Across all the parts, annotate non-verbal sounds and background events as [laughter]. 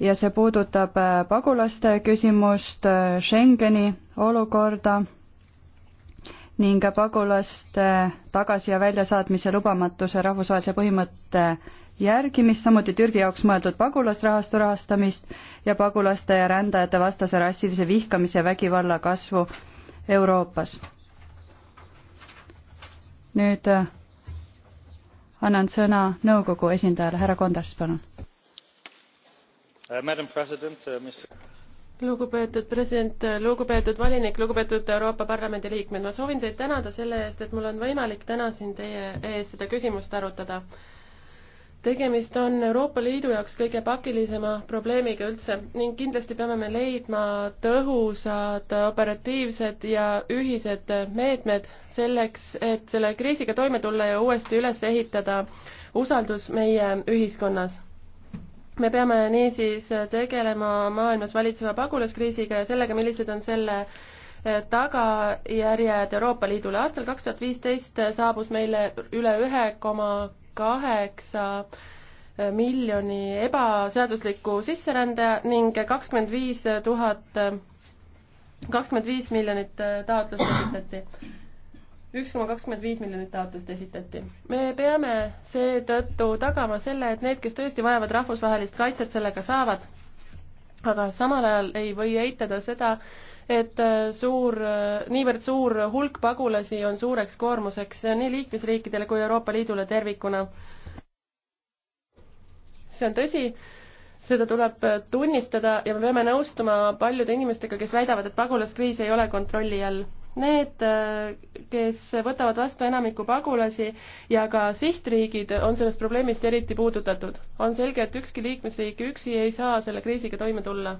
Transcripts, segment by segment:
ja see puudutab äh, pagulaste küsimust, äh, Schengeni olukorda ning pagulaste tagasi- ja väljasaatmise lubamatuse rahvusvahelise põhimõtte järgimist, samuti Türgi jaoks mõeldud pagulasrahastu rahastamist ja pagulaste ja rändajate vastase rassilise vihkamise ja vägivalla kasvu Euroopas. nüüd äh, annan sõna nõukogu esindajale, härra Kondars, palun Uh, uh, lugupeetud president uh, lugupeetud volinik lugupeetud euroopa parlamendi liikmed ma soovin teid tänada selle eest et mul on võimalik täna siin teie ees seda küsimust arutada tegemist on euroopa liidu jaoks kõige pakilisema probleemiga üldse ning kindlasti peame me leidma tõhusad operatiivsed ja ühised meetmed selleks et selle kriisiga toime tulla ja uuesti üles ehitada usaldus meie ühiskonnas me peame niisiis tegelema maailmas valitseva pagulaskriisiga ja sellega, millised on selle eh, tagajärjed Euroopa Liidule. aastal kaks tuhat viisteist saabus meile üle ühe koma kaheksa eh, miljoni ebaseadusliku sisserändaja ning kakskümmend viis tuhat, kakskümmend viis miljonit eh, taotlust esitati üks koma kakskümmend viis miljonit taotlust esitati. me peame seetõttu tagama selle, et need, kes tõesti vajavad rahvusvahelist kaitset, sellega saavad. aga samal ajal ei või eitada seda, et äh, suur, äh, niivõrd suur hulk pagulasi on suureks koormuseks äh, nii liikmesriikidele kui Euroopa Liidule tervikuna. see on tõsi, seda tuleb tunnistada ja me peame nõustuma paljude inimestega, kes väidavad, et pagulaskriis ei ole kontrolli all Need, äh, kes võtavad vastu enamiku pagulasi ja ka sihtriigid, on sellest probleemist eriti puudutatud. on selge, et ükski liikmesriik üksi ei saa selle kriisiga toime tulla.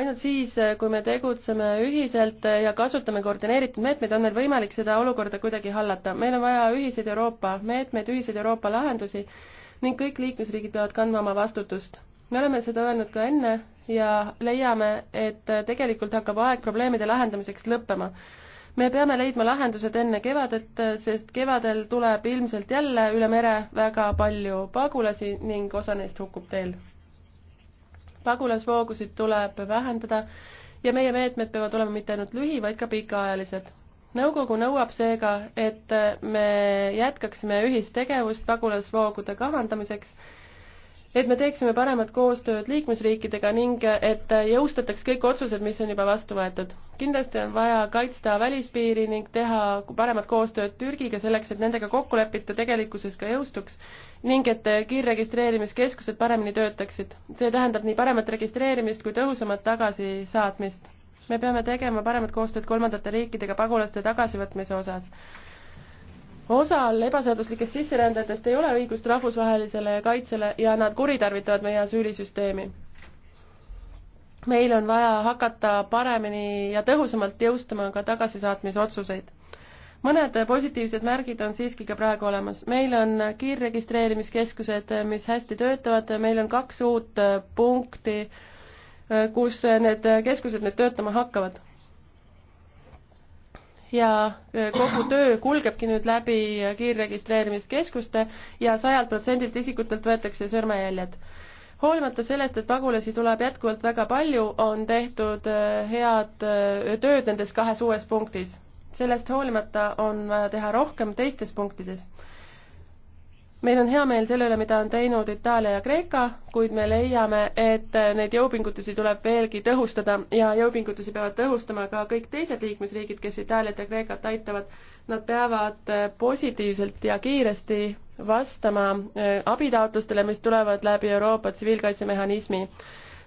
ainult siis, äh, kui me tegutseme ühiselt ja kasutame koordineeritud meetmeid, on meil võimalik seda olukorda kuidagi hallata. meil on vaja ühiseid Euroopa meetmeid, ühiseid Euroopa lahendusi ning kõik liikmesriigid peavad kandma oma vastutust me oleme seda öelnud ka enne ja leiame, et tegelikult hakkab aeg probleemide lahendamiseks lõppema. me peame leidma lahendused enne kevadet, sest kevadel tuleb ilmselt jälle üle mere väga palju pagulasi ning osa neist hukkub teel. pagulasvoogusid tuleb vähendada ja meie meetmed peavad olema mitte ainult lühi, vaid ka pikaajalised nõukogu nõuab seega, et me jätkaksime ühistegevust pagulasvoogude kahandamiseks et me teeksime paremat koostööd liikmesriikidega ning et jõustataks kõik otsused, mis on juba vastu võetud. kindlasti on vaja kaitsta välispiiri ning teha paremat koostööd Türgiga selleks, et nendega kokkulepitu tegelikkuses ka jõustuks ning et kiirregistreerimiskeskused paremini töötaksid. see tähendab nii paremat registreerimist kui tõhusamat tagasisaatmist. me peame tegema paremat koostööd kolmandate riikidega pagulaste tagasivõtmise osas osal ebaseaduslikest sisserändajatest ei ole õigust rahvusvahelisele kaitsele ja nad kuritarvitavad meie asüülisüsteemi. meil on vaja hakata paremini ja tõhusamalt jõustama ka tagasisaatmisotsuseid. mõned positiivsed märgid on siiski ka praegu olemas. meil on kiirregistreerimiskeskused, mis hästi töötavad, meil on kaks uut punkti, kus need keskused nüüd töötama hakkavad ja äh, kogu töö kulgebki nüüd läbi äh, kiirregistreerimiskeskuste ja sajalt protsendilt isikutelt võetakse sõrmejäljed. hoolimata sellest, et pagulasi tuleb jätkuvalt väga palju, on tehtud äh, head tööd nendes kahes uues punktis. sellest hoolimata on vaja teha rohkem teistes punktides meil on hea meel selle üle, mida on teinud Itaalia ja Kreeka, kuid me leiame, et neid jõupingutusi tuleb veelgi tõhustada ja jõupingutusi peavad tõhustama ka kõik teised liikmesriigid, kes Itaaliat ja Kreekat aitavad. Nad peavad äh, positiivselt ja kiiresti vastama äh, abitaotlustele, mis tulevad läbi Euroopa tsiviilkaitsemehhanismi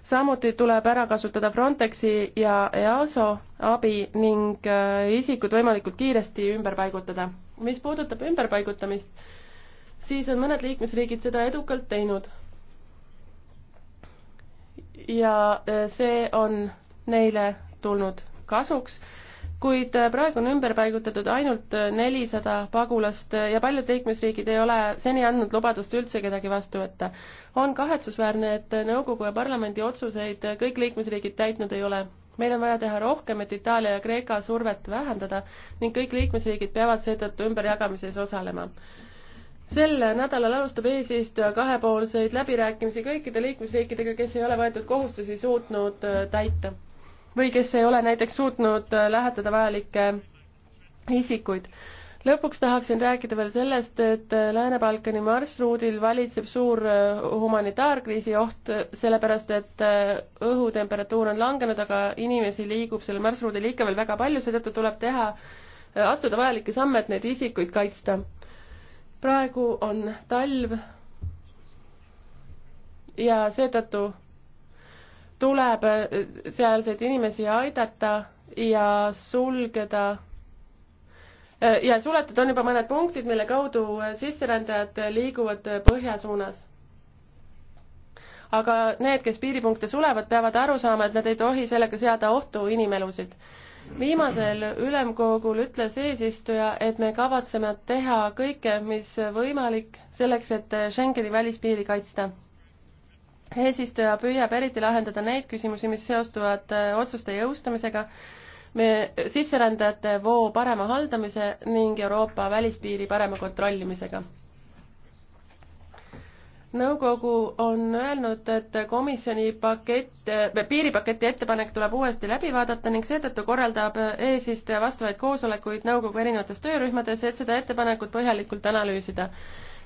samuti tuleb ära kasutada Frontexi ja EASO abi ning äh, isikud võimalikult kiiresti ümber paigutada. mis puudutab ümberpaigutamist, siis on mõned liikmesriigid seda edukalt teinud. ja e, see on neile tulnud kasuks, kuid e, praegu on ümber paigutatud ainult e, nelisada pagulast ja paljud liikmesriigid ei ole seni andnud lubadust üldse kedagi vastu võtta. on kahetsusväärne, et nõukogu ja parlamendi otsuseid kõik liikmesriigid täitnud ei ole meil on vaja teha rohkem, et Itaalia ja Kreeka survet vähendada ning kõik liikmesriigid peavad seetõttu ümberjagamises osalema sel nädalal alustab eesistuja kahepoolseid läbirääkimisi kõikide liikmesriikidega, kes ei ole võetud kohustusi suutnud äh, täita või kes ei ole näiteks suutnud äh, lähetada vajalikke isikuid. lõpuks tahaksin rääkida veel sellest, et äh, Lääne-Balkani marsruudil valitseb suur humanitaarkriisi oht, sellepärast et õhutemperatuur on langenud, aga inimesi liigub sellel marsruudil ikka veel väga palju, seetõttu tuleb teha, astuda vajalikke samme, et neid isikuid kaitsta praegu on talv ja seetõttu tuleb sealseid inimesi aidata ja sulgeda äh, ja suletud on juba mõned punktid, mille kaudu sisserändajad liiguvad põhja suunas. aga need, kes piiripunkte sulevad, peavad aru saama, et nad ei tohi sellega seada ohtu inimelusid viimasel ülemkogul ütles eesistuja, et me kavatseme teha kõike, mis võimalik, selleks, et Schengeni välispiiri kaitsta. eesistuja püüab eriti lahendada neid küsimusi, mis seostuvad äh, otsuste jõustamisega, me sisserändajate voo parema haldamise ning Euroopa välispiiri parema kontrollimisega nõukogu on öelnud, et komisjoni pakett, äh, piiripaketi ettepanek tuleb uuesti läbi vaadata ning seetõttu korraldab eesistuja vastavaid koosolekuid nõukogu erinevates töörühmades, et seda ettepanekut põhjalikult analüüsida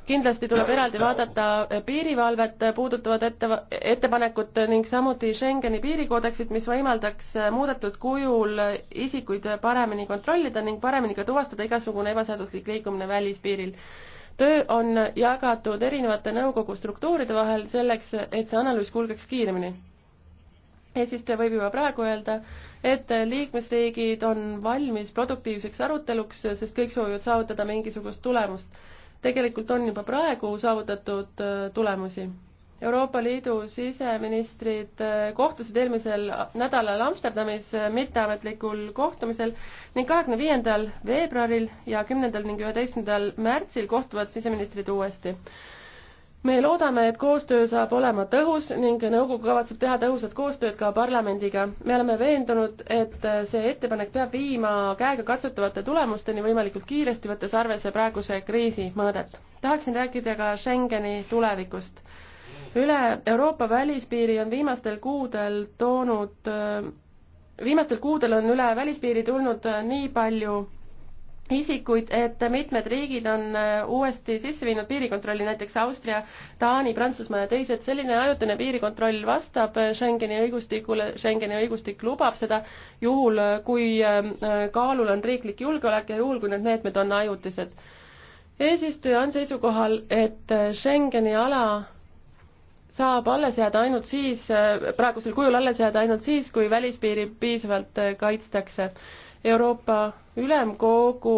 kindlasti tuleb eraldi vaadata piirivalvet puudutavad ette, ettepanekut ning samuti Schengeni piirikoodeksit, mis võimaldaks muudetud kujul isikuid paremini kontrollida ning paremini ka tuvastada igasugune ebaseaduslik liikumine välispiiril töö on jagatud erinevate nõukogu struktuuride vahel selleks, et see analüüs kulgeks kiiremini. eesistuja võib juba praegu öelda, et liikmesriigid on valmis produktiivseks aruteluks, sest kõik soovivad saavutada mingisugust tulemust. tegelikult on juba praegu saavutatud äh, tulemusi Euroopa Liidu siseministrid äh, kohtusid eelmisel nädalal Amsterdamis äh, mitteametlikul kohtumisel ning kahekümne viiendal veebruaril ja kümnendal ning üheteistkümnendal märtsil kohtuvad siseministrid uuesti. me loodame, et koostöö saab olema tõhus ning nõukogu kavatseb teha tõhusat koostööd ka parlamendiga. me oleme veendunud, et äh, see ettepanek peab viima käegakatsutavate tulemusteni võimalikult kiiresti, võttes arvesse praeguse kriisi mõõdet. tahaksin rääkida ka Schengeni tulevikust üle Euroopa välispiiri on viimastel kuudel toonud, äh, viimastel kuudel on üle välispiiri tulnud äh, nii palju isikuid, et mitmed riigid on äh, uuesti sisse viinud piirikontrolli, näiteks Austria, Taani, Prantsusmaa ja teised. selline ajutine piirikontroll vastab Schengeni õigustikule, Schengeni õigustik lubab seda juhul, kui kaalul on riiklik julgeolek ja juhul, kui need meetmed on ajutised. eesistuja on seisukohal, et Schengeni ala saab alles jääda ainult siis, praegusel kujul alles jääda ainult siis, kui välispiiri piisavalt äh, kaitstakse. Euroopa Ülemkogu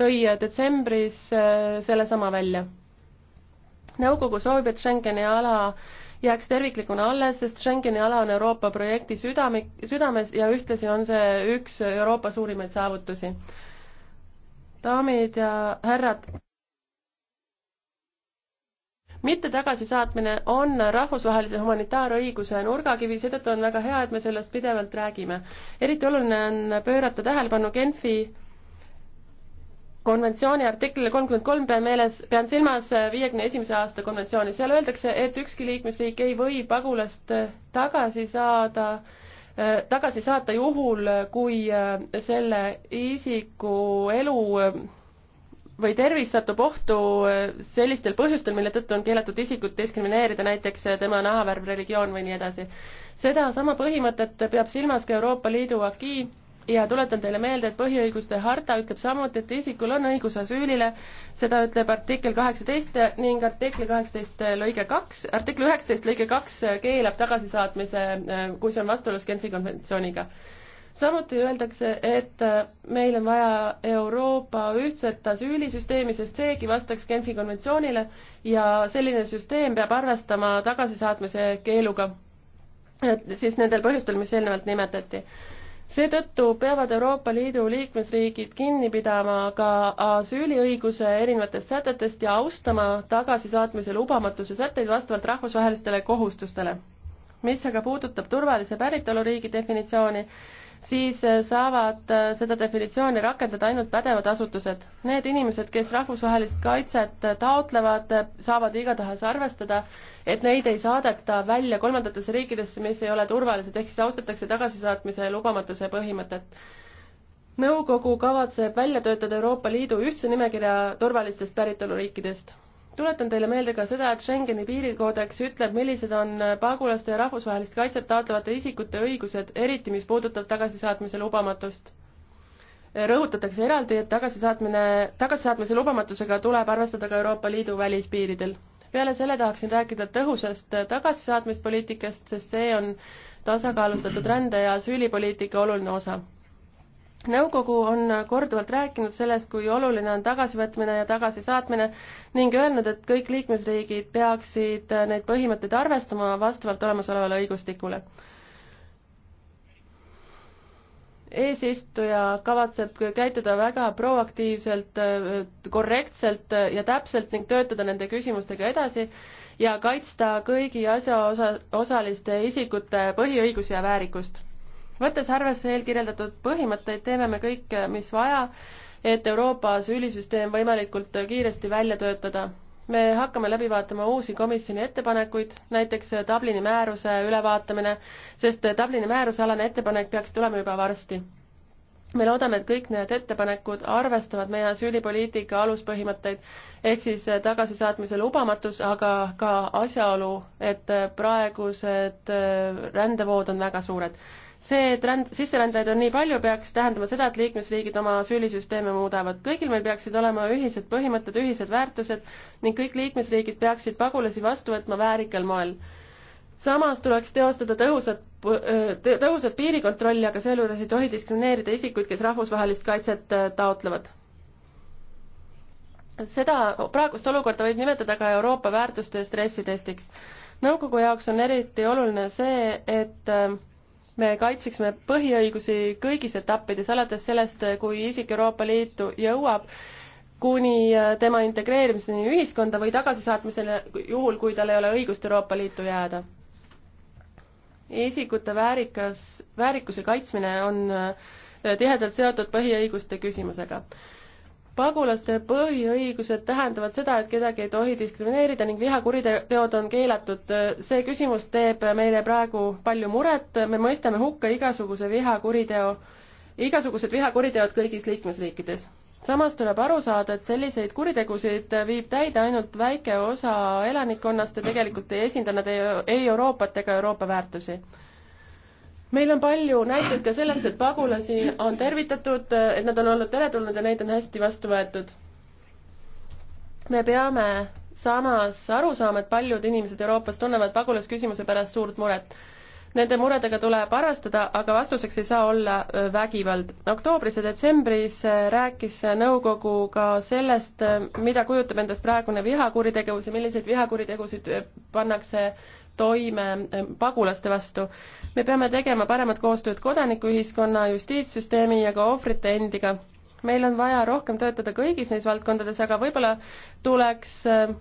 tõi äh, detsembris äh, sellesama välja. nõukogu soovib, et Schengeni ala jääks terviklikuna alles, sest Schengeni ala on Euroopa projekti südamik, südames ja ühtlasi on see üks Euroopa suurimaid saavutusi. daamid ja härrad mitte tagasisaatmine on rahvusvahelise humanitaarõiguse nurgakivi, seetõttu on väga hea, et me sellest pidevalt räägime. eriti oluline on pöörata tähelepanu Genfi konventsiooni artiklile kolmkümmend kolm pean meeles, pean silmas viiekümne esimese aasta konventsiooni, seal öeldakse, et ükski liikmesriik ei või pagulast tagasi saada, tagasi saata juhul, kui selle isiku elu või tervis satub ohtu äh, sellistel põhjustel, mille tõttu on keelatud isikut diskrimineerida, näiteks äh, tema nahavärv, religioon või nii edasi. sedasama põhimõtet peab silmas ka Euroopa Liidu agi ja tuletan teile meelde, et põhiõiguste harta ütleb samuti, et isikul on õigus asüülile, seda ütleb artikkel kaheksateist ning artikli kaheksateist äh, lõige kaks, artikli üheksateist lõige kaks keelab tagasisaatmise, kui see on vastuolus Genfi konventsiooniga samuti öeldakse, et äh, meil on vaja Euroopa ühtset asüülisüsteemi, sest seegi vastaks Genfi konventsioonile ja selline süsteem peab arvestama tagasisaatmise keeluga. et siis nendel põhjustel, mis eelnevalt nimetati seetõttu peavad Euroopa Liidu liikmesriigid kinni pidama ka asüüliõiguse erinevatest sätetest ja austama tagasisaatmise lubamatuse sätteid vastavalt rahvusvahelistele kohustustele. mis aga puudutab turvalise päritoluriigi definitsiooni, siis äh, saavad äh, seda definitsiooni rakendada ainult pädevad asutused. Need inimesed, kes rahvusvahelist kaitset äh, taotlevad, saavad igatahes arvestada, et neid ei saadeta välja kolmandatesse riikidesse, mis ei ole turvalised, ehk siis austatakse tagasisaatmise lubamatuse põhimõtet. nõukogu kavatseb välja töötada Euroopa Liidu ühtse nimekirja turvalistest päritoluriikidest tuletan teile meelde ka seda, et Schengeni piirikoodeks ütleb, millised on pagulaste ja rahvusvahelist kaitset taotlevate isikute õigused, eriti mis puudutab tagasisaatmise lubamatust. rõhutatakse eraldi, et tagasisaatmine, tagasisaatmise lubamatusega tuleb arvestada ka Euroopa Liidu välispiiridel. peale selle tahaksin rääkida tõhusast tagasisaatmispoliitikast, sest see on tasakaalustatud rände- ja asüülipoliitika oluline osa nõukogu on korduvalt rääkinud sellest, kui oluline on tagasivõtmine ja tagasisaatmine ning öelnud, et kõik liikmesriigid peaksid neid põhimõtteid arvestama vastavalt olemasolevale õigustikule. eesistuja kavatseb käituda väga proaktiivselt, korrektselt ja täpselt ning töötada nende küsimustega edasi ja kaitsta kõigi asjaosa, osaliste isikute põhiõigusi ja väärikust võttes arvesse eelkirjeldatud põhimõtteid, teeme me kõik, mis vaja, et Euroopa asüülisüsteem võimalikult kiiresti välja töötada. me hakkame läbi vaatama uusi komisjoni ettepanekuid, näiteks Dublini määruse ülevaatamine, sest Dublini määruse alane ettepanek peaks tulema juba varsti. me loodame, et kõik need ettepanekud arvestavad meie asüülipoliitika aluspõhimõtteid, ehk siis tagasisaatmise lubamatus, aga ka asjaolu, et praegused rändevood on väga suured see, et ränd-, sisserändajaid on nii palju, peaks tähendama seda, et liikmesriigid oma asüülisüsteeme muudavad. kõigil meil peaksid olema ühised põhimõtted, ühised väärtused ning kõik liikmesriigid peaksid pagulasi vastu võtma väärikal moel. samas tuleks teostada tõhusat, tõhusat piirikontrolli, aga sealjuures ei tohi diskrimineerida isikuid, kes rahvusvahelist kaitset taotlevad seda praegust olukorda võib nimetada ka Euroopa väärtuste stressitestiks. nõukogu jaoks on eriti oluline see, et me kaitseksime põhiõigusi kõigis etappides, alates sellest, kui isik Euroopa Liitu jõuab, kuni äh, tema integreerimiseni ühiskonda või tagasisaatmisele, juhul kui tal ei ole õigust Euroopa Liitu jääda. isikute väärikas, väärikuse kaitsmine on äh, tihedalt seotud põhiõiguste küsimusega pagulaste põhiõigused tähendavad seda, et kedagi ei tohi diskrimineerida ning vihakuriteod on keelatud. see küsimus teeb meile praegu palju muret, me mõistame hukka igasuguse vihakuriteo, igasugused vihakuriteod kõigis liikmesriikides. samas tuleb aru saada, et selliseid kuritegusid viib täide ainult väike osa elanikkonnast ja tegelikult ei esinda nad ei Euroopat ega Euroopa väärtusi meil on palju näiteid ka sellest, et pagulasi on tervitatud, et nad on olnud teretulnud ja neid on hästi vastu võetud. me peame samas aru saama, et paljud inimesed Euroopas tunnevad pagulasküsimuse pärast suurt muret. Nende muredega tuleb arvestada, aga vastuseks ei saa olla vägivald. oktoobris ja detsembris rääkis nõukogu ka sellest, mida kujutab endast praegune vihakuritegevus ja milliseid vihakuritegusid pannakse toime ähm, pagulaste vastu. me peame tegema paremat koostööd kodanikuühiskonna, justiitssüsteemi ja ka ohvrite endiga. meil on vaja rohkem töötada kõigis neis valdkondades, aga võib-olla tuleks ähm,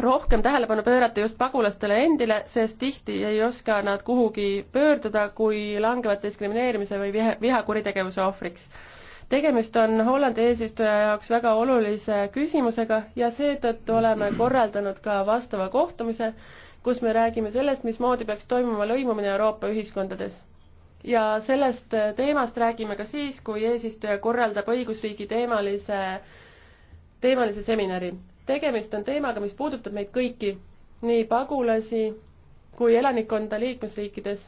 rohkem tähelepanu pöörata just pagulastele endile, sest tihti ei oska nad kuhugi pöörduda, kui langevad diskrimineerimise või viha, vihakuritegevuse ohvriks tegemist on Hollandi eesistuja jaoks väga olulise küsimusega ja seetõttu oleme korraldanud ka vastava kohtumise, kus me räägime sellest, mismoodi peaks toimuma lõimumine Euroopa ühiskondades. ja sellest äh, teemast räägime ka siis, kui eesistuja korraldab õigusriigi teemalise, teemalise seminari. tegemist on teemaga, mis puudutab meid kõiki, nii pagulasi kui elanikkonda liikmesriikides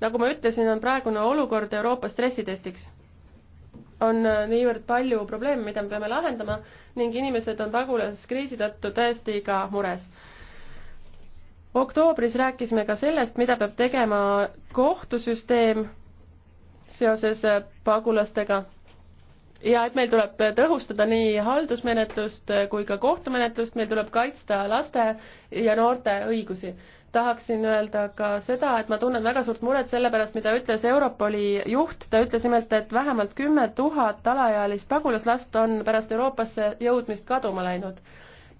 nagu ma ütlesin, on praegune olukord Euroopa stressitestiks on äh, niivõrd palju probleeme, mida me peame lahendama ning inimesed on pagulaskriisi tõttu tõesti ka mures. oktoobris rääkisime ka sellest, mida peab tegema kohtusüsteem seoses äh, pagulastega ja et meil tuleb tõhustada nii haldusmenetlust äh, kui ka kohtumenetlust, meil tuleb kaitsta laste ja noorte õigusi tahaksin öelda ka seda, et ma tunnen väga suurt muret selle pärast, mida ütles Europoli juht, ta ütles nimelt, et vähemalt kümme tuhat alaealist pagulaslast on pärast Euroopasse jõudmist kaduma läinud.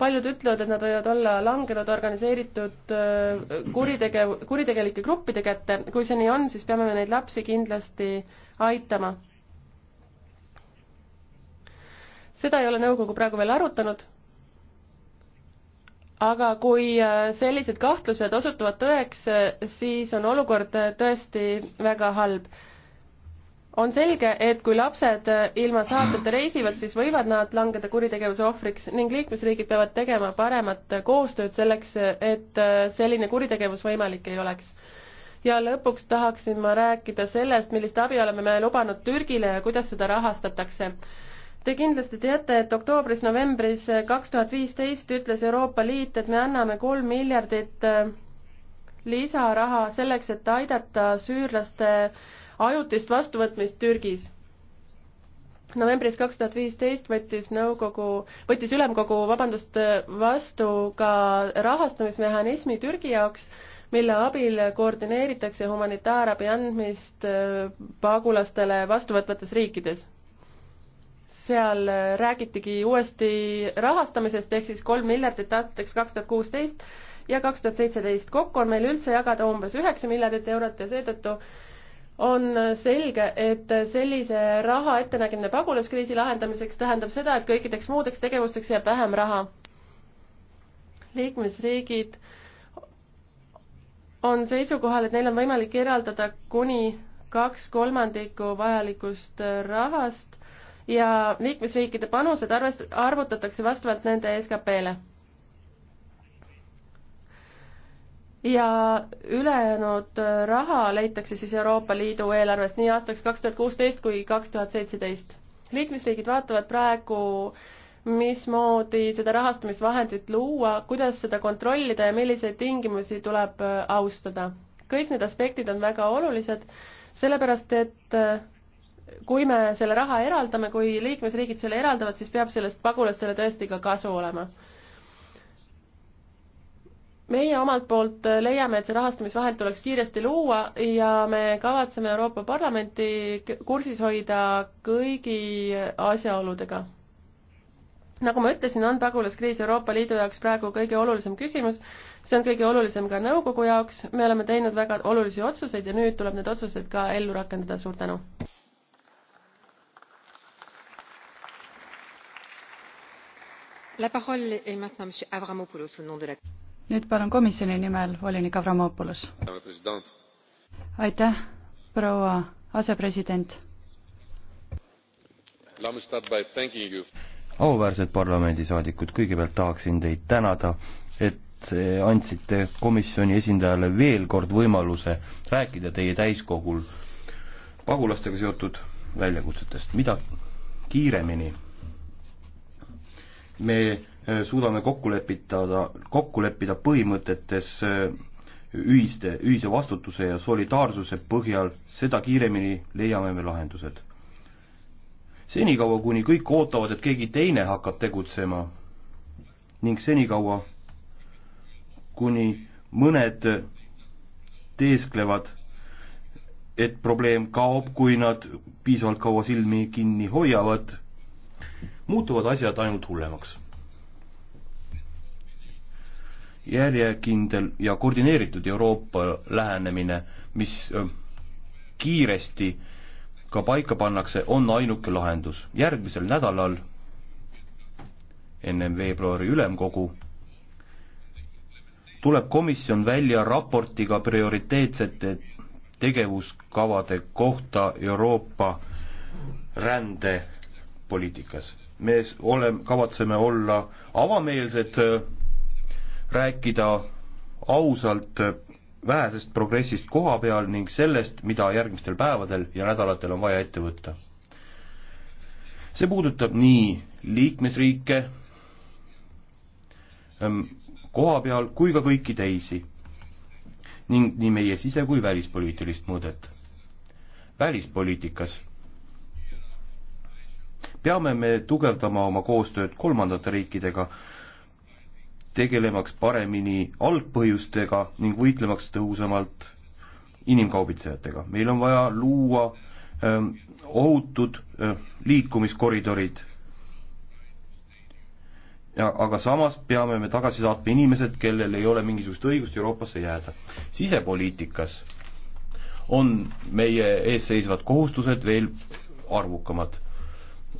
paljud ütlevad, et nad võivad olla langenud organiseeritud äh, kuritegev, kuritegelike gruppide kätte, kui see nii on, siis peame me neid lapsi kindlasti aitama. seda ei ole nõukogu praegu veel arutanud aga kui äh, sellised kahtlused osutuvad tõeks, äh, siis on olukord äh, tõesti väga halb. on selge, et kui lapsed ilma saateta reisivad, siis võivad nad langeda kuritegevuse ohvriks ning liikmesriigid peavad tegema paremat koostööd selleks, et selline kuritegevus võimalik ei oleks ja lõpuks tahaksin ma rääkida sellest, millist abi oleme me lubanud Türgile ja kuidas seda rahastatakse Te kindlasti teate, et oktoobris-novembris eh, kaks tuhat viisteist ütles Euroopa Liit, et me anname kolm miljardit eh, lisaraha selleks, et aidata süürlaste ajutist vastuvõtmist Türgis novembris kaks tuhat viisteist võttis nõukogu, võttis ülemkogu, vabandust, eh, vastu ka rahastamismehhanismi Türgi jaoks, mille abil koordineeritakse humanitaarabi andmist pagulastele vastuvõtvates riikides seal räägitigi uuesti rahastamisest ehk siis kolm miljardit aastateks kaks tuhat kuusteist ja kaks tuhat seitseteist. kokku on meil üldse jagada umbes üheksa miljardit eurot ja seetõttu on selge, et sellise raha ettenägemine pagulaskriisi lahendamiseks tähendab seda, et kõikideks muudeks tegevusteks jääb vähem raha. liikmesriigid on seisukohal, et neil on võimalik eraldada kuni kaks kolmandikku vajalikust rahast ja liikmesriikide panused arvest-, arvutatakse vastavalt nende SKP-le. ja ülejäänud äh, raha leitakse siis Euroopa Liidu eelarvest nii aastaks kaks tuhat kuusteist kui kaks tuhat seitseteist. liikmesriigid vaatavad praegu mismoodi seda rahastamisvahendit luua, kuidas seda kontrollida ja milliseid tingimusi tuleb äh, austada. kõik need aspektid on väga olulised, sellepärast et äh, kui me selle raha eraldame, kui liikmesriigid selle eraldavad, siis peab sellest pagulastele tõesti ka kasu olema. meie omalt poolt leiame, et see rahastamisvahend tuleks kiiresti luua ja me kavatseme Euroopa Parlamenti kursis hoida kõigi asjaoludega. nagu ma ütlesin, on pagulaskriis Euroopa Liidu jaoks praegu kõige olulisem küsimus, see on kõige olulisem ka nõukogu jaoks, me oleme teinud väga olulisi otsuseid ja nüüd tuleb need otsused ka ellu rakendada, suur tänu! nüüd palun komisjoni nimel volinik Avramopoulos. aitäh, proua asepresident. auväärsed parlamendisaadikud, kõigepealt tahaksin teid tänada, et andsite komisjoni esindajale veel kord võimaluse rääkida teie täiskogul pagulastega seotud väljakutsetest. mida kiiremini me äh, suudame kokku lepitada, kokku leppida põhimõtetes äh, ühiste, ühise vastutuse ja solidaarsuse põhjal, seda kiiremini leiame me lahendused. senikaua, kuni kõik ootavad, et keegi teine hakkab tegutsema ning senikaua, kuni mõned teesklevad, et probleem kaob, kui nad piisavalt kaua silmi kinni hoiavad muutuvad asjad ainult hullemaks. järjekindel ja koordineeritud Euroopa lähenemine, mis kiiresti ka paika pannakse, on ainuke lahendus. järgmisel nädalal ennem veebruari ülemkogu tuleb komisjon välja raportiga prioriteetsete tegevuskavade kohta Euroopa rände poliitikas. me oleme, kavatseme olla avameelsed, äh, rääkida ausalt äh, vähesest progressist koha peal ning sellest, mida järgmistel päevadel ja nädalatel on vaja ette võtta. see puudutab nii liikmesriike ähm, koha peal kui ka kõiki teisi ning nii meie sise- kui välispoliitilist mõõdet. välispoliitikas peame me tugevdama oma koostööd kolmandate riikidega, tegelemaks paremini algpõhjustega ning võitlemaks tõhusamalt inimkaubitsejatega. meil on vaja luua öö, ähm, ohutud öö, äh, liikumiskoridorid. ja aga samas peame me tagasi saatma inimesed, kellel ei ole mingisugust õigust Euroopasse jääda. sisepoliitikas on meie ees seisvad kohustused veel arvukamad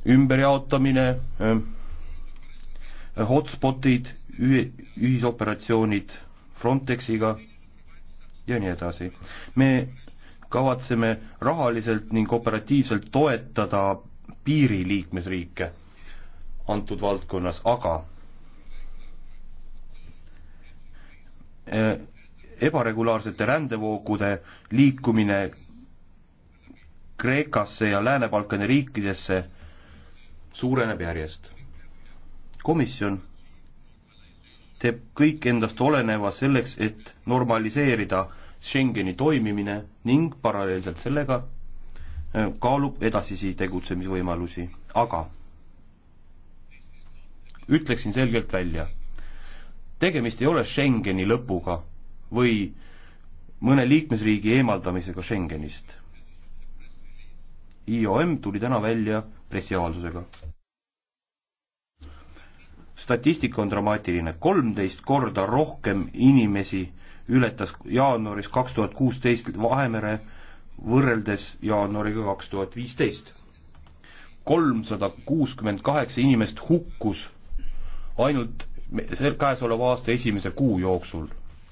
ümberjaotamine, ähm, hotspotid, ühisoperatsioonid Frontexiga ja nii edasi. me kavatseme rahaliselt ning operatiivselt toetada piiriliikmesriike antud valdkonnas, aga äh, ebaregulaarsete rändevoogude liikumine Kreekasse ja Lääne-Balkani riikidesse suureneb järjest. komisjon teeb kõik endast oleneva selleks, et normaliseerida Schengeni toimimine ning paralleelselt sellega äh, kaalub edasisi tegutsemisvõimalusi, aga ütleksin selgelt välja, tegemist ei ole Schengeni lõpuga või mõne liikmesriigi eemaldamisega Schengenist. IOM tuli täna välja pressiavaldusega. statistika on dramaatiline, kolmteist korda rohkem inimesi ületas jaanuaris kaks tuhat kuusteist Vahemere võrreldes jaanuariga kaks tuhat viisteist. kolmsada kuuskümmend kaheksa inimest hukkus ainult käesoleva aasta esimese kuu jooksul,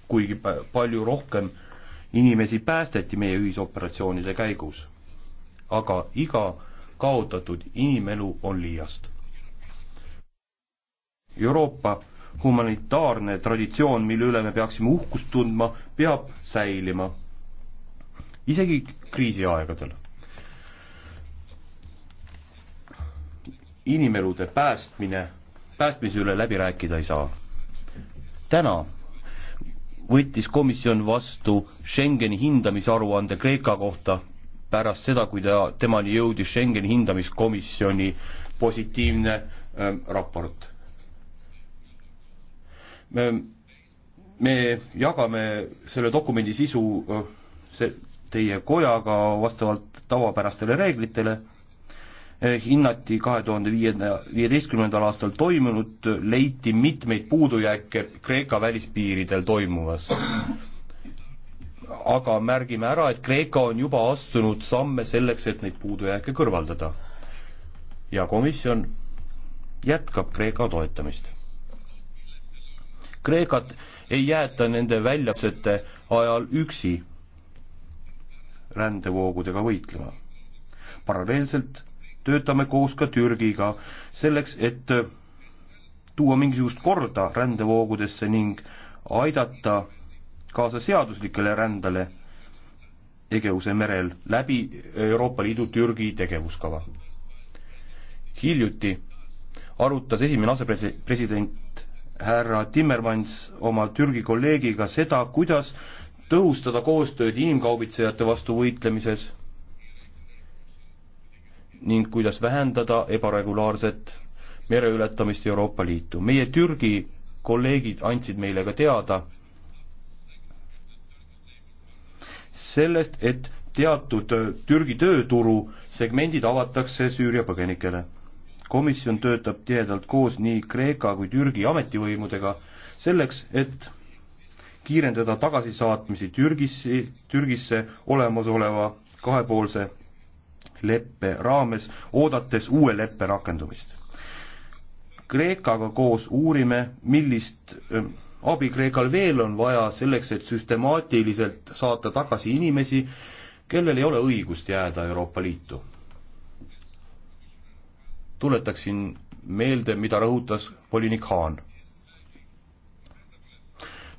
kuigi palju rohkem inimesi päästeti meie ühisoperatsioonide käigus. aga iga kaotatud inimelu on liiast. Euroopa humanitaarne traditsioon, mille üle me peaksime uhkust tundma, peab säilima, isegi kriisiaegadel. inimelude päästmine, päästmise üle läbi rääkida ei saa. täna võttis komisjon vastu Schengeni hindamisaruande Kreeka kohta pärast seda, kui ta, temani jõudis Schengeni hindamiskomisjoni positiivne äh, raport. me, me jagame selle dokumendi sisu äh, see, teie kojaga vastavalt tavapärastele reeglitele äh,, hinnati kahe tuhande viienda, viieteistkümnendal aastal toimunut, leiti mitmeid puudujääke Kreeka välispiiridel toimuvas aga märgime ära, et Kreeka on juba astunud samme selleks, et neid puudujääke kõrvaldada. ja komisjon jätkab Kreeka toetamist. Kreekat ei jäeta nende väljakutsete ajal üksi rändevoogudega võitlema. paralleelselt töötame koos ka Türgiga selleks, et tuua mingisugust korda rändevoogudesse ning aidata kaasa seaduslikele rändale Egeuse merel läbi Euroopa Liidu Türgi tegevuskava. hiljuti arutas esimene asepresident härra Timmermans oma Türgi kolleegiga seda, kuidas tõhustada koostööd inimkaubitsejate vastu võitlemises ning kuidas vähendada ebaregulaarset mereületamist Euroopa Liitu. meie Türgi kolleegid andsid meile ka teada, sellest, et teatud äh, Türgi tööturu segmendid avatakse Süüria põgenikele. komisjon töötab tihedalt koos nii Kreeka kui Türgi ametivõimudega selleks, et kiirendada tagasisaatmisi Türgisse, Türgisse olemasoleva kahepoolse leppe raames, oodates uue leppe rakendumist. Kreekaga koos uurime, millist äh, abi Kreekal veel on vaja selleks, et süstemaatiliselt saata tagasi inimesi, kellel ei ole õigust jääda Euroopa Liitu. tuletaksin meelde, mida rõhutas volinik Haan.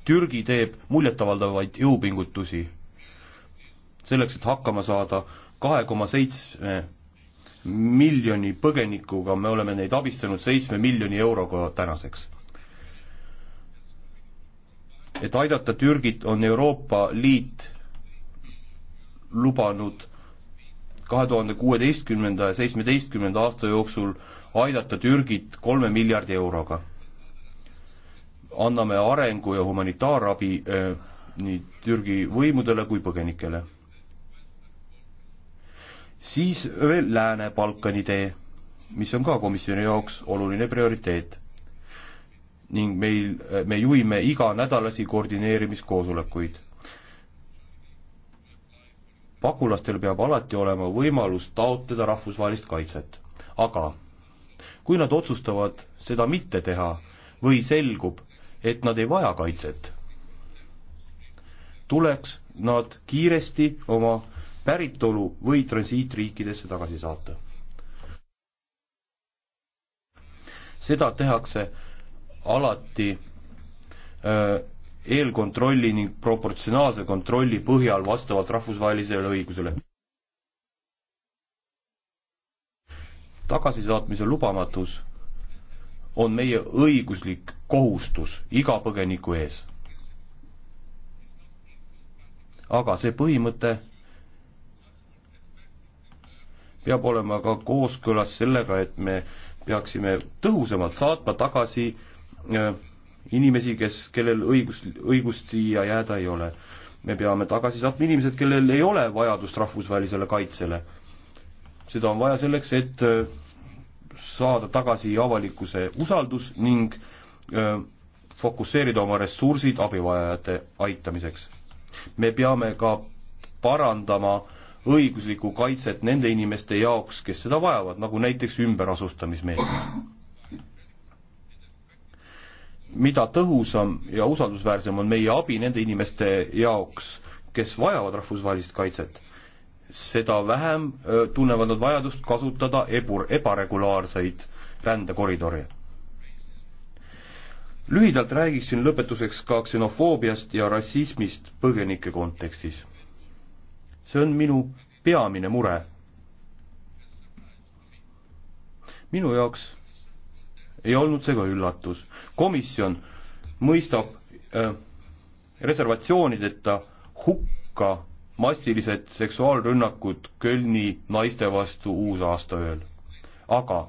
Türgi teeb muljetavaldavaid jõupingutusi selleks, et hakkama saada kahe koma seitsme miljoni põgenikuga, me oleme neid abistanud seitsme miljoni euroga tänaseks et aidata Türgit, on Euroopa Liit lubanud kahe tuhande kuueteistkümnenda ja seitsmeteistkümnenda aasta jooksul aidata Türgit kolme miljardi euroga. anname arengu- ja humanitaarabi eh, nii Türgi võimudele kui põgenikele. siis veel Lääne-Balkani tee, mis on ka komisjoni jaoks oluline prioriteet ning meil, me juhime iganädalasi koordineerimiskoosolekuid. pagulastel peab alati olema võimalus taotleda rahvusvahelist kaitset, aga kui nad otsustavad seda mitte teha või selgub, et nad ei vaja kaitset, tuleks nad kiiresti oma päritolu või transiitriikidesse tagasi saata. seda tehakse alati eelkontrolli ning proportsionaalse kontrolli põhjal vastavalt rahvusvahelisele õigusele. tagasisaatmise lubamatus on meie õiguslik kohustus iga põgeniku ees. aga see põhimõte peab olema ka kooskõlas sellega, et me peaksime tõhusamalt saatma tagasi Äh, inimesi, kes, kellel õigus, õigust siia jääda ei ole. me peame tagasi saatma inimesed, kellel ei ole vajadust rahvusvahelisele kaitsele. seda on vaja selleks, et äh, saada tagasi avalikkuse usaldus ning öö, äh, fokusseerida oma ressursid abivajajate aitamiseks. me peame ka parandama õiguslikku kaitset nende inimeste jaoks, kes seda vajavad, nagu näiteks ümberasustamismeetmed mida tõhusam ja usaldusväärsem on meie abi nende inimeste jaoks, kes vajavad rahvusvahelist kaitset, seda vähem tunnevad nad vajadust kasutada ebur, ebaregulaarseid rändekoridore. lühidalt räägiksin lõpetuseks ka ksenofoobiast ja rassismist põgenike kontekstis. see on minu peamine mure. minu jaoks ei olnud see ka üllatus. komisjon mõistab äh, reservatsioonideta hukka massilised seksuaalrünnakud Kölni naiste vastu uusaastaööl. aga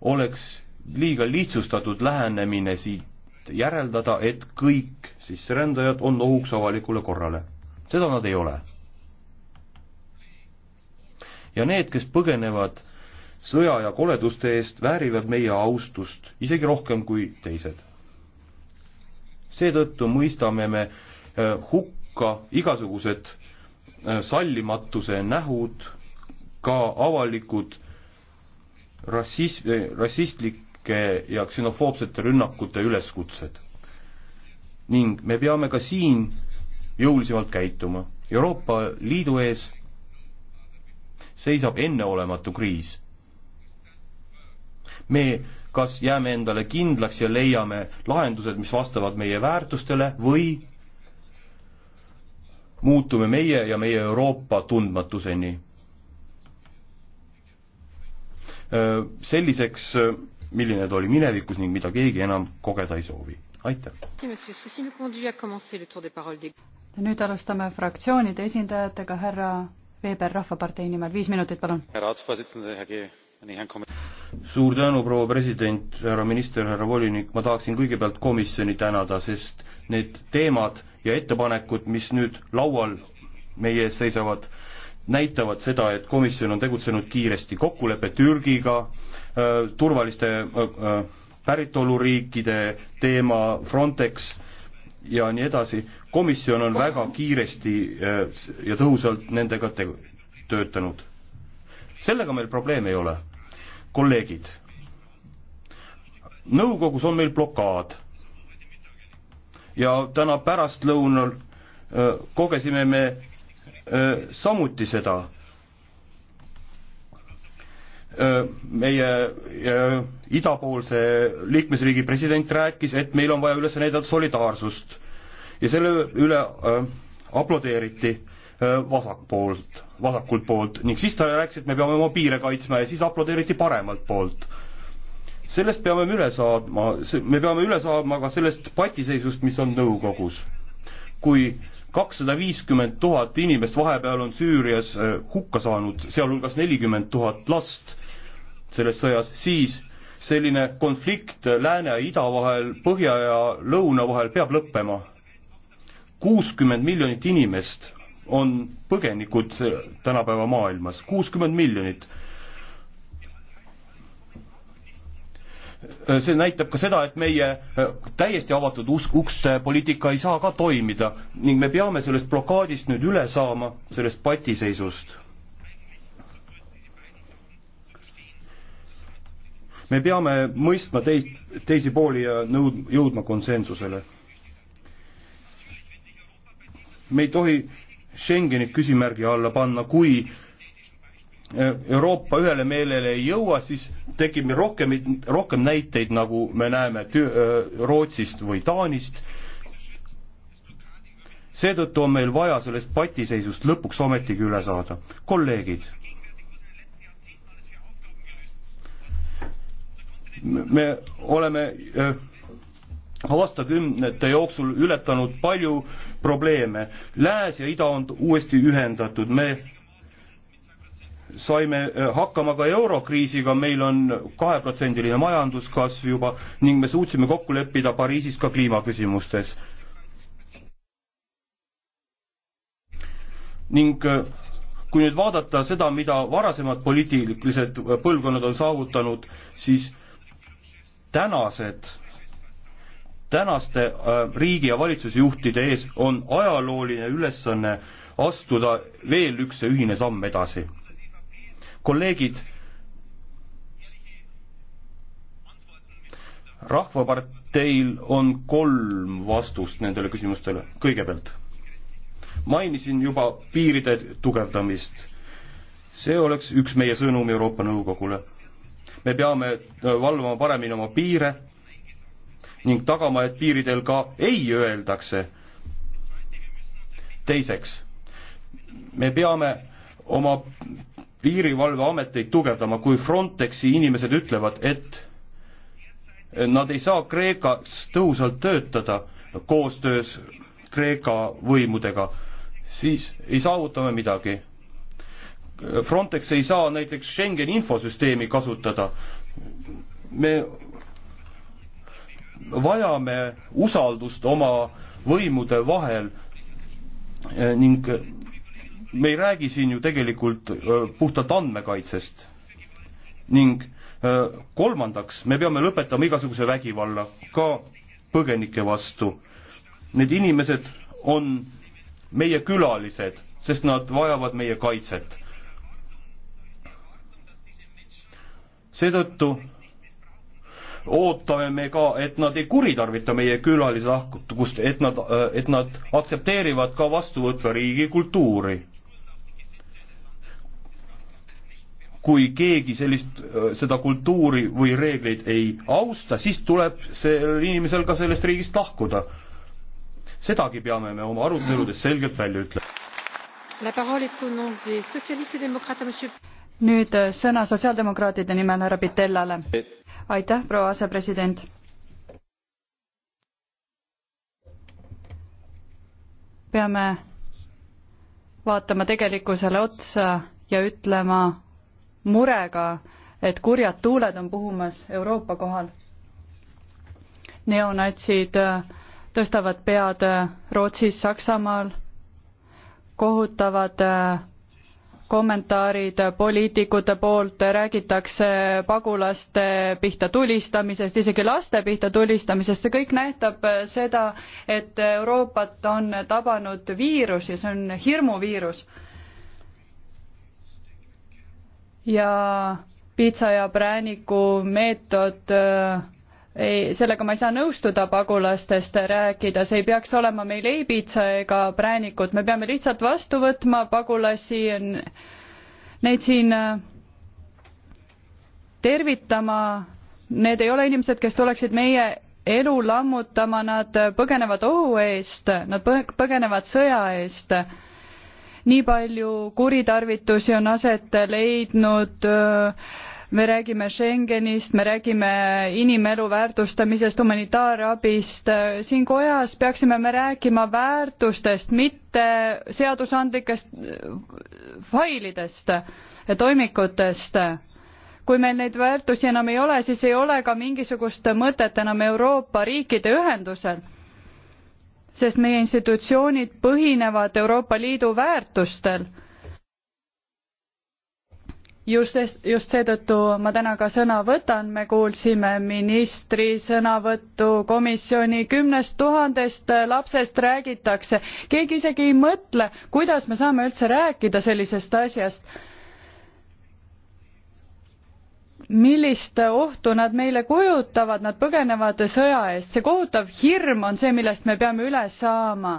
oleks liiga lihtsustatud lähenemine siit järeldada, et kõik sisserändajad on ohuks avalikule korrale. seda nad ei ole. ja need, kes põgenevad sõja ja koleduste eest väärivad meie austust isegi rohkem kui teised. seetõttu mõistame me äh, hukka igasugused äh, sallimatuse nähud, ka avalikud rassism, äh, rassistlike ja ksenofoobsete rünnakute üleskutsed. ning me peame ka siin jõulisemalt käituma. Euroopa Liidu ees seisab enneolematu kriis me kas jääme endale kindlaks ja leiame lahendused, mis vastavad meie väärtustele või muutume meie ja meie Euroopa tundmatuseni. selliseks, milline ta oli minevikus ning mida keegi enam kogeda ei soovi. aitäh! nüüd alustame fraktsioonide esindajatega, härra Weber Rahvapartei nimel, viis minutit, palun. härra asepresident, härra Kiie suur tänu, proua president, härra minister, härra volinik, ma tahaksin kõigepealt komisjoni tänada, sest need teemad ja ettepanekud, mis nüüd laual meie ees seisavad, näitavad seda, et komisjon on tegutsenud kiiresti, kokkulepe Türgiga, äh, turvaliste äh, äh, päritoluriikide teema, Frontex ja nii edasi, komisjon on väga kiiresti ja tõhusalt nendega te-, töötanud. sellega meil probleeme ei ole kolleegid, nõukogus on meil blokaad ja täna pärastlõunal öö, kogesime me öö, samuti seda. meie öö, idapoolse liikmesriigi president rääkis, et meil on vaja üles näidata solidaarsust ja selle üle aplodeeriti vasakpoolt, vasakult poolt ning siis ta rääkis, et me peame oma piire kaitsma ja siis aplodeeriti paremalt poolt. sellest peame me üle saama, me peame üle saama ka sellest patiseisust, mis on nõukogus. kui kakssada viiskümmend tuhat inimest vahepeal on Süürias hukka saanud, sealhulgas nelikümmend tuhat last selles sõjas, siis selline konflikt lääne ja ida vahel, põhja ja lõuna vahel peab lõppema. kuuskümmend miljonit inimest on põgenikud tänapäeva maailmas, kuuskümmend miljonit. see näitab ka seda, et meie äh, täiesti avatud usk, ukste poliitika ei saa ka toimida ning me peame sellest blokaadist nüüd üle saama, sellest patiseisust me peame mõistma teis, teisi pooli ja nõud-, jõudma konsensusele. me ei tohi Schengenit küsimärgi alla panna, kui eh, Euroopa ühele meelele ei jõua, siis tekib meil rohkem, rohkem näiteid, nagu me näeme eh, Rootsist või Taanist. seetõttu on meil vaja sellest patiseisust lõpuks ometigi üle saada. kolleegid, me oleme öö, eh, aastakümnete jooksul ületanud palju probleeme. Lääs ja ida on uuesti ühendatud, me saime eh, hakkama ka eurokriisiga, meil on kaheprotsendiline majanduskasv juba ning me suutsime kokku leppida Pariisis ka kliimaküsimustes. ning eh, kui nüüd vaadata seda, mida varasemad poliitilised põlvkonnad on saavutanud, siis tänased tänaste äh, riigi- ja valitsusjuhtide ees on ajalooline ülesanne astuda veel üks see ühine samm edasi. kolleegid, rahvaparteil on kolm vastust nendele küsimustele, kõigepealt mainisin juba piiride tugevdamist. see oleks üks meie sõnum Euroopa Nõukogule. me peame äh, valvama paremini oma piire ning tagama, et piiridel ka ei öeldakse. teiseks, me peame oma piirivalveameteid tugevdama, kui Frontexi inimesed ütlevad, et nad ei saa Kreekas tõhusalt töötada koostöös Kreeka võimudega, siis ei saavuta me midagi. Frontex ei saa näiteks Schengeni infosüsteemi kasutada. me vajame usaldust oma võimude vahel ning me ei räägi siin ju tegelikult puhtalt andmekaitsest. ning kolmandaks, me peame lõpetama igasuguse vägivalla, ka põgenike vastu. Need inimesed on meie külalised, sest nad vajavad meie kaitset. seetõttu ootame me ka, et nad ei kuritarvita meie külalislahkutust, et nad, et nad aktsepteerivad ka vastuvõtva riigi kultuuri. kui keegi sellist, seda kultuuri või reegleid ei austa, siis tuleb sellel inimesel ka sellest riigist lahkuda. sedagi peame me oma aruteludes selgelt välja ütlema. nüüd äh, sõna sotsiaaldemokraatide nimel härra Pitellale aitäh, proua asepresident. peame vaatama tegelikkusele otsa ja ütlema murega, et kurjad tuuled on puhumas Euroopa kohal. neonatsid tõstavad pead Rootsis, Saksamaal, kohutavad äh, kommentaarid poliitikute poolt, räägitakse pagulaste pihta tulistamisest, isegi laste pihta tulistamisest, see kõik näitab seda, et Euroopat on tabanud viirus ja see on hirmuviirus. ja piitsa ja prääniku meetod äh, ei, sellega ma ei saa nõustuda pagulastest rääkides, ei peaks olema meil ei piitsa ega präänikut, me peame lihtsalt vastu võtma pagulasi, neid siin äh, tervitama, need ei ole inimesed, kes tuleksid meie elu lammutama, nad põgenevad ohu eest, nad põgenevad sõja eest. nii palju kuritarvitusi on aset leidnud öö, äh, me räägime Schengenist, me räägime inimelu väärtustamisest, humanitaarabist, siin kojas peaksime me rääkima väärtustest, mitte seadusandlikest äh, failidest ja toimikutest kui meil neid väärtusi enam ei ole, siis ei ole ka mingisugust mõtet enam Euroopa riikide ühendusel, sest meie institutsioonid põhinevad Euroopa Liidu väärtustel just, just seetõttu ma täna ka sõna võtan, me kuulsime ministri sõnavõttu komisjoni, kümnest tuhandest lapsest räägitakse, keegi isegi ei mõtle, kuidas me saame üldse rääkida sellisest asjast. millist ohtu nad meile kujutavad, nad põgenevad sõja eest, see kohutav hirm on see, millest me peame üle saama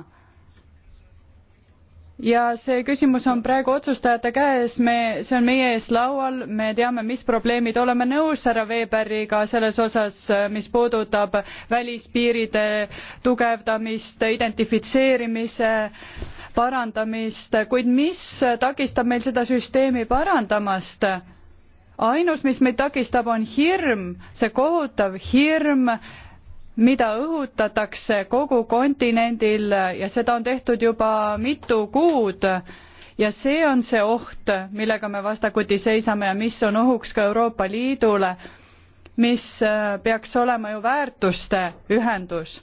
ja see küsimus on praegu otsustajate käes, me, see on meie ees laual, me teame, mis probleemid, oleme nõus härra Weberiga selles osas, mis puudutab välispiiride tugevdamist, identifitseerimise parandamist, kuid mis takistab meil seda süsteemi parandamast? ainus, mis meid takistab, on hirm, see kohutav hirm, mida õhutatakse kogu kontinendil ja seda on tehtud juba mitu kuud ja see on see oht, millega me vastakuti seisame ja mis on ohuks ka Euroopa Liidule, mis äh, peaks olema ju väärtuste ühendus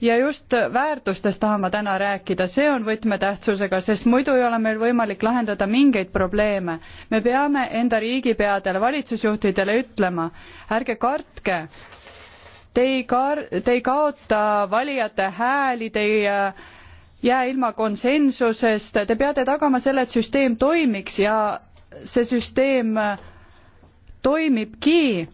ja just väärtustest tahan ma täna rääkida, see on võtmetähtsusega, sest muidu ei ole meil võimalik lahendada mingeid probleeme. me peame enda riigipeadele, valitsusjuhtidele ütlema, ärge kartke, te ei kar-, te ei kaota valijate hääli, te ei äh, jää ilma konsensusest, te peate tagama selle, et süsteem toimiks ja see süsteem äh, toimibki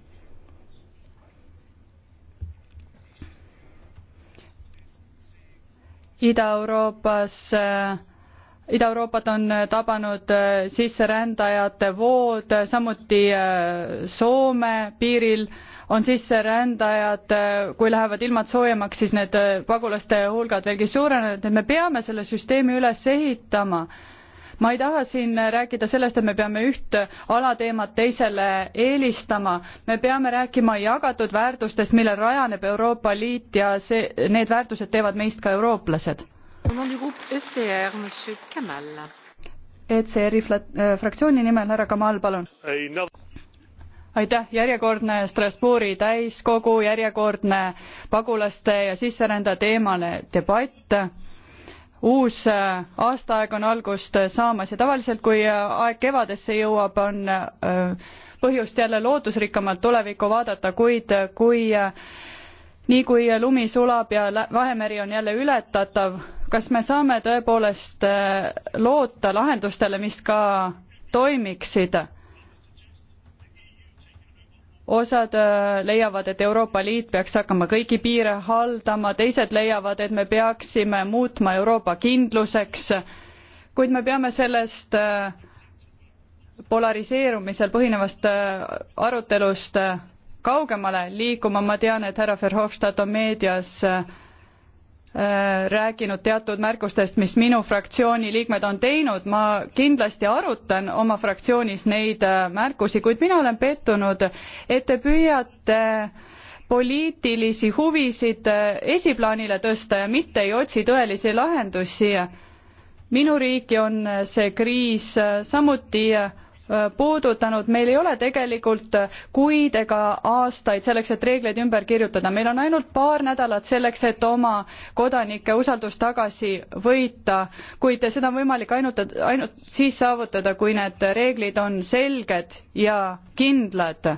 Ida-Euroopas äh, Ida-Euroopat on äh, tabanud äh, sisserändajate vood, samuti Soome piiril on sisserändajad, kui lähevad ilmad soojemaks, siis need pagulaste hulgad veelgi suurenevad, et me peame selle süsteemi üles ehitama ma ei taha siin rääkida sellest, et me peame üht alateemat teisele eelistama, me peame rääkima jagatud väärtustest, millel rajaneb Euroopa Liit ja see, need väärtused teevad meist ka eurooplased. ECR-i e e äh, fraktsiooni nimel härra Kamal, palun aitäh, järjekordne Strasbourgi täiskogu, järjekordne pagulaste ja sisserände teemane debatt uus äh, aastaaeg on algust äh, saamas ja tavaliselt, kui äh, aeg kevadesse jõuab, on põhjust jälle lootusrikkamalt tulevikku vaadata, kuid kui nii kui lumi sulab ja Vahemeri on jälle ületatav, kas me saame tõepoolest loota lahendustele, mis ka toimiksid? osad äh, leiavad, et Euroopa Liit peaks hakkama kõiki piire haldama, teised leiavad, et me peaksime muutma Euroopa kindluseks, kuid me peame sellest äh, polariseerumisel põhinevast äh, arutelust kaugemale liikuma, ma tean, et härra Verhofstadt on meedias äh, Äh, rääkinud teatud märkustest, mis minu fraktsiooni liikmed on teinud, ma kindlasti arutan oma fraktsioonis neid äh, märkusi, kuid mina olen pettunud, et te püüate poliitilisi huvisid äh, esiplaanile tõsta ja mitte ei otsi tõelisi lahendusi. minu riiki on see kriis samuti Äh, puudutanud, meil ei ole tegelikult kuid ega aastaid selleks, et reegleid ümber kirjutada, meil on ainult paar nädalat selleks, et oma kodanike usaldus tagasi võita, kuid seda on võimalik ainult, ainult siis saavutada, kui need reeglid on selged ja kindlad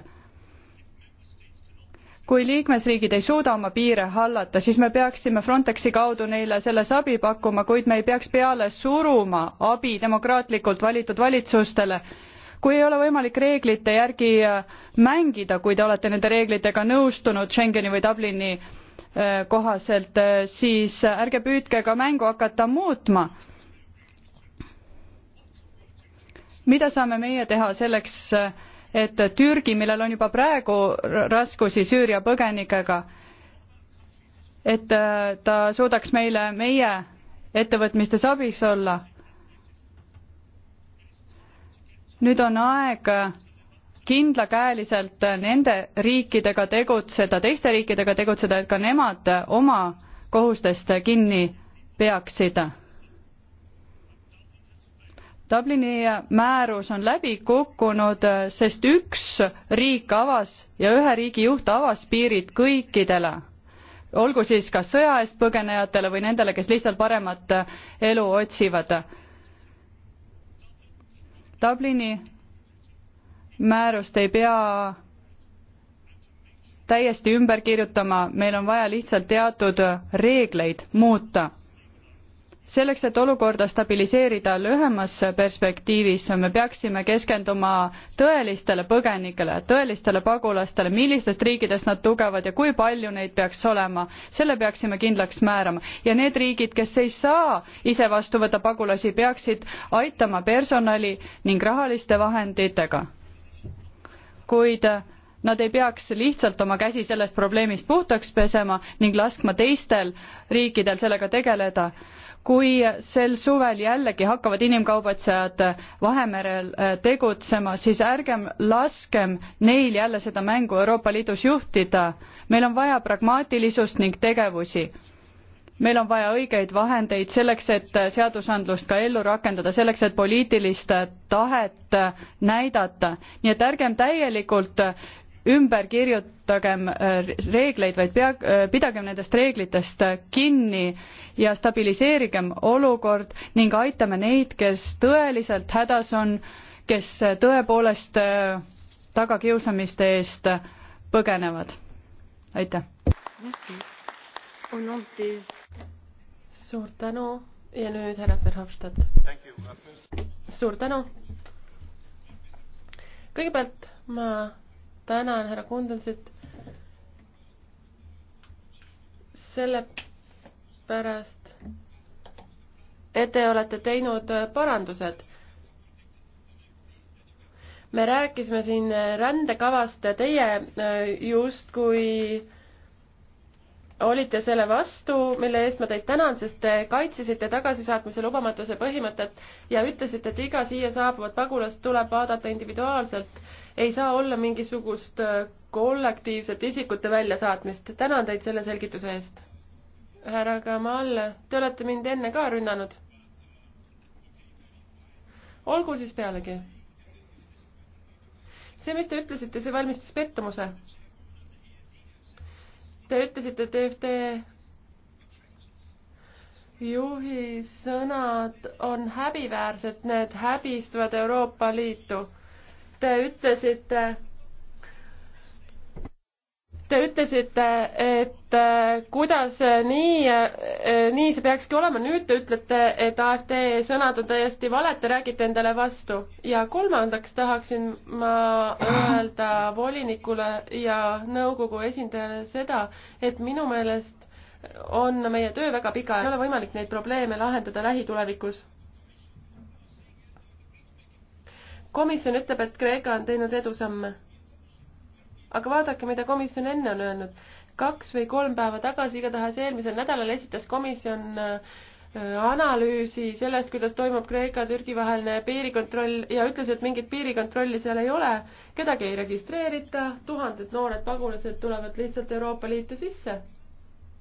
kui liikmesriigid ei suuda oma piire hallata, siis me peaksime Frontexi kaudu neile selles abi pakkuma, kuid me ei peaks peale suruma abi demokraatlikult valitud valitsustele kui ei ole võimalik reeglite järgi äh, mängida, kui te olete nende reeglitega nõustunud Schengeni või Dublini äh, kohaselt, äh, siis ärge püüdke ka mängu hakata muutma. mida saame meie teha selleks, et Türgi, millel on juba praegu raskusi Süüria põgenikega, et ta suudaks meile, meie ettevõtmistes abiks olla nüüd on aeg kindlakäeliselt nende riikidega tegutseda, teiste riikidega tegutseda, et ka nemad oma kohustest kinni peaksid. Dublini määrus on läbi kukkunud, sest üks riik avas ja ühe riigi juht avas piirid kõikidele, olgu siis kas sõja eest põgenejatele või nendele, kes lihtsalt paremat elu otsivad Dublini määrust ei pea täiesti ümber kirjutama, meil on vaja lihtsalt teatud reegleid muuta selleks, et olukorda stabiliseerida lühemas perspektiivis, me peaksime keskenduma tõelistele põgenikele, tõelistele pagulastele, millistest riikidest nad tugevad ja kui palju neid peaks olema, selle peaksime kindlaks määrama. ja need riigid, kes ei saa ise vastu võtta pagulasi, peaksid aitama personali ning rahaliste vahenditega. kuid nad ei peaks lihtsalt oma käsi sellest probleemist puhtaks pesema ning laskma teistel riikidel sellega tegeleda kui sel suvel jällegi hakkavad inimkaubitsejad Vahemerel äh, tegutsema, siis ärgem laskem neil jälle seda mängu Euroopa Liidus juhtida. meil on vaja pragmaatilisust ning tegevusi meil on vaja õigeid vahendeid selleks, et seadusandlust ka ellu rakendada, selleks, et poliitilist tahet näidata. nii et ärgem täielikult ümber kirjutagem äh, reegleid, vaid pea, äh, pidagem nendest reeglitest äh, kinni ja stabiliseerigem olukord ning aitame neid, kes tõeliselt hädas on, kes tõepoolest tagakiusamiste eest põgenevad. aitäh! suur tänu ja nüüd härra Verhofstadt. suur tänu! kõigepealt ma tänan härra Kundelsit sellepärast, et te olete teinud parandused. me rääkisime siin rändekavast ja teie äh, justkui äh, olite selle vastu, mille eest ma teid tänan, sest te kaitsesite tagasisaatmise lubamatuse põhimõtet ja ütlesite, et iga siia saabuvat pagulast tuleb vaadata individuaalselt. ei saa olla mingisugust äh, kollektiivset isikute väljasaatmist. tänan teid selle selgituse eest. härra Kamal, te olete mind enne ka rünnanud. olgu siis pealegi. see, mis te ütlesite, see valmistas pettumuse Te ütlesite, et EFT juhi sõnad on häbiväärsed, need häbistavad Euroopa Liitu. Te ütlesite, Te ütlesite, et äh, kuidas äh, nii, äh, nii see peakski olema, nüüd te ütlete, et AfD sõnad on täiesti valed, te räägite endale vastu. ja kolmandaks tahaksin ma öelda volinikule ja nõukogu esindajale seda, et minu meelest on meie töö väga pika, ei ole võimalik neid probleeme lahendada lähitulevikus komisjon ütleb, et Kreeka on teinud edusamme aga vaadake, mida komisjon enne on öelnud. kaks või kolm päeva tagasi, igatahes eelmisel nädalal esitas komisjon äh, äh, analüüsi sellest, kuidas toimub Kreeka-Türgi vaheline piirikontroll ja ütles, et mingit piirikontrolli seal ei ole, kedagi ei registreerita, tuhanded noored pagulased tulevad lihtsalt Euroopa Liitu sisse.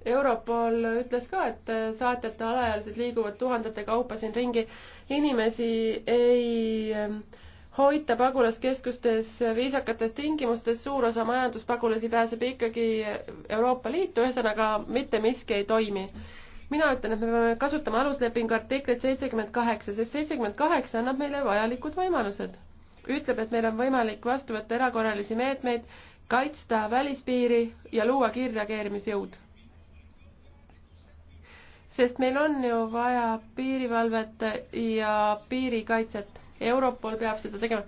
Europol ütles ka, et äh, saatjate alaealised liiguvad tuhandete kaupa siin ringi, inimesi ei äh, hoita pagulaskeskustes viisakates tingimustes, suur osa majanduspagulasi pääseb ikkagi Euroopa Liitu, ühesõnaga mitte miski ei toimi mina ütlen, et me peame kasutama aluslepingu artiklit seitsekümmend kaheksa, sest seitsekümmend kaheksa annab meile vajalikud võimalused. ütleb, et meil on võimalik vastu võtta erakorralisi meetmeid, kaitsta välispiiri ja luua kiirreageerimisjõud. sest meil on ju vaja piirivalvet ja piirikaitset Europol peab seda tegema.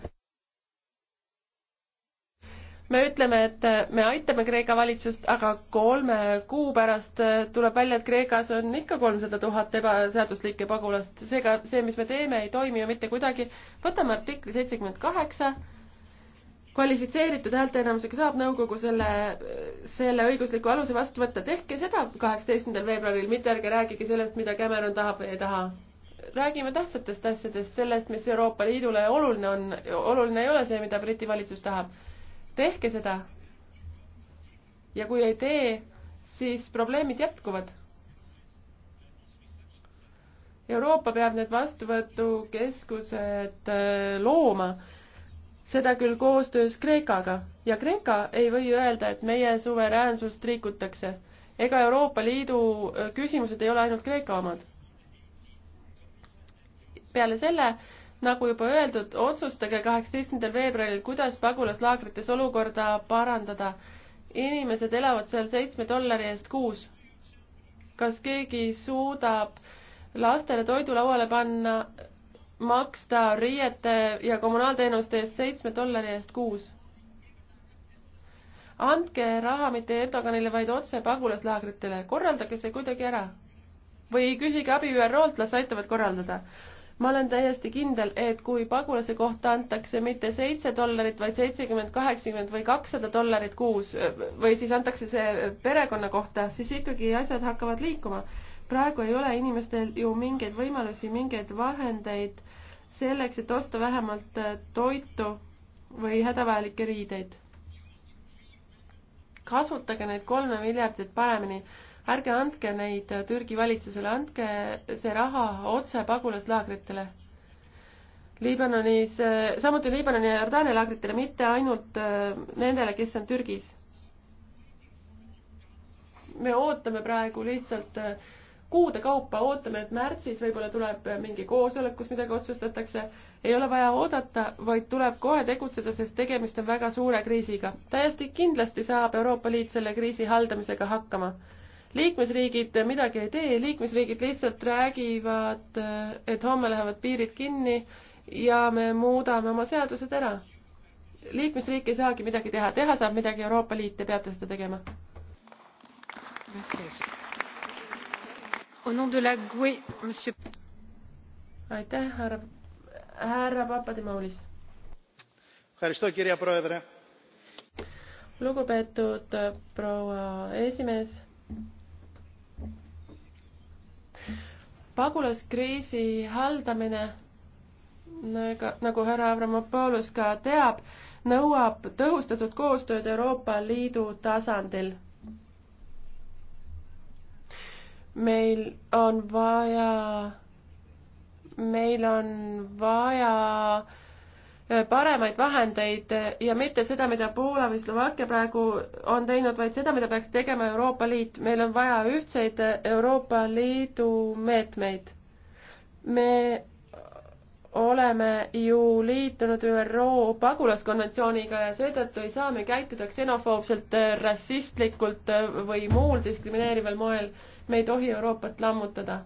me ütleme, et me aitame Kreeka valitsust, aga kolme kuu pärast tuleb välja, et Kreekas on ikka kolmsada tuhat ebaseaduslikke pagulast, seega see, mis me teeme, ei toimi ju mitte kuidagi. võtame artikli seitsekümmend kaheksa kvalifitseeritud häälteenamusega saab nõukogu selle, selle õigusliku aluse vastu võtta, tehke seda kaheksateistkümnendal veebruaril, mitte ärge rääkige sellest, mida Cameron tahab või ei taha räägime tähtsatest asjadest, sellest, mis Euroopa Liidule oluline on, oluline ei ole see, mida Briti valitsus tahab. tehke seda. ja kui ei tee, siis probleemid jätkuvad. Euroopa peab need vastuvõtukeskused äh, looma, seda küll koostöös Kreekaga ja Kreeka ei või öelda, et meie suveräänsust rikutakse. ega Euroopa Liidu äh, küsimused ei ole ainult Kreeka omad peale selle, nagu juba öeldud, otsustage kaheksateistkümnendal veebruaril, kuidas pagulaslaagrites olukorda parandada. inimesed elavad seal seitsme dollari eest kuus. kas keegi suudab lastele toidu lauale panna, maksta riiete ja kommunaalteenuste eest seitsme dollari eest kuus? andke raha mitte Erdoganile, vaid otse pagulaslaagritele, korraldage see kuidagi ära. või küsige abi ÜRO-lt, las aitavad korraldada ma olen täiesti kindel, et kui pagulase kohta antakse mitte seitse dollarit, vaid seitsekümmend, kaheksakümmend või kakssada dollarit kuus või siis antakse see perekonna kohta, siis ikkagi asjad hakkavad liikuma. praegu ei ole inimestel ju mingeid võimalusi, mingeid vahendeid selleks, et osta vähemalt äh, toitu või hädavajalikke riideid. kasutage neid kolme miljardit paremini ärge andke neid Türgi valitsusele, andke see raha otse pagulaslaagritele. Liibanonis, samuti Liibanoni ja Jordaania laagritele, mitte ainult äh, nendele, kes on Türgis. me ootame praegu lihtsalt äh, kuude kaupa ootame, et märtsis võib-olla tuleb mingi koosolek, kus midagi otsustatakse. ei ole vaja oodata, vaid tuleb kohe tegutseda, sest tegemist on väga suure kriisiga. täiesti kindlasti saab Euroopa Liit selle kriisi haldamisega hakkama liikmesriigid midagi ei tee, liikmesriigid lihtsalt räägivad, et homme lähevad piirid kinni ja me muudame oma seadused ära. liikmesriik ei saagi midagi teha, teha saab midagi Euroopa Liit, te peate seda tegema. aitäh, härra, härra Papademoulis. lugupeetud proua esimees pagulaskriisi haldamine, nagu, nagu härra Avramopoulos ka teab, nõuab tõhustatud koostööd Euroopa Liidu tasandil. meil on vaja, meil on vaja äh, paremaid vahendeid ja mitte seda, mida Poola või Slovakkia praegu on teinud, vaid seda, mida peaks tegema Euroopa Liit. meil on vaja ühtseid Euroopa Liidu meetmeid. me oleme ju liitunud ÜRO pagulaskonventsiooniga ja seetõttu ei saa me käituda ksenofoobselt, rassistlikult või muul diskrimineerival moel. me ei tohi Euroopat lammutada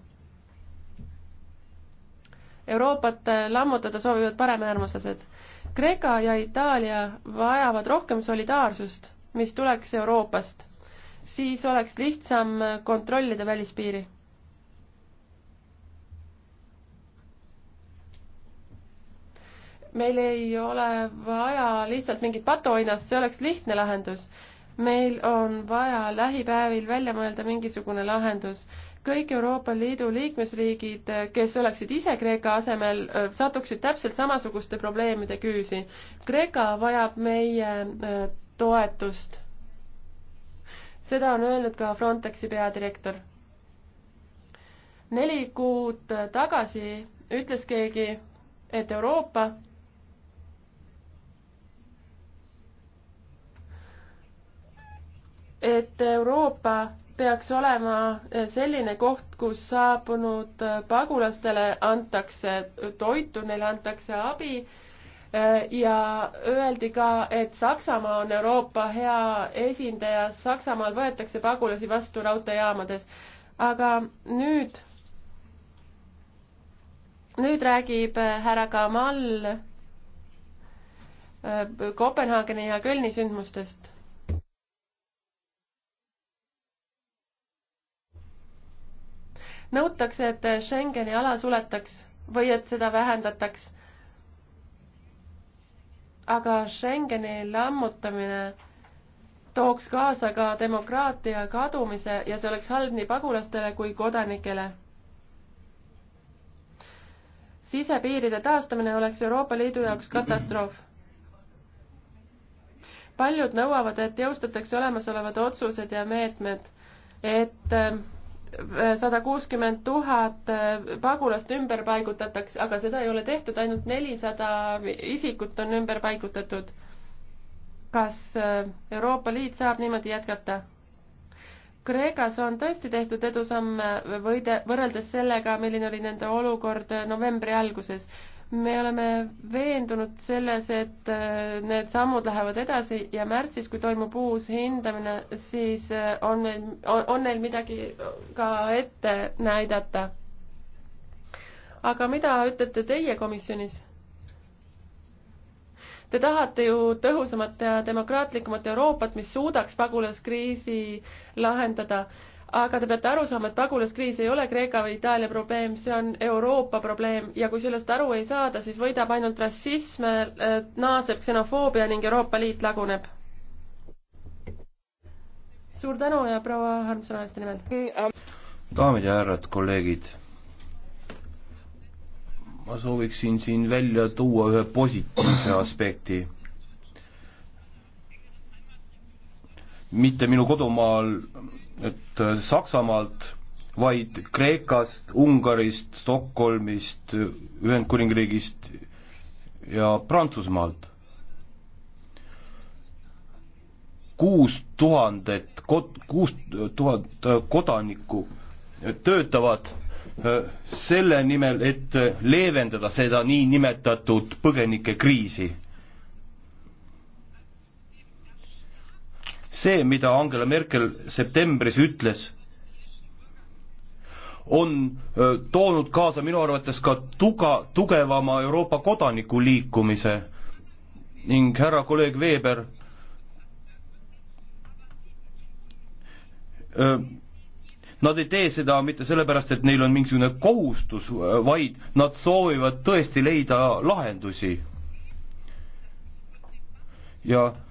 Euroopat lammutada soovivad paremäärmuslased. Kreeka ja Itaalia vajavad rohkem solidaarsust, mis tuleks Euroopast. siis oleks lihtsam kontrollida välispiiri. meil ei ole vaja lihtsalt mingit patuoinast, see oleks lihtne lahendus. meil on vaja lähipäevil välja mõelda mingisugune lahendus kõik Euroopa Liidu liikmesriigid, kes oleksid ise Kreeka asemel, satuksid täpselt samasuguste probleemide küüsi. Kreeka vajab meie äh, toetust. seda on öelnud ka Frontexi peadirektor. neli kuud tagasi ütles keegi, et Euroopa et Euroopa peaks olema eh, selline koht, kus saabunud eh, pagulastele antakse toitu, neile antakse abi eh, ja öeldi ka, et Saksamaa on Euroopa hea esindaja, Saksamaal võetakse pagulasi vastu raudteejaamades. aga nüüd, nüüd räägib härra Kamal Kopenhaageni ja Kölni sündmustest nõutakse, et Schengeni ala suletaks või et seda vähendataks. aga Schengeni lammutamine tooks kaasa ka demokraatia kadumise ja see oleks halb nii pagulastele kui kodanikele. sisepiiride taastamine oleks Euroopa Liidu jaoks katastroof paljud nõuavad, et jõustatakse olemasolevad otsused ja meetmed, et ähm, sada kuuskümmend tuhat pagulast ümber paigutatakse, aga seda ei ole tehtud, ainult nelisada isikut on ümber paigutatud. kas äh, Euroopa Liit saab niimoodi jätkata? Kreekas on tõesti tehtud edusamme võide, võrreldes sellega, milline oli nende olukord novembri alguses me oleme veendunud selles, et äh, need sammud lähevad edasi ja märtsis, kui toimub uus hindamine, siis äh, on neil, on neil midagi ka ette näidata. aga mida ütlete teie komisjonis? Te tahate ju tõhusamat ja demokraatlikumat Euroopat, mis suudaks pagulaskriisi lahendada aga te peate aru saama, et pagulaskriis ei ole Kreeka või Itaalia probleem, see on Euroopa probleem ja kui sellest aru ei saada, siis võidab ainult rassism, äh, naaseb ksenofoobia ning Euroopa Liit laguneb. suur tänu ja proua Harmsona Eesti nimel. daamid ja härrad, kolleegid. ma sooviksin siin välja tuua ühe positiivse aspekti mitte minu kodumaal et äh, Saksamaalt, vaid Kreekast, Ungarist, Stockholmist, Ühendkuningriigist ja Prantsusmaalt. kuus tuhandet kod-, kuus tuhat äh, kodanikku töötavad äh, selle nimel, et leevendada seda niinimetatud põgenikekriisi see, mida Angela Merkel septembris ütles, on toonud kaasa minu arvates ka tuga, tugevama Euroopa kodaniku liikumise ning härra kolleeg Weber Nad ei tee seda mitte sellepärast, et neil on mingisugune kohustus, vaid nad soovivad tõesti leida lahendusi. ja äh,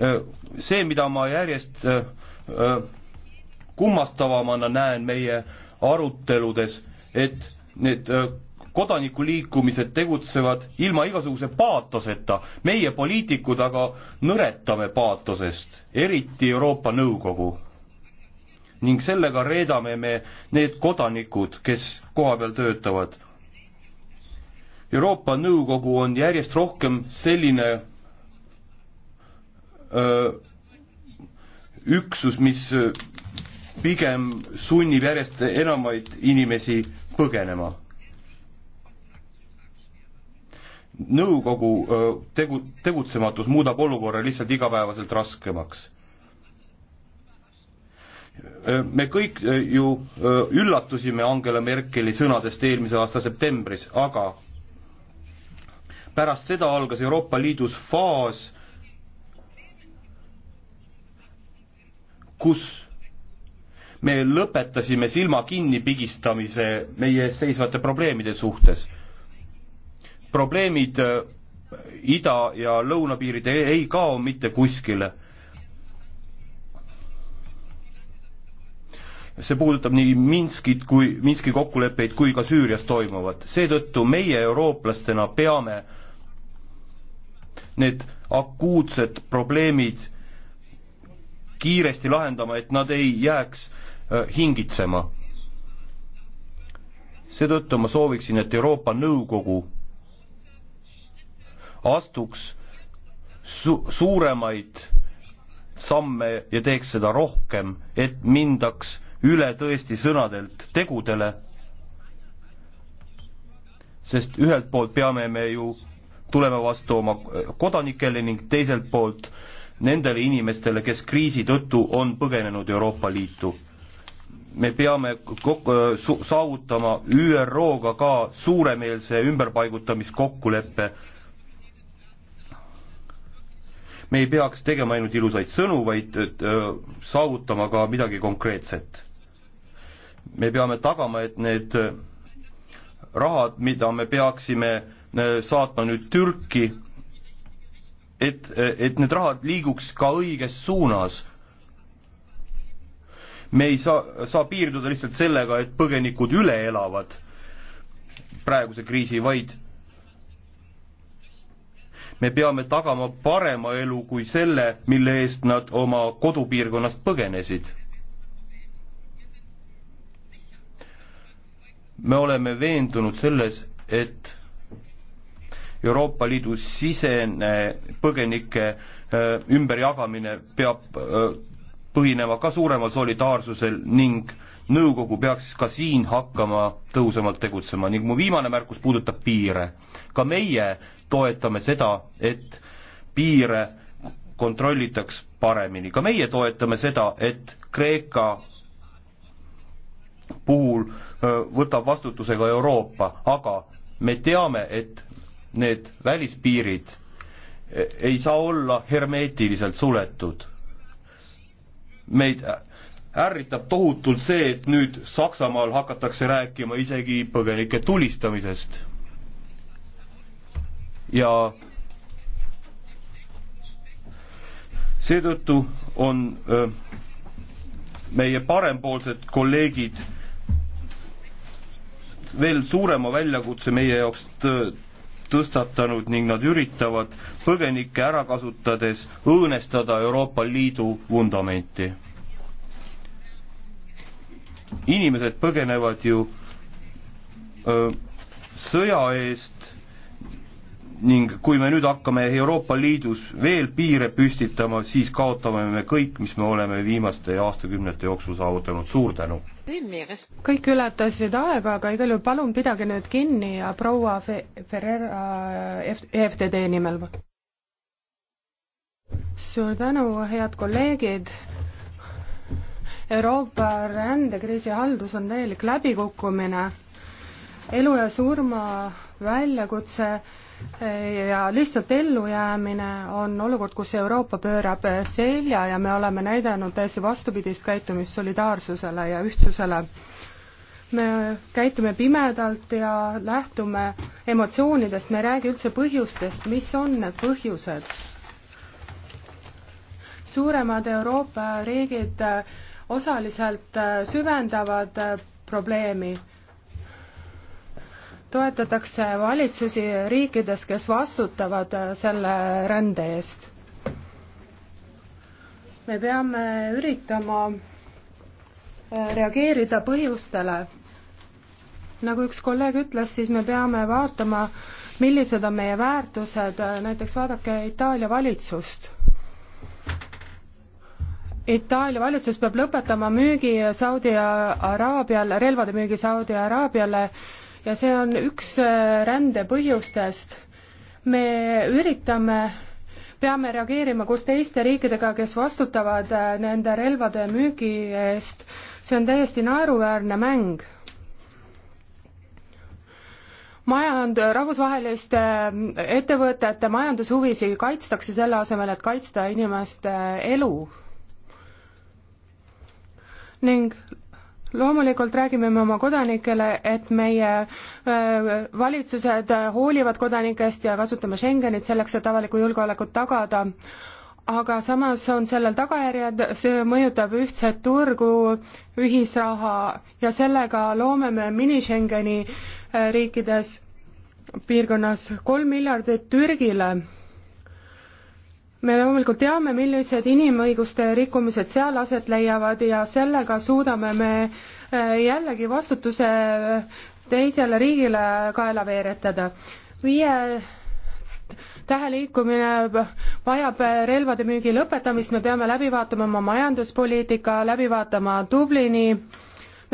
Äh, see, mida ma järjest äh, äh, kummastavamana näen meie aruteludes, et need kodanikuliikumised tegutsevad ilma igasuguse paatoseta, meie poliitikud aga nõretame paatosest, eriti Euroopa Nõukogu. ning sellega reedame me need kodanikud, kes kohapeal töötavad. Euroopa Nõukogu on järjest rohkem selline üksus, mis pigem sunnib järjest enamaid inimesi põgenema. nõukogu tegu, tegutsematus muudab olukorra lihtsalt igapäevaselt raskemaks. me kõik ju üllatusime Angela Merkeli sõnadest eelmise aasta septembris, aga pärast seda algas Euroopa Liidus faas, kus me lõpetasime silma kinnipigistamise meie ees seisvate probleemide suhtes. probleemid äh, ida- ja lõunapiirid ei, ei kao mitte kuskile. see puudutab nii Minskit kui, Minski kokkuleppeid kui ka Süürias toimuvat, seetõttu meie eurooplastena peame need akuutsed probleemid kiiresti lahendama, et nad ei jääks äh, hingitsema. seetõttu ma sooviksin, et Euroopa Nõukogu astuks su-, suuremaid samme ja teeks seda rohkem, et mindaks üle tõesti sõnadelt tegudele. sest ühelt poolt peame me ju tulema vastu oma kodanikele ning teiselt poolt äh, nendele inimestele, kes kriisi tõttu on põgenenud Euroopa Liitu. me peame kokku, saavutama ÜRO-ga ka suuremeelse ümberpaigutamiskokkuleppe. me ei peaks tegema ainult ilusaid sõnu, vaid saavutama ka midagi konkreetset. me peame tagama, et need rahad, mida me peaksime saatma nüüd Türki, et, et need rahad liiguks ka õiges suunas. me ei saa, saa piirduda lihtsalt sellega, et põgenikud üle elavad praeguse kriisi, vaid me peame tagama parema elu kui selle, mille eest nad oma kodupiirkonnast põgenesid. me oleme veendunud selles, et Euroopa Liidu sisene põgenike äh, ümberjagamine peab äh, põhinema ka suuremal solidaarsusel ning nõukogu peaks ka siin hakkama tõhusamalt tegutsema ning mu viimane märkus puudutab piire. ka meie toetame seda, et piire kontrollitaks paremini, ka meie toetame seda, et Kreeka puhul äh, võtab vastutuse ka Euroopa, aga me teame, et need välispiirid e, ei saa olla hermeetiliselt suletud. meid ärritab tohutult see, et nüüd Saksamaal hakatakse rääkima isegi põgenike tulistamisest. ja seetõttu on öö, meie parempoolsed kolleegid veel suurema väljakutse meie jaoks tõstatanud ning nad üritavad põgenikke ära kasutades õõnestada Euroopa Liidu vundamenti. inimesed põgenevad ju öö, sõja eest ning kui me nüüd hakkame Euroopa Liidus veel piire püstitama, siis kaotame me kõik, mis me oleme viimaste aastakümnete jooksul saavutanud, suur tänu! kõik ületasid aega, aga igal juhul palun pidage nüüd kinni ja proua Fe-, Ferreira EFTD nimel. suur tänu, head kolleegid! Euroopa rändekriisi haldus on täielik läbikukkumine, elu ja surma väljakutse ja lihtsalt ellujäämine on olukord, kus Euroopa pöörab selja ja me oleme näidanud täiesti vastupidist käitumist solidaarsusele ja ühtsusele. me käitume pimedalt ja lähtume emotsioonidest, me ei räägi üldse põhjustest, mis on need põhjused. suuremad Euroopa riigid osaliselt süvendavad probleemi toetatakse valitsusi riikides, kes vastutavad äh, selle rände eest. me peame üritama äh, reageerida põhjustele. nagu üks kolleeg ütles, siis me peame vaatama, millised on meie väärtused, äh, näiteks vaadake Itaalia valitsust Itaalia valitsus peab lõpetama müügi Saudi Araabiale, relvade müügi Saudi Araabiale ja see on üks äh, rände põhjustest. me üritame peame reageerima koos teiste riikidega, kes vastutavad äh, nende relvade müügi eest. see on täiesti naeruväärne mäng. majand, rahvusvaheliste äh, ettevõtete majandushuvisi kaitstakse selle asemel, et kaitsta inimeste elu. ning loomulikult räägime me oma kodanikele, et meie äh, valitsused hoolivad kodanikest ja kasutame Schengenit selleks, et avalikku julgeolekut tagada. aga samas on sellel tagajärjed, see mõjutab ühtset turgu, ühisraha ja sellega loome me mini-Schengeni äh, riikides piirkonnas kolm miljardit Türgile me loomulikult teame, millised inimõiguste rikkumised seal aset leiavad ja sellega suudame me eh, jällegi vastutuse teisele riigile kaela veeretada. viie tähe liikumine vajab relvade müügi lõpetamist, me peame läbi vaatama oma majanduspoliitika, läbi vaatama Dublini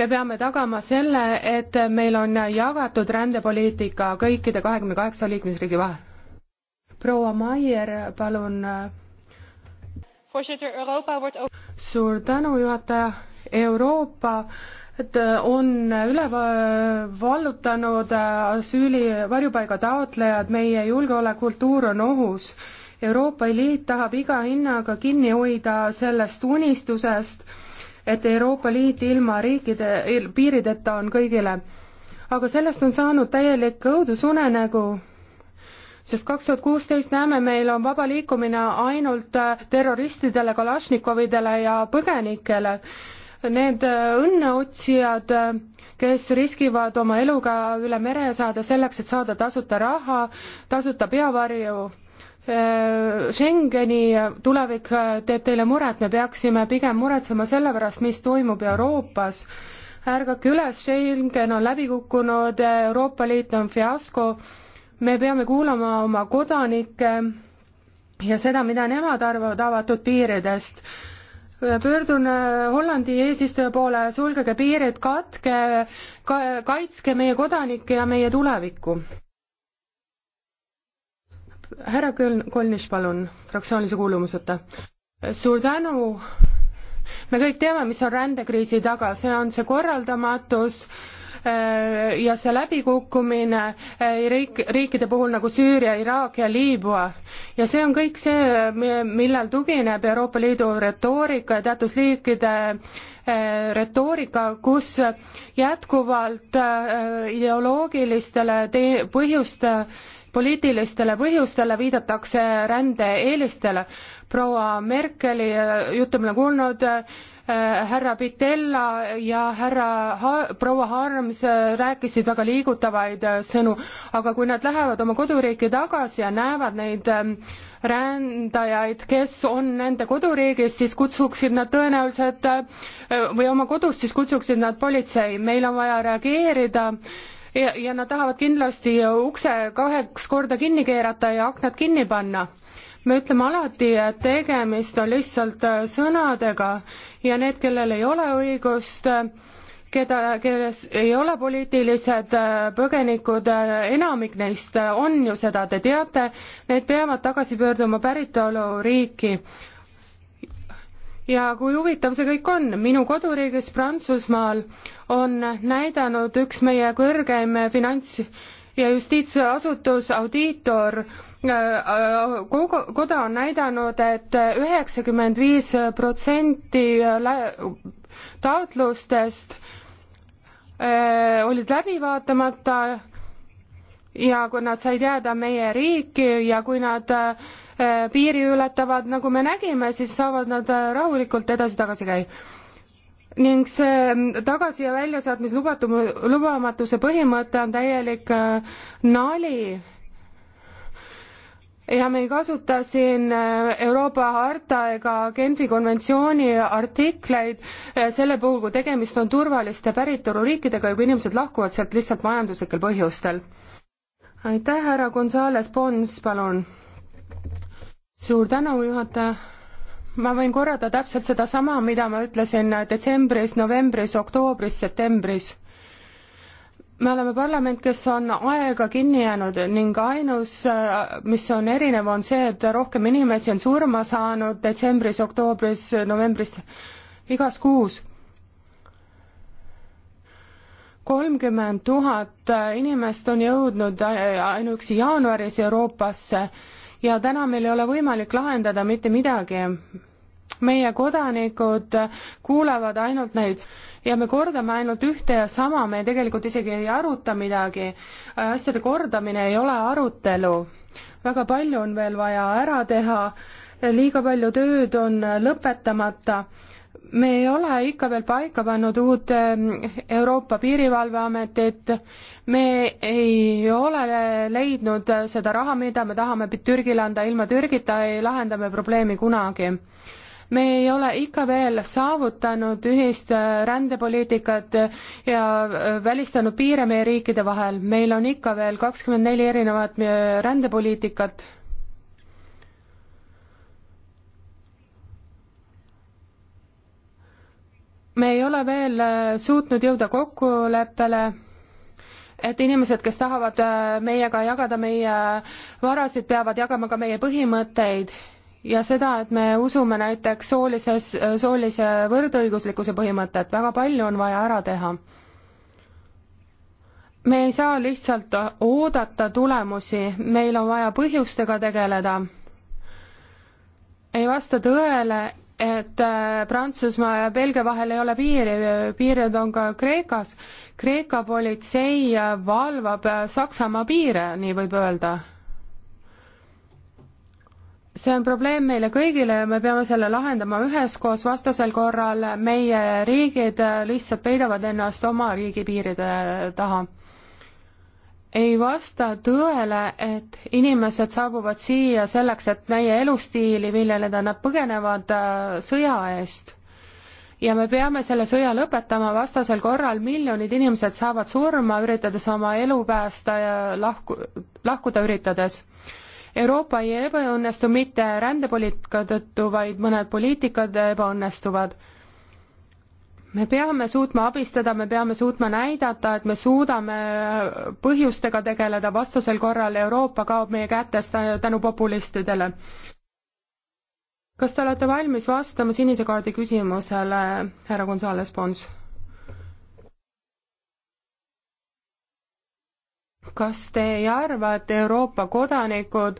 me peame tagama selle, et meil on jagatud rändepoliitika kõikide kahekümne kaheksa liikmesriigi vahel proua Maier, palun. Äh, suur tänu, juhataja. Euroopa et äh, on üle äh, vallutanud asüüli varjupaiga taotlejad, meie julgeolekukultuur on ohus. Euroopa Liit tahab iga hinnaga kinni hoida sellest unistusest, et Euroopa Liit ilma riikide, piirideta on kõigile. aga sellest on saanud täielik õudusunenägu sest kaks tuhat kuusteist näeme, meil on vaba liikumine ainult äh, terroristidele, Kalašnikovidele ja põgenikele. Need äh, õnneotsijad, äh, kes riskivad oma eluga üle mere saada selleks, et saada tasuta raha, tasuta peavarju, Schengeni tulevik teeb teile muret, me peaksime pigem muretsema selle pärast, mis toimub Euroopas ärgake üles, Schengen on läbi kukkunud, Euroopa Liit on fiasko me peame kuulama oma kodanikke ja seda, mida nemad arvavad avatud piiridest pöördun äh, Hollandi eesistuja poole, sulgege piirid, katke ka,, kaitske meie kodanikke ja meie tulevikku. härra Köln-, Kolnis, palun, fraktsioonilise kuulumuseta. suur tänu. me kõik teame, mis on rändekriisi taga, see on see korraldamatus Äh, ja see läbikukkumine äh, riik, riikide puhul nagu Süüria, Iraak ja Liibüa. ja see on kõik see, millel tugineb Euroopa Liidu retoorika ja teatud riikide äh, retoorika, kus jätkuvalt ideoloogilistele te-, põhjuste poliitilistele põhjustele viidatakse rände eelistele. proua Merkeli juttu me oleme kuulnud, Äh, härra Pitella ja härra ha-, proua Harms äh, rääkisid väga liigutavaid äh, sõnu, aga kui nad lähevad oma koduriiki tagasi ja näevad neid ähm, rändajaid, kes on nende koduriigis, siis kutsuksid nad tõenäoliselt või oma kodust, siis kutsuksid nad politsei, meil on vaja reageerida ja, ja nad tahavad kindlasti ukse kaheks korda kinni keerata ja aknad kinni panna me ütleme alati, et tegemist on lihtsalt äh, sõnadega ja need, kellel ei ole õigust, äh, keda, kelles ei ole poliitilised äh, põgenikud, enamik neist on ju seda, te teate, need peavad tagasi pöörduma päritoluriiki. ja kui huvitav see kõik on, minu koduriigis Prantsusmaal on näidanud üks meie kõrgeim finants- ja justiitsasutus, audiitor, Äh, äh, koda on näidanud et, et üheksakümmend viis protsenti taotlustest äh, olid läbi vaatamata ja kui nad said jääda meie riiki ja kui nad piiri ületavad, nagu me nägime, siis saavad nad rahulikult edasi-tagasi käia ning see mm, tagasi- ja väljasaatmise lubatu, lubamatuse põhimõte on täielik nali ja me ei kasuta siin äh, Euroopa harta ega Genfi konventsiooni artikleid äh, selle puhul, kui tegemist on turvaliste päritoluriikidega ja kui inimesed lahkuvad sealt lihtsalt majanduslikel põhjustel. aitäh, härra Gonzales Pons, palun. suur tänu, juhataja ma võin korrata täpselt sedasama, mida ma ütlesin äh, detsembris, novembris, oktoobris, septembris me oleme parlament, kes on aega kinni jäänud ning ainus, äh, mis on erinev, on see, et rohkem inimesi on surma saanud detsembris, oktoobris, novembris, igas kuus. kolmkümmend tuhat inimest on jõudnud äh, ainuüksi jaanuaris Euroopasse ja täna meil ei ole võimalik lahendada mitte midagi. meie kodanikud kuulevad ainult neid ja me kordame ainult ühte ja sama, me tegelikult isegi ei aruta midagi. asjade kordamine ei ole arutelu. väga palju on veel vaja ära teha, liiga palju tööd on lõpetamata me ei ole ikka veel paika pannud uut ehm, Euroopa Piirivalveametit, me ei ole leidnud seda raha, mida me tahame Türgile anda, ilma Türgita ei lahenda me probleemi kunagi me ei ole ikka veel saavutanud ühist äh, rändepoliitikat ja äh, välistanud piire meie riikide vahel, meil on ikka veel kakskümmend neli erinevat äh, rändepoliitikat me ei ole veel suutnud jõuda kokkuleppele, et inimesed, kes tahavad meiega jagada meie varasid, peavad jagama ka meie põhimõtteid ja seda, et me usume näiteks soolises, soolise võrdõiguslikkuse põhimõtet, väga palju on vaja ära teha. me ei saa lihtsalt oodata tulemusi, meil on vaja põhjustega tegeleda. ei vasta tõele, et äh, Prantsusmaa ja Belgia vahel ei ole piiri, piirid on ka Kreekas. Kreeka politsei valvab äh, Saksamaa piire, nii võib öelda see on probleem meile kõigile ja me peame selle lahendama üheskoos, vastasel korral meie riigid lihtsalt peidavad ennast oma riigi piiride taha. ei vasta tõele, et inimesed saabuvad siia selleks, et meie elustiili viljeleda, nad põgenevad sõja eest ja me peame selle sõja lõpetama, vastasel korral miljonid inimesed saavad surma, üritades oma elu päästa ja lahku, lahkuda üritades Euroopa ei ebaõnnestu mitte rändepoliitika tõttu, vaid mõned poliitikad ebaõnnestuvad. me peame suutma abistada, me peame suutma näidata, et me suudame põhjustega tegeleda, vastasel korral Euroopa kaob meie kätest tänu populistidele. kas te olete valmis vastama sinise kaardi küsimusele, härra Gonzales Pons? kas te ei arva, et Euroopa kodanikud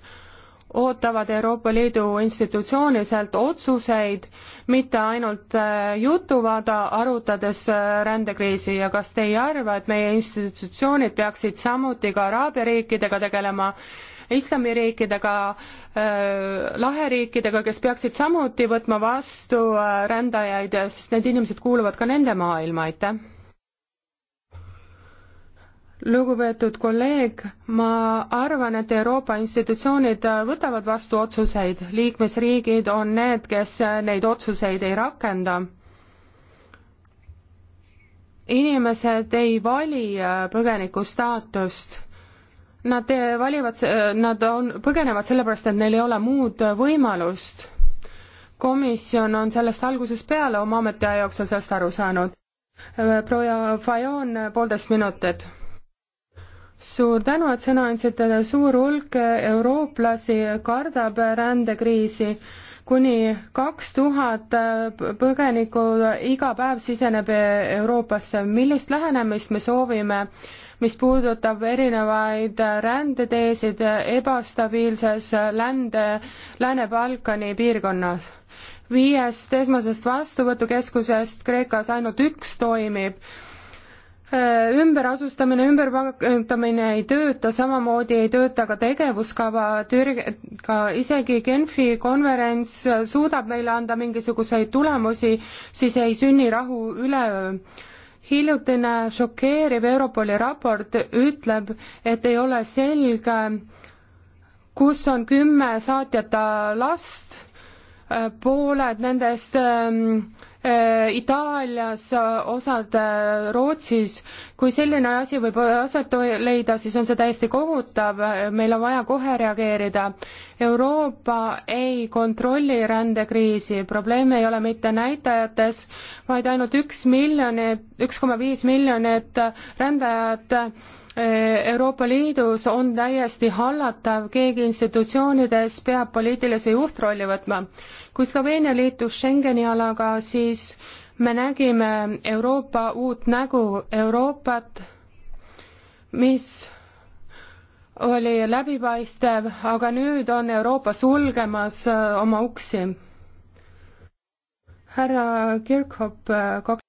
ootavad Euroopa Liidu institutsiooniselt otsuseid, mitte ainult äh, jutuvada, arutades äh, rändekriisi ja kas te ei arva, et meie institutsioonid peaksid samuti ka Araabia riikidega tegelema, islamiriikidega äh,, laheriikidega, kes peaksid samuti võtma vastu äh, rändajaid, sest need inimesed kuuluvad ka nende maailma, aitäh? lugupeetud kolleeg, ma arvan, et Euroopa institutsioonid võtavad vastu otsuseid, liikmesriigid on need, kes neid otsuseid ei rakenda. inimesed ei vali põgeniku staatust. Nad eh, valivad, eh, nad on, põgenevad sellepärast, et neil ei ole muud võimalust. komisjon on sellest algusest peale oma ametiaja jooksul sellest aru saanud. Eh, proua Fajon, poolteist minutit suur tänu, et sõna andsite, suur hulk eurooplasi kardab rändekriisi. kuni kaks tuhat põgenikku iga päev siseneb Euroopasse, millist lähenemist me soovime? mis puudutab erinevaid rändeteesid ebastabiilses lände, Lääne-Balkani piirkonnas. viiest esmasest vastuvõtukeskusest Kreekas ainult üks toimib Äh, ümberasustamine, ümberpakutamine ei tööta, samamoodi ei tööta ka tegevuskava Türgiga, isegi Genfi konverents suudab meile anda mingisuguseid tulemusi, siis ei sünni rahu üleöö. hiljutine šokeeriv Europoli raport ütleb, et ei ole selge, kus on kümme saatjata last, äh, pooled nendest ähm, Äh, Itaalias, äh, osad äh, Rootsis, kui selline asi võib aset leida, siis on see täiesti kohutav, meil on vaja kohe reageerida Euroopa ei kontrolli rändekriisi, probleem ei ole mitte näitajates, vaid ainult üks miljonit, üks koma viis miljonit rändajat eh, Euroopa Liidus on täiesti hallatav, keegi institutsioonides peab poliitilise juhtrolli võtma. kui Sloveenia liitus Schengeni alaga, siis me nägime Euroopa uut nägu, Euroopat, mis oli läbipaistev, aga nüüd on Euroopa sulgemas äh, oma uksi. härra Kirchhoff, äh, kaks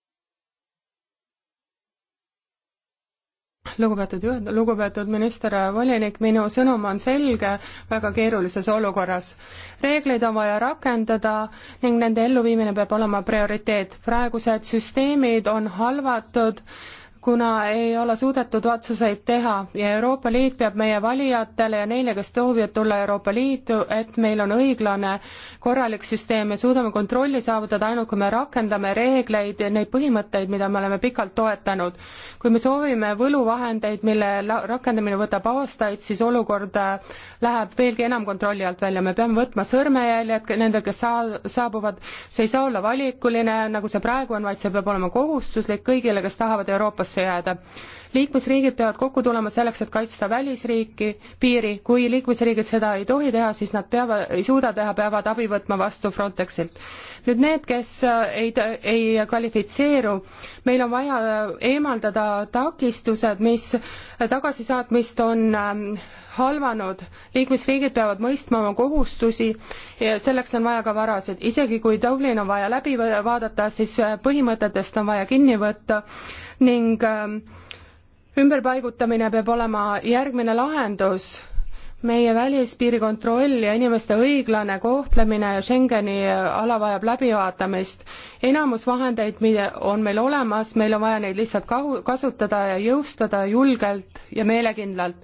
lugupeetud juhataja, lugupeetud minister, äh, volinik, minu sõnum on selge väga keerulises olukorras. reegleid on vaja rakendada ning nende elluviimine peab olema prioriteet. praegused süsteemid on halvatud kuna ei ole suudetud otsuseid teha ja Euroopa Liit peab meie valijatele ja neile, kes soovivad tulla Euroopa Liitu, et meil on õiglane korralik süsteem, me suudame kontrolli saavutada ainult, kui me rakendame reegleid ja neid põhimõtteid, mida me oleme pikalt toetanud. kui me soovime võluvahendeid, mille rakendamine võtab aastaid, siis olukord äh, läheb veelgi enam kontrolli alt välja, me peame võtma sõrmejäljed nendel, kes saa-, saabuvad, see ei saa olla valikuline, nagu see praegu on, vaid see peab olema kohustuslik kõigile, kes tahavad Euroopas liidusse jääda. liikmesriigid peavad kokku tulema selleks, et kaitsta välisriiki, piiri, kui liikmesriigid seda ei tohi teha, siis nad peavad, ei suuda teha, peavad abi võtma vastu Frontexilt. nüüd need, kes äh, ei, ei kvalifitseeru, meil on vaja äh, eemaldada takistused, mis äh, tagasisaatmist on ähm, halvanud, liikmesriigid peavad mõistma oma kohustusi ja selleks on vaja ka varasid, isegi kui Dublin on vaja läbi vaadata, siis põhimõtetest on vaja kinni võtta ning ähm, ümberpaigutamine peab olema järgmine lahendus meie välispiiri kontroll ja inimeste õiglane kohtlemine Schengeni äh, ala vajab läbivaatamist. enamus vahendeid, mida on meil olemas, meil on vaja neid lihtsalt kasutada ja jõustada julgelt ja meelekindlalt.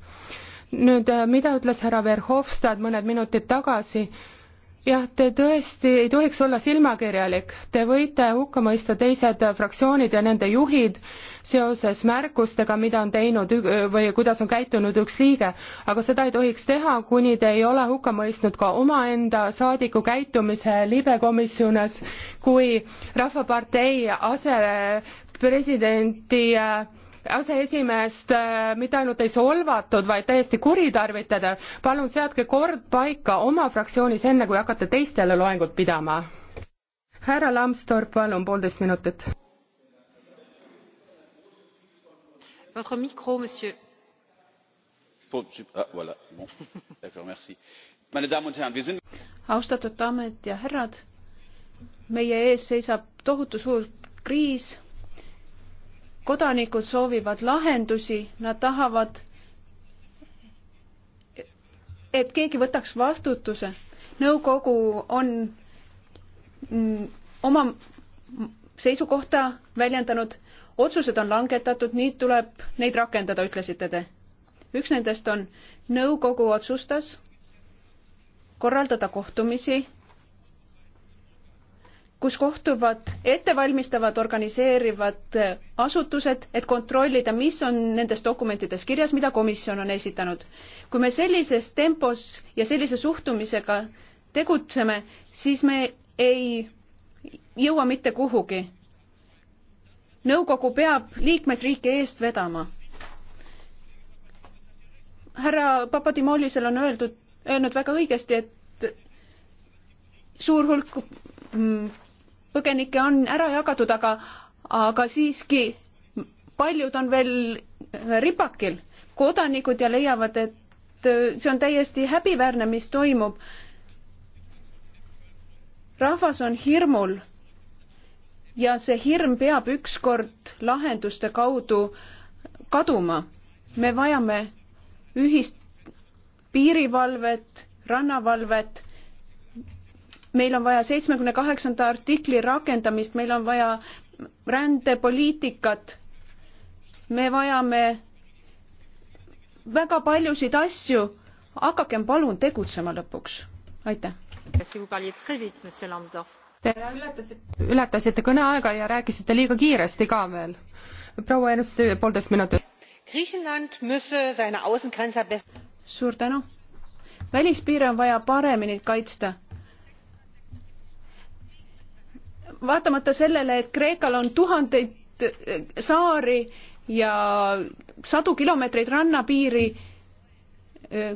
nüüd, äh, mida ütles härra Verhofstadt mõned minutid tagasi, jah, te tõesti ei tohiks olla silmakirjalik, te võite hukka mõista teised fraktsioonid ja nende juhid seoses märkustega, mida on teinud või kuidas on käitunud üks liige, aga seda ei tohiks teha, kuni te ei ole hukka mõistnud ka omaenda saadiku käitumise libekomisjonis, kui Rahvapartei asepresidenti äh, aseesimeest äh, mitte ainult ei solvatud, vaid täiesti kuritarvitada. palun seadke kord paika oma fraktsioonis, enne kui hakkate teistele loengut pidama. härra Lambsdorff, palun poolteist minutit. Votre micro, monsieur. Ah, voilà. bon. [laughs] D'accord, merci. Meine Damen und Herren, wir sind... austatud daamid ja härrad, meie ees seisab tohutu suur kriis kodanikud soovivad lahendusi, nad tahavad, et keegi võtaks vastutuse. nõukogu on mm, oma seisukohta väljendanud, otsused on langetatud, nüüd tuleb neid rakendada, ütlesite te. üks nendest on, nõukogu otsustas korraldada kohtumisi kus kohtuvad ettevalmistavad organiseerivad asutused, et kontrollida, mis on nendes dokumentides kirjas, mida komisjon on esitanud. kui me sellises tempos ja sellise suhtumisega tegutseme, siis me ei jõua mitte kuhugi. nõukogu peab liikmesriike eest vedama. härra Papadimolisel on öeldud, öelnud väga õigesti, et suur hulk mm, põgenikke on ära jagatud, aga, aga siiski paljud on veel äh, ripakil, kodanikud ja leiavad, et äh, see on täiesti häbiväärne, mis toimub. rahvas on hirmul ja see hirm peab ükskord lahenduste kaudu kaduma. me vajame ühist piirivalvet, rannavalvet meil on vaja seitsmekümne kaheksanda artikli rakendamist, meil on vaja rändepoliitikat. me vajame väga paljusid asju. hakakem palun tegutsema lõpuks. aitäh. Te ületasite, ületasite kõneaega ja rääkisite liiga kiiresti ka veel. proua Ernst, poolteist minutit. suur tänu. välispiire on vaja paremini kaitsta vaatamata sellele, et Kreekal on tuhandeid eh, saari ja sadu kilomeetreid rannapiiri, eh,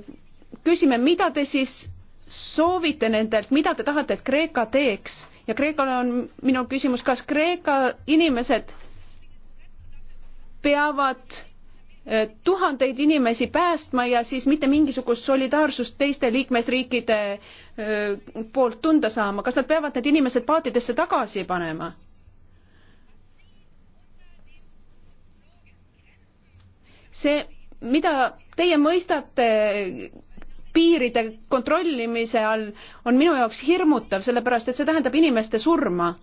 küsime, mida te siis soovite nendelt, mida te tahate, et Kreeka teeks ja Kreekale on minu küsimus, kas Kreeka inimesed peavad Eh, tuhandeid inimesi päästma ja siis mitte mingisugust solidaarsust teiste liikmesriikide eh, poolt tunda saama. kas nad peavad need inimesed paatidesse tagasi panema? see, mida teie mõistate piiride kontrollimise all, on minu jaoks hirmutav, sellepärast et see tähendab inimeste surma.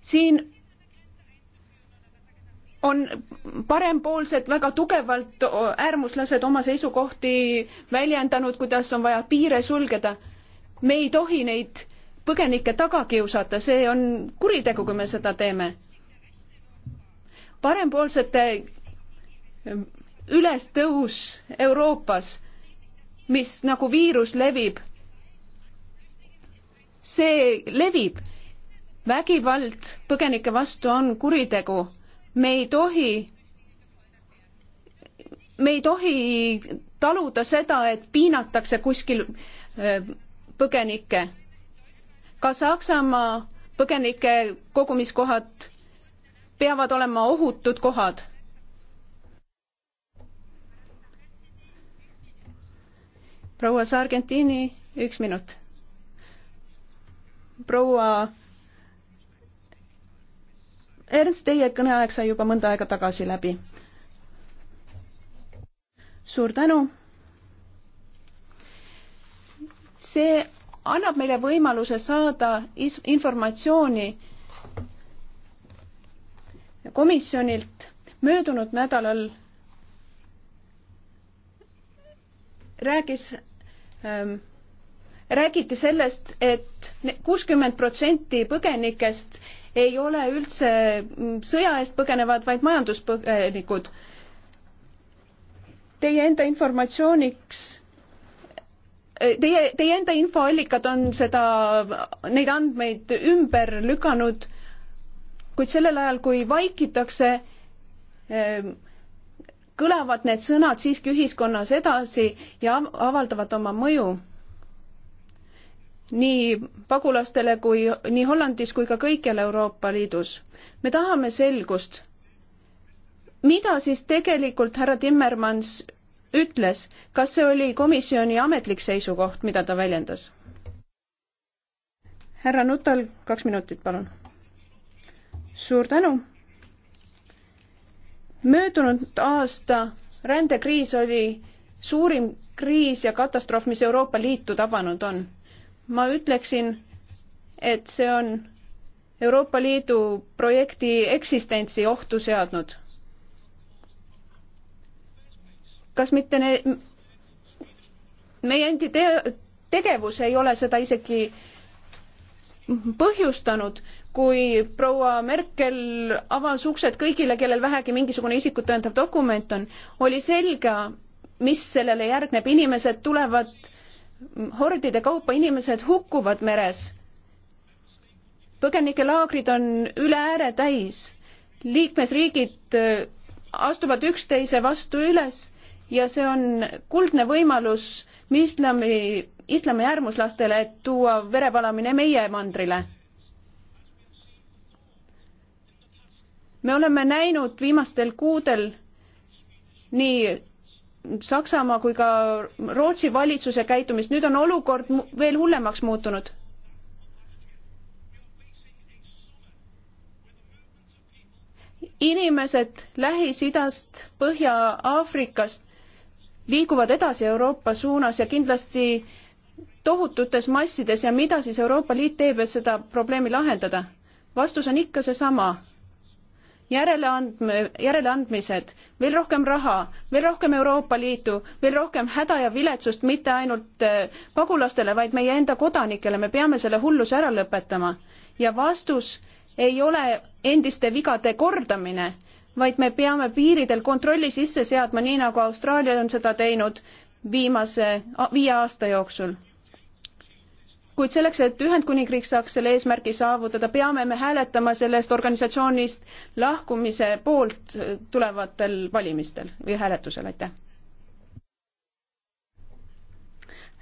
siin on parempoolsed väga tugevalt äärmuslased oma seisukohti väljendanud, kuidas on vaja piire sulgeda. me ei tohi neid põgenikke taga kiusata, see on kuritegu, kui me seda teeme. parempoolsete ülestõus Euroopas, mis nagu viirus levib, see levib. vägivald põgenike vastu on kuritegu me ei tohi me ei tohi taluda seda, et piinatakse kuskil äh, põgenikke. ka Saksamaa põgenike kogumiskohad peavad olema ohutud kohad. proua Sargentini, üks minut. proua Ernst, teie kõneaeg sai juba mõnda aega tagasi läbi. suur tänu. see annab meile võimaluse saada informatsiooni komisjonilt möödunud nädalal räägis ähm, räägiti sellest et, et kuuskümmend protsenti põgenikest ei ole üldse mm, sõja eest põgenevad, vaid majanduspõgenikud. Teie enda informatsiooniks eh, Teie, teie enda infoallikad on seda, neid andmeid ümber lükanud, kuid sellel ajal, kui vaikitakse, eh, kõlavad need sõnad siiski ühiskonnas edasi ja avaldavad oma mõju nii pagulastele kui nii Hollandis kui ka kõikjal Euroopa Liidus. me tahame selgust. mida siis tegelikult härra Timmermans ütles, kas see oli komisjoni ametlik seisukoht, mida ta väljendas? härra Nutal, kaks minutit, palun. suur tänu. möödunud aasta rändekriis oli suurim kriis ja katastroof, mis Euroopa Liitu tabanud on ma ütleksin, et see on Euroopa Liidu projekti eksistentsi ohtu seadnud. kas mitte ne, meie endi te, tegevus ei ole seda isegi põhjustanud, kui proua Merkel avas uksed kõigile, kellel vähegi mingisugune isikut tõendav dokument on, oli selge, mis sellele järgneb, inimesed tulevad hordide kaupa inimesed hukkuvad meres. põgenikelaagrid on üle ääre täis. liikmesriigid äh, astuvad üksteise vastu üles ja see on kuldne võimalus islami, islami äärmuslastele, et tuua verepalamine meie mandrile. me oleme näinud viimastel kuudel nii Saksamaa kui ka Rootsi valitsuse käitumist, nüüd on olukord veel hullemaks muutunud. inimesed Lähis-Idast, Põhja-Aafrikast liiguvad edasi Euroopa suunas ja kindlasti tohututes massides ja mida siis Euroopa Liit teeb, et seda probleemi lahendada? vastus on ikka seesama järeleandme, järeleandmised, veel rohkem raha, veel rohkem Euroopa Liitu, veel rohkem häda ja viletsust mitte ainult äh, pagulastele, vaid meie enda kodanikele, me peame selle hulluse ära lõpetama. ja vastus ei ole endiste vigade kordamine, vaid me peame piiridel kontrolli sisse seadma, nii nagu Austraalia on seda teinud viimase viie aasta jooksul kuid selleks, et Ühendkuningriik saaks selle eesmärgi saavutada, peame me hääletama sellest organisatsioonist lahkumise poolt tulevatel valimistel või hääletusel, aitäh.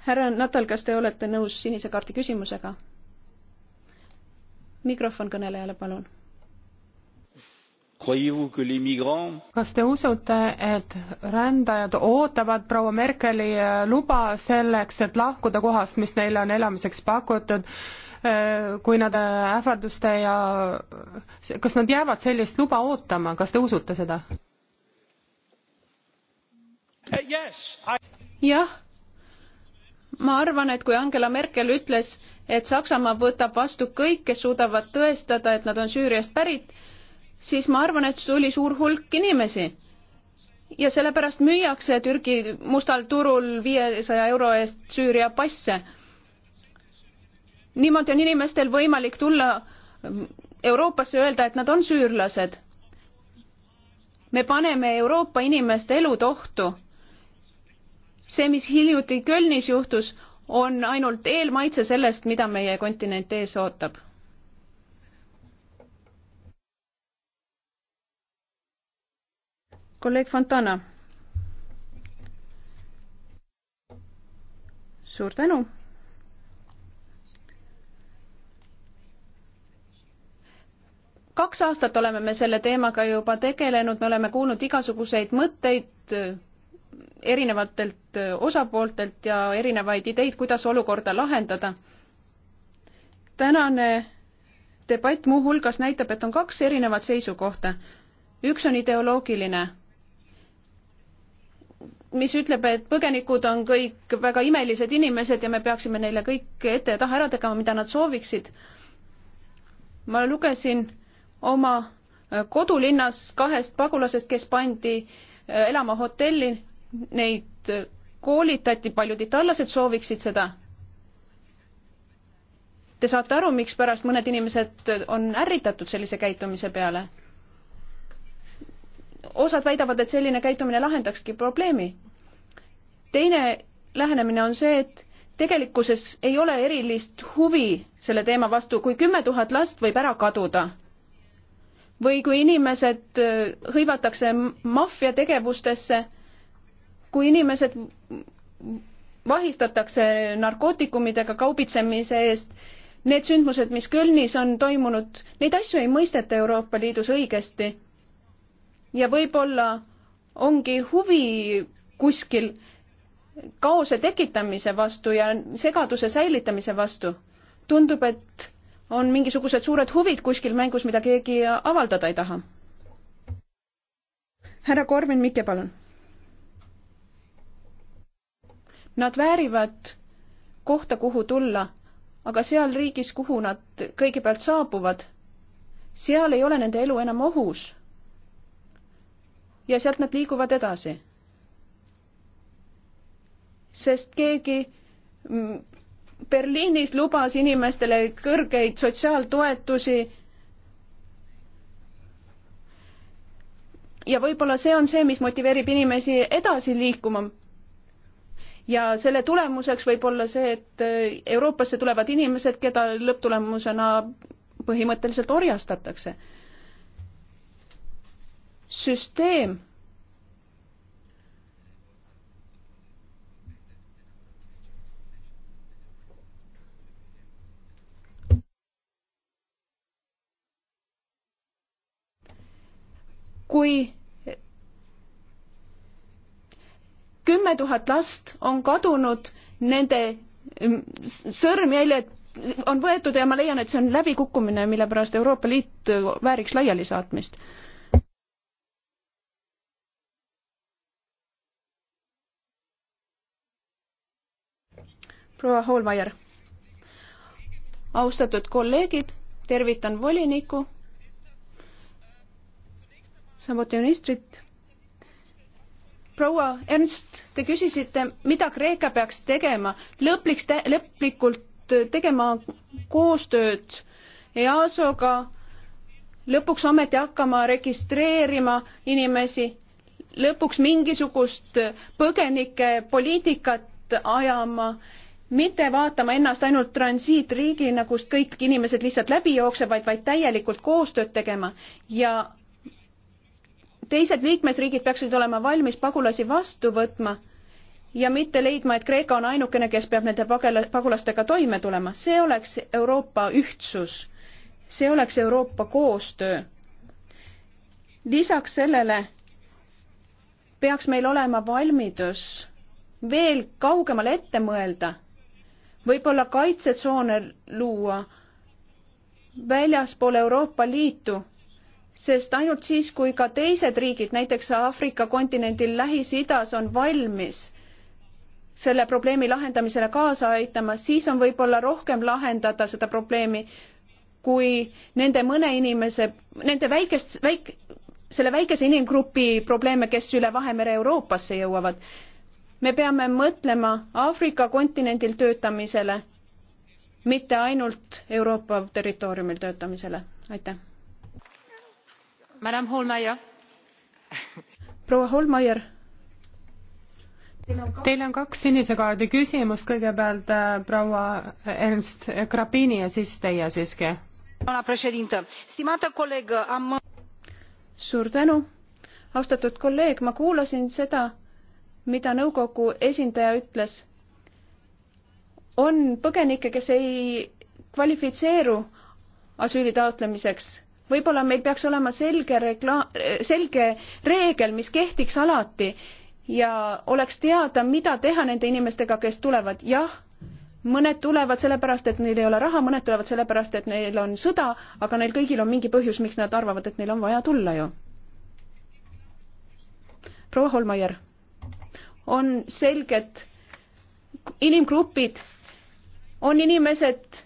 härra Natal, kas te olete nõus sinise kaardi küsimusega? mikrofon kõnelejale, palun kas te usute, et rändajad ootavad proua Merkeli äh, luba selleks, et lahkuda kohast, mis neile on elamiseks pakutud, äh, kui nad äh, ähvarduste ja, kas nad jäävad sellist luba ootama, kas te usute seda? Uh, jah, ma arvan, et kui Angela Merkel ütles, et Saksamaa võtab vastu kõik, kes suudavad tõestada, et nad on Süüriast pärit, siis ma arvan, et tuli suur hulk inimesi. ja sellepärast müüakse Türgi mustal turul viiesaja euro eest Süüria passe. niimoodi on inimestel võimalik tulla Euroopasse ja öelda, et nad on süürlased. me paneme Euroopa inimeste elud ohtu. see, mis hiljuti Kölnis juhtus, on ainult eelmaitse sellest, mida meie kontinent ees ootab kolleeg Fontana. suur tänu. kaks aastat oleme me selle teemaga juba tegelenud, me oleme kuulnud igasuguseid mõtteid eh, erinevatelt eh, osapooltelt ja erinevaid ideid, kuidas olukorda lahendada. tänane debatt muuhulgas näitab, et on kaks erinevat seisukohta. üks on ideoloogiline mis ütleb, et põgenikud on kõik väga imelised inimesed ja me peaksime neile kõik ette ja taha ära tegema, mida nad sooviksid. ma lugesin oma kodulinnas kahest pagulasest, kes pandi äh, elama hotelli, neid äh, koolitati, paljud itaallased sooviksid seda. Te saate aru, mikspärast mõned inimesed äh, on ärritatud sellise käitumise peale osad väidavad, et selline käitumine lahendakski probleemi. teine lähenemine on see, et tegelikkuses ei ole erilist huvi selle teema vastu, kui kümme tuhat last võib ära kaduda või kui inimesed äh, hõivatakse maffiategevustesse, kui inimesed vahistatakse narkootikumidega kaubitsemise eest, need sündmused, mis Kölnis on toimunud, neid asju ei mõisteta Euroopa Liidus õigesti ja võib-olla ongi huvi kuskil kaose tekitamise vastu ja segaduse säilitamise vastu. tundub, et on mingisugused suured huvid kuskil mängus, mida keegi avaldada ei taha. härra Korvin Mikke, palun. Nad väärivad kohta, kuhu tulla, aga seal riigis, kuhu nad kõigepealt saabuvad, seal ei ole nende elu enam ohus ja sealt nad liiguvad edasi. sest keegi mm, Berliinis lubas inimestele kõrgeid sotsiaaltoetusi. ja võib-olla see on see, mis motiveerib inimesi edasi liikuma. ja selle tulemuseks võib olla see, et äh, Euroopasse tulevad inimesed, keda lõpptulemusena põhimõtteliselt orjastatakse süsteem kui kümme tuhat last on kadunud, nende sõrmjäljed on võetud ja ma leian, et see on läbikukkumine, mille pärast Euroopa Liit vääriks laialisaatmist proua Hoolmeier. austatud kolleegid, tervitan volinikku, samuti ministrit. proua Ernst, te küsisite, mida Kreeka peaks tegema. lõpliks te,, lõplikult tegema koostööd EASO-ga, lõpuks ometi hakkama registreerima inimesi, lõpuks mingisugust põgenikepoliitikat ajama mitte vaatama ennast ainult transiitriigina, kust kõik inimesed lihtsalt läbi jooksevad, vaid täielikult koostööd tegema ja teised liikmesriigid peaksid olema valmis pagulasi vastu võtma ja mitte leidma, et Kreeka on ainukene, kes peab nende pagulastega toime tulema. see oleks Euroopa ühtsus, see oleks Euroopa koostöö. lisaks sellele peaks meil olema valmidus veel kaugemale ette mõelda võib-olla kaitsetsoone luua väljaspool Euroopa Liitu, sest ainult siis, kui ka teised riigid, näiteks Aafrika kontinendil, Lähis-Idas on valmis selle probleemi lahendamisele kaasa aitama, siis on võib-olla rohkem lahendada seda probleemi kui nende mõne inimese, nende väikest, väik-, selle väikese inimgrupi probleeme, kes üle Vahemere Euroopasse jõuavad me peame mõtlema Aafrika kontinendil töötamisele, mitte ainult Euroopa territooriumil töötamisele. aitäh. Madame Holmeier. proua Holmeier. Teil on kaks sinise kaardi küsimust, kõigepealt äh, proua Ernst Krapini ja siis teie siiski. suur tänu, austatud kolleeg, ma kuulasin seda mida nõukogu esindaja ütles. on põgenikke, kes ei kvalifitseeru asüüli taotlemiseks. võib-olla meil peaks olema selge regla-, selge reegel, mis kehtiks alati ja oleks teada, mida teha nende inimestega, kes tulevad. jah, mõned tulevad sellepärast, et neil ei ole raha, mõned tulevad sellepärast, et neil on sõda, aga neil kõigil on mingi põhjus, miks nad arvavad, et neil on vaja tulla ju. proua Holmaier on selged inimgrupid, on inimesed,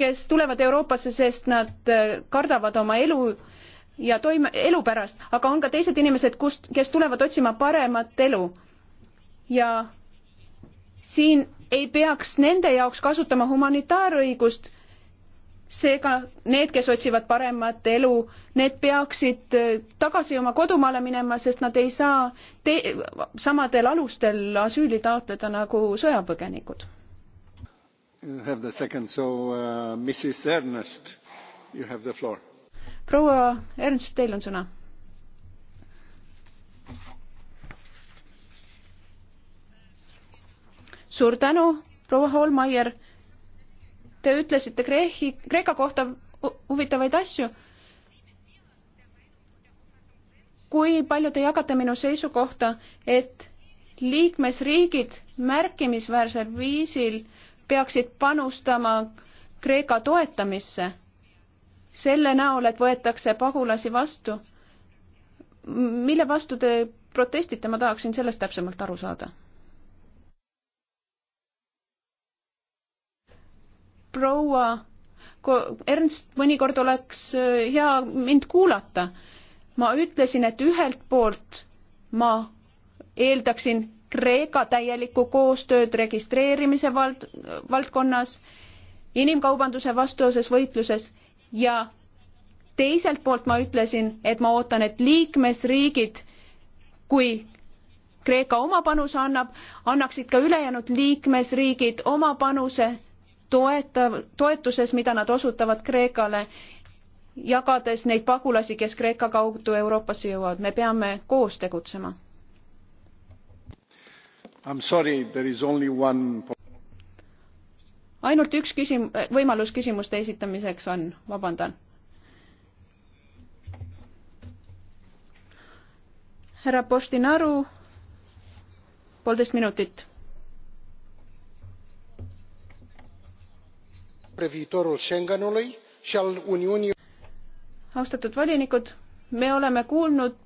kes tulevad Euroopasse, sest nad äh, kardavad oma elu ja toime, elu pärast, aga on ka teised inimesed, kust, kes tulevad otsima paremat elu. ja siin ei peaks nende jaoks kasutama humanitaarõigust seega need, kes otsivad paremat elu, need peaksid äh, tagasi oma kodumaale minema, sest nad ei saa te-, samadel alustel asüüli taotleda nagu sõjapõgenikud. Uh, proua Ernst, teil on sõna. suur tänu, proua Holmeier Te ütlesite Kreehi, Kreeka kohta huvitavaid asju. kui palju te jagate minu seisukohta, et liikmesriigid märkimisväärsel viisil peaksid panustama Kreeka toetamisse selle näol, et võetakse pagulasi vastu. mille vastu te protestite, ma tahaksin sellest täpsemalt aru saada proua Ernst, mõnikord oleks äh, hea mind kuulata. ma ütlesin, et ühelt poolt ma eeldaksin Kreeka täielikku koostööd registreerimise vald, valdkonnas, inimkaubanduse vastuoses võitluses ja teiselt poolt ma ütlesin, et ma ootan, et liikmesriigid, kui Kreeka oma panuse annab, annaksid ka ülejäänud liikmesriigid oma panuse toetav, toetuses, mida nad osutavad Kreekale, jagades neid pagulasi, kes Kreeka kaudu Euroopasse jõuavad. me peame koos tegutsema. Sorry, one... ainult üks küsim-, võimalus küsimuste esitamiseks on, vabandan. härra Postinaru, poolteist minutit spre viitorul schengenului și al uniunii. austatud volinikud me oleme kuulnud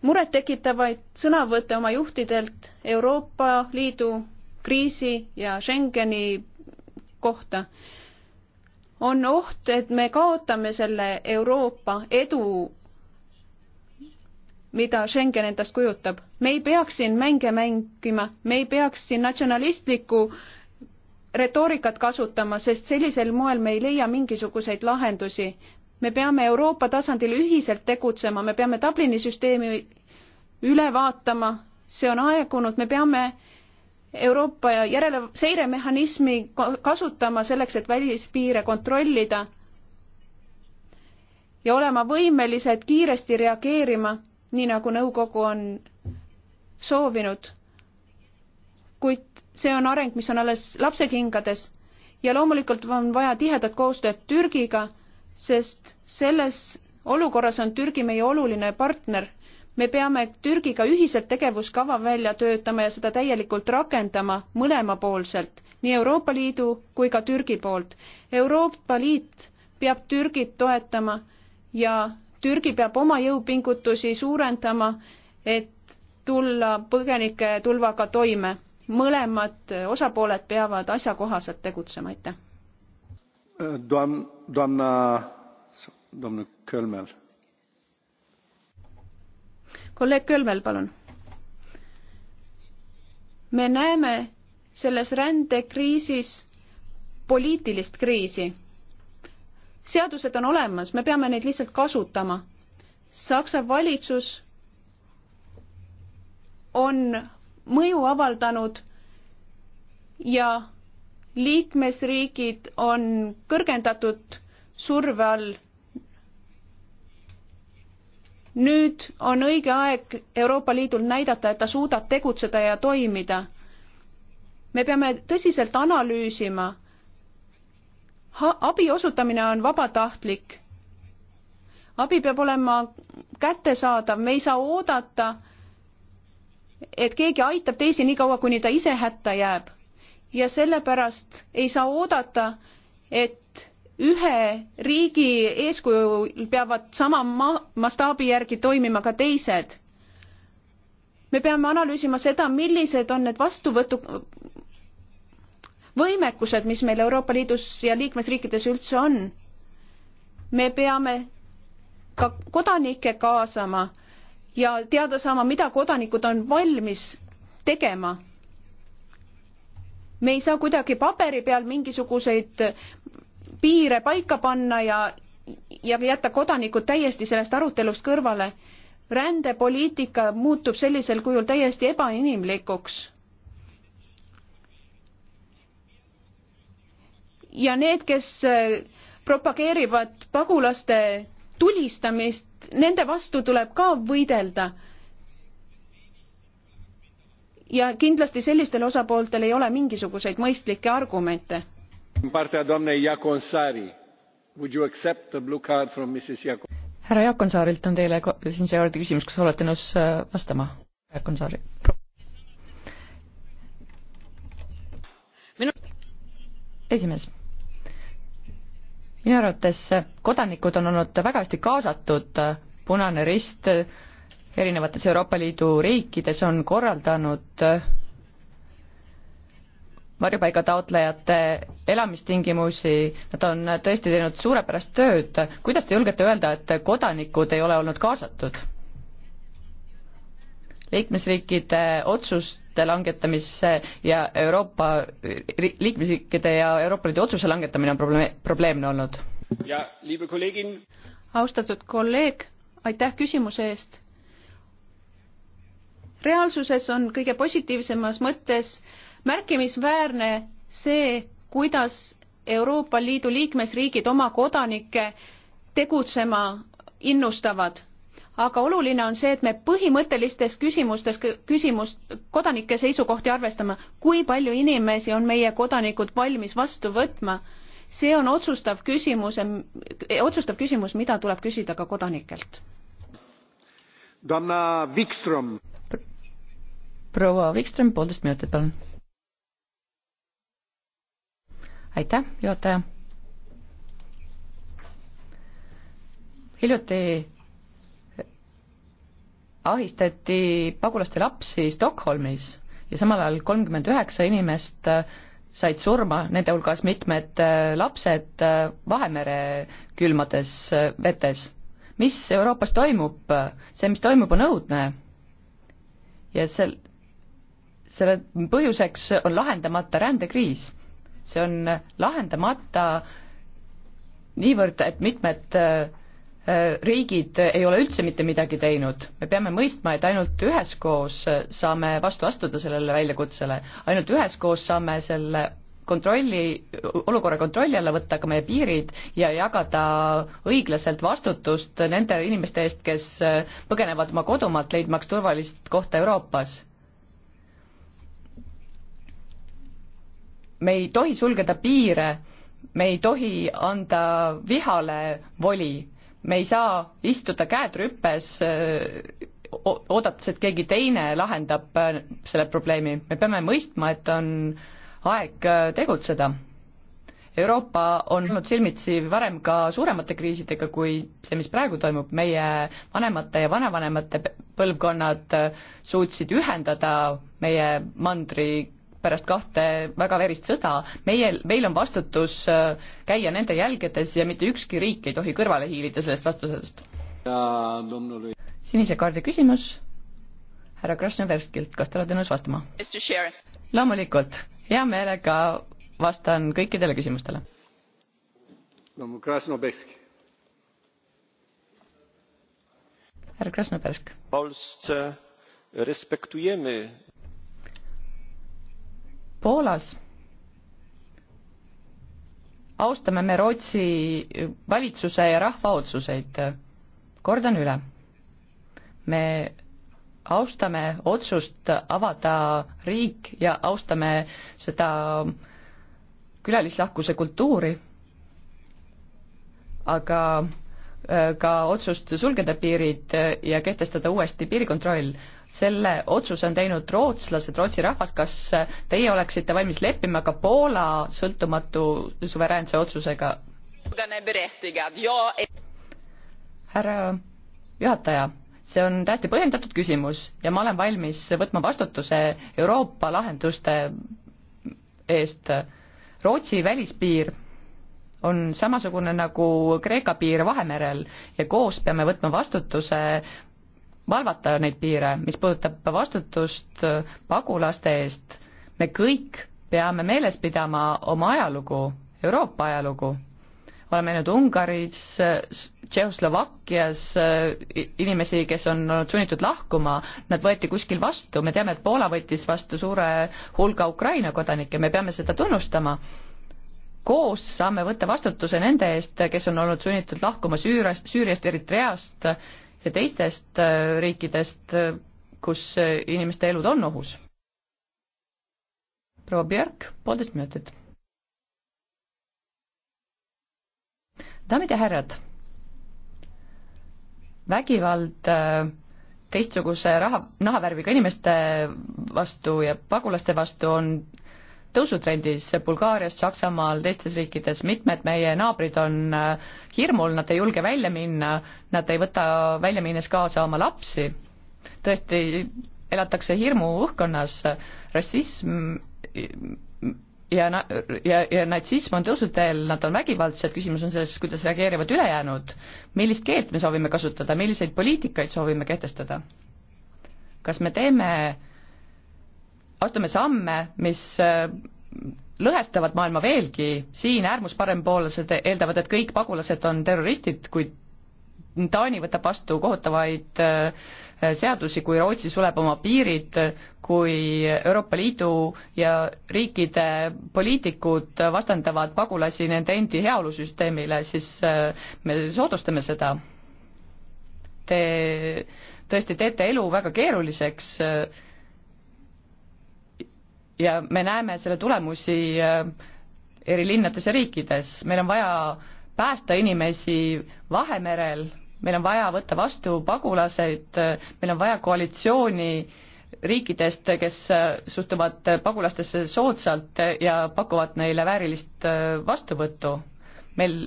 murettekitavaid sõnavõtte oma juhtidelt euroopa liidu kriisi ja schengeni kohta on oht et me kaotame selle euroopa edu mida Schengen endast kujutab. me ei peaks siin mänge mängima, me ei peaks siin natsionalistlikku äh, retoorikat kasutama, sest sellisel moel me ei leia mingisuguseid lahendusi. me peame Euroopa tasandil ühiselt tegutsema, me peame Dublini süsteemi üle vaatama, see on aegunud, me peame Euroopa järele, seiremehhanismi kasutama selleks, et välispiire kontrollida ja olema võimelised kiiresti reageerima, nii nagu nõukogu on soovinud. kuid see on areng, mis on alles lapsekingades ja loomulikult on vaja tihedat koostööd Türgiga, sest selles olukorras on Türgi meie oluline partner. me peame Türgiga ühiselt tegevuskava välja töötama ja seda täielikult rakendama mõlemapoolselt, nii Euroopa Liidu kui ka Türgi poolt. Euroopa Liit peab Türgit toetama ja Türgi peab oma jõupingutusi suurendama, et tulla põgenike tulvaga toime mõlemad eh, osapooled peavad asjakohaselt tegutsema, aitäh. Eh, doamna, doamna Kölmel. kolleeg Kölmel, palun. me näeme selles rändekriisis poliitilist kriisi. seadused on olemas, me peame neid lihtsalt kasutama. Saksa valitsus on mõju avaldanud ja liikmesriigid on kõrgendatud surve all. nüüd on õige aeg Euroopa Liidul näidata, et ta suudab tegutseda ja toimida. me peame tõsiselt analüüsima. abi osutamine on vabatahtlik abi peab olema kättesaadav, me ei saa oodata, et keegi aitab teisi niikaua, kuni ta ise hätta jääb. ja sellepärast ei saa oodata, et ühe riigi eeskujul peavad sama ma-, mastaabi järgi toimima ka teised. me peame analüüsima seda, millised on need vastuvõtu võimekused, mis meil Euroopa Liidus ja liikmesriikides üldse on. me peame ka kodanikke kaasama ja teada saama, mida kodanikud on valmis tegema. me ei saa kuidagi paberi peal mingisuguseid piire paika panna ja, ja jätta kodanikud täiesti sellest arutelust kõrvale. rändepoliitika muutub sellisel kujul täiesti ebainimlikuks. ja need, kes propageerivad pagulaste tulistamist, nende vastu tuleb ka võidelda. ja kindlasti sellistel osapooltel ei ole mingisuguseid mõistlikke argumente. härra Jaakonsaarilt on teile siinse juurde küsimus, kas olete nõus äh, vastama? Jaakonsaari. esimees minu arvates kodanikud on olnud väga hästi kaasatud, Punane Rist erinevates Euroopa Liidu riikides on korraldanud varjupaiga taotlejate elamistingimusi, nad on tõesti teinud suurepärast tööd, kuidas te julgete öelda, et kodanikud ei ole olnud kaasatud? liikmesriikide otsuste langetamisse ja Euroopa, liikmesriikide ja Euroopa Liidu otsuse langetamine on probleem, probleemne olnud. austatud kolleeg, aitäh küsimuse eest reaalsuses on kõige positiivsemas mõttes märkimisväärne see, kuidas Euroopa Liidu liikmesriigid oma kodanikke tegutsema innustavad aga oluline on see, et me põhimõttelistes küsimustes, küsimus, kodanike seisukohti arvestama, kui palju inimesi on meie kodanikud valmis vastu võtma, see on otsustav küsimus, otsustav küsimus, mida tuleb küsida ka kodanikelt. Donna Wikström Pr. proua Wikström, poolteist minutit, palun. aitäh, juhataja. hiljuti ahistati pagulaste lapsi Stockholmis ja samal ajal kolmkümmend üheksa inimest äh, said surma, nende hulgas mitmed äh, lapsed äh, Vahemere külmades vetes. mis Euroopas toimub, see, mis toimub, on õudne. ja sel-, selle põhjuseks on lahendamata rändekriis. see on lahendamata niivõrd, et mitmed äh, riigid ei ole üldse mitte midagi teinud. me peame mõistma, et ainult üheskoos saame vastu astuda sellele väljakutsele, ainult üheskoos saame selle kontrolli, olukorra kontrolli alla võtta ka meie piirid ja jagada õiglaselt vastutust nende inimeste eest, kes põgenevad oma kodumaalt, leidmaks turvalist kohta Euroopas. me ei tohi sulgeda piire, me ei tohi anda vihale voli me ei saa istuda käed rüpes, oodates, et keegi teine lahendab äh, selle probleemi, me peame mõistma, et on aeg äh, tegutseda. Euroopa on olnud silmitsi varem ka suuremate kriisidega kui see, mis praegu toimub, meie vanemate ja vanavanemate põlvkonnad äh, suutsid ühendada meie mandri pärast kahte väga verist sõda, meie, meil on vastutus äh, käia nende jälgedes ja mitte ükski riik ei tohi kõrvale hiilida sellest vastusest. sinise kaardi küsimus härra Krasnoverskilt, kas te olete nõus vastama? loomulikult, hea meelega vastan kõikidele küsimustele. härra Krasnoversk. Poolas austame me Rootsi valitsuse ja rahva otsuseid. kordan üle. me austame otsust avada riik ja austame seda külalislahkuse kultuuri, aga äh, ka otsust sulgeda piirid ja kehtestada uuesti piirikontroll selle otsuse on teinud rootslased, Rootsi rahvas, kas teie oleksite valmis leppima ka Poola sõltumatu suveräänse otsusega? härra juhataja, see on täiesti põhjendatud küsimus ja ma olen valmis võtma vastutuse Euroopa lahenduste eest. Rootsi välispiir on samasugune nagu Kreeka piir Vahemerel ja koos peame võtma vastutuse valvata neid piire, mis puudutab vastutust äh, pagulaste eest, me kõik peame meeles pidama oma ajalugu, Euroopa ajalugu. oleme näinud Ungaris, äh, Tšehhoslovakkias äh, inimesi, kes on olnud sunnitud lahkuma, nad võeti kuskil vastu, me teame, et Poola võttis vastu suure hulga Ukraina kodanikke, me peame seda tunnustama koos saame võtta vastutuse nende eest, kes on olnud sunnitud lahkuma Süüriast, Süüriast, Eritreast, ja teistest äh, riikidest, äh, kus äh, inimeste elud on ohus. proua Björk, poolteist minutit. daamid ja härrad, vägivald teistsuguse raha, nahavärviga inimeste vastu ja pagulaste vastu on tõusutrendis Bulgaarias, Saksamaal, teistes riikides, mitmed meie naabrid on äh, hirmul, nad ei julge välja minna, nad ei võta välja minnes kaasa oma lapsi. tõesti, elatakse hirmu õhkkonnas, rassism ja na-, ja, ja natsism on tõusuteel, nad on vägivaldsed, küsimus on selles, kuidas reageerivad ülejäänud. millist keelt me soovime kasutada, milliseid poliitikaid soovime kehtestada? kas me teeme äh, astume samme, mis äh, lõhestavad maailma veelgi, siin äärmusparempoolsed eeldavad, et kõik pagulased on terroristid, kuid Taani võtab vastu kohutavaid äh, seadusi, kui Rootsi suleb oma piirid, kui Euroopa Liidu ja riikide poliitikud vastandavad pagulasi nende endi heaolusüsteemile, siis äh, me soodustame seda. Te tõesti teete elu väga keeruliseks äh, ja me näeme selle tulemusi äh, eri linnades ja riikides, meil on vaja päästa inimesi Vahemerel, meil on vaja võtta vastu pagulased, äh, meil on vaja koalitsiooni riikidest, kes äh, suhtuvad pagulastesse soodsalt ja pakuvad neile väärilist vastuvõttu. meil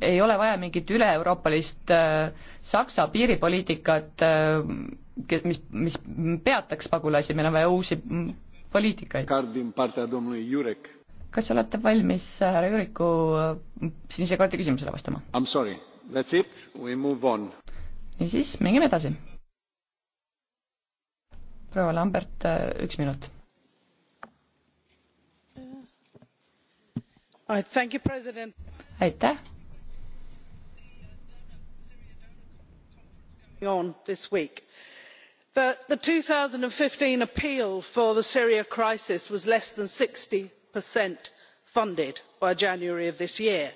ei ole vaja mingit üle-euroopalist Saksa piiripoliitikat, mis, mis peataks pagulasi, meil on vaja uusi poliitikaid. kas olete valmis äh, härra Jüriku äh, sinise kaardi küsimusele vastama? niisiis, mingime edasi. proua Lambert, äh, üks minut. aitäh. on this week but the two thousand and fifteen appeal for the syria crisis was less than sixty funded by january of this year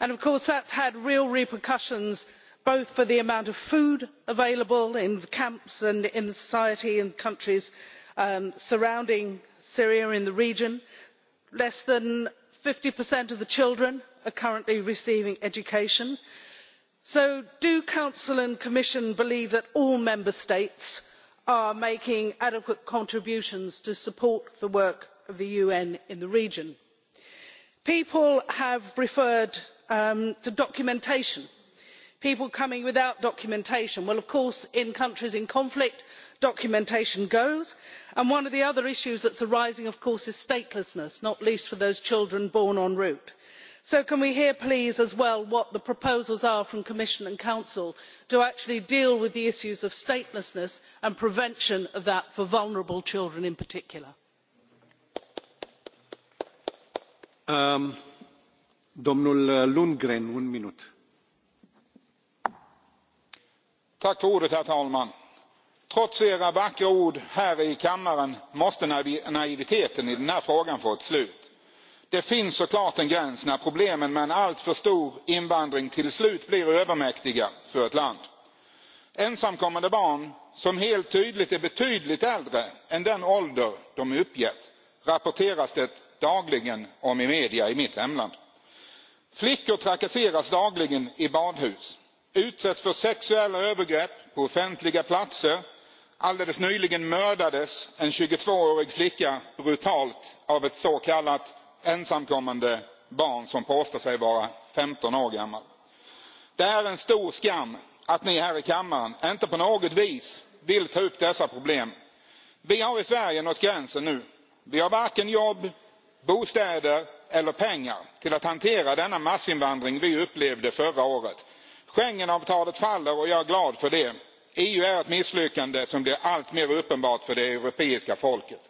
and of course that has had real repercussions both for the amount of food available in camps and in society in countries um, surrounding syria in the region less than fifty of the children are currently receiving education. so do council and commission believe that all member states are making adequate contributions to support the work of the un in the region. people have referred um, to documentation people coming without documentation. well of course in countries in conflict documentation goes and one of the other issues that is arising of course is statelessness not least for those children born en route so can we hear please as well what the proposals are from the commission and council to actually deal with the issues of statelessness and prevention of that for vulnerable children in particular? Um, uh, herr talman! trots era vackra ord här i kammaren måste naiviteten i den här frågan få ett slut det finns så klart en gräns när problemen med en alltför stor invandring till slut blir övermäktiga för ett land. ensamkommande barn som helt tydligt är betydligt äldre än den ålder de uppgett rapporteras det dagligen om i medierna i mitt hemland. flickor trakasseras dagligen i badhus utsätts för sexuella övergrepp på offentliga platser. alldeles nyligen mördades en tjugotvå årig flicka brutalt av ett så kallat ensamkommande barn som påstår sig vara femton år gamla. det är en stor skam att ni här i kammaren inte på något vis vill ta upp dessa problem. vi har i sverige nått gränsen nu. vi har varken jobb bostäder eller pengar till att hantera denna massinvandring vi upplevde förra året. schengenavtalet faller och jag är glad för det. eu är ett misslyckande som blir alltmer uppenbart för det europeiska folket.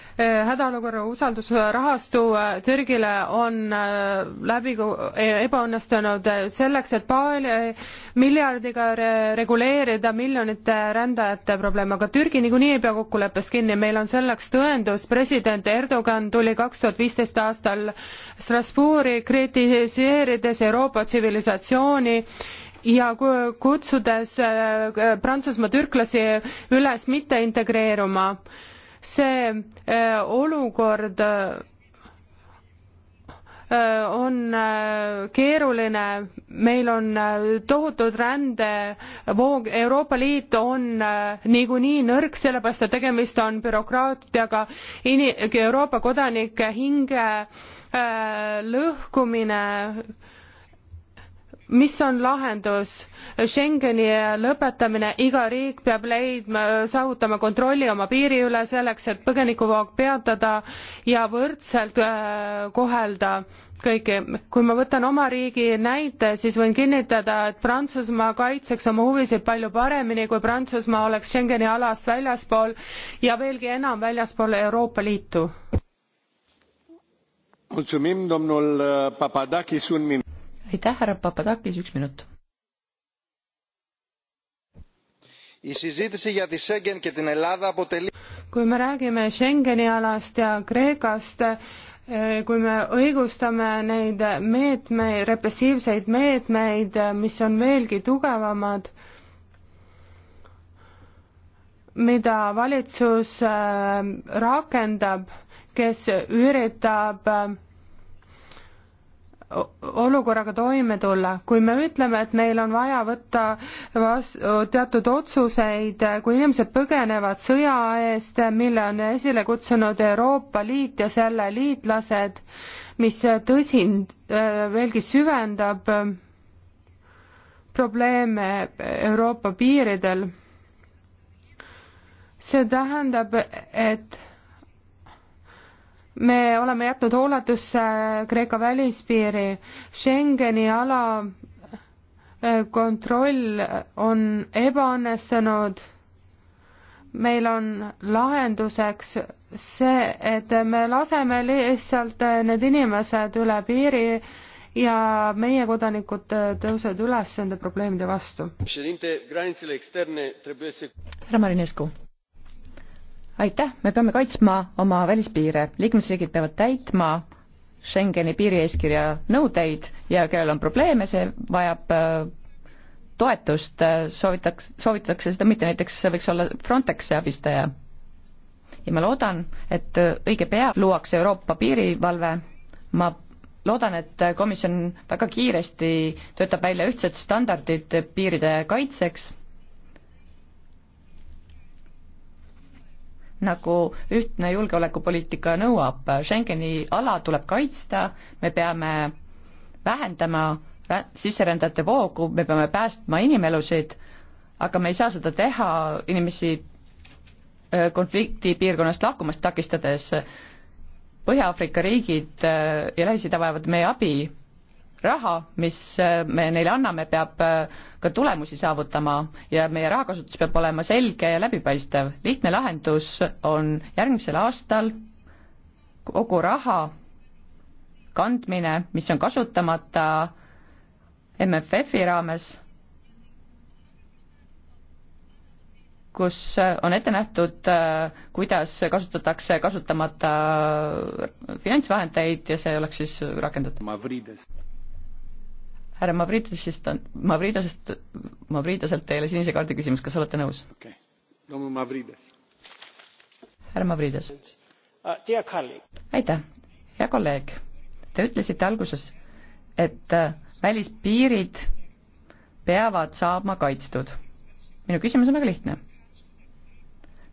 Äh, hädaolukorra usaldusrahastu äh, Türgile on äh, läbi e-, ebaõnnestunud selleks, et paari miljardiga re reguleerida miljonite rändajate probleeme, aga Türgi niikuinii ei pea kokkuleppest kinni, meil on selleks tõendus, president Erdogan tuli kaks tuhat viisteist aastal Strasbourgi kritiseerides Euroopa tsivilisatsiooni ja kutsudes Prantsusmaa türklasi üles mitte integreeruma see äh, olukord äh, on äh, keeruline, meil on tohutud rändevoog, Euroopa Liit on niikuinii nõrk, sellepärast et tegemist on bürokraatiaga, Euroopa kodanike hinge lõhkumine mis on lahendus? Schengeni lõpetamine, iga riik peab leidma, saavutama kontrolli oma piiri üle selleks, et põgenikuvoog peatada ja võrdselt äh, kohelda kõiki. kui ma võtan oma riigi näite, siis võin kinnitada, et Prantsusmaa kaitseks oma huvisid palju paremini, kui Prantsusmaa oleks Schengeni alast väljaspool ja veelgi enam väljaspool Euroopa Liitu. mulțumim, domnul Papadakis, un minut aitäh, härra Papadakis, üks minut. kui me räägime Schengeni alast ja Kreekast, eh, kui me õigustame neid meetmeid, repressiivseid meetmeid, eh, mis on veelgi tugevamad, mida valitsus eh, rakendab, kes üritab äh, olukorraga toime tulla. kui me ütleme, et meil on vaja võtta vas-, teatud otsuseid, kui inimesed põgenevad sõja eest, mille on esile kutsunud Euroopa Liit ja selle liitlased, mis tõsi, veelgi süvendab probleeme Euroopa piiridel, see tähendab, et me oleme jätnud hooletusse Kreeka välispiiri. Schengeni ala eh, kontroll on ebaõnnestunud. meil on lahenduseks see, et me laseme lihtsalt need inimesed üle piiri ja meie kodanikud tõusevad üles nende probleemide vastu. härra Marinescu aitäh, me peame kaitsma oma välispiire, liikmesriigid peavad täitma Schengeni piirieeskirja nõudeid ja kellel on probleeme, see vajab äh, toetust, soovitaks, soovitatakse seda mitte, näiteks võiks olla Frontexi abistaja. ja ma loodan, et õige pea luuakse Euroopa piirivalve, ma loodan, et komisjon väga kiiresti töötab välja ühtsed standardid piiride kaitseks nagu ühtne julgeolekupoliitika nõuab. Schengeni ala tuleb kaitsta, me peame vähendama sisserändajate voogu, me peame päästma inimelusid, aga me ei saa seda teha inimesi äh, konfliktipiirkonnast lahkumast takistades. Põhja-Aafrika riigid äh, ja Lähis-Ida vajavad meie abi raha, mis äh, me neile anname, peab äh, ka tulemusi saavutama ja meie rahakasutus peab olema selge ja läbipaistev. lihtne lahendus on järgmisel aastal kogu raha kandmine, mis on kasutamata MFF-i raames, kus on ette nähtud, äh, kuidas kasutatakse kasutamata finantsvahendeid ja see oleks siis rakendatud härra Mavridisest on, Mavridasest, Mavridaselt teile sinise kaardi küsimus, kas olete nõus okay.? härra Mavridas. Ah, aitäh, hea kolleeg, te ütlesite alguses, et äh, välispiirid peavad saama kaitstud. minu küsimus on väga lihtne.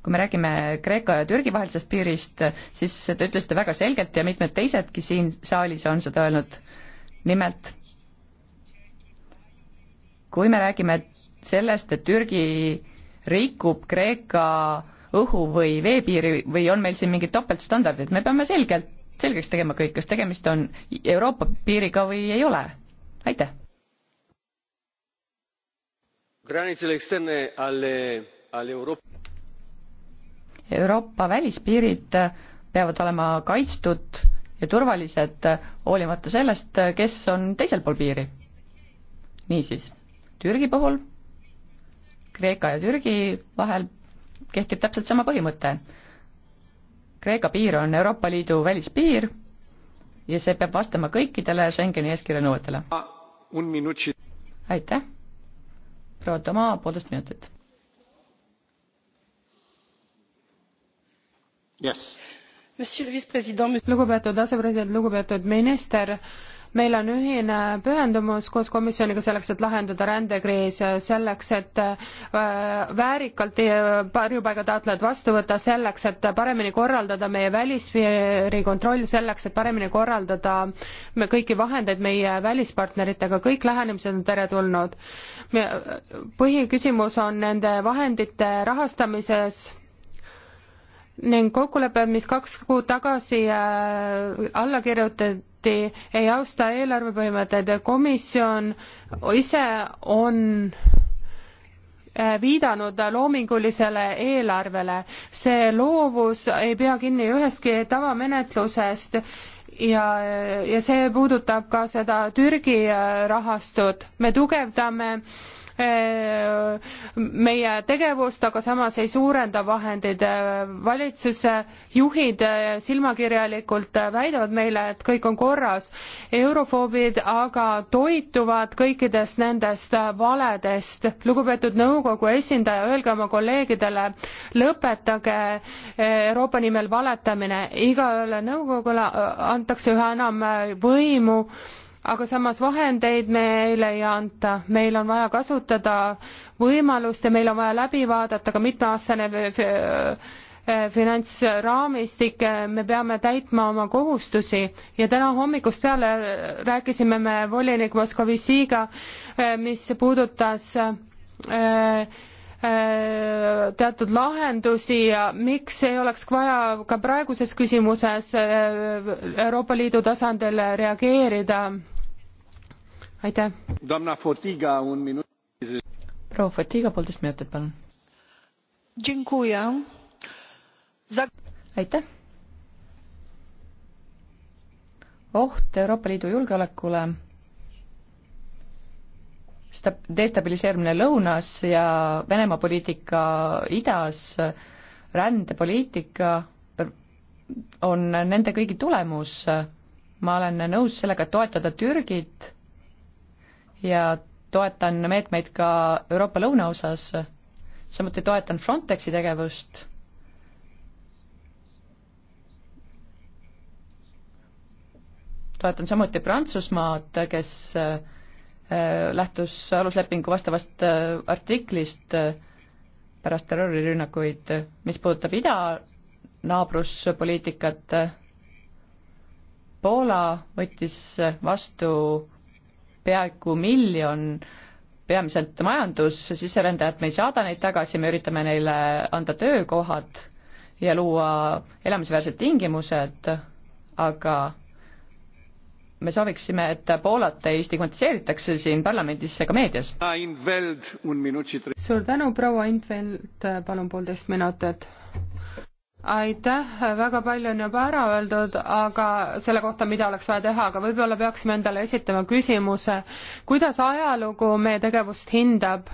kui me räägime Kreeka ja Türgi vahelisest piirist, siis te ütlesite väga selgelt ja mitmed teisedki siin saalis on seda öelnud, nimelt kui me räägime sellest, et Türgi rikub Kreeka õhu- või veepiiri või on meil siin mingid topeltstandardid, me peame selgelt, selgeks tegema kõik, kas tegemist on Euroopa piiriga või ei ole. aitäh! Euroopa välispiirid peavad olema kaitstud ja turvalised, hoolimata sellest, kes on teisel pool piiri. niisiis Türgi puhul, Kreeka ja Türgi vahel kehtib täpselt sama põhimõte. Kreeka piir on Euroopa Liidu välispiir ja see peab vastama kõikidele Schengeni eeskirja nõuetele. aitäh, proua Toma, poolteist minutit. lugupeetud asepresident, lugupeetud minister meil on ühine pühendumus koos komisjoniga selleks, et lahendada rändekriis, selleks, et äh, väärikalt äh, varjupaiga taotlejad vastu võtta, selleks, et paremini korraldada meie välispiiri kontroll, selleks, et paremini korraldada me kõiki vahendeid meie välispartneritega, kõik lähenemised on teretulnud. põhiküsimus on nende vahendite rahastamises ning kokkulepe, mis kaks kuud tagasi äh, alla kirjutati, debatti, ei austa eelarvepõhimõtteid ja komisjon ise on äh, viidanud loomingulisele eelarvele. see loovus ei pea kinni ühestki tavamenetlusest ja, ja see puudutab ka seda Türgi äh, rahastut. me tugevdame äh, Äh, meie tegevust, aga samas ei suurenda vahendeid. valitsuse juhid äh, silmakirjalikult äh, väidavad meile, et kõik on korras. eurofoobid aga toituvad kõikidest nendest valedest. lugupeetud nõukogu esindaja, öelge oma kolleegidele, lõpetage Euroopa nimel valetamine. igale nõukogule antakse üha enam võimu aga samas vahendeid meile ei anta, meil on vaja kasutada võimalust ja meil on vaja läbi vaadata ka mitmeaastane äh, finantsraamistik, me peame täitma oma kohustusi ja täna hommikust peale rääkisime me volinik Moskovisiga, äh, mis puudutas äh, Äh, teatud lahendusi ja miks ei oleks vaja ka praeguses küsimuses äh, Euroopa Liidu tasandil reageerida? aitäh. proua Fotiga, poolteist minutit, palun. aitäh. oht Euroopa Liidu julgeolekule sta-, destabiliseerumine lõunas ja Venemaa poliitika idas, rändepoliitika on nende kõigi tulemus, ma olen nõus sellega, et toetada Türgit ja toetan meetmeid ka Euroopa lõunaosas, samuti toetan Frontexi tegevust, toetan samuti Prantsusmaad, kes äh, Äh, lähtus aluslepingu vastavast äh, artiklist äh, pärast terrorirünnakuid, mis puudutab idanaabruspoliitikat, Poola võttis vastu peaaegu miljon peamiselt majandus, sisserändajad, me ei saada neid tagasi, me üritame neile anda töökohad ja luua elamisväärsed tingimused, aga me sooviksime, et Poolat ei stigmatiseeritakse siin parlamendis ega meedias. suur tänu, proua Intveld, palun poolteist minutit aitäh, väga palju on juba ära öeldud, aga selle kohta, mida oleks vaja teha, aga võib-olla peaksime endale esitama küsimuse, kuidas ajalugu meie tegevust hindab,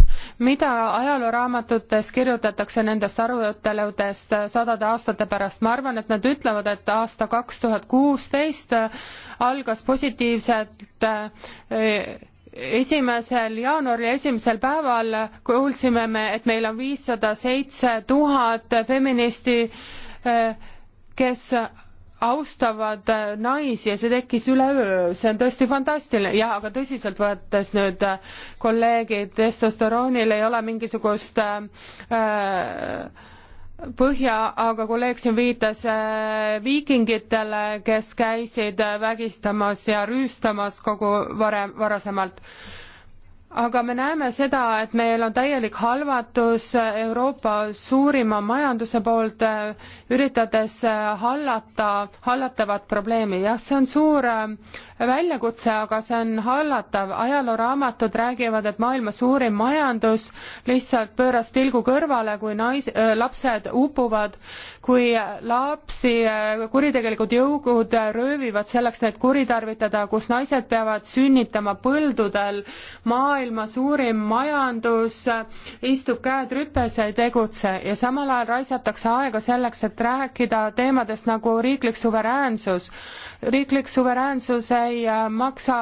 mida ajalooraamatutes kirjutatakse nendest aruteludest sadade aastate pärast, ma arvan, et nad ütlevad, et aasta kaks tuhat kuusteist algas positiivselt eh, esimesel jaanuari esimesel päeval kuulsime me, et meil on viissada seitse tuhat feministi kes austavad naisi ja see tekkis üleöö, see on tõesti fantastiline, jah, aga tõsiselt võttes nüüd äh, kolleegid, testosteroonil ei ole mingisugust äh, põhja, aga kolleeg siin viitas äh, viikingitele, kes käisid äh, vägistamas ja rüüstamas kogu varem, varasemalt aga me näeme seda, et meil on täielik halvatus Euroopa suurima majanduse poolt, eh, üritades eh, hallata hallatavat probleemi. jah, see on suur eh, väljakutse, aga see on hallatav. ajalooraamatud räägivad, et maailma suurim majandus lihtsalt pööras pilgu kõrvale, kui nais- äh,, lapsed upuvad kui lapsi äh, kuritegelikud jõugud äh, röövivad selleks neid kuritarvitada, kus naised peavad sünnitama põldudel, maailma suurim majandus äh, istub käed rüpes ja ei tegutse ja samal ajal raisatakse aega selleks, et rääkida teemadest nagu riiklik suveräänsus. riiklik suveräänsus ei maksa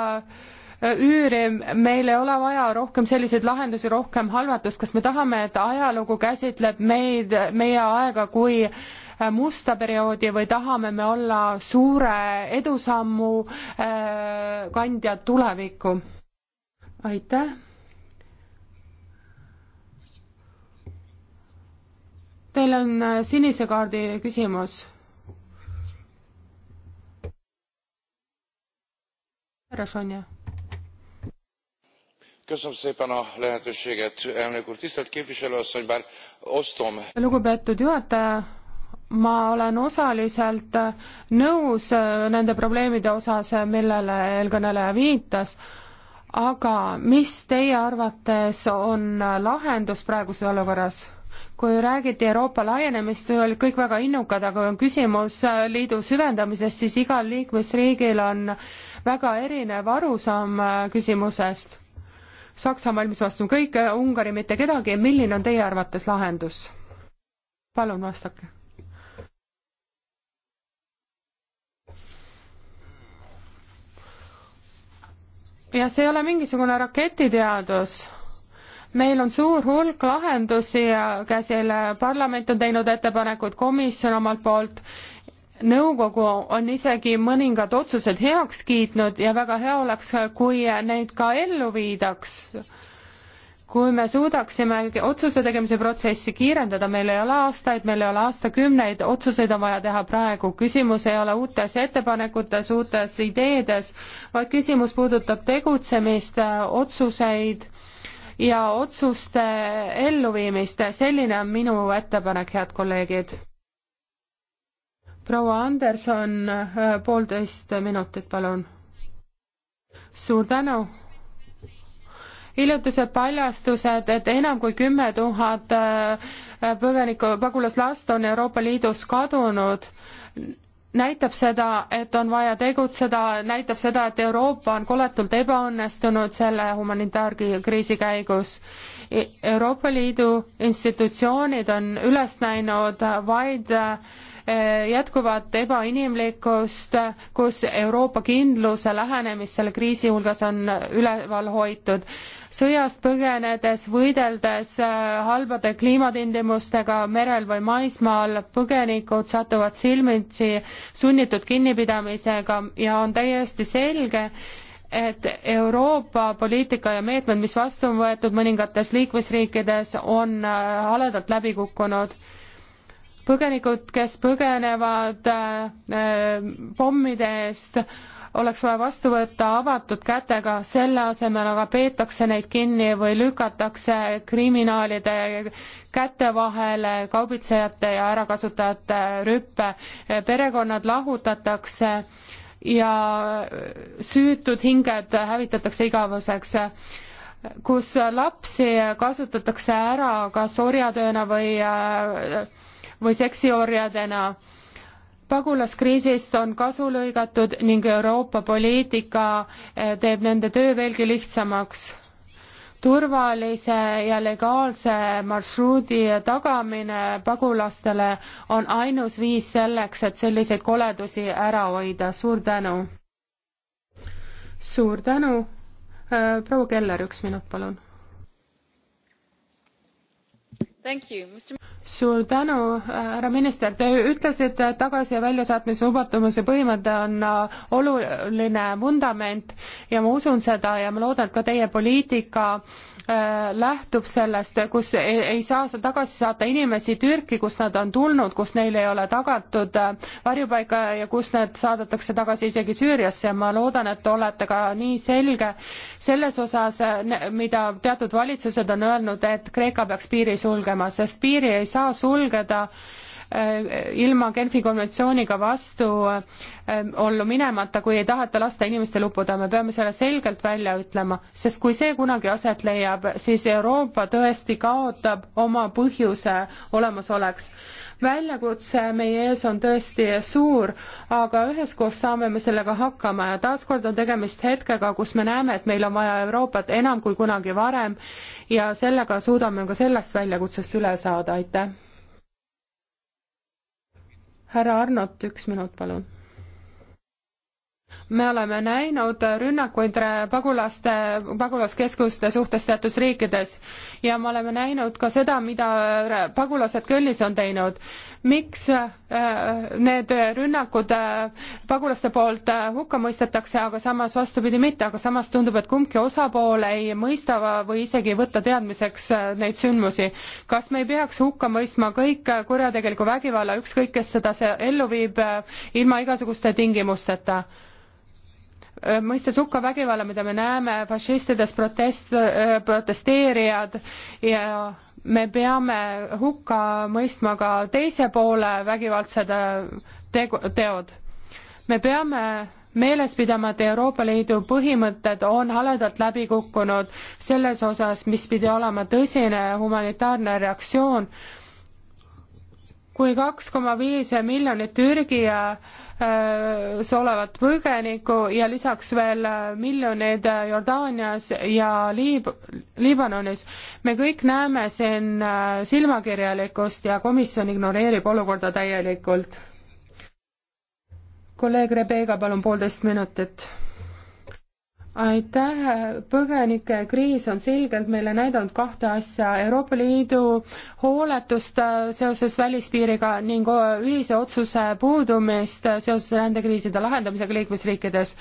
üüri, meil ei ole vaja rohkem selliseid lahendusi, rohkem halvatust, kas me tahame, et ajalugu käsitleb meid, meie aega kui musta perioodi või tahame me olla suure edusammu äh, kandjad tulevikku? aitäh. Teil on äh, sinise kaardi küsimus härra Sonja lugupeetud juhataja ma olen osaliselt nõus nende probleemide osas millele eelkõneleja viitas aga mis teie arvates on lahendus praeguses olukorras? kui räägiti Euroopa laienemist, olid kõik väga innukad, aga kui on küsimus liidu süvendamisest, siis igal liikmesriigil on väga erinev arusaam küsimusest Saksa on valmis vastu kõike, Ungari mitte kedagi, milline on teie arvates lahendus? palun vastake. ja see ei ole mingisugune raketiteadus meil on suur hulk lahendusi käsil, parlament on teinud ettepanekud, komisjon omalt poolt nõukogu on isegi mõningad otsused heaks kiitnud ja väga hea oleks, kui neid ka ellu viidaks. kui me suudaksime otsuse tegemise protsessi kiirendada, meil ei ole aastaid, meil ei ole aastakümneid, otsuseid on vaja teha praegu. küsimus ei ole uutes ettepanekutes, uutes ideedes, vaid küsimus puudutab tegutsemist, otsuseid ja otsuste elluviimist. selline on minu ettepanek, head kolleegid proua Anderson, äh, poolteist minutit, palun. suur tänu hiljutised paljastused, et enam kui kümme tuhat äh, põgenikku, pagulaslast on Euroopa Liidus kadunud, näitab seda, et on vaja tegutseda, näitab seda, et Euroopa on koletult ebaõnnestunud selle humanitaarkriisi käigus. E, Euroopa Liidu institutsioonid on üles näinud vaid äh, Eh, jätkuvat ebainimlikkust, kus Euroopa kindluse lähenemist selle kriisi hulgas on üleval hoitud. sõjast põgenedes, võideldes eh, halbade kliimatingimustega merel või maismaal, põgenikud satuvad silmitsi sunnitud kinnipidamisega ja on täiesti selge, et Euroopa poliitika ja meetmed, mis vastu on võetud mõningates liikmesriikides, on eh, haledalt läbi kukkunud põgenikud, kes põgenevad äh, pommide eest, oleks vaja vastu võtta avatud kätega, selle asemel aga peetakse neid kinni või lükatakse kriminaalide käte vahele kaubitsejate ja ärakasutajate rüppe. perekonnad lahutatakse ja süütud hinged hävitatakse igavuseks kus lapsi kasutatakse ära kas orjatööna või äh, või seksiorjadena. pagulaskriisist on kasu lõigatud ning Euroopa poliitika eh, teeb nende töö veelgi lihtsamaks turvalise ja legaalse marsruudi tagamine pagulastele on ainus viis selleks, et selliseid koledusi ära hoida. suur tänu. suur tänu. Eh, proua Keller, üks minut, palun suur tänu, härra minister, te ütlesite, et tagasi- ja väljasaatmise lubatumise põhimõte on äh, oluline vundament ja ma usun seda ja ma loodan, et ka teie poliitika äh, Äh, lähtub sellest, kus ei saa sa tagasi saata inimesi Türki, kust nad on tulnud, kus neile ei ole tagatud äh, varjupaika ja kus need saadetakse tagasi isegi Süüriasse. ma loodan, et te olete ka nii selge selles osas, äh, mida teatud valitsused on öelnud, et Kreeka peaks piiri sulgema, sest piiri ei saa sulgeda äh, Äh, ilma Genfi konventsiooniga vastu äh, ollu minemata, kui ei taheta lasta inimestel uppuda, me peame selle selgelt välja ütlema, sest kui see kunagi aset leiab, siis Euroopa tõesti kaotab oma põhjuse olemasoleks. väljakutse meie ees on tõesti suur, aga üheskoos saame me sellega hakkama ja taaskord on tegemist hetkega, kus me näeme, et meil on vaja Euroopat enam kui kunagi varem ja sellega suudame ka sellest väljakutsest üle saada, aitäh! härra Arnot, üks minut, palun me oleme näinud rünnakuid pagulaste, pagulaskeskuste suhtes teatud riikides ja me oleme näinud ka seda, mida pagulased Kölnis on teinud. miks äh, need rünnakud äh, pagulaste poolt äh, hukka mõistetakse, aga samas vastupidi mitte, aga samas tundub, et kumbki osapool ei mõista või isegi ei võta teadmiseks neid sündmusi. kas me ei peaks hukka mõistma kõik kurjategeliku vägivalla, ükskõik kes seda ellu viib, ilma igasuguste tingimusteta? Äh, mõistes hukka vägivalla, mida me näeme, fašistides protest, äh, protesteerijad ja me peame hukka mõistma ka teise poole vägivaldsed äh, tegu, teod. me peame meeles pidama, et Euroopa Liidu põhimõtted on haledalt läbi kukkunud selles osas, mis pidi olema tõsine humanitaarne reaktsioon. kui kaks koma viis miljonit Türgi ja Äh, olevat põgenikku ja lisaks veel äh, miljoneid äh, Jordaanias ja Liib-, Liibanonis. me kõik näeme siin silmakirjalikkust ja komisjon ignoreerib olukorda täielikult. kolleeg Rebecca, palun poolteist minutit aitäh, põgenikekriis on selgelt meile näidanud kahte asja, Euroopa Liidu hooletust seoses välispiiriga ning ühise otsuse puudumist seoses rändekriiside lahendamisega liikmesriikides.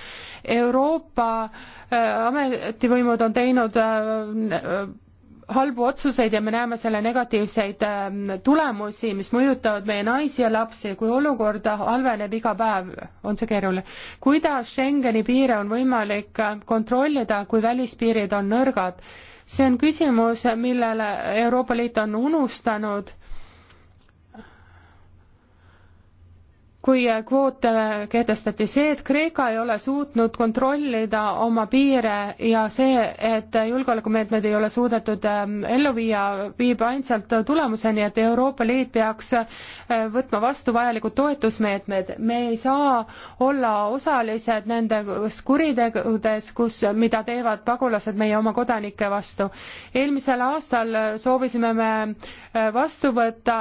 Euroopa äh, ametivõimud on teinud äh, halbu otsuseid ja me näeme selle negatiivseid ähm, tulemusi, mis mõjutavad meie naisi ja lapsi, kui olukord halveneb iga päev, on see keeruline. kuidas Schengeni piire on võimalik äh, kontrollida, kui välispiirid on nõrgad? see on küsimus, millele Euroopa Liit on unustanud kui kvoote äh, kehtestati, see, et Kreeka ei ole suutnud kontrollida oma piire ja see, et julgeolekumeetmed ei ole suudetud ähm, ellu viia, viib ainsalt tulemuseni, et Euroopa Liit peaks äh, võtma vastu vajalikud toetusmeetmed. me ei saa olla osalised nendes kuritegudes, kus, mida teevad pagulased meie oma kodanike vastu. eelmisel aastal soovisime me äh, vastu võtta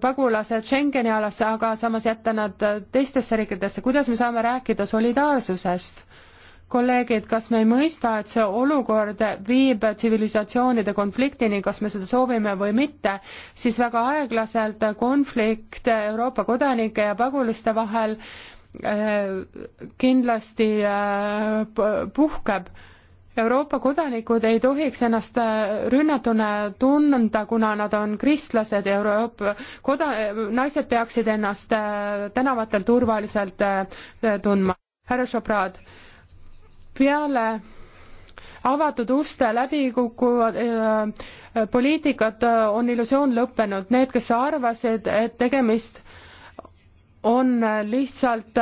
pagulased Schengeni alasse, aga sa samas jätta nad teistesse riikidesse, kuidas me saame rääkida solidaarsusest? kolleegid, kas me ei mõista, et see olukord viib tsivilisatsioonide konfliktini, kas me seda soovime või mitte, siis väga aeglaselt konflikt Euroopa kodanike ja pagulaste vahel eh, kindlasti eh, puhkeb Euroopa kodanikud ei tohiks ennast äh, rünnatuna tunda, kuna nad on kristlased, Euroopa koda-, naised peaksid ennast äh, tänavatel turvaliselt äh, tundma. härra Šobrad, peale avatud uste läbikukkuvad poliitikat on illusioon lõppenud. Need, kes arvasid, et tegemist on lihtsalt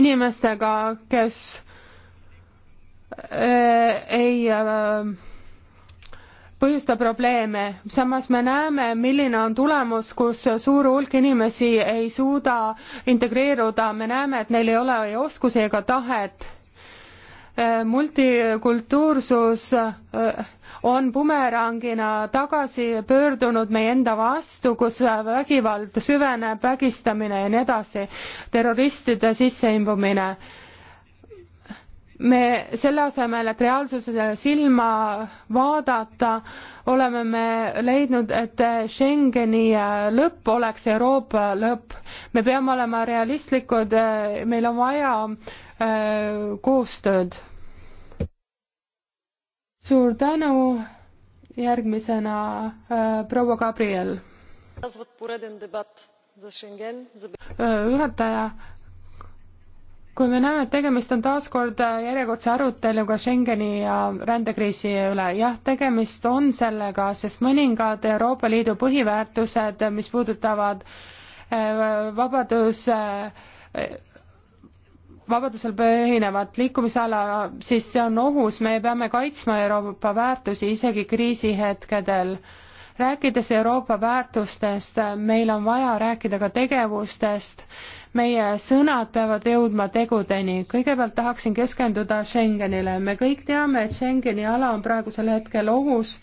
inimestega, kes Äh, ei äh, põhjusta probleeme, samas me näeme, milline on tulemus, kus suur hulk inimesi ei suuda integreeruda, me näeme, et neil ei ole ei oskusi ega tahet. Äh, multikultuursus on bumerangina tagasi pöördunud meie enda vastu, kus vägivald süveneb, vägistamine ja nii edasi, terroristide sisseimbumine me selle asemel, et reaalsusele silma vaadata, oleme me leidnud, et Schengeni äh, lõpp oleks Euroopa lõpp. me peame olema realistlikud, äh, meil on vaja äh, koostööd. suur tänu, järgmisena proua Gabriel. juhataja kui me näeme, et tegemist on taaskord äh, järjekordse aruteluga Schengeni ja rändekriisi üle, jah, tegemist on sellega, sest mõningad Euroopa Liidu põhiväärtused, mis puudutavad äh, vabadus, äh, vabadusel põhinevat liikumisala, siis see on ohus, me peame kaitsma Euroopa väärtusi isegi kriisihetkedel rääkides Euroopa väärtustest, meil on vaja rääkida ka tegevustest, meie sõnad peavad jõudma tegudeni. kõigepealt tahaksin keskenduda Schengenile. me kõik teame, et Schengeni ala on praegusel hetkel ohus.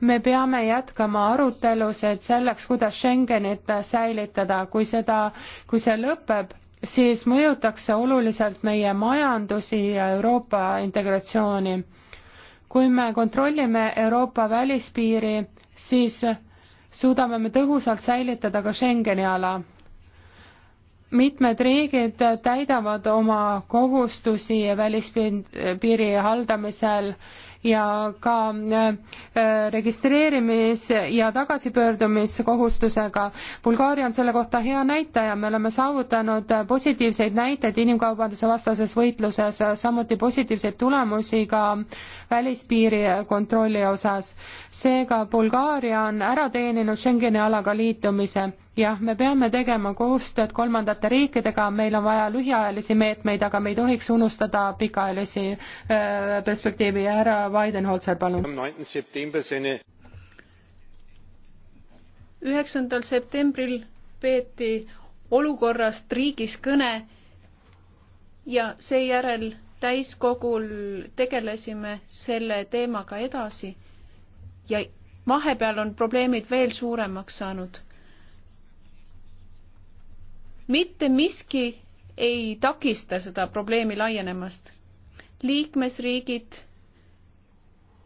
me peame jätkama arutelusid selleks, kuidas Schengenit säilitada, kui seda, kui see lõpeb, siis mõjutaks see oluliselt meie majandusi ja Euroopa integratsiooni. kui me kontrollime Euroopa välispiiri, siis suudame me tõhusalt säilitada ka Schengeni ala mitmed riigid täidavad oma kohustusi välispiiri haldamisel ja ka äh, registreerimis- ja tagasipöördumiskohustusega. Bulgaaria on selle kohta hea näitaja, me oleme saavutanud positiivseid näiteid inimkaubanduse vastases võitluses, samuti positiivseid tulemusi ka välispiiri kontrolli osas. seega Bulgaaria on ära teeninud Schengeni alaga liitumise jah, me peame tegema koostööd kolmandate riikidega, meil on vaja lühiajalisi meetmeid, aga me ei tohiks unustada pikaajalisi perspektiivi. härra Weidenholzer, palun. üheksandal septembril peeti olukorrast riigis kõne ja seejärel täiskogul tegelesime selle teemaga edasi ja vahepeal on probleemid veel suuremaks saanud mitte miski ei takista seda probleemi laienemast. liikmesriigid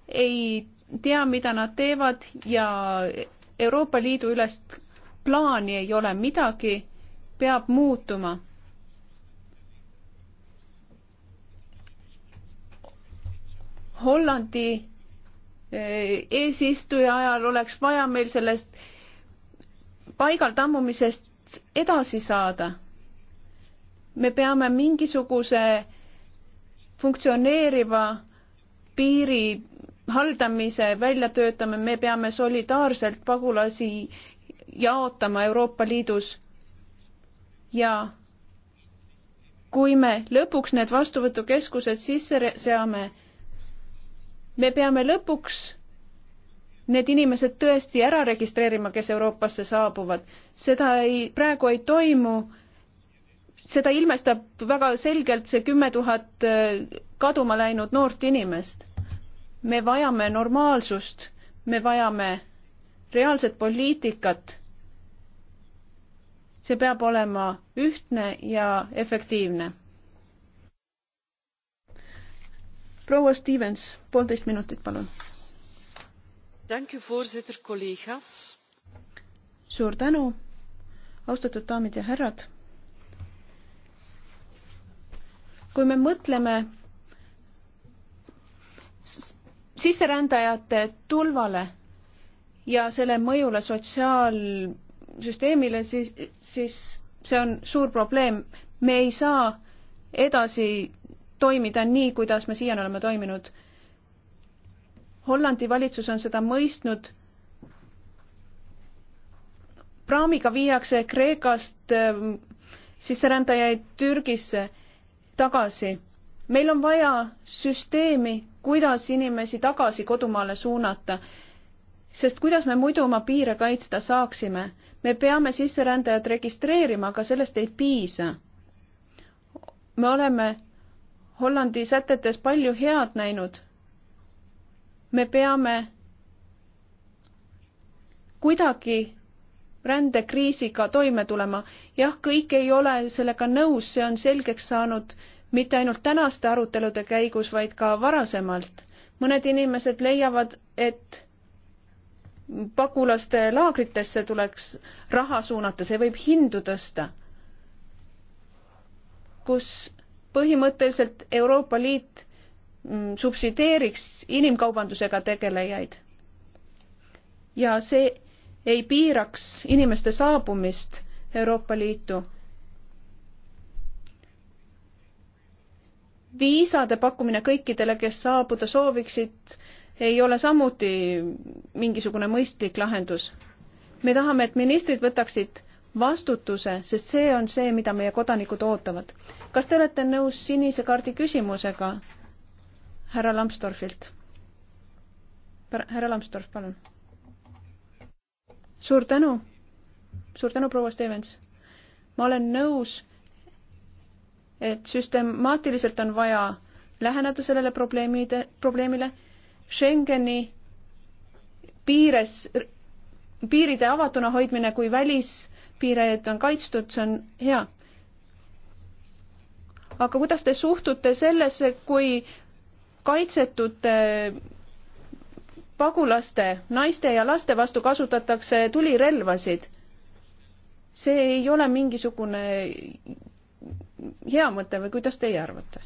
ei tea, mida nad teevad ja Euroopa Liidu ülest plaani ei ole, midagi peab muutuma. Hollandi eh, eesistuja ajal oleks vaja meil sellest paigal tammumisest edasi saada. me peame mingisuguse funktsioneeriva piiri haldamise välja töötama, me peame solidaarselt pagulasi jaotama Euroopa Liidus. ja kui me lõpuks need vastuvõtukeskused sisse seame, me peame lõpuks need inimesed tõesti ära registreerima, kes Euroopasse saabuvad. seda ei, praegu ei toimu, seda ilmestab väga selgelt see kümme tuhat äh, kaduma läinud noort inimest. me vajame normaalsust, me vajame reaalset poliitikat. see peab olema ühtne ja efektiivne. proua Stevens, poolteist minutit, palun voorzitter collega's suur tänu austatud daamid ja härrad kui me mõtleme sisserändajate tulvale ja selle mõjule sotsiaalsüsteemile siis siis see on suur probleem me ei saa edasi toimida nii kuidas me siiani oleme toiminud Hollandi valitsus on seda mõistnud. praamiga viiakse Kreekast ähm, sisserändajaid Türgisse tagasi. meil on vaja süsteemi, kuidas inimesi tagasi kodumaale suunata, sest kuidas me muidu oma piire kaitsta saaksime? me peame sisserändajad registreerima, aga sellest ei piisa. me oleme Hollandi sätetes palju head näinud me peame kuidagi rändekriisiga toime tulema. jah, kõik ei ole sellega nõus, see on selgeks saanud mitte ainult tänaste arutelude käigus, vaid ka varasemalt. mõned inimesed leiavad, et pagulaste laagritesse tuleks raha suunata, see võib hindu tõsta. kus põhimõtteliselt Euroopa Liit Mm, subsideeriks inimkaubandusega tegelejaid. ja see ei piiraks inimeste saabumist Euroopa Liitu. viisade pakkumine kõikidele, kes saabuda sooviksid, ei ole samuti mingisugune mõistlik lahendus. me tahame, et ministrid võtaksid vastutuse, sest see on see, mida meie kodanikud ootavad. kas te olete nõus sinise kaardi küsimusega? härra Lambsdorfilt. härra Lambsdorf, palun. suur tänu, suur tänu, proua Stevens. ma olen nõus, et süstemaatiliselt on vaja läheneda sellele probleemide, probleemile. Schengeni piires, piiride avatuna hoidmine, kui välispiired on kaitstud, see on hea. aga kuidas te suhtute sellesse, kui kaitsetute pagulaste, naiste ja laste vastu kasutatakse tulirelvasid. see ei ole mingisugune hea mõte või kuidas teie arvate?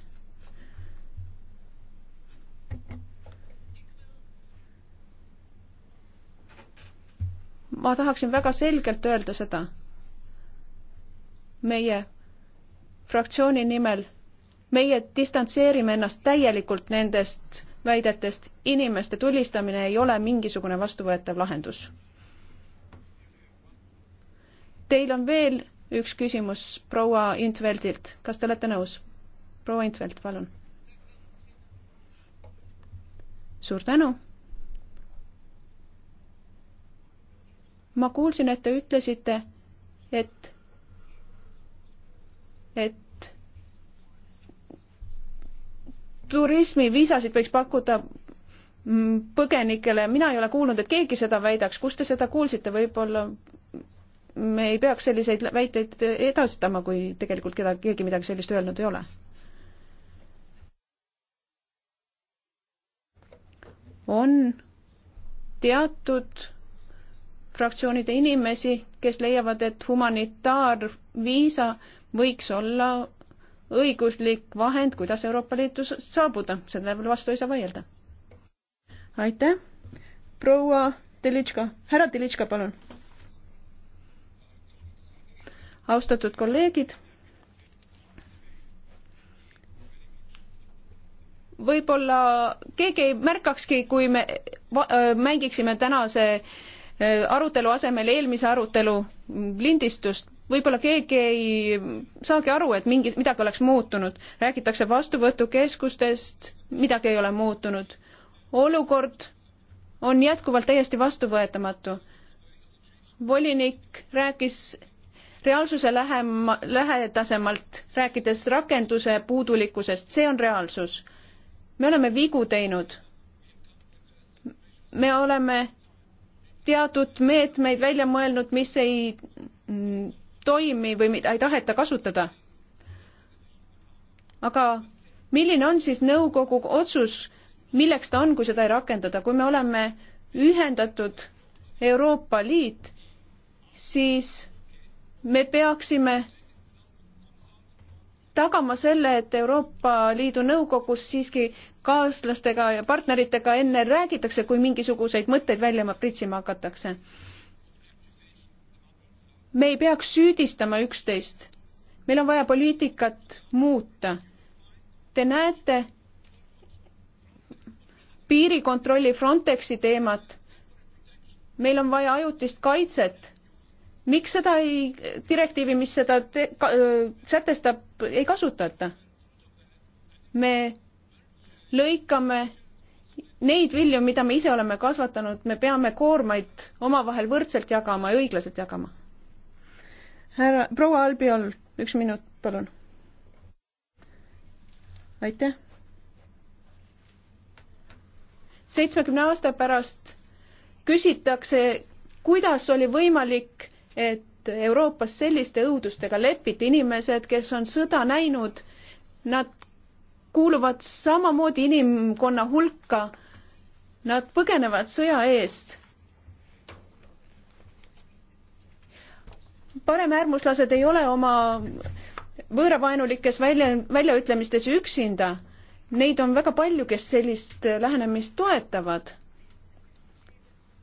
ma tahaksin väga selgelt öelda seda. meie fraktsiooni nimel meie distantseerime ennast täielikult nendest väidetest, inimeste tulistamine ei ole mingisugune vastuvõetav lahendus. Teil on veel üks küsimus proua Intveldilt, kas te olete nõus? proua Intveld, palun. suur tänu. ma kuulsin, et te ütlesite, et, et turismiviisasid võiks pakkuda mm, põgenikele, mina ei ole kuulnud, et keegi seda väidaks, kust te seda kuulsite, võib-olla me ei peaks selliseid väiteid edastama, kui tegelikult keda, keegi midagi sellist öelnud ei ole. on teatud fraktsioonide inimesi, kes leiavad, et humanitaarviisa võiks olla õiguslik vahend, kuidas Euroopa Liitu saabuda, selle vastu ei saa vaielda. aitäh, proua Telitška, härra Telitška, palun. austatud kolleegid. võib-olla keegi ei märkakski, kui me äh, mängiksime tänase äh, arutelu asemel eelmise arutelu lindistust võib-olla keegi ei saagi aru, et mingi, midagi oleks muutunud. räägitakse vastuvõtukeskustest, midagi ei ole muutunud. olukord on jätkuvalt täiesti vastuvõetamatu. volinik rääkis reaalsuse lähema, lähedasemalt, rääkides rakenduse puudulikkusest, see on reaalsus. me oleme vigu teinud. me oleme teatud meetmeid välja mõelnud, mis ei toimi või mida ei taheta kasutada. aga milline on siis nõukogu otsus, milleks ta on, kui seda ei rakendada, kui me oleme ühendatud Euroopa Liit, siis me peaksime tagama selle, et Euroopa Liidu Nõukogus siiski kaaslastega ja partneritega enne räägitakse, kui mingisuguseid mõtteid välja pritsima hakatakse me ei peaks süüdistama üksteist. meil on vaja poliitikat muuta. Te näete piirikontrolli Frontexi teemat. meil on vaja ajutist kaitset. miks seda ei, direktiivi, mis seda te, ka, sätestab, ei kasutata? me lõikame neid vilju, mida me ise oleme kasvatanud, me peame koormaid omavahel võrdselt jagama ja õiglaselt jagama härra, proua Albiol, üks minut, palun. aitäh. seitsmekümne aasta pärast küsitakse, kuidas oli võimalik, et Euroopas selliste õudustega lepiti, inimesed, kes on sõda näinud, nad kuuluvad samamoodi inimkonna hulka, nad põgenevad sõja eest paremäärmuslased ei ole oma võõravaenulikes välja, väljaütlemistes üksinda. Neid on väga palju, kes sellist lähenemist toetavad.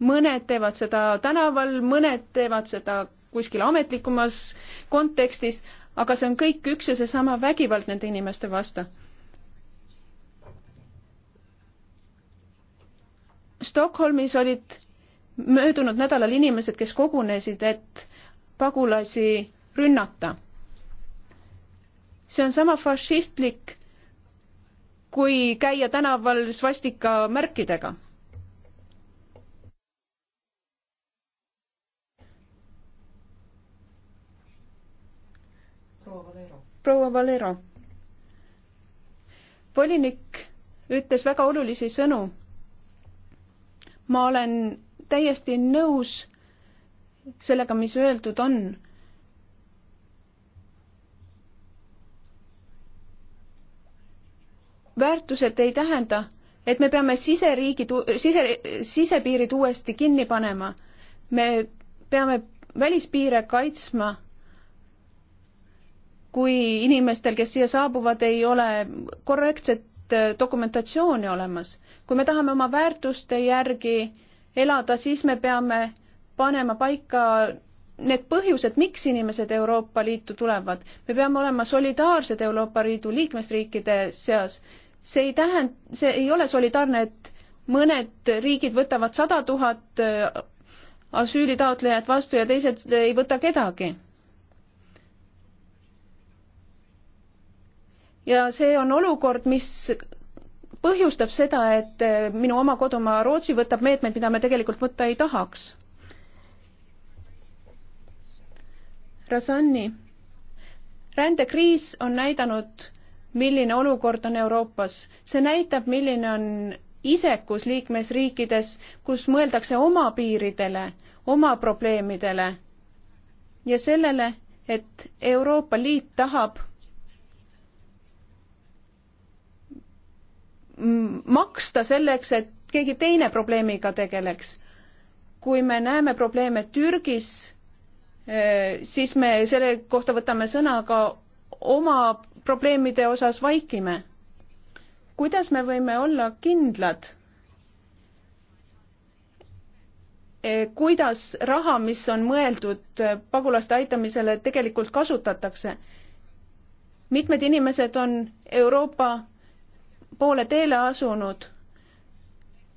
mõned teevad seda tänaval, mõned teevad seda kuskil ametlikumas kontekstis, aga see on kõik üks ja seesama vägivald nende inimeste vastu. Stockholmis olid möödunud nädalal inimesed, kes kogunesid, et pagulasi rünnata. see on sama fašistlik, kui käia tänaval svastika märkidega. proua Valero. volinik ütles väga olulisi sõnu. ma olen täiesti nõus sellega, mis öeldud on. väärtused ei tähenda, et me peame siseriigid, sise, sisepiirid uuesti kinni panema. me peame välispiire kaitsma, kui inimestel, kes siia saabuvad, ei ole korrektset äh, dokumentatsiooni olemas. kui me tahame oma väärtuste järgi elada, siis me peame panema paika need põhjused, miks inimesed Euroopa Liitu tulevad. me peame olema solidaarsed Euroopa Liidu liikmesriikide seas. see ei tähenda, see ei ole solidaarne, et mõned riigid võtavad sada tuhat äh, asüülitaotlejat vastu ja teised ei võta kedagi. ja see on olukord, mis põhjustab seda, et äh, minu oma kodumaa Rootsi võtab meetmeid, mida me tegelikult võtta ei tahaks Razani, rändekriis on näidanud, milline olukord on Euroopas. see näitab, milline on isekus liikmesriikides, kus mõeldakse oma piiridele, oma probleemidele ja sellele, et Euroopa Liit tahab maksta selleks, et keegi teine probleemiga tegeleks. kui me näeme probleeme Türgis, Äh, siis me selle kohta võtame sõna, aga oma probleemide osas vaikime. kuidas me võime olla kindlad? Äh, kuidas raha, mis on mõeldud äh, pagulaste aitamisele, tegelikult kasutatakse? mitmed inimesed on Euroopa poole teele asunud.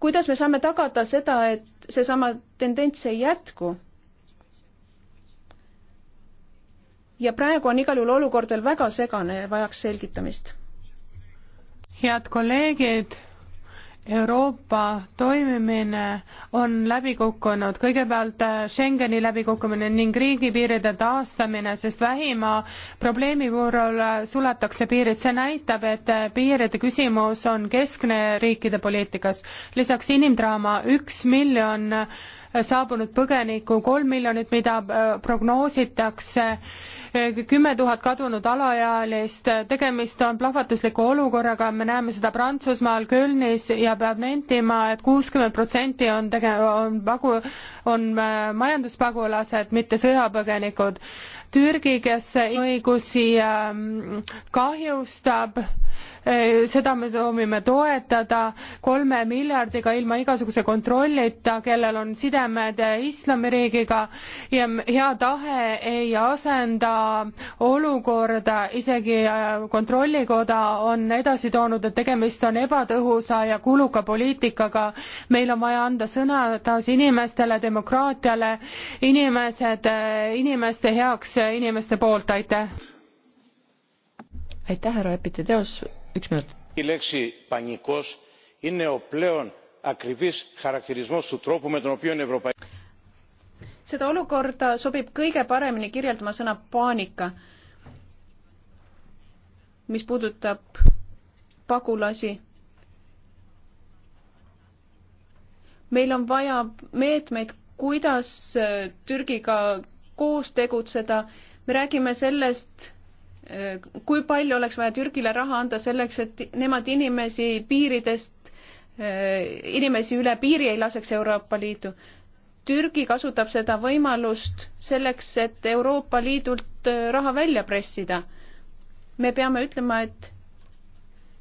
kuidas me saame tagada seda, et seesama tendents ei jätku? ja praegu on igal juhul olukord veel väga segane ja vajaks selgitamist. head kolleegid, Euroopa toimimine on läbi kukkunud, kõigepealt äh, Schengeni läbikukkumine ning riigipiiride taastamine, sest vähima probleemi puhul äh, suletakse piirid, see näitab, et äh, piiride küsimus on keskne riikide poliitikas. lisaks inimdraama üks miljon saabunud põgenikku, kolm miljonit, mida prognoositakse äh, kümme tuhat kadunud alaealist, tegemist on plahvatusliku olukorraga, me näeme seda Prantsusmaal, Kölnis ja peab nentima et, et kuuskümmend protsenti on tege-, on pagu-, on äh, majanduspagulased, mitte sõjapõgenikud. Türgi, kes õigusi ähm, kahjustab, Eh, seda me soovime toetada kolme miljardiga ilma igasuguse kontrollita, kellel on sidemed islamiriigiga ja hea tahe ei asenda olukorda, isegi äh, kontrollikoda on edasi toonud, et tegemist on ebatõhusa ja kuluka poliitikaga. meil on vaja anda sõna taas inimestele, demokraatiale, inimesed äh, inimeste heaks inimeste poolt, aitäh! aitäh, härra Epitedeos, üks minut. seda olukorda sobib kõige paremini kirjeldama sõna paanika, mis puudutab pagulasi meil on vaja meetmeid, kuidas Türgiga koos tegutseda. me räägime sellest, kui palju oleks vaja Türgile raha anda selleks, et nemad inimesi piiridest, eh, inimesi üle piiri ei laseks Euroopa Liidu? Türgi kasutab seda võimalust selleks, et Euroopa Liidult eh, raha välja pressida. me peame ütlema, et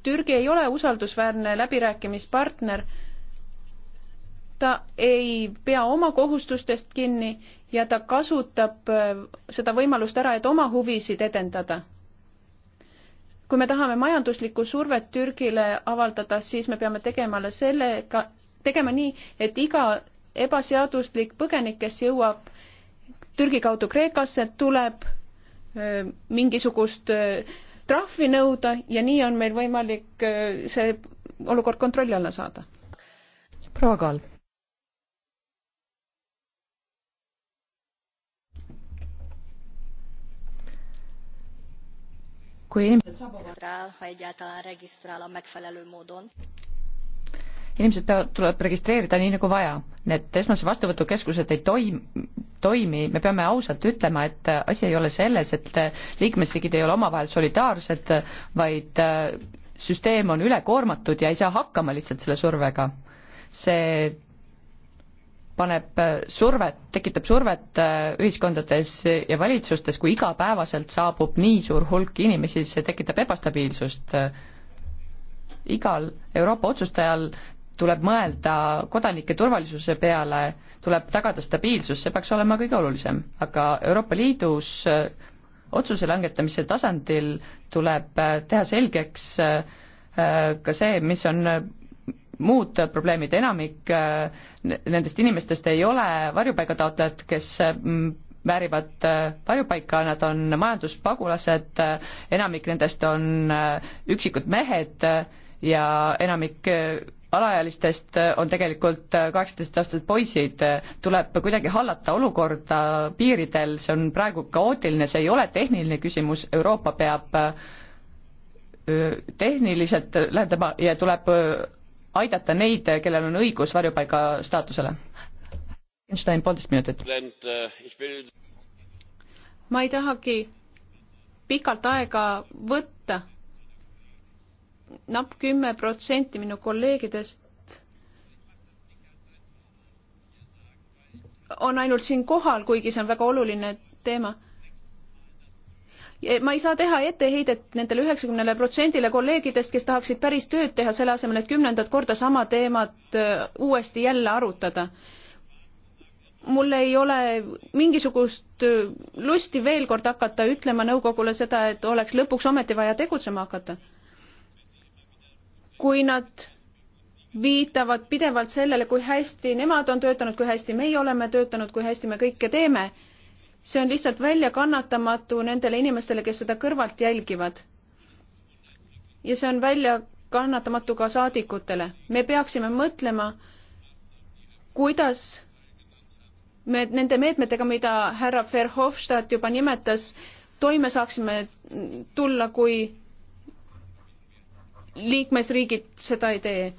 Türgi ei ole usaldusväärne läbirääkimispartner. ta ei pea oma kohustustest kinni ja ta kasutab eh, seda võimalust ära, et oma huvisid edendada kui me tahame majanduslikku survet Türgile avaldada, siis me peame tegema sellega, tegema nii, et iga ebaseaduslik põgenik, kes jõuab Türgi kaudu Kreekasse, tuleb mingisugust trahvi nõuda ja nii on meil võimalik see olukord kontrolli alla saada. proua Kaal kui inimesed saabuvad inimesed peavad, tuleb registreerida nii nagu vaja. Need esmase vastuvõtukeskused ei toim-, toimi, me peame ausalt ütlema, et äh, asi ei ole selles, et äh, liikmesriigid ei ole omavahel solidaarsed, vaid äh, süsteem on ülekoormatud ja ei saa hakkama lihtsalt selle survega. see paneb äh, survet, tekitab survet äh, ühiskondades ja valitsustes, kui igapäevaselt saabub nii suur hulk inimesi, see tekitab ebastabiilsust. igal Euroopa otsustajal tuleb mõelda kodanike turvalisuse peale, tuleb tagada stabiilsus, see peaks olema kõige olulisem, aga Euroopa Liidus äh, otsuse langetamise tasandil tuleb teha selgeks ka see, mis on muud probleemid, enamik äh, nendest inimestest ei ole varjupaigataotlejad, kes mm, väärivad äh, varjupaika, nad on majanduspagulased, äh, enamik nendest on üksikud mehed ja enamik alaealistest on tegelikult kaheksateistaastased poisid, tuleb kuidagi hallata olukorda piiridel, see on praegu kaootiline, see ei ole tehniline küsimus, Euroopa peab tehniliselt lähendama ja tuleb aidata neid, kellel on õigus varjupaiga staatusele. Einstein, poolteist minutit. ma ei tahagi pikalt aega võtta napp. napp kümme protsenti minu kolleegidest on ainult siin kohal, kuigi see on väga oluline teema Eh, ma ei saa teha etteheidet nendele üheksakümnele protsendile kolleegidest, kes tahaksid päris tööd teha, selle asemel, et kümnendat korda sama teemat eh, uuesti jälle arutada. mul ei ole mingisugust eh, lusti veel kord hakata ütlema nõukogule seda, et oleks lõpuks ometi vaja tegutsema hakata. kui nad viitavad pidevalt sellele, kui hästi nemad on töötanud, kui hästi meie oleme töötanud, kui hästi me kõike teeme see on lihtsalt väljakannatamatu nendele inimestele, kes seda kõrvalt jälgivad. ja see on väljakannatamatu ka saadikutele. me peaksime mõtlema, kuidas me nende meetmetega, mida härra Verhofstadt juba nimetas, toime saaksime tulla, kui liikmesriigid seda ei tee.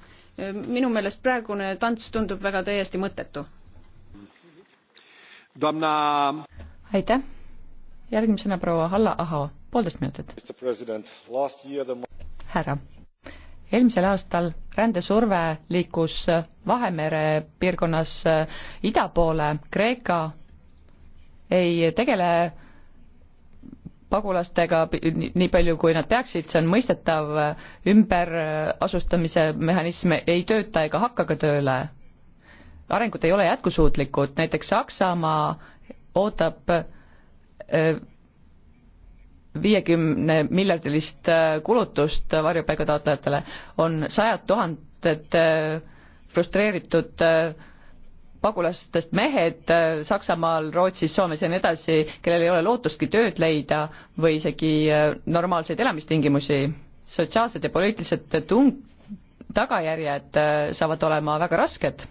minu meelest praegune tants tundub väga täiesti mõttetu. Doamna aitäh. järgmisena proua Halla Aho, poolteist minutit. härra, eelmisel aastal rändesurve liikus Vahemere piirkonnas ida poole, Kreeka ei tegele pagulastega nii palju, kui nad peaksid, see on mõistetav, ümberasustamise mehhanism ei tööta ega hakka ka tööle. arengud ei ole jätkusuutlikud, näiteks Saksamaa ootab äh, viiekümne miljardilist äh, kulutust varjupaigataotlejatele, on sajad tuhanded äh, frustreeritud pagulastest mehed Saksamaal, Rootsis, Soomes ja nii edasi, kellel ei ole lootustki tööd leida või isegi normaalseid elamistingimusi. sotsiaalsed ja poliitilised tung-, tagajärjed saavad olema väga rasked.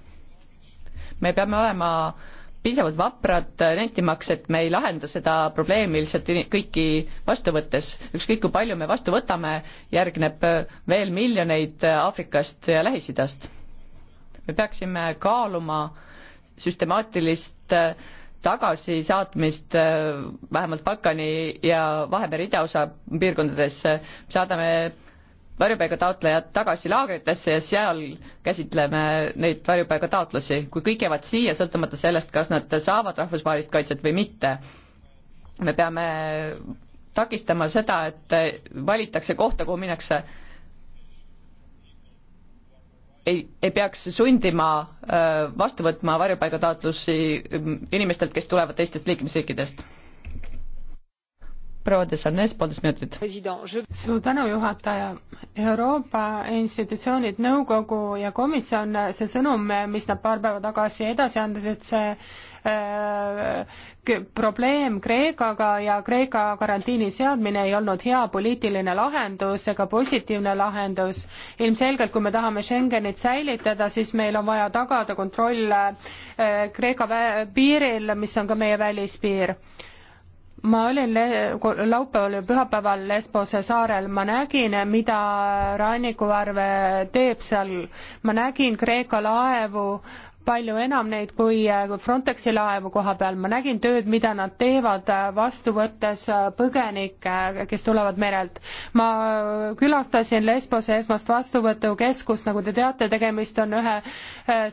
me peame olema äh, piisavalt vaprad nentimaks, et me ei lahenda seda probleemi lihtsalt kõiki vastu võttes. ükskõik kui palju me vastu võtame, järgneb veel miljoneid Aafrikast ja Lähis-Idast. me peaksime kaaluma süstemaatilist tagasisaatmist eh, vähemalt Balkani ja Vahemere idaosa piirkondades. saadame varjupaigataotlejad tagasi laagritesse ja seal käsitleme neid varjupaigataotlusi. kui kõik jäävad siia, sõltumata sellest, kas nad saavad rahvusvahelist kaitset või mitte, me peame takistama seda, et valitakse kohta, kuhu minnakse. ei, ei peaks sundima äh, vastu võtma varjupaigataotlusi mm, inimestelt, kes tulevad teistest liikmesriikidest proua de Sarnes, poolteist minutit. suur tänu, juhataja. Euroopa institutsioonid, nõukogu ja komisjon, see sõnum, mis nad paar päeva tagasi edasi andis, et see äh, probleem Kreekaga ja Kreeka karantiini seadmine ei olnud hea poliitiline lahendus ega positiivne lahendus. ilmselgelt, kui me tahame Schengenit säilitada, siis meil on vaja tagada kontroll äh, Kreeka piiril, mis on ka meie välispiir ma olin le-, laupäeval ja pühapäeval Lesbose saarel, ma nägin, mida rannikuvarve teeb seal, ma nägin Kreeka laevu, palju enam neid kui äh, Frontexi laevu koha peal, ma nägin tööd, mida nad teevad äh, vastu võttes äh, põgenikke, kes tulevad merelt. ma külastasin Lesbose esmast vastuvõtukeskust, nagu te teate, tegemist on ühe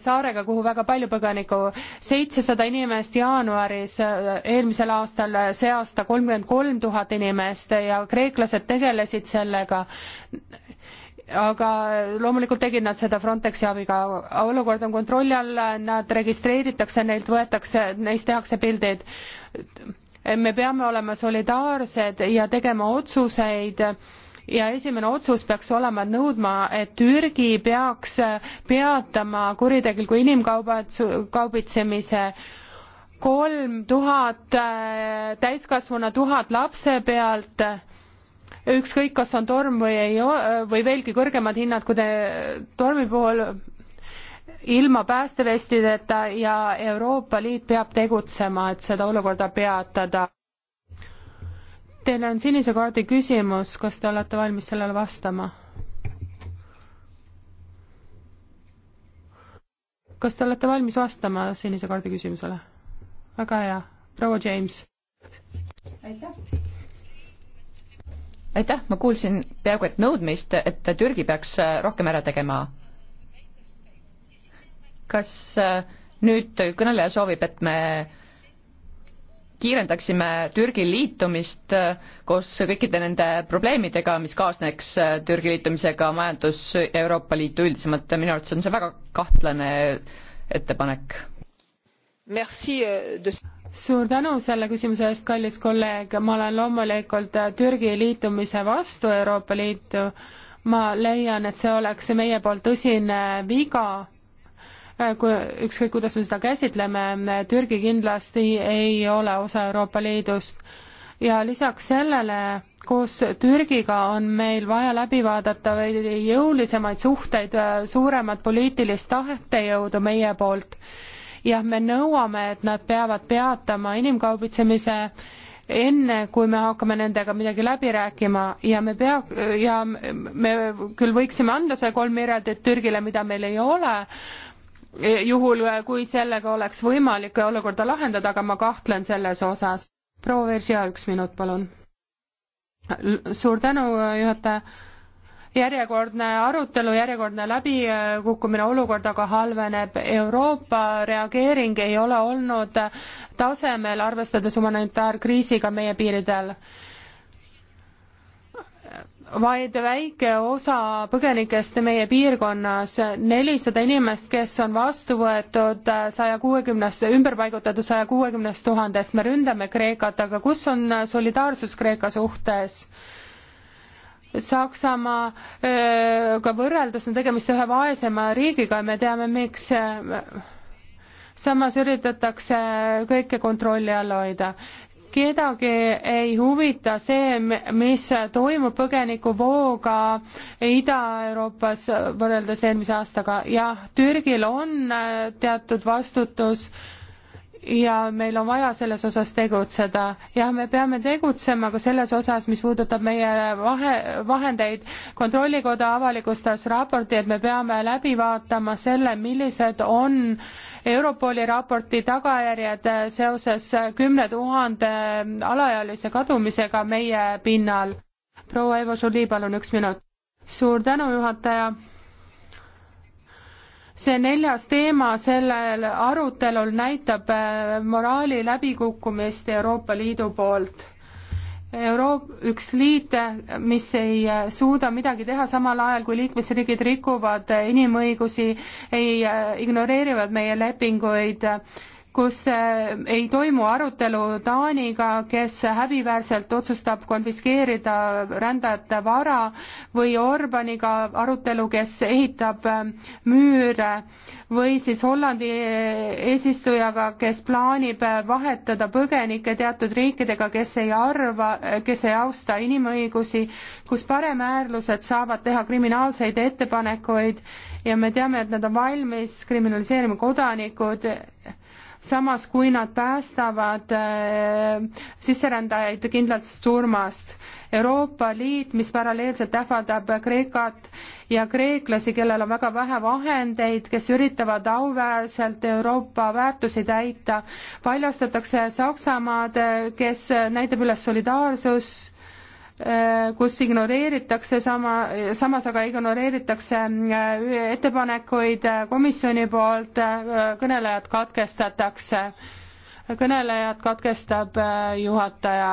saarega, kuhu väga palju põgenikku, seitsesada inimest jaanuaris eelmisel aastal, see aasta kolmkümmend kolm tuhat inimest ja kreeklased tegelesid sellega aga loomulikult tegid nad seda Frontexi abiga, olukord on kontrolli all, nad registreeritakse, neilt võetakse, neist tehakse pildid. me peame olema solidaarsed ja tegema otsuseid ja esimene otsus peaks olema nõudma, et Türgi peaks peatama kuritegeliku inimkaubitsemise kolm tuhat äh, täiskasvanu, tuhat lapse pealt ükskõik, kas on torm või ei, või veelgi kõrgemad hinnad, kui te tormi puhul ilma päästevestideta ja Euroopa Liit peab tegutsema, et seda olukorda peatada. Teil on sinise kaardi küsimus, kas te olete valmis sellele vastama? kas te olete valmis vastama sinise kaardi küsimusele? väga hea, proua James. aitäh aitäh, ma kuulsin peaaegu et nõudmist, et Türgi peaks äh, rohkem ära tegema. kas äh, nüüd kõneleja soovib, et me kiirendaksime Türgi liitumist äh, koos kõikide nende probleemidega, mis kaasneks Türgi liitumisega majandus ja Euroopa Liitu üldisemalt, minu arvates on see väga kahtlane ettepanek Euh, suur tänu selle küsimuse eest, kallis kolleeg, ma olen loomulikult äh, Türgi liitumise vastu Euroopa Liitu. ma leian, et see oleks meie poolt tõsine viga, äh, kui ükskõik, kuidas me seda käsitleme, Türgi kindlasti ei ole osa Euroopa Liidust ja lisaks sellele koos Türgiga on meil vaja läbi vaadata jõulisemaid suhteid, äh, suuremat poliitilist tahtejõudu meie poolt jah, me nõuame, et nad peavad peatama inimkaubitsemise enne, kui me hakkame nendega midagi läbi rääkima ja me pea- ja me küll võiksime anda see kolm miljardit Türgile, mida meil ei ole, e, juhul kui sellega oleks võimalik olukorda lahendada, aga ma kahtlen selles osas. proua Veržia, üks minut, palun. suur tänu, juhataja järjekordne arutelu, järjekordne läbikukkumine, olukord aga halveneb. Euroopa reageering ei ole olnud tasemel, arvestades humanitaarkriisiga meie piiridel. vaid väike osa põgenikest meie piirkonnas, nelisada inimest, kes on vastu võetud saja kuuekümnest, ümber paigutatud saja kuuekümnest tuhandest, me ründame Kreekat, aga kus on solidaarsus Kreeka suhtes? Saksamaaga võrreldes on tegemist ühe vaesema riigiga ja me teame, miks samas üritatakse kõike kontrolli all hoida. kedagi ei huvita see, mis toimub põgenikuvooga Ida-Euroopas võrreldes eelmise aastaga. jah, Türgil on teatud vastutus äh, ja meil on vaja selles osas tegutseda. jah, me peame tegutsema ka selles osas, mis puudutab meie vahe, vahendeid. kontrollikoda avalikustas raporti, et me peame läbi vaatama selle, millised on Europoli raporti tagajärjed seoses kümne tuhande alaealise kadumisega meie pinnal. proua Evo Žuli, palun üks minut. suur tänu, juhataja see neljas teema sellel arutelul näitab äh, moraali läbikukkumist Euroopa Liidu poolt. Euroop-, üks liit, mis ei äh, suuda midagi teha samal ajal, kui liikmesriigid rikuvad äh, inimõigusi, ei, ignoreerivad meie lepinguid äh, kus eh, ei toimu arutelu Taaniga, kes häbiväärselt otsustab konfiskeerida rändajate vara või Orbaniga arutelu, kes ehitab eh, müüre või siis Hollandi eh, eesistujaga, kes plaanib vahetada põgenikke teatud riikidega, kes ei arva, kes ei austa inimõigusi, kus paremäärlused saavad teha kriminaalseid ettepanekuid ja me teame, et nad on valmis kriminaliseerima kodanikud samas kui nad päästavad äh, sisserändajaid kindlast surmast. Euroopa Liit, mis paralleelselt ähvardab Kreekat ja kreeklasi, kellel on väga vähe vahendeid, kes üritavad auväärselt Euroopa väärtusi täita, paljastatakse Saksamaad, kes näitab üles solidaarsust Äh, kus ignoreeritakse sama, samas aga ignoreeritakse äh, ettepanekuid äh, komisjoni poolt, kõnelejad katkestatakse. kõnelejad katkestab juhataja.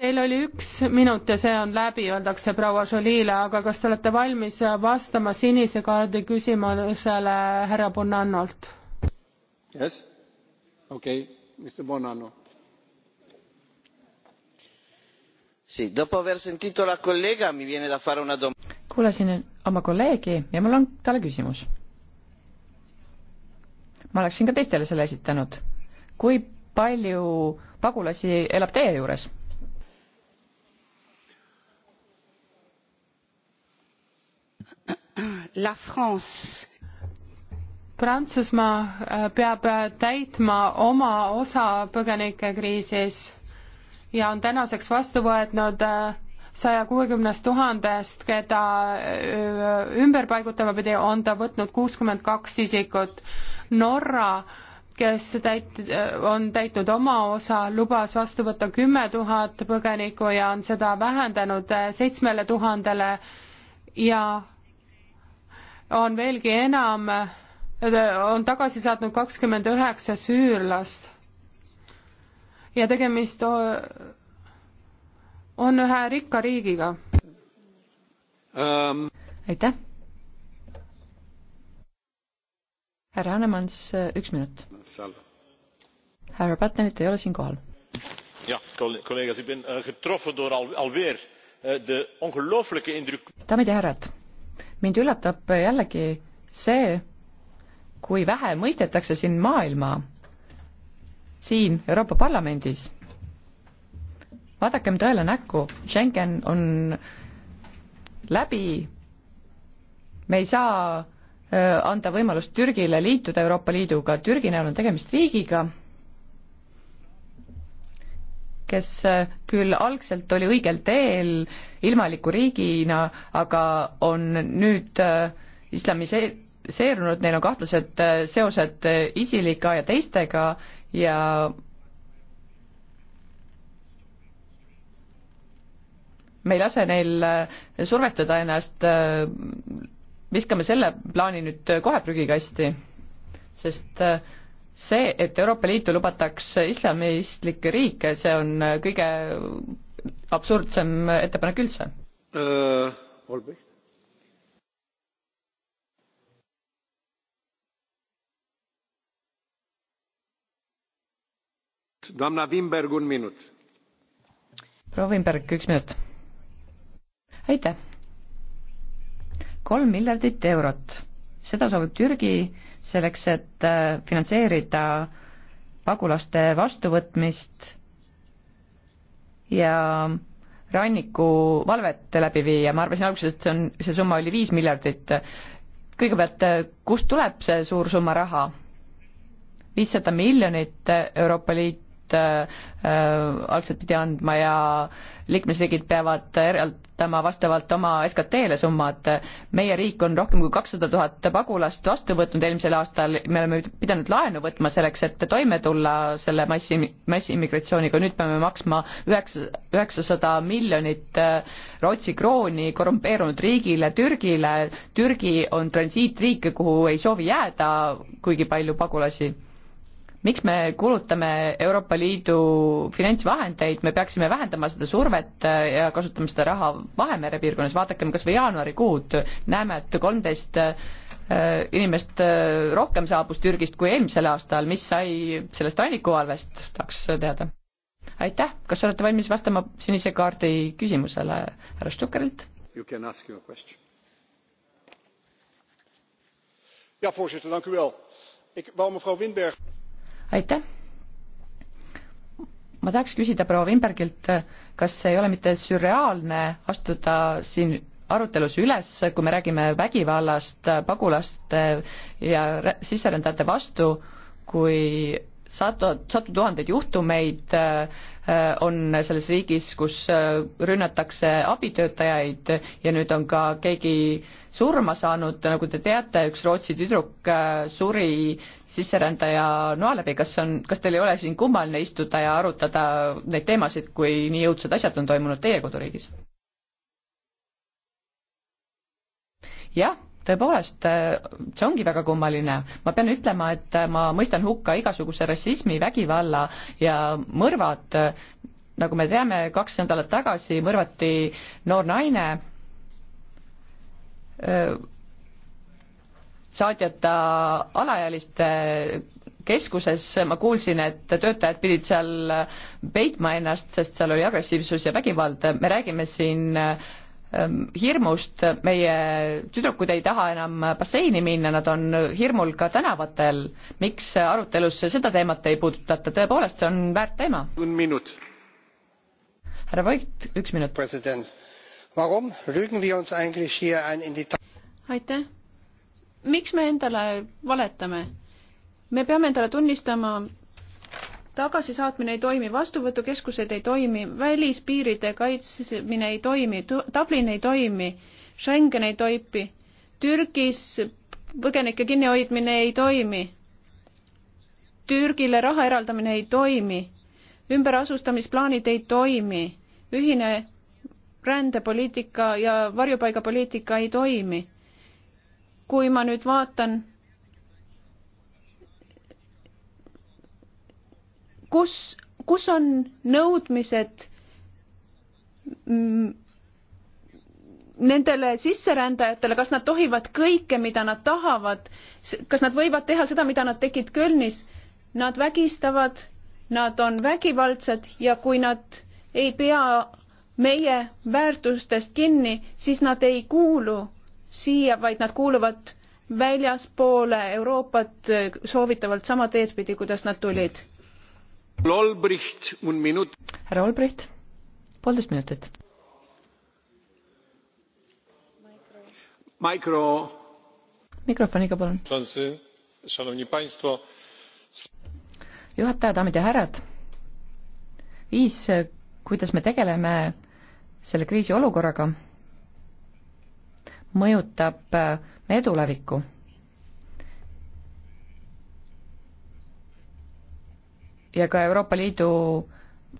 Teil oli üks minut ja see on läbi, öeldakse proua Jolile, aga kas te olete valmis vastama sinise kaardi küsimusele härra Bonannolt? jah yes?, okei okay., Mr Bonanno kuulasin oma kolleegi ja mul on talle küsimus. ma oleksin ka teistele selle esitanud. kui palju pagulasi elab teie juures? La France Prantsusmaa äh, peab äh, täitma oma osa põgenikekriisis ja on tänaseks vastu võetnud äh, saja kuuekümnest tuhandest, keda äh, ümber paigutama pidi, on ta võtnud kuuskümmend kaks isikut. Norra, kes täit-, on täitnud oma osa, lubas vastu võtta kümme tuhat põgenikku ja on seda vähendanud äh, seitsmele tuhandele ja on veelgi enam, on tagasi saatnud kakskümmend üheksa süürlast ja tegemist on ühe rikka riigiga um.... aitäh. härra Annemans, üks minut. härra Pattenit ei ole siin kohal. jah, kolleeg, ma olen eh, getroffen door al, alweer eh, de ongelooflijke indruk. daamid ja härrad, mind üllatab jällegi see, kui vähe mõistetakse siin maailma siin Euroopa Parlamendis, vaadakem tõele näkku, Schengen on läbi, me ei saa äh, anda võimalust Türgile liituda Euroopa Liiduga, Türgi näol on tegemist riigiga, kes äh, küll algselt oli õigel teel ilmaliku riigina, aga on nüüd äh, islamise radikaliseerunud, neil on kahtlased äh, seosed äh, ISILiga ja teistega ja me ei lase neil äh, survestada ennast, viskame selle plaani nüüd kohe prügikasti, sest see, et Euroopa Liitu lubatakse islamistlikke riike, see on kõige absurdsem ettepanek üldse äh,. Olbrich. proua Wimberg, üks minut. aitäh. kolm miljardit eurot, seda soovib Türgi selleks, et äh, finantseerida pagulaste vastuvõtmist ja rannikuvalvet läbi viia, ma arvasin alguses, et see on, see summa oli viis miljardit. kõigepealt, äh, kust tuleb see suur summa raha? viissada miljonit Euroopa Liit algselt äh,, algselt pidi andma ja liikmesriigid peavad eraldama vastavalt oma SKT-le summad. meie riik on rohkem kui kakssada tuhat pagulast vastu võtnud eelmisel aastal, me oleme pidanud laenu võtma selleks, et toime tulla selle massi, massiimmigratsiooniga, nüüd peame maksma üheksa, üheksasada miljonit äh, Rootsi krooni korrumpeerunud riigile Türgile. Türgi on transiitriik, kuhu ei soovi jääda kuigi palju pagulasi miks me kulutame Euroopa Liidu finantsvahendeid, me peaksime vähendama seda survet äh, ja kasutama seda raha Vahemere piirkonnas, vaadakem kas või jaanuarikuud, näeme, et kolmteist äh, inimest äh, rohkem saabus Türgist kui eelmisel aastal, mis sai sellest rannikuvalvest, tahaks teada. aitäh, kas olete valmis vastama sinise kaardi küsimusele härra Stukkerilt? ja voorzitter, dank u wel. Ik wou mevrouw Winberg aitäh! ma tahaks küsida proua Wimbergilt, kas ei ole mitte sürreaalne astuda siin arutelus üles, kui me räägime vägivallast pagulaste ja sisserändajate vastu, kui sadu, sadu tuhandeid juhtumeid äh, on selles riigis, kus äh, rünnatakse abitöötajaid ja nüüd on ka keegi surma saanud, nagu te teate, üks Rootsi tüdruk äh, suri sisserändaja noa läbi, kas on, kas teil ei ole siin kummaline istuda ja arutada neid teemasid, kui nii õudsed asjad on toimunud teie koduriigis? jah, tõepoolest, see ongi väga kummaline. ma pean ütlema, et ma mõistan hukka igasuguse rassismi, vägivalla ja mõrvad, nagu me teame, kaks nädalat tagasi mõrvati noor naine öö, saatjata alaealiste keskuses ma kuulsin, et töötajad pidid seal peitma ennast, sest seal oli agressiivsus ja vägivald, me räägime siin ähm, hirmust, meie tüdrukud ei taha enam basseini minna, nad on hirmul ka tänavatel. miks arutelusse seda teemat ei puudutata, tõepoolest, see on väärt teema. härra Voigt, üks minut. aitäh miks me endale valetame? me peame endale tunnistama, tagasisaatmine ei toimi, vastuvõtukeskused ei toimi, välispiiride kaitsmine ei toimi, Dublin ei toimi, Schengen ei toipi, Türgis põgenike kinnihoidmine ei toimi, Türgile raha eraldamine ei toimi, ümberasustamisplaanid ei toimi, ühine rändepoliitika ja varjupaigapoliitika ei toimi kui ma nüüd vaatan, kus, kus on nõudmised nendele sisserändajatele, kas nad tohivad kõike, mida nad tahavad, kas nad võivad teha seda, mida nad tegid Kölnis, nad vägistavad, nad on vägivaldsed ja kui nad ei pea meie väärtustest kinni, siis nad ei kuulu siia, vaid nad kuuluvad väljaspoole Euroopat eh, soovitavalt sama teed pidi, kuidas nad tulid. härra Olbricht, poolteist minutit. Mikro. mikrofoniga palun. juhataja, daamid ja härrad. viis, kuidas me tegeleme selle kriisiolukorraga mõjutab äh, meie tulevikku. ja ka Euroopa Liidu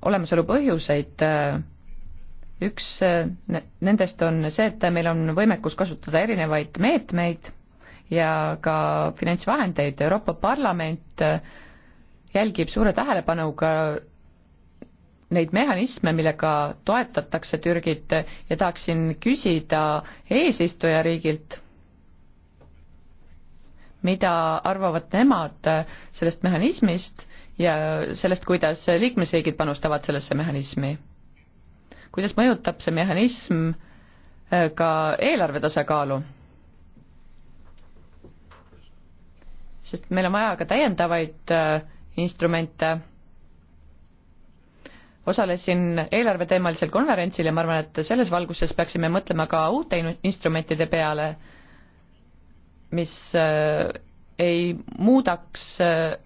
olemasolu põhjuseid, äh, üks äh, nendest on see, et meil on võimekus kasutada erinevaid meetmeid ja ka finantsvahendeid, Euroopa Parlament jälgib suure tähelepanuga neid mehhanisme, millega toetatakse Türgit ja tahaksin küsida eesistujariigilt, mida arvavad nemad sellest mehhanismist ja sellest, kuidas liikmesriigid panustavad sellesse mehhanismi? kuidas mõjutab see mehhanism äh, ka eelarve tasakaalu? sest meil on vaja ka täiendavaid äh, instrumente osalesin eelarveteemalisel konverentsil ja ma arvan, et selles valguses peaksime mõtlema ka uute instrumentide peale, mis äh, ei muudaks äh,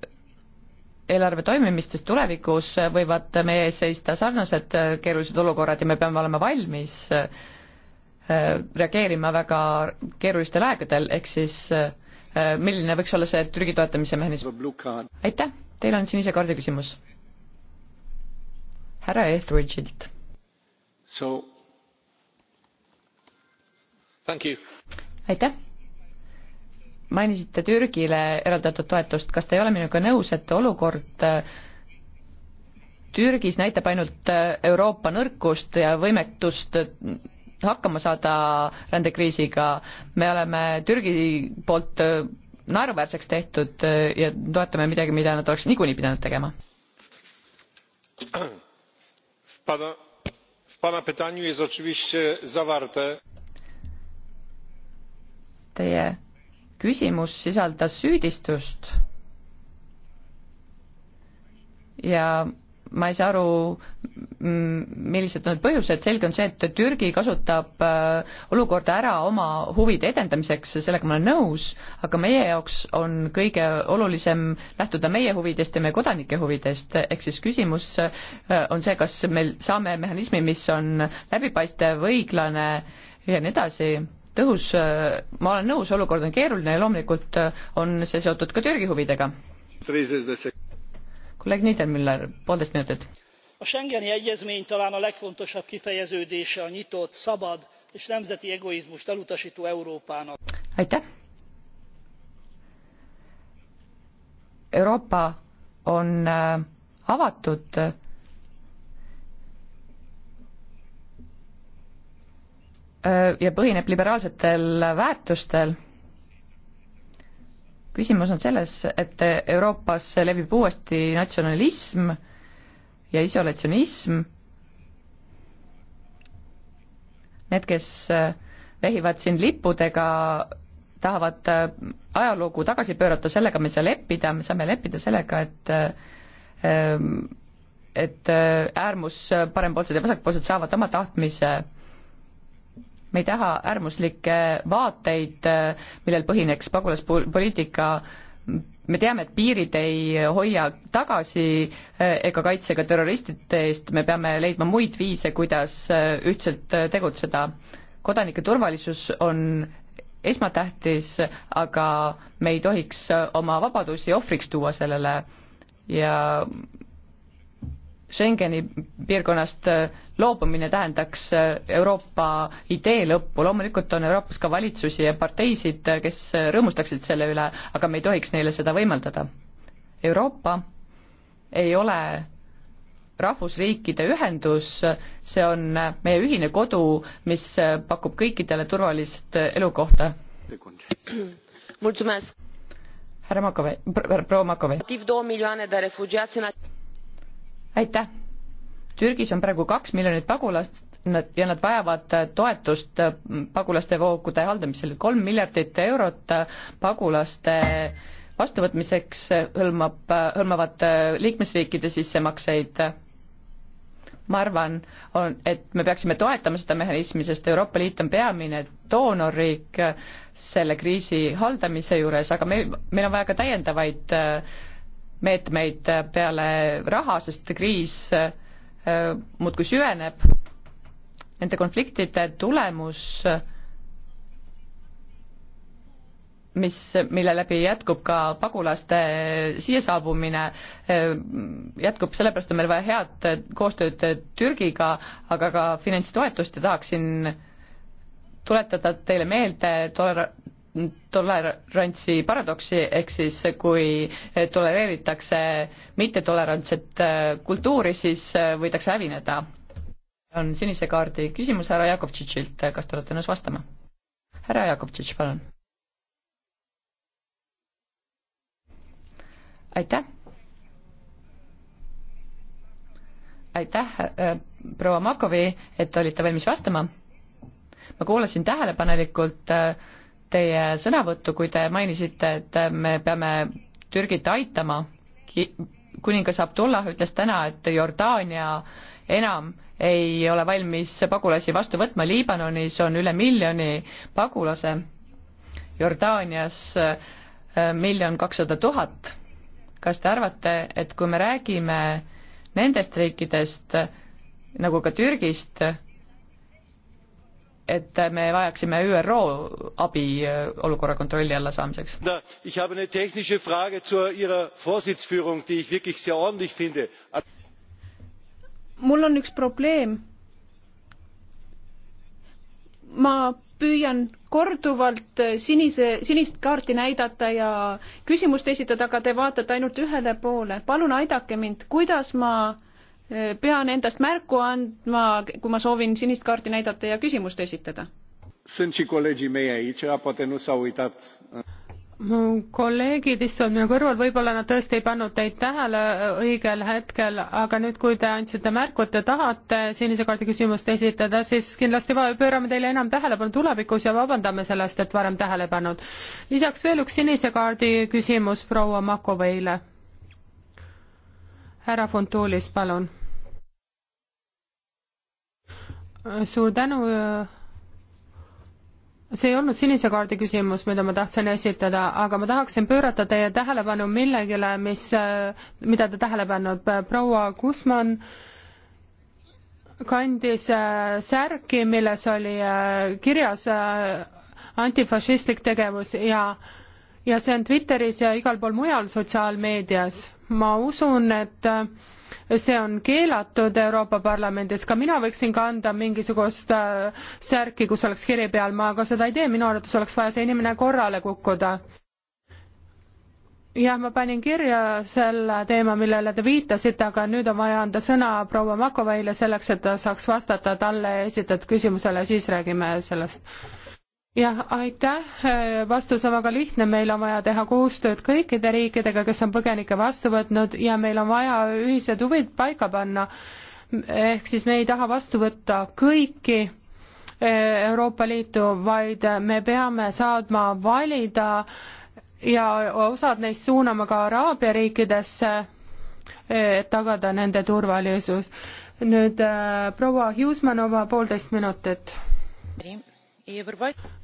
eelarve toimimist, sest tulevikus äh, võivad meie ees seista sarnased keerulised olukorrad ja me peame olema valmis reageerima väga keerulistel aegadel, ehk siis milline võiks olla see Türgi toetamise mehhanism? aitäh, teil on sinise kaardi küsimus härra Etheridge'ilt. aitäh mainisite Türgile eraldatud toetust, kas te ei ole minuga nõus, et olukord äh, Türgis näitab ainult äh, Euroopa nõrkust ja võimetust äh, hakkama saada rändekriisiga, me oleme Türgi poolt naeruväärseks tehtud ja toetame midagi, mida nad oleks niikuinii pidanud tegema? [clears throat] w pana pytaniu jest oczywiście zawarte. Teie küsimus sisaldas süüdistust ja ma ei saa aru, mm, millised on need põhjused, selge on see, et Türgi kasutab äh, olukorda ära oma huvide edendamiseks, sellega ma olen nõus, aga meie jaoks on kõige olulisem lähtuda meie huvidest ja meie kodanike huvidest, ehk siis küsimus äh, on see, kas me saame mehhanismi, mis on läbipaistev, õiglane ja nii edasi, tõhus, äh, ma olen nõus, olukord on keeruline ja loomulikult on see seotud ka Türgi huvidega kolleeg Niedermüller, poolteist minutit. A Schengeni egyezmény talán a legfontosabb kifejeződése a nyitott, szabad és nemzeti egoizmust elutasító Európának. Aitäh! Euroopa on äh, avatud äh, ja põhineb liberaalsetel väärtustel küsimus on selles, et Euroopas levib uuesti natsionalism ja isolatsionism. Need, kes vehivad siin lippudega, tahavad ajalugu tagasi pöörata, sellega me ei saa leppida, me saame leppida sellega, et et äärmus, parempoolsed ja vasakpoolsed saavad oma tahtmise me ei taha äärmuslikke vaateid, äh, millel põhineks pagulaspoliitika me teame, et piirid ei hoia tagasi äh, ega kaitse ka terroristide eest, me peame leidma muid viise, kuidas äh, ühtselt tegutseda. kodanike turvalisus on esmatähtis, aga me ei tohiks oma vabadusi ohvriks tuua sellele ja Schengeni piirkonnast äh, loobumine tähendaks äh, Euroopa idee lõppu, loomulikult on Euroopas ka valitsusi ja parteisid, äh, kes rõõmustaksid selle üle, aga me ei tohiks neile seda võimaldada. Euroopa ei ole rahvusriikide ühendus, see on meie ühine kodu, mis pakub kõikidele turvalist elukohta. härra Makovei, proua Makovei aitäh! Türgis on praegu kaks miljonit pagulast nad, ja nad vajavad äh, toetust äh, pagulaste voogude haldamisel. kolm miljardit eurot äh, pagulaste vastuvõtmiseks hõlmab, hõlmavad liikmesriikide sissemakseid. ma arvan, on, et me peaksime toetama seda mehhanismi, sest Euroopa Liit on peamine doonorriik selle kriisi haldamise juures, aga meil, meil on vaja ka täiendavaid äh, meetmeid peale raha, sest kriis äh, muudkui süveneb. Nende konfliktide tulemus, mis, mille läbi jätkub ka pagulaste siia saabumine, äh, jätkub, sellepärast on meil vaja head koostööd Türgiga, aga ka finantstoetust ja tahaksin tuletada teile meelde tolera-, tolerantsi paradoksi, ehk siis kui tolereeritakse mittetolerantset äh, kultuuri, siis äh, võidakse hävineda. on sinise kaardi küsimus härra Jakovtšitšilt, kas te olete nõus vastama? härra Jakovtšitš, palun. aitäh. aitäh, äh, proua Makovi, et olite valmis vastama. ma kuulasin tähelepanelikult äh, teie sõnavõttu, kui te mainisite, et me peame Türgit aitama. kuningas Abdullah ütles täna, et Jordaania enam ei ole valmis pagulasi vastu võtma, Liibanonis on üle miljoni pagulase, Jordaanias äh, miljon kakssada tuhat. kas te arvate, et kui me räägime nendest riikidest äh, nagu ka Türgist, et me vajaksime ÜRO abi äh, olukorra kontrolli alla saamiseks. Ich habe eine technische Frage zu Ihrer Vorsitzführung, die ich wirklich sehr ordentlich finde. mul on üks probleem. ma püüan korduvalt äh, sinise, sinist kaarti näidata ja küsimust esitada, aga te vaatate ainult ühele poole. palun aidake mind, kuidas ma pean endast märku andma, kui ma soovin sinist kaarti näidata ja küsimust esitada. mu kolleegid istuvad minu kõrval, võib-olla nad tõesti ei pannud teid tähele õigel hetkel, aga nüüd, kui te andsite märku, et te tahate sinise kaardi küsimust esitada, siis kindlasti pöörame teile enam tähelepanu tulevikus ja vabandame sellest, et varem tähele ei pannud. lisaks veel üks sinise kaardi küsimus proua Makoveile härra Fontoolis, palun. suur tänu. see ei olnud sinise kaardi küsimus, mida ma tahtsin esitada, aga ma tahaksin pöörata teie tähelepanu millegile, mis, mida te tähele pannud, proua Kusman kandis äh, särki, milles oli äh, kirjas äh, antifašistlik tegevus ja ja see on Twitteris ja igal pool mujal sotsiaalmeedias ma usun, et see on keelatud Euroopa Parlamendis, ka mina võiksin kanda mingisugust äh, särki, kus oleks kiri peal, ma aga seda ei tee, minu arvates oleks vaja see inimene korrale kukkuda. jah, ma panin kirja selle teema, millele te viitasite, aga nüüd on vaja anda sõna proua Makoveile selleks, et ta saaks vastata talle esitatud küsimusele, siis räägime sellest jah, aitäh, vastus on väga lihtne, meil on vaja teha koostööd kõikide riikidega, kes on põgenikke vastu võtnud ja meil on vaja ühised huvid paika panna. ehk siis me ei taha vastu võtta kõiki eh, Euroopa Liitu, vaid me peame saadma valida ja osad neist suunama ka Araabia riikidesse, eh, et tagada nende turvalisus. nüüd eh, proua Hiusmanova, poolteist minutit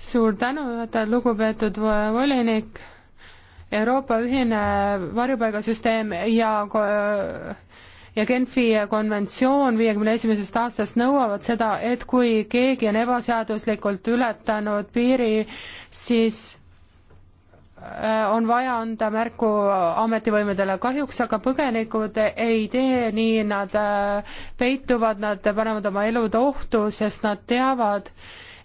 suur tänu, juhataja, lugupeetud volinik. Euroopa ühine varjupaigasüsteem ja ja Genfi konventsioon viiekümne esimesest aastast nõuavad seda, et kui keegi on ebaseaduslikult ületanud piiri, siis äh, on vaja anda märku ametivõimedele. kahjuks aga põgenikud ei tee nii, nad äh, peituvad, nad panevad oma elud ohtu, sest nad teavad,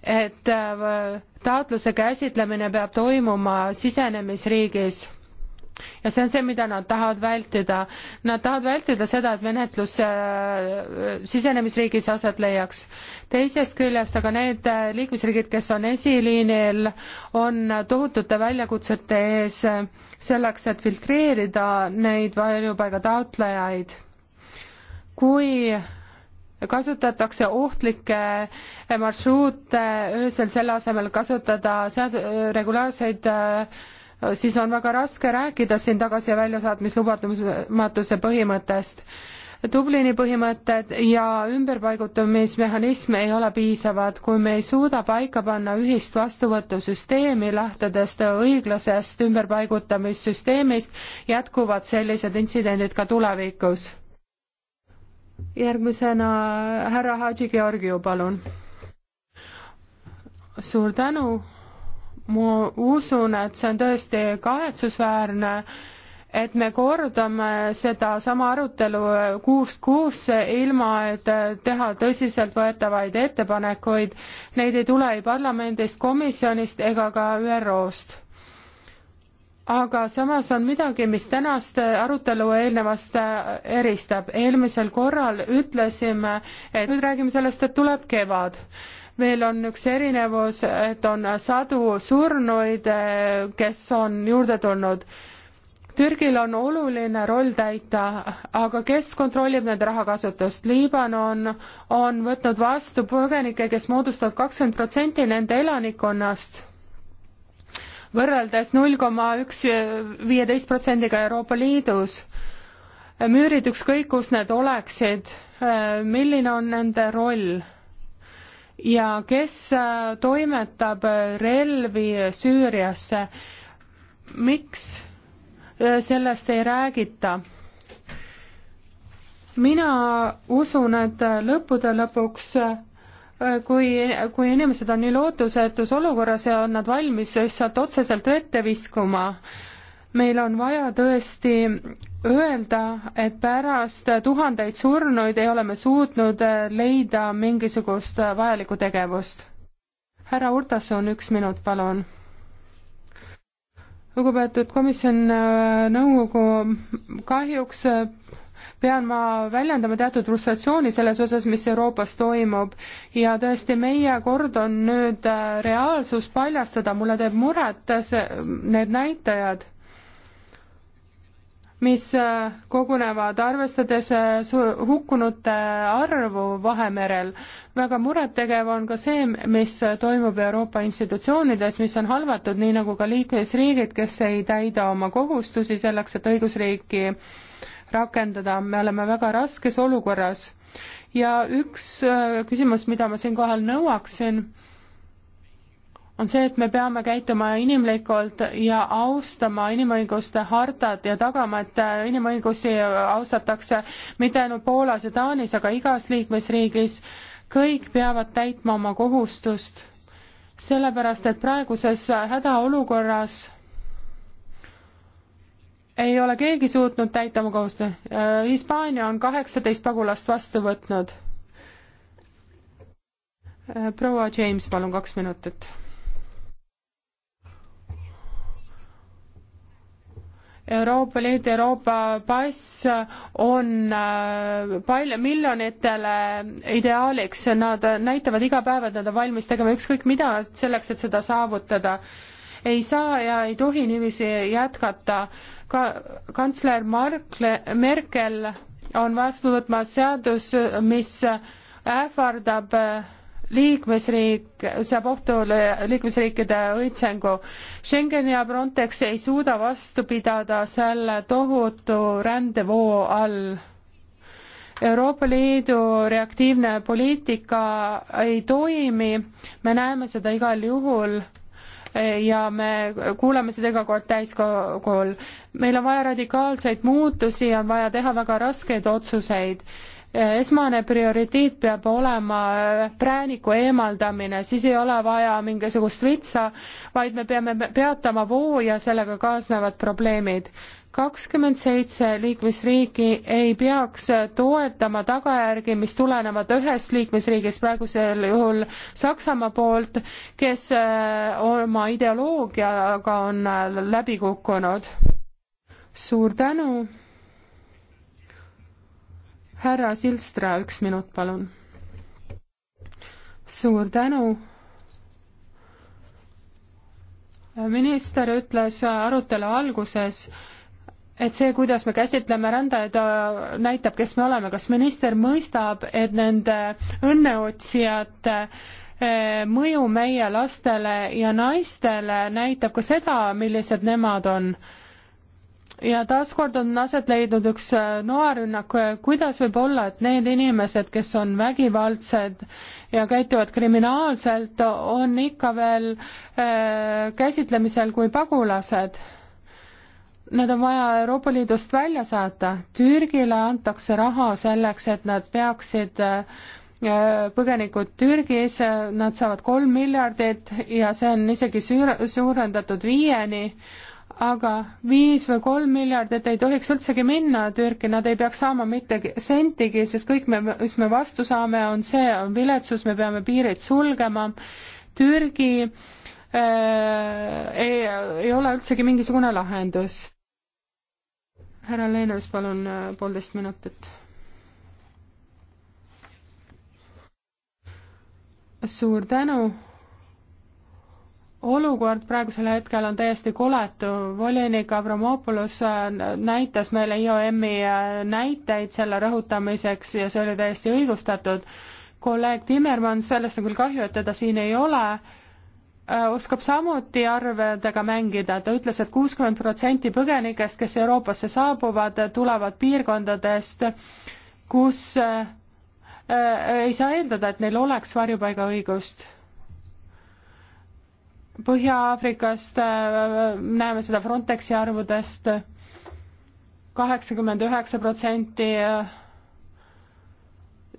et äh, taotluse käsitlemine peab toimuma sisenemisriigis ja see on see, mida nad tahavad vältida. Nad tahavad vältida seda, et menetlus äh, sisenemisriigis aset leiaks. teisest küljest aga need äh, liikmesriigid, kes on esiliinil, on tohutute väljakutsete ees selleks, et filtreerida neid varjupaiga taotlejaid. kui kasutatakse ohtlikke marsruute öösel selle asemel kasutada sead-, regulaarseid äh, siis on väga raske rääkida siin tagasi- ja väljasaatmislubamatuse põhimõttest. Dublini põhimõtted ja ümberpaigutumismehhanism ei ole piisavad, kui me ei suuda paika panna ühist vastuvõtusüsteemi, lähtudes õiglasest ümberpaigutamissüsteemist, jätkuvad sellised intsidendid ka tulevikus järgmisena härra Hadži Georgiu, palun. suur tänu. ma usun, et see on tõesti kahetsusväärne, et me kordame sedasama arutelu kuust kuusse, ilma et teha tõsiseltvõetavaid ettepanekuid. Neid ei tule ei parlamendist, komisjonist ega ka ÜRO-st aga samas on midagi, mis tänast arutelu eelnevast äh, eristab. eelmisel korral ütlesime, et nüüd räägime sellest, et tuleb kevad. meil on üks erinevus, et on sadu surnuid, äh, kes on juurde tulnud. Türgil on oluline roll täita, aga kes kontrollib nende rahakasutust? Liibanon on võtnud vastu põgenikke, kes moodustavad kakskümmend protsenti nende elanikkonnast võrreldes null koma üks eh, viieteist protsendiga Euroopa Liidus. müürid ükskõik, kus need oleksid, eh, milline on nende roll ja kes eh, toimetab relvi Süüriasse, miks sellest ei räägita? mina usun, et lõppude lõpuks Äh, kui, kui inimesed on nii lootusetus olukorras ja on nad valmis lihtsalt otseselt vette viskuma, meil on vaja tõesti öelda, et pärast tuhandeid surnuid ei ole me suutnud äh, leida mingisugust äh, vajalikku tegevust. härra Urtasun, üks minut, palun. lugupeetud komisjon, nõukogu, kahjuks pean ma väljendama teatud frustratsiooni selles osas, mis Euroopas toimub ja tõesti, meie kord on nüüd äh, reaalsus paljastada, mulle teeb muret see, need näitajad mis äh, kogunevad arvestades äh, hukkunute arvu Vahemerel. väga murettegev on ka see, mis toimub Euroopa institutsioonides, mis on halvatud, nii nagu ka liikmesriigid, kes ei täida oma kohustusi selleks, et õigusriiki rakendada, me oleme väga raskes olukorras. ja üks äh, küsimus, mida ma siinkohal nõuaksin, on see, et me peame käituma inimlikult ja austama inimõiguste hartat ja tagama, et äh, inimõigusi austatakse mitte ainult Poolas ja Taanis, aga igas liikmesriigis. kõik peavad täitma oma kohustust, sellepärast et praeguses hädaolukorras ei ole keegi suutnud täita oma kohustust. Äh, Hispaania on kaheksateist pagulast vastu võtnud. Äh, proua James, palun kaks minutit. Euroopa Liit, Euroopa pass on äh, palju, miljonitele ideaaliks, nad näitavad iga päev, et nad on valmis tegema ükskõik mida selleks, et seda saavutada ei saa ja ei tohi niiviisi jätkata. ka kantsler Markle, Merkel on vastu võtmas seadus, mis ähvardab liikmesriik, seab ohtu liikmesriikide õitsengu. Schengen ja Frontex ei suuda vastu pidada selle tohutu rändevoo all Euroopa Liidu reaktiivne poliitika ei toimi, me näeme seda igal juhul ja me kuuleme seda iga kord täiskogul. meil on vaja radikaalseid muutusi, on vaja teha väga raskeid otsuseid esmane prioriteet peab olema prääniku eemaldamine, siis ei ole vaja mingisugust vitsa, vaid me peame peatama voo ja sellega kaasnevad probleemid kakskümmend seitse liikmesriiki ei peaks toetama tagajärgi, mis tulenevad ühest liikmesriigist, praegusel juhul Saksamaa poolt, kes äh, oma ideoloogiaga on äh, läbi kukkunud. suur tänu. härra Silstra, üks minut, palun. suur tänu minister ütles arutelu alguses, et see, kuidas me käsitleme rändajaid, näitab, kes me oleme, kas minister mõistab, et nende õnneotsijate eh, mõju meie lastele ja naistele näitab ka seda, millised nemad on. ja taaskord on aset leidnud üks eh, noarünnak, kuidas võib olla, et need inimesed, kes on vägivaldsed ja käituvad kriminaalselt, on ikka veel eh, käsitlemisel kui pagulased Nad on vaja Euroopa Liidust välja saata, Türgile antakse raha selleks, et nad peaksid äh, põgenikud Türgis, nad saavad kolm miljardit ja see on isegi suurendatud viieni, aga viis või kolm miljardit ei tohiks üldsegi minna Türki, nad ei peaks saama mitte sentigi, sest kõik me, mis me vastu saame, on see, on viletsus, me peame piirid sulgema. Türgi äh, ei, ei ole üldsegi mingisugune lahendus härra Leenus, palun äh, poolteist minutit. suur tänu. olukord praegusel hetkel on täiesti koletu, volinik Avramopoulos äh, näitas meile IOM-i äh, näiteid selle rõhutamiseks ja see oli täiesti õigustatud. kolleeg Timmermann, sellest on küll kahju, et teda siin ei ole Äh, oskab samuti arvedega mängida, ta ütles et, et kuuskümmend protsenti põgenikest, kes Euroopasse saabuvad, tulevad piirkondadest, kus äh, äh, ei saa eeldada, et neil oleks varjupaigaõigust. Põhja-Aafrikast näeme seda Frontexi arvudest, kaheksakümmend üheksa protsenti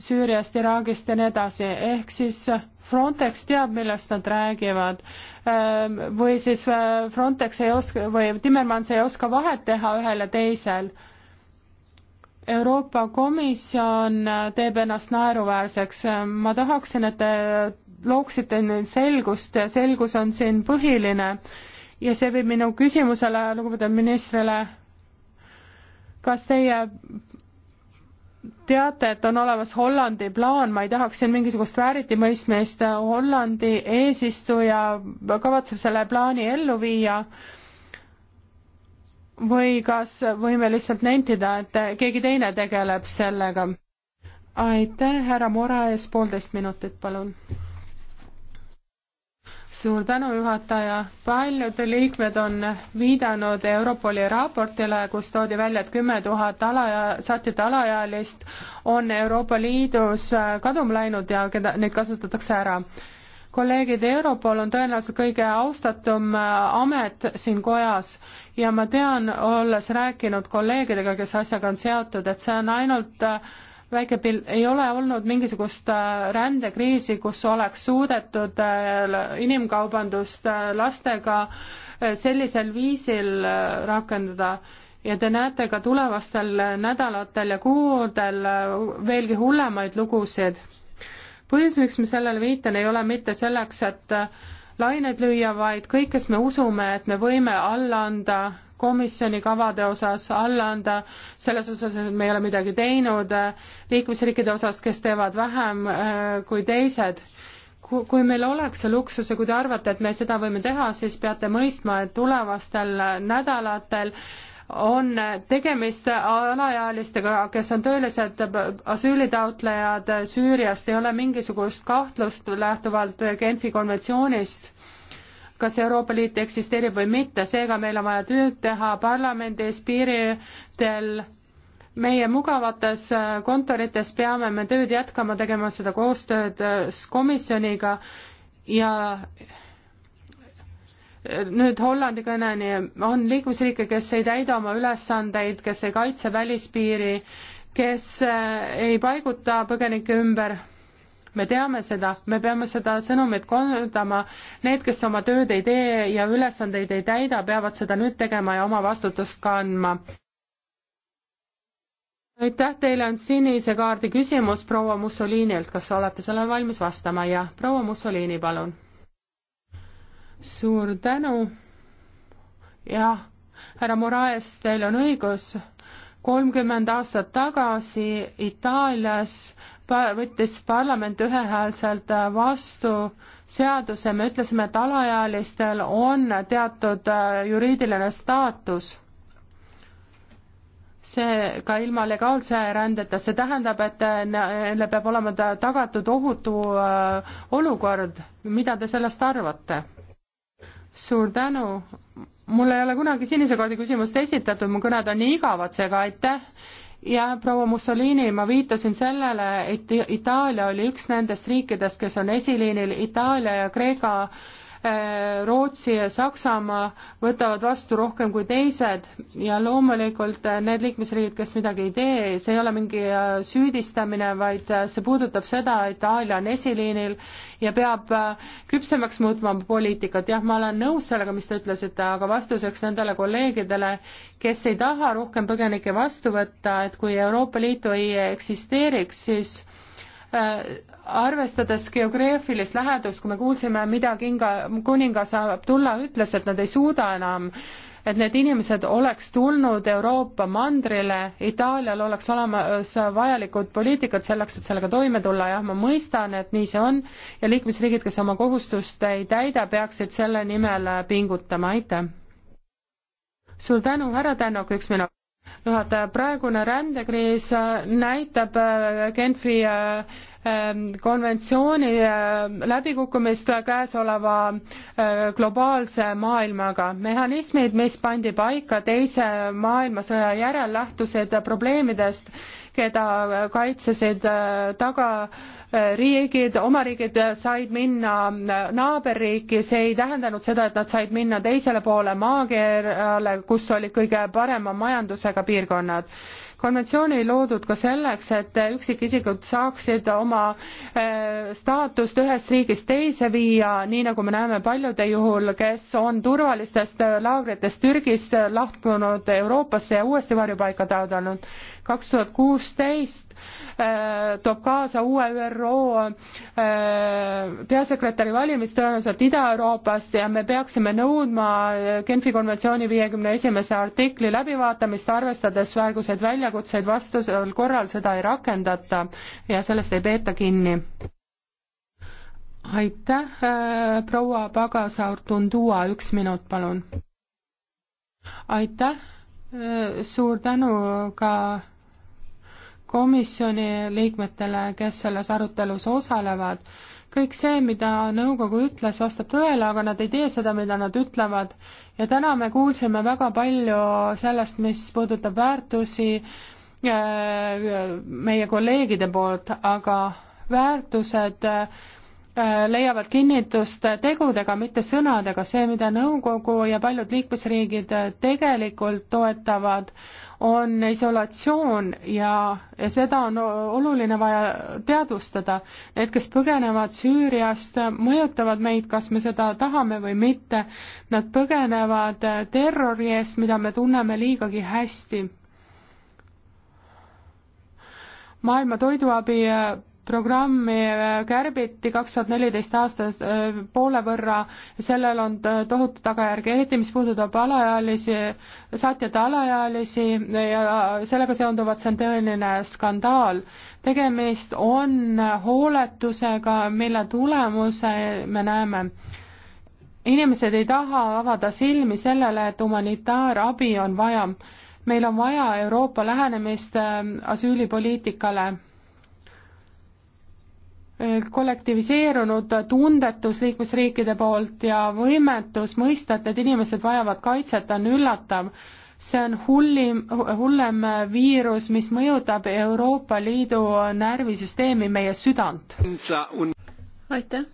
Süüriast, Iraagist ja nii edasi, ehk siis Frontex teab, millest nad räägivad ähm, või siis äh, Frontex ei oska või Timmermans ei oska vahet teha ühel ja teisel. Euroopa Komisjon äh, teeb ennast naeruväärseks, ähm, ma tahaksin, et te looksite selgust, selgus on siin põhiline ja see viib minu küsimusele, lugupeetud ministrile, kas teie teate, et on olemas Hollandi plaan, ma ei tahaks siin mingisugust vääritimõistmist, Hollandi eesistuja kavatseb selle plaani ellu viia või kas võime lihtsalt nentida, et keegi teine tegeleb sellega? aitäh, härra Moraes, poolteist minutit, palun suur tänu, juhataja. paljud liikmed on viidanud Europoli raportile, kus toodi välja, et kümme tuhat alaja-, saatjate alaealist on Euroopa Liidus äh, kaduma läinud ja keda, neid kasutatakse ära. kolleegid, Europol on tõenäoliselt kõige austatum äh, amet siin kojas ja ma tean, olles rääkinud kolleegidega, kes asjaga on seotud, et see on ainult äh, väikepill, ei ole olnud mingisugust äh, rändekriisi, kus oleks suudetud äh, inimkaubandust äh, lastega sellisel viisil rakendada ja te näete ka tulevastel nädalatel ja kuudel veelgi hullemaid lugusid. põhjus, miks ma sellele viitan, ei ole mitte selleks, et laineid lüüa, vaid kõik, kes me usume, et me võime alla anda komisjoni kavade osas alla anda, selles osas, et me ei ole midagi teinud, liikmesriikide osas, kes teevad vähem äh, kui teised. kui meil oleks see luksus ja kui te arvate, et me seda võime teha, siis peate mõistma, et tulevastel nädalatel on tegemist alaealistega, kes on tõelised asüülitaotlejad Süüriast, ei ole mingisugust kahtlust lähtuvalt Genfi konventsioonist kas Euroopa Liit eksisteerib või mitte, seega meil on vaja tööd teha parlamendis, piiridel, meie mugavates äh, kontorites peame me tööd jätkama, tegema seda koostööd äh, komisjoniga ja äh, nüüd Hollandi kõneni on liikmesriike, kes ei täida oma ülesandeid, kes ei kaitse välispiiri, kes ei paiguta põgenikke ümber me teame seda, me peame seda sõnumit kordama, need, kes oma tööd ei tee ja ülesandeid ei täida, peavad seda nüüd tegema ja oma vastutust kandma. aitäh, teile on sinise kaardi küsimus proua Mussolinilt, kas olete sellele valmis vastama ja proua Mussolini, palun. suur tänu. jah, härra Moraes, teil on õigus kolmkümmend aastat tagasi Itaalias võttis parlament ühehäälselt äh, vastu seaduse, me ütlesime, et alaealistel on teatud äh, juriidiline staatus see ka ilma legaalse rändeta, see tähendab, et äh, neile peab olema tagatud ohutu olukord, mida te sellest arvate? suur tänu, mul ei ole kunagi sinise kaardi küsimust esitatud, mu kõned on nii igavad, seega aitäh jah, proua Mussolini, ma viitasin sellele, et Itaalia oli üks nendest riikidest, kes on esiliinil, Itaalia ja Kreeka Äh, Rootsi ja Saksamaa võtavad vastu rohkem kui teised ja loomulikult äh, need liikmesriigid, kes midagi ei tee, see ei ole mingi äh, süüdistamine, vaid see puudutab seda, et Itaalia on esiliinil ja peab küpsemaks muutma poliitikat. jah, ma olen nõus sellega, mis te ütlesite, aga vastuseks nendele kolleegidele, kes ei taha rohkem põgenikke vastu võtta, et kui Euroopa Liitu ei eksisteeriks, siis arvestades geograafilist lähedust, kui me kuulsime, mida kinga, kuningas Abdullah ütles, et nad ei suuda enam, et need inimesed oleks tulnud Euroopa mandrile, Itaalial oleks olemas vajalikud poliitikad selleks, et sellega toime tulla, jah, ma mõistan, et nii see on, ja liikmesriigid, kes oma kohustust ei täida, peaksid selle nimel pingutama, aitäh! suur tänu, härra Tänok, üks minut juhataja, praegune rändekriis näitab äh, Genfi äh, Ähm, konventsiooni äh, läbikukkumist käesoleva äh, globaalse maailmaga. mehhanismid, mis pandi paika Teise maailmasõja järel, lähtusid probleemidest, keda kaitsesid äh, taga riigid, oma riigid said minna naaberriiki, see ei tähendanud seda, et nad said minna teisele poole maakeerale, kus olid kõige parema majandusega piirkonnad konventsiooni loodud ka selleks, et üksikisikud saaksid oma äh, staatust ühest riigist teise viia, nii nagu me näeme paljude juhul, kes on turvalistest äh, laagritest Türgist äh, lahkunud Euroopasse ja uuesti varjupaika taotlenud. kaks tuhat kuusteist Äh, toob kaasa uue ÜRO äh, peasekretäri valimist tõenäoliselt Ida-Euroopast ja me peaksime nõudma äh, Genfi konventsiooni viiekümne esimese artikli läbivaatamist, arvestades praeguseid väljakutseid, vastasel korral seda ei rakendata ja sellest ei peeta kinni. aitäh, proua Pagasaur Tundua, üks minut, palun. aitäh, suur tänu ka komisjoni liikmetele, kes selles arutelus osalevad. kõik see, mida nõukogu ütles, vastab tõele, aga nad ei tee seda, mida nad ütlevad. ja täna me kuulsime väga palju sellest, mis puudutab väärtusi äh, meie kolleegide poolt, aga väärtused äh, Äh, leiavad kinnitust tegudega, mitte sõnadega, see, mida nõukogu ja paljud liikmesriigid tegelikult toetavad, on isolatsioon ja, ja seda on oluline vaja teadvustada. Need, kes põgenevad Süüriast, mõjutavad meid, kas me seda tahame või mitte. Nad põgenevad terrori eest, mida me tunneme liigagi hästi. maailma Toiduabi programmi äh, kärbiti kaks tuhat neliteist aastas äh, poole võrra, sellel on tohutu tagajärg, eriti mis puudutab alaealisi, saatjate alaealisi ja sellega seonduvalt see on tõeline skandaal. tegemist on hooletusega, mille tulemuse me näeme. inimesed ei taha avada silmi sellele, et humanitaarabi on vaja meil on vaja Euroopa lähenemist äh, asüülipoliitikale kollektiviseerunud tundetus liikmesriikide poolt ja võimetus mõista, et need inimesed vajavad kaitset, on üllatav. see on hullim, hullem viirus, mis mõjutab Euroopa Liidu närvisüsteemi, meie südant. aitäh.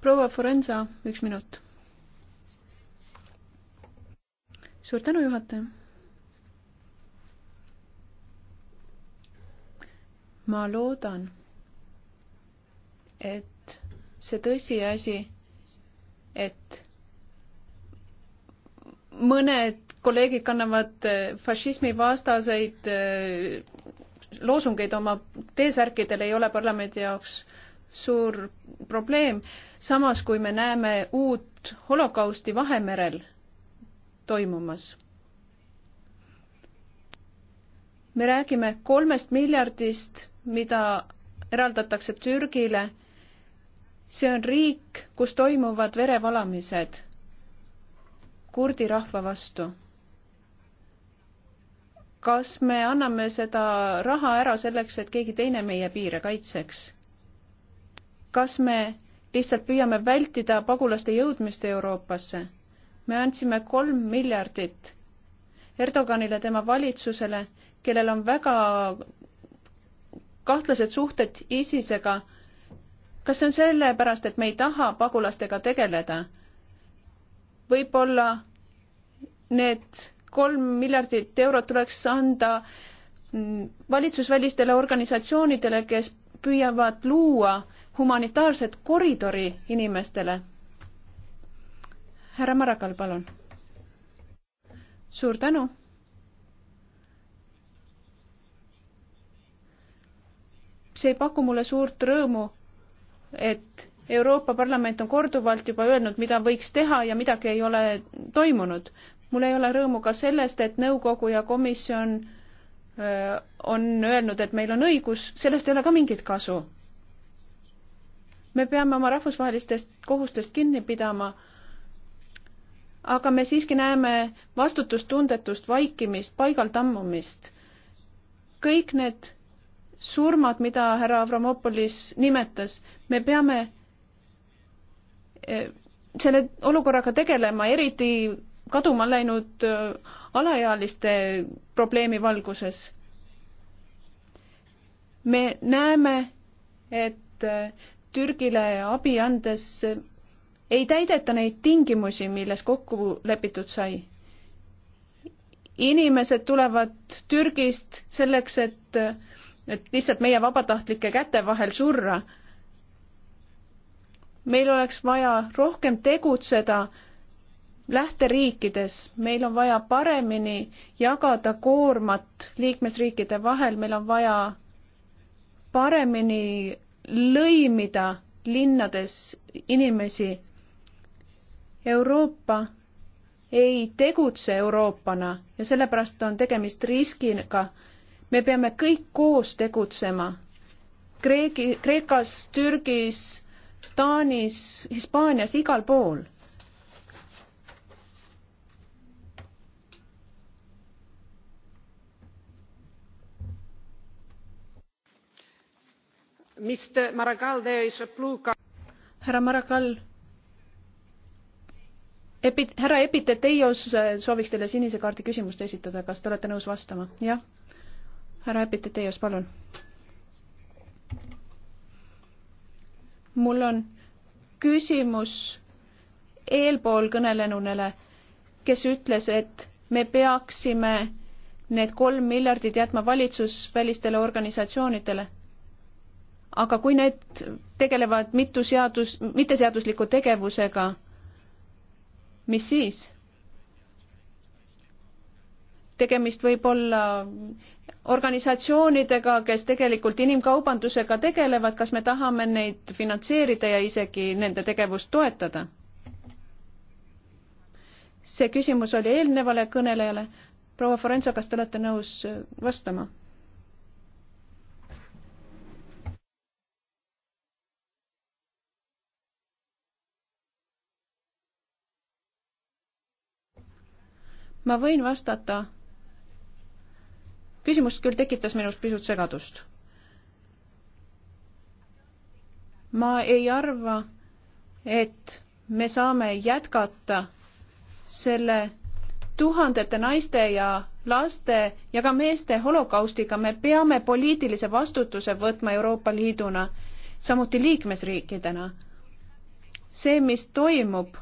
proua Forenza, üks minut. suur tänu, juhataja. ma loodan et see tõsiasi, et mõned kolleegid kannavad äh, fašismi vastaseid äh, loosungeid oma T-särkidel, ei ole parlamendi jaoks suur probleem, samas kui me näeme uut holokausti Vahemerel toimumas. me räägime kolmest miljardist, mida eraldatakse Türgile see on riik, kus toimuvad verevalamised kurdi rahva vastu. kas me anname seda raha ära selleks, et keegi teine meie piire kaitseks? kas me lihtsalt püüame vältida pagulaste jõudmist Euroopasse? me andsime kolm miljardit Erdoganile, tema valitsusele, kellel on väga kahtlased suhted ISISega kas see on sellepärast, et me ei taha pagulastega tegeleda? võib-olla need kolm miljardit eurot tuleks anda valitsusvälistele organisatsioonidele, kes püüavad luua humanitaarset koridori inimestele. härra Marakal, palun. suur tänu. see ei paku mulle suurt rõõmu et Euroopa Parlament on korduvalt juba öelnud, mida võiks teha ja midagi ei ole toimunud. mul ei ole rõõmu ka sellest, et nõukogu ja komisjon on öelnud, et meil on õigus, sellest ei ole ka mingit kasu. me peame oma rahvusvahelistest kohustest kinni pidama, aga me siiski näeme vastutustundetust, vaikimist, paigal tammumist. kõik need surmad, mida härra Avramopolis nimetas, me peame eh, selle olukorraga tegelema, eriti kaduma läinud eh, alaealiste probleemi valguses. me näeme, et eh, Türgile abi andes ei täideta neid tingimusi, milles kokku lepitud sai. inimesed tulevad Türgist selleks, et et lihtsalt meie vabatahtlike käte vahel surra. meil oleks vaja rohkem tegutseda lähteriikides, meil on vaja paremini jagada koormat liikmesriikide vahel, meil on vaja paremini lõimida linnades inimesi. Euroopa ei tegutse Euroopana ja sellepärast on tegemist riskiga me peame kõik koos tegutsema. Kreegi, Kreekas, Türgis, Taanis, Hispaanias, igal pool. härra Maragall, Epi-, härra Epiteteios sooviks teile sinise kaardi küsimust esitada, kas te olete nõus vastama? jah härra Epiteteos, palun. mul on küsimus eelpool kõnelenunele, kes ütles, et me peaksime need kolm miljardit jätma valitsusvälistele organisatsioonidele. aga kui need tegelevad mitu seadus, mitteseadusliku tegevusega, mis siis? tegemist võib olla organisatsioonidega, kes tegelikult inimkaubandusega tegelevad, kas me tahame neid finantseerida ja isegi nende tegevust toetada? see küsimus oli eelnevale kõnelejale. proua Forenso, kas te olete nõus äh, vastama? ma võin vastata küsimus küll tekitas minus pisut segadust. ma ei arva, et me saame jätkata selle tuhandete naiste ja laste ja ka meeste holokaustiga, me peame poliitilise vastutuse võtma Euroopa Liiduna, samuti liikmesriikidena. see, mis toimub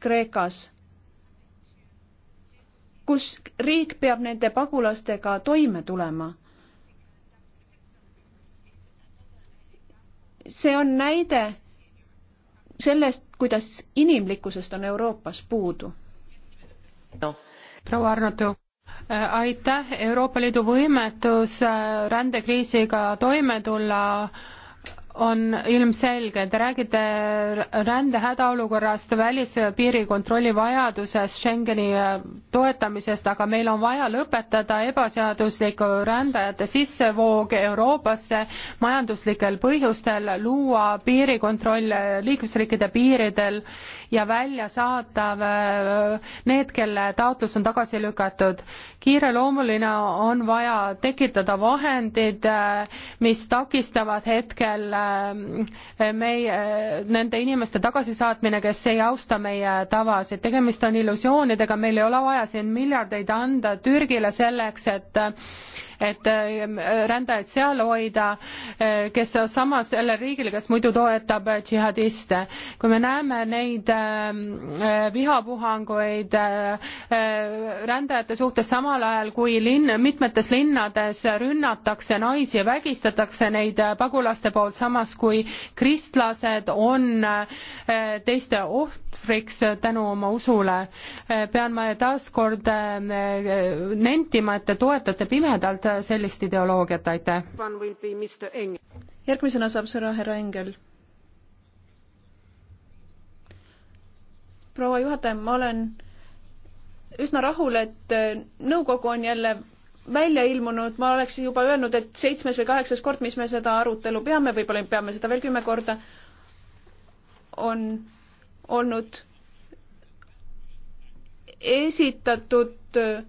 Kreekas kus riik peab nende pagulastega toime tulema. see on näide sellest, kuidas inimlikkusest on Euroopas puudu no.. proua Arnotu äh, aitäh, Euroopa Liidu võimetus äh, rändekriisiga toime tulla on ilmselge, te räägite rände hädaolukorrast, välispiiri kontrolli vajadusest, Schengeni äh, toetamisest, aga meil on vaja lõpetada ebaseadusliku rändajate sissevoog Euroopasse majanduslikel põhjustel, luua piirikontroll äh, liikmesriikide piiridel ja välja saatav äh, need, kelle taotlus on tagasi lükatud. kiireloomuline on vaja tekitada vahendid, äh, mis takistavad hetkel äh, meie, nende inimeste tagasisaatmine, kes ei austa meie tavasid. tegemist on illusioonidega, meil ei ole vaja siin miljardeid anda Türgile selleks, et et rändajaid seal hoida, kes samas sellel riigil, kes muidu toetab džihadiste. kui me näeme neid Ähm, äh, vihapuhanguid äh, äh, rändajate suhtes, samal ajal kui linn, mitmetes linnades rünnatakse naisi ja vägistatakse neid pagulaste poolt, samas kui kristlased on teiste ohvriks tänu oma usule. pean ma taaskord nentima, et te toetate pimedalt sellist ideoloogiat, aitäh. järgmisena saab sõna härra Engel proua juhataja, ma olen üsna rahul, et äh, nõukogu on jälle välja ilmunud, ma oleks juba öelnud, et seitsmes või kaheksas kord, mis me seda arutelu peame, võib-olla peame seda veel kümme korda, on olnud esitatud äh,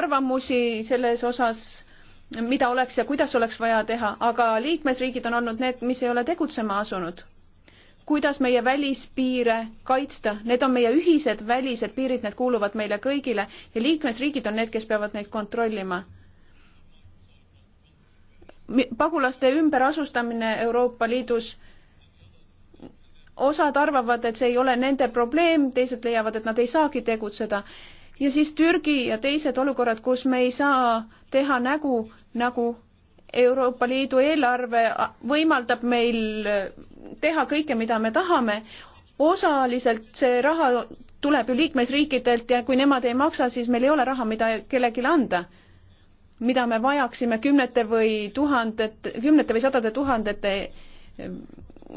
arvamusi selles osas, mida oleks ja kuidas oleks vaja teha, aga liikmesriigid on olnud need, mis ei ole tegutsema asunud kuidas meie välispiire kaitsta, need on meie ühised välised piirid, need kuuluvad meile kõigile ja liikmesriigid on need, kes peavad neid kontrollima. pagulaste ümberasustamine Euroopa Liidus, osad arvavad, et see ei ole nende probleem, teised leiavad, et nad ei saagi tegutseda. ja siis Türgi ja teised olukorrad, kus me ei saa teha nägu, nagu Euroopa Liidu eelarve võimaldab meil teha kõike, mida me tahame. osaliselt see raha tuleb ju liikmesriikidelt ja kui nemad ei maksa, siis meil ei ole raha, mida kellelegi anda, mida me vajaksime kümnete või tuhandete, kümnete või sadade tuhandete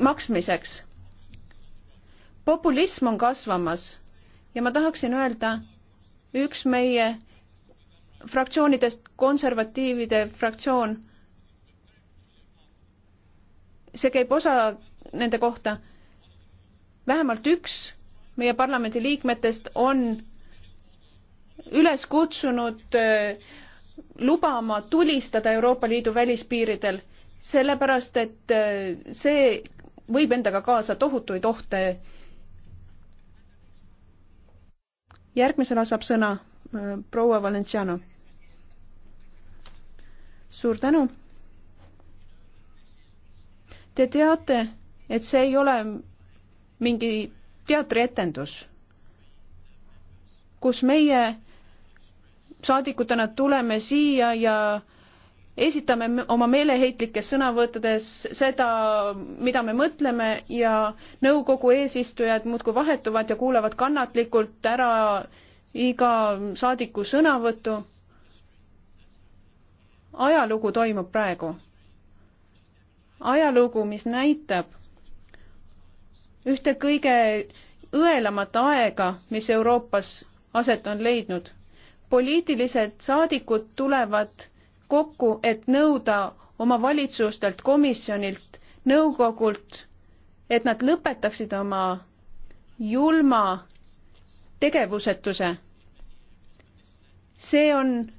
maksmiseks. populism on kasvamas ja ma tahaksin öelda, üks meie fraktsioonidest konservatiivide fraktsioon see käib osa nende kohta. vähemalt üks meie parlamendi liikmetest on üles kutsunud äh, lubama tulistada Euroopa Liidu välispiiridel, sellepärast et äh, see võib endaga kaasa tohutuid ohte. järgmisena saab sõna äh, proua Valenciano. suur tänu Te teate, et see ei ole mingi teatrietendus, kus meie saadikutena tuleme siia ja esitame oma meeleheitlikes sõnavõttudes seda, mida me mõtleme ja nõukogu eesistujad muudkui vahetuvad ja kuulavad kannatlikult ära iga saadiku sõnavõttu. ajalugu toimub praegu ajalugu, mis näitab ühte kõige õelamat aega, mis Euroopas aset on leidnud. poliitilised saadikud tulevad kokku, et nõuda oma valitsustelt, komisjonilt, nõukogult, et nad lõpetaksid oma julma tegevusetuse. see on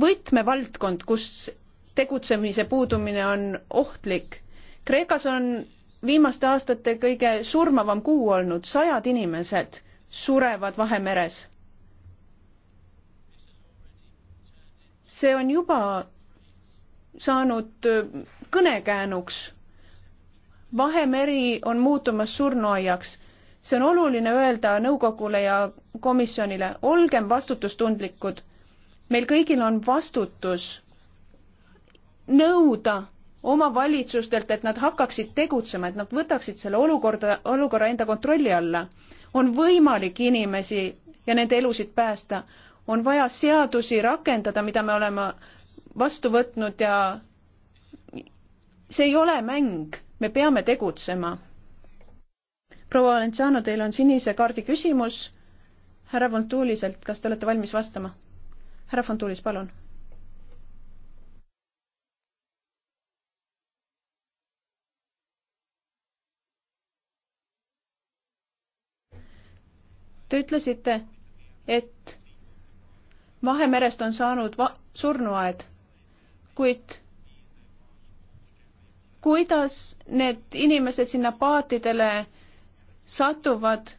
võtmevaldkond, kus tegutsemise puudumine on ohtlik. Kreekas on viimaste aastate kõige surmavam kuu olnud, sajad inimesed surevad Vahemeres. see on juba saanud kõnekäänuks. Vahemeri on muutumas surnuaiaks. see on oluline öelda nõukogule ja komisjonile, olgem vastutustundlikud. meil kõigil on vastutus nõuda omavalitsustelt, et nad hakkaksid tegutsema, et nad võtaksid selle olukorda, olukorra enda kontrolli alla. on võimalik inimesi ja nende elusid päästa, on vaja seadusi rakendada, mida me oleme vastu võtnud ja see ei ole mäng, me peame tegutsema. proua Valenciano, teil on sinise kaardi küsimus härra Fontuuliselt, kas te olete valmis vastama? härra Fontuulis, palun Te ütlesite, et Vahemerest on saanud va surnuaed, kuid kuidas need inimesed sinna paatidele satuvad,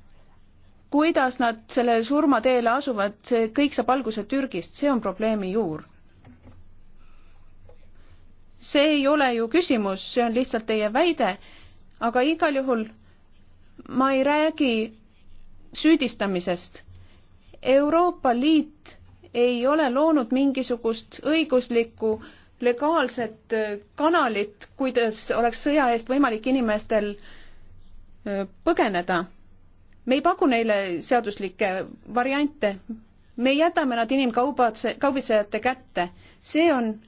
kuidas nad selle surmateele asuvad, see kõik saab alguse Türgist, see on probleemi juur. see ei ole ju küsimus, see on lihtsalt teie väide, aga igal juhul ma ei räägi süüdistamisest. Euroopa Liit ei ole loonud mingisugust õiguslikku legaalset äh, kanalit, kuidas oleks sõja eest võimalik inimestel äh, põgeneda. me ei paku neile seaduslikke variante, me jätame nad inimkaubatse, kaubitsejate kätte. see on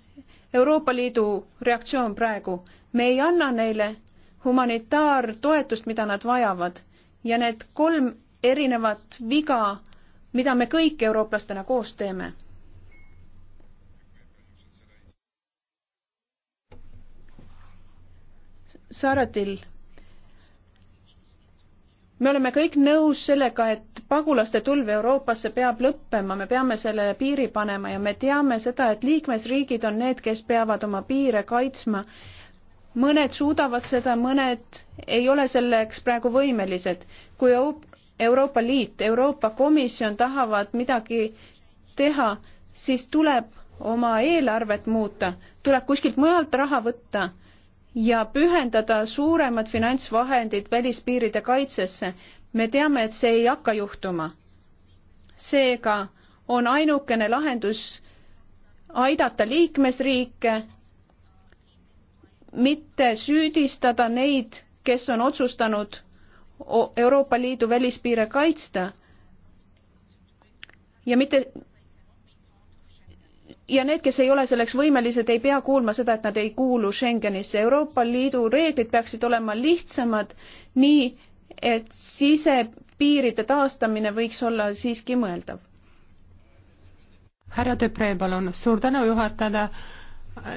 Euroopa Liidu reaktsioon praegu. me ei anna neile humanitaartoetust, mida nad vajavad ja need kolm erinevat viga, mida me kõik eurooplastena koos teeme. Saaratil me oleme kõik nõus sellega, et pagulaste tulv Euroopasse peab lõppema, me peame sellele piiri panema ja me teame seda, et liikmesriigid on need, kes peavad oma piire kaitsma. mõned suudavad seda, mõned ei ole selleks praegu võimelised. kui Euroopa Liit, Euroopa Komisjon tahavad midagi teha, siis tuleb oma eelarvet muuta, tuleb kuskilt mujalt raha võtta ja pühendada suuremad finantsvahendid välispiiride kaitsesse. me teame, et see ei hakka juhtuma. seega on ainukene lahendus aidata liikmesriike, mitte süüdistada neid, kes on otsustanud Euroopa Liidu välispiire kaitsta ja mitte ja need, kes ei ole selleks võimelised, ei pea kuulma seda, et nad ei kuulu Schengenisse. Euroopa Liidu reeglid peaksid olema lihtsamad, nii et sisepiiride taastamine võiks olla siiski mõeldav. härra Depree, palun, suur tänu juhatajale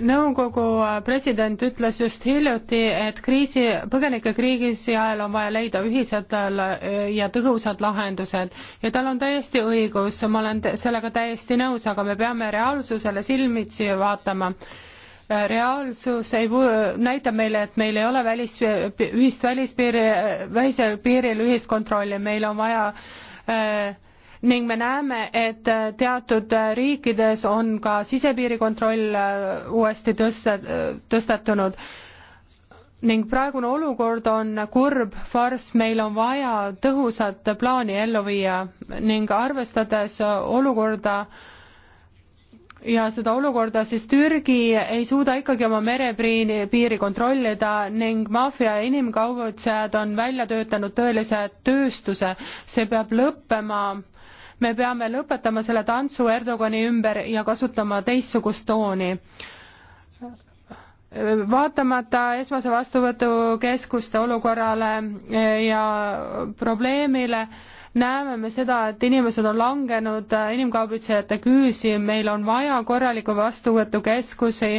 nõukogu president ütles just hiljuti, et kriisi, põgenikekriisi ajal on vaja leida ühised ja tõhusad lahendused ja tal on täiesti õigus, ma olen sellega täiesti nõus, aga me peame reaalsusele silmitsi vaatama. reaalsus ei näita meile, et meil ei ole välis, ühist välispiiri, välisel piiril ühist kontrolli, meil on vaja äh, ning me näeme, et äh, teatud äh, riikides on ka sisepiiri kontroll äh, uuesti tõste, tõstetunud. ning praegune olukord on kurb farss, meil on vaja tõhusat plaani ellu viia ning arvestades olukorda, ja seda olukorda, siis Türgi ei suuda ikkagi oma merepiiri, piiri kontrollida ning maffia ja inimkaubitsejad on välja töötanud tõelise tööstuse. see peab lõppema äh, me peame lõpetama selle tantsu Erdogani ümber ja kasutama teistsugust tooni vaatamata esmase vastuvõtukeskuste olukorrale ja probleemile näeme me seda, et inimesed on langenud äh, inimkaubitsejate küüsi, meil on vaja korralikku vastuvõtukeskusi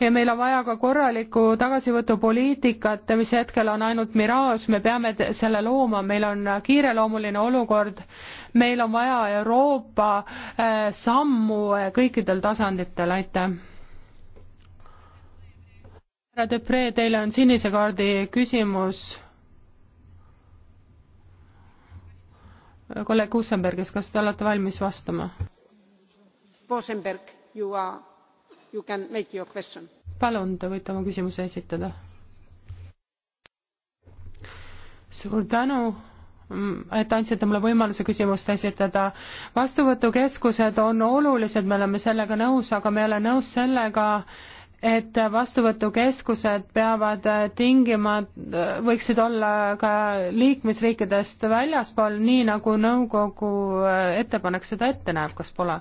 ja meil on vaja ka korralikku tagasivõtupoliitikat, mis hetkel on ainult miraaž, me peame selle looma, meil on kiireloomuline olukord, meil on vaja Euroopa äh, sammu äh, kõikidel tasanditel, aitäh! härra Depree, teile on sinise kaardi küsimus kolleeg Kuusenbergis, kas te olete valmis vastama? palun, te võite oma küsimuse esitada. suur tänu, et andsite mulle võimaluse küsimust esitada. vastuvõtukeskused on olulised, me oleme sellega nõus, aga me ei ole nõus sellega, et vastuvõtukeskused peavad tingima, võiksid olla ka liikmesriikidest väljaspool, nii nagu nõukogu ettepanek seda ette näeb, kas pole?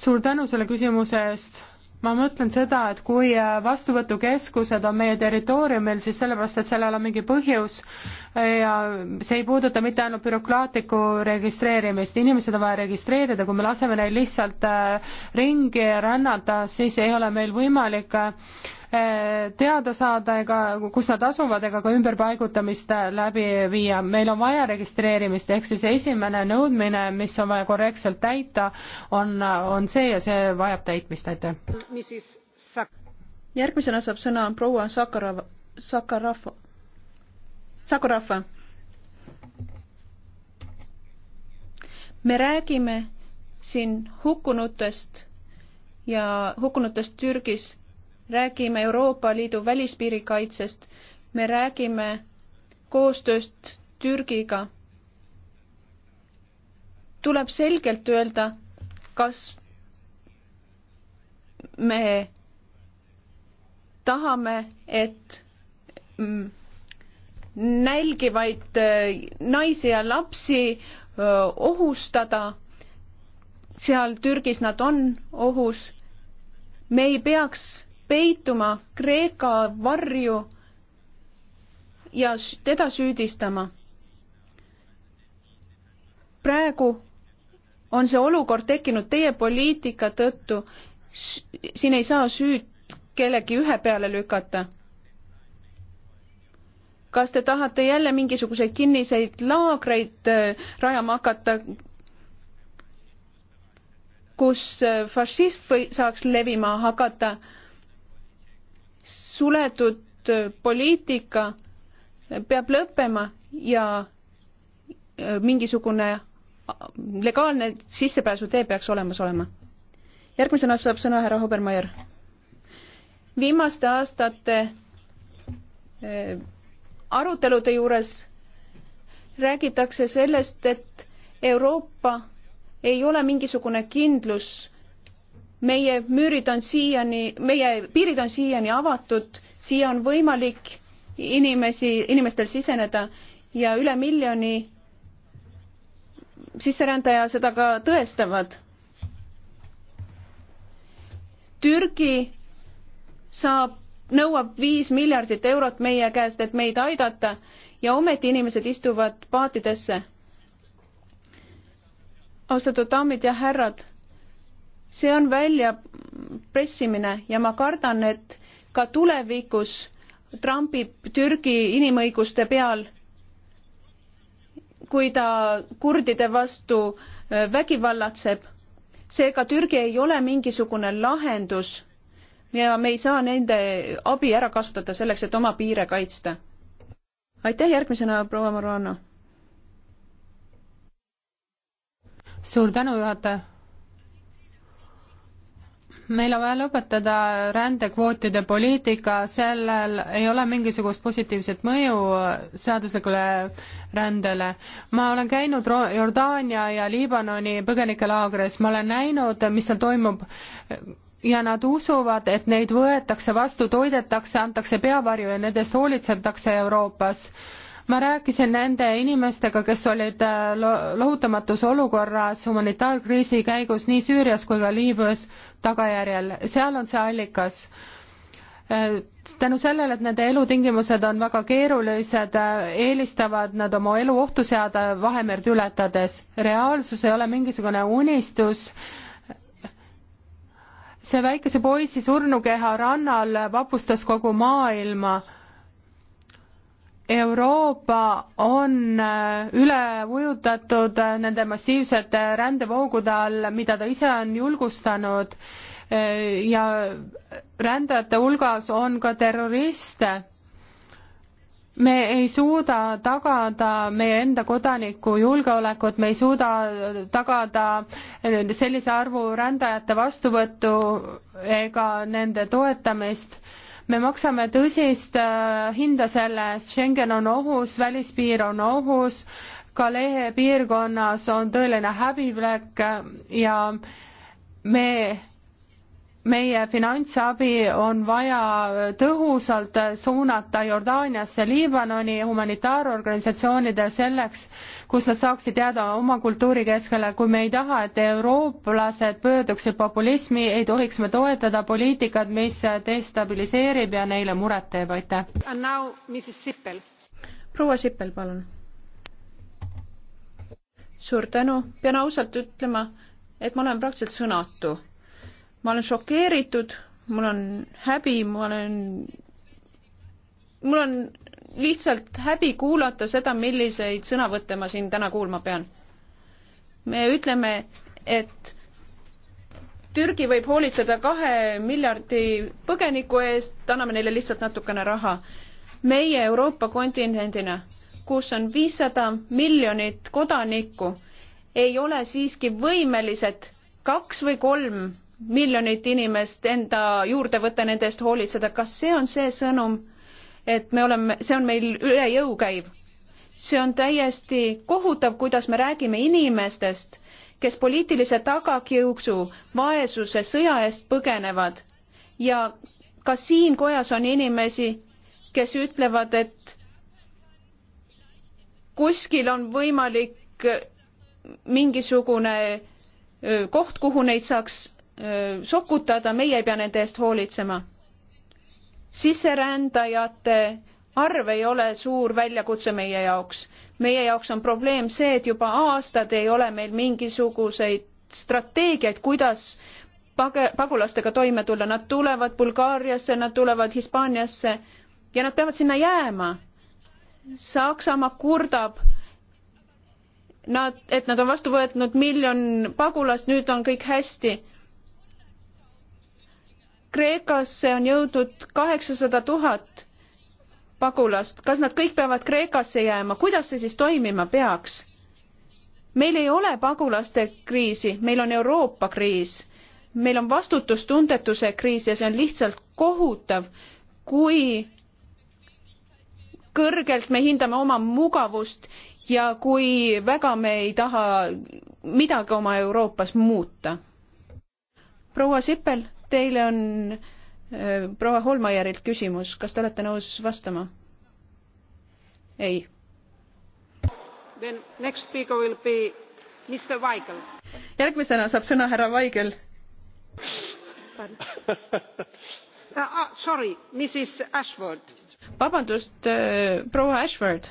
suur tänu selle küsimuse eest ma mõtlen seda, et kui äh, vastuvõtukeskused on meie territooriumil, siis sellepärast, et sellel on mingi põhjus äh, ja see ei puuduta mitte ainult bürokraatlikku registreerimist, inimesed on vaja registreerida, kui me laseme neil lihtsalt äh, ringi rännata, siis ei ole meil võimalik äh, teada saada ega kus nad asuvad ega ka ümberpaigutamist läbi viia. meil on vaja registreerimist, ehk siis esimene nõudmine, mis on vaja korrektselt täita, on, on see ja see vajab täitmist, aitäh. järgmisena saab sõna proua Sakarava, Sakarahva, Sakarahva. me räägime siin hukkunutest ja hukkunutest Türgis räägime Euroopa Liidu välispiiri kaitsest, me räägime koostööst Türgiga. tuleb selgelt öelda, kas me tahame, et mm, nälgivaid äh, naisi ja lapsi äh, ohustada. seal Türgis nad on ohus. me ei peaks peituma Kreeka varju ja teda süüdistama. praegu on see olukord tekkinud teie poliitika tõttu. siin ei saa süüd kellegi ühe peale lükata. kas te tahate jälle mingisuguseid kinniseid laagreid äh, rajama hakata, kus äh, fašism saaks levima hakata? suletud poliitika peab lõppema ja äh, mingisugune äh, legaalne sissepääsutee peaks olemas olema. järgmisena saab sõna härra Hobermeier. viimaste aastate äh, arutelude juures räägitakse sellest, et Euroopa ei ole mingisugune kindlus meie müürid on siiani, meie piirid on siiani avatud, siia on võimalik inimesi, inimestel siseneda ja üle miljoni sisserändaja seda ka tõestavad. Türgi saab, nõuab viis miljardit eurot meie käest, et meid aidata ja ometi inimesed istuvad paatidesse. austatud daamid ja härrad see on väljapressimine ja ma kardan, et ka tulevikus trampib Türgi inimõiguste peal, kui ta kurdide vastu äh, vägivallatseb. seega Türgi ei ole mingisugune lahendus ja me ei saa nende abi ära kasutada selleks, et oma piire kaitsta. aitäh, järgmisena proua Marano. suur tänu, juhataja meil on vaja lõpetada rändekvootide poliitika, sellel ei ole mingisugust positiivset mõju seaduslikule rändele. ma olen käinud Jordaania ja Liibanoni põgenikelaagris, ma olen näinud, mis seal toimub ja nad usuvad, et neid võetakse vastu, toidetakse, antakse peavarju ja nendest hoolitsetakse Euroopas ma rääkisin nende inimestega, kes olid äh, lohutamatus olukorras humanitaarkriisi käigus nii Süürias kui ka Liibüas tagajärjel, seal on see allikas äh, tänu sellele, et nende elutingimused on väga keerulised, äh, eelistavad nad oma elu ohtu seada Vahemerd ületades. reaalsus ei ole mingisugune unistus. see väikese poisi surnukeha rannal vapustas kogu maailma Euroopa on äh, üle ujutatud äh, nende massiivsete rändevoogude all, mida ta ise on julgustanud äh, ja rändajate hulgas on ka terroriste. me ei suuda tagada meie enda kodaniku julgeolekut, me ei suuda tagada sellise arvu rändajate vastuvõttu ega nende toetamist me maksame tõsist äh, hinda selle eest, Schengen on ohus, välispiir on ohus, Calais piirkonnas on tõeline häbiplekk äh, ja me meie finantsabi on vaja tõhusalt suunata Jordaaniasse, Liibanoni humanitaarorganisatsioonidele selleks, kus nad saaksid jääda oma kultuuri keskele, kui me ei taha, et eurooplased pöörduksid populismi, ei tohiks me toetada poliitikat, mis destabiliseerib ja neile muret teeb, aitäh. proua Sippel, palun. suur tänu, pean ausalt ütlema, et ma olen praktiliselt sõnatu. ma olen šokeeritud, mul on häbi, ma olen mul on lihtsalt häbi kuulata seda, milliseid sõnavõtte ma siin täna kuulma pean. me ütleme, et Türgi võib hoolitseda kahe miljardi põgeniku eest, anname neile lihtsalt natukene raha. meie Euroopa kontinendina, kus on viissada miljonit kodanikku, ei ole siiski võimelised kaks või kolm miljonit inimest enda juurde võtta, nende eest hoolitseda, kas see on see sõnum, et me oleme, see on meil üle jõu käiv. see on täiesti kohutav, kuidas me räägime inimestest, kes poliitilise tagakiusu, vaesuse, sõja eest põgenevad. ja ka siin kojas on inimesi, kes ütlevad, et kuskil on võimalik mingisugune koht, kuhu neid saaks sokutada, meie ei pea nende eest hoolitsema sisserändajate arv ei ole suur väljakutse meie jaoks. meie jaoks on probleem see, et juba aastad ei ole meil mingisuguseid strateegiaid, kuidas page-, pagulastega toime tulla, nad tulevad Bulgaariasse, nad tulevad Hispaaniasse ja nad peavad sinna jääma. Saksamaa kurdab, nad, et nad on vastu võtnud miljon pagulast, nüüd on kõik hästi Kreekasse on jõudnud kaheksasada tuhat pagulast, kas nad kõik peavad Kreekasse jääma, kuidas see siis toimima peaks? meil ei ole pagulaste kriisi, meil on Euroopa kriis, meil on vastutustundetuse kriis ja see on lihtsalt kohutav, kui kõrgelt me hindame oma mugavust ja kui väga me ei taha midagi oma Euroopas muuta. proua Sipel Teile on äh, proua Holmajärilt küsimus, kas te olete nõus vastama? ei. järgmisena saab sõna härra Vaigel. [laughs] Uh, uh, sorry, Mrs Ashford. vabandust, äh, proua Ashford.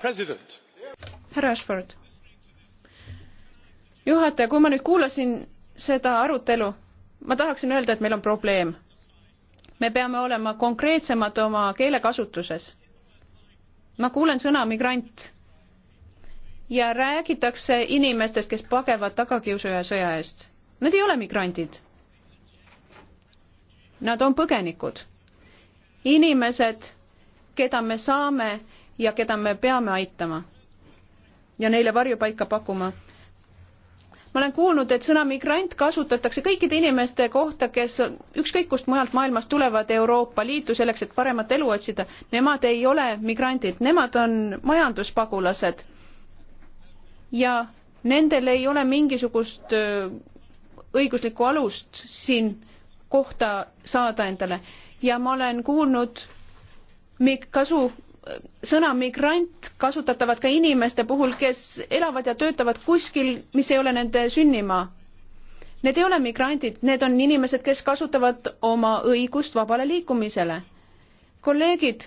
härra Ashford. juhataja, kui ma nüüd kuulasin seda arutelu ma tahaksin öelda, et meil on probleem. me peame olema konkreetsemad oma keelekasutuses. ma kuulen sõna migrant ja räägitakse inimestest, kes pagevad tagakiusu ja sõja eest. Nad ei ole migrandid. Nad on põgenikud. inimesed, keda me saame ja keda me peame aitama ja neile varjupaika pakkuma ma olen kuulnud, et sõna migrant kasutatakse kõikide inimeste kohta, kes ükskõik kust mujalt maailmast tulevad Euroopa Liitu selleks, et paremat elu otsida. Nemad ei ole migrandid, nemad on majanduspagulased. ja nendel ei ole mingisugust äh, õiguslikku alust siin kohta saada endale ja ma olen kuulnud kasu sõna migrant kasutatavad ka inimeste puhul, kes elavad ja töötavad kuskil, mis ei ole nende sünnimaa. Need ei ole migrandid, need on inimesed, kes kasutavad oma õigust vabale liikumisele. kolleegid,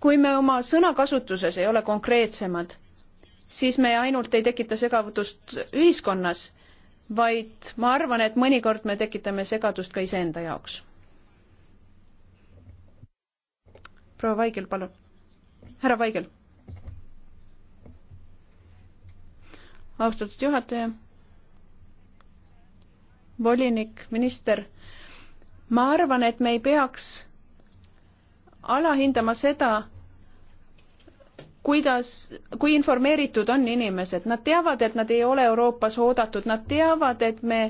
kui me oma sõnakasutuses ei ole konkreetsemad, siis me ainult ei tekita segadust ühiskonnas, vaid ma arvan, et mõnikord me tekitame segadust ka iseenda jaoks proua Vaigel, palun. härra Vaigel. austatud juhataja, volinik, minister, ma arvan, et me ei peaks alahindama seda, kuidas, kui informeeritud on inimesed, nad teavad, et nad ei ole Euroopas oodatud, nad teavad, et me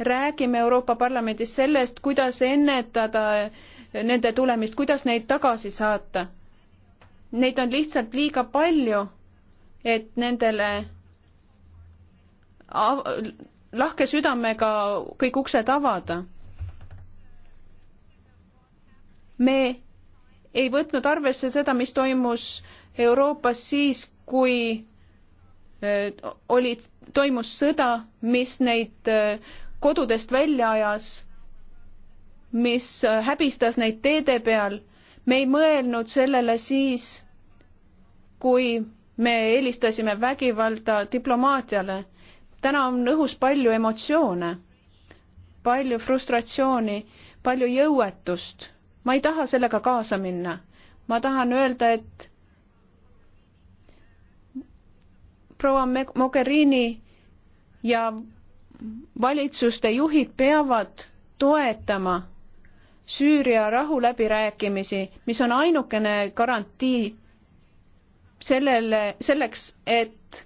räägime Euroopa Parlamendis sellest, kuidas ennetada äh, nende tulemist, kuidas neid tagasi saata. Neid on lihtsalt liiga palju, et nendele lahke südamega kõik uksed avada. me ei võtnud arvesse seda, mis toimus Euroopas siis, kui äh, oli, toimus sõda, mis neid äh, kodudest välja ajas mis äh, häbistas neid teede peal. me ei mõelnud sellele siis, kui me eelistasime vägivalda diplomaatiale. täna on õhus palju emotsioone, palju frustratsiooni, palju jõuetust. ma ei taha sellega kaasa minna. ma tahan öelda, et proua Mogherini ja valitsuste juhid peavad toetama Süüria rahuläbirääkimisi, mis on ainukene garantii sellele, selleks, et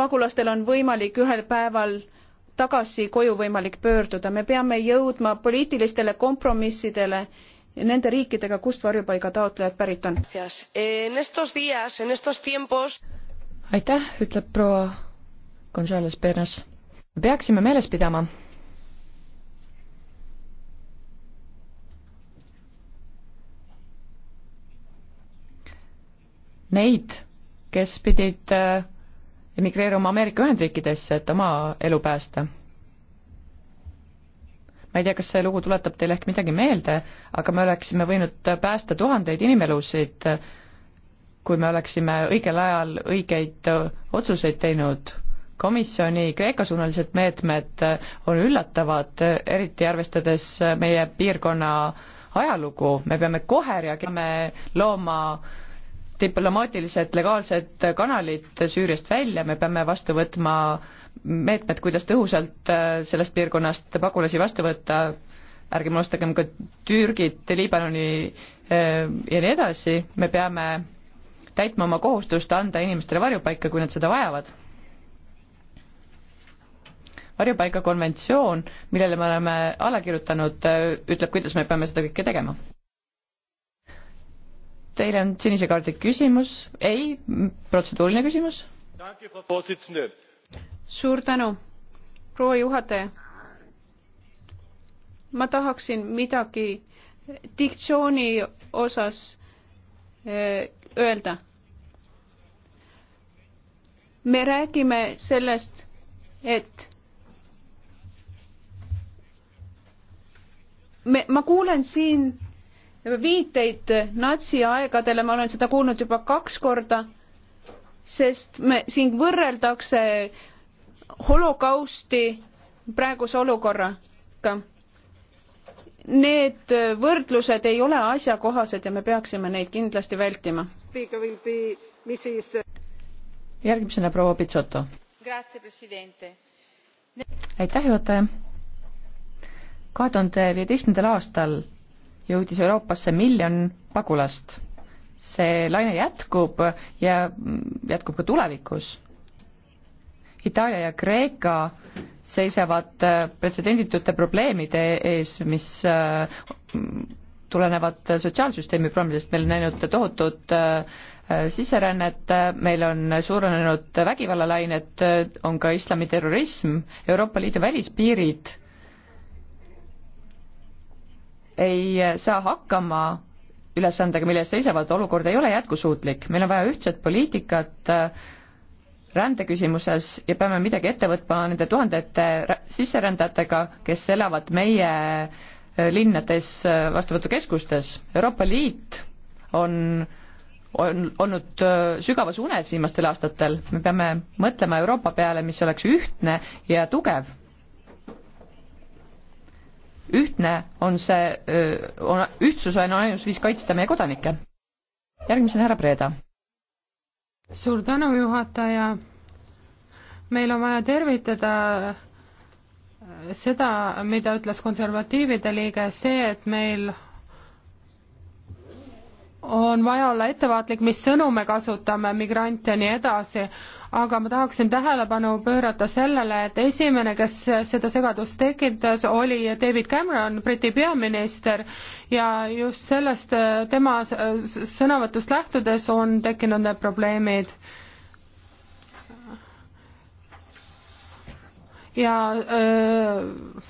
pagulastel on võimalik ühel päeval tagasi koju võimalik pöörduda, me peame jõudma poliitilistele kompromissidele nende riikidega, kust varjupaiga taotlejad pärit on. aitäh, ütleb proua Gonzales Pernas. peaksime meeles pidama, neid, kes pidid äh, emigreeruma Ameerika Ühendriikidesse, et oma elu päästa. ma ei tea, kas see lugu tuletab teile ehk midagi meelde, aga me oleksime võinud päästa tuhandeid inimelusid, kui me oleksime õigel ajal õigeid äh, otsuseid teinud. komisjoni Kreeka-suunalised meetmed äh, on üllatavad, eriti arvestades meie piirkonna ajalugu, me peame kohe reageerima, looma diplomaatilised legaalsed kanalid Süüriast välja, me peame vastu võtma meetmed, kuidas tõhusalt äh, sellest piirkonnast pagulasi vastu võtta, ärgem unustagem ka Türgit, Liibanoni äh, ja nii edasi, me peame täitma oma kohustust anda inimestele varjupaika, kui nad seda vajavad. varjupaigakonventsioon, millele me oleme alla kirjutanud, äh, ütleb, kuidas me peame seda kõike tegema teile on sinise kaardi küsimus, ei, protseduuriline küsimus. suur tänu, proua juhataja. ma tahaksin midagi diktsiooni osas eh, öelda. me räägime sellest, et me, ma kuulen siin viiteid natsiaegadele, ma olen seda kuulnud juba kaks korda, sest me siin võrreldakse holokausti praeguse olukorraga. Need võrdlused ei ole asjakohased ja me peaksime neid kindlasti vältima. järgmisena proua Pitsoto. aitäh, juhataja. kahe tuhande viieteistkümnendal aastal jõudis Euroopasse miljon pagulast. see laine jätkub ja jätkub ka tulevikus. Itaalia ja Kreeka seisavad äh, pretsedenditute probleemide ees, mis äh, tulenevad sotsiaalsüsteemi probleemidest, me oleme näinud tohutut äh, sisserännet, meil on suurenenud vägivallalained, on ka islamiterrorism, Euroopa Liidu välispiirid ei saa hakkama ülesandega, mille ees seisavad, olukord ei ole jätkusuutlik, meil on vaja ühtset poliitikat äh, rändeküsimuses ja peame midagi ette võtma nende tuhandete sisserändajatega, kes elavad meie äh, linnades äh, vastuvõtukeskustes. Euroopa Liit on, on olnud sügavas unes viimastel aastatel, me peame mõtlema Euroopa peale, mis oleks ühtne ja tugev ühtne on see, on, ühtsus on ainus viis kaitsta meie kodanikke. järgmisena härra Preeda. suur tänu, juhataja. meil on vaja tervitada seda, mida ütles konservatiivide liige, see, et meil on vaja olla ettevaatlik, mis sõnu me kasutame migrante ja nii edasi aga ma tahaksin tähelepanu pöörata sellele, et esimene, kes seda segadust tekitas, oli David Cameron, Briti peaminister, ja just sellest äh, tema sõnavõtust lähtudes on tekkinud need probleemid ja öö, äh,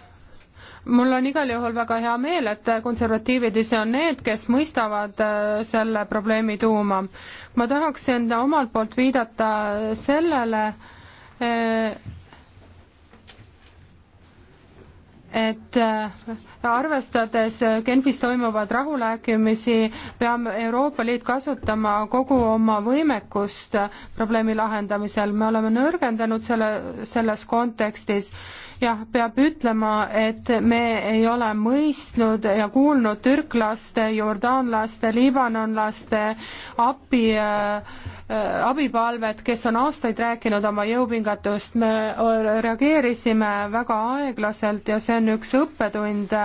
mul on igal juhul väga hea meel, et konservatiivid ise on need, kes mõistavad äh, selle probleemi tuuma. ma tahaksin omalt poolt viidata sellele, äh, et äh, arvestades Genfis toimuvad rahulääkimisi, peab Euroopa Liit kasutama kogu oma võimekust probleemi lahendamisel. me oleme nõrgendanud selle, selles kontekstis jah, peab ütlema, et me ei ole mõistnud ja kuulnud türklaste, jordaanlaste, liibanonlaste appi äh, abipalved, kes on aastaid rääkinud oma jõupingatust, me reageerisime väga aeglaselt ja see on üks õppetund.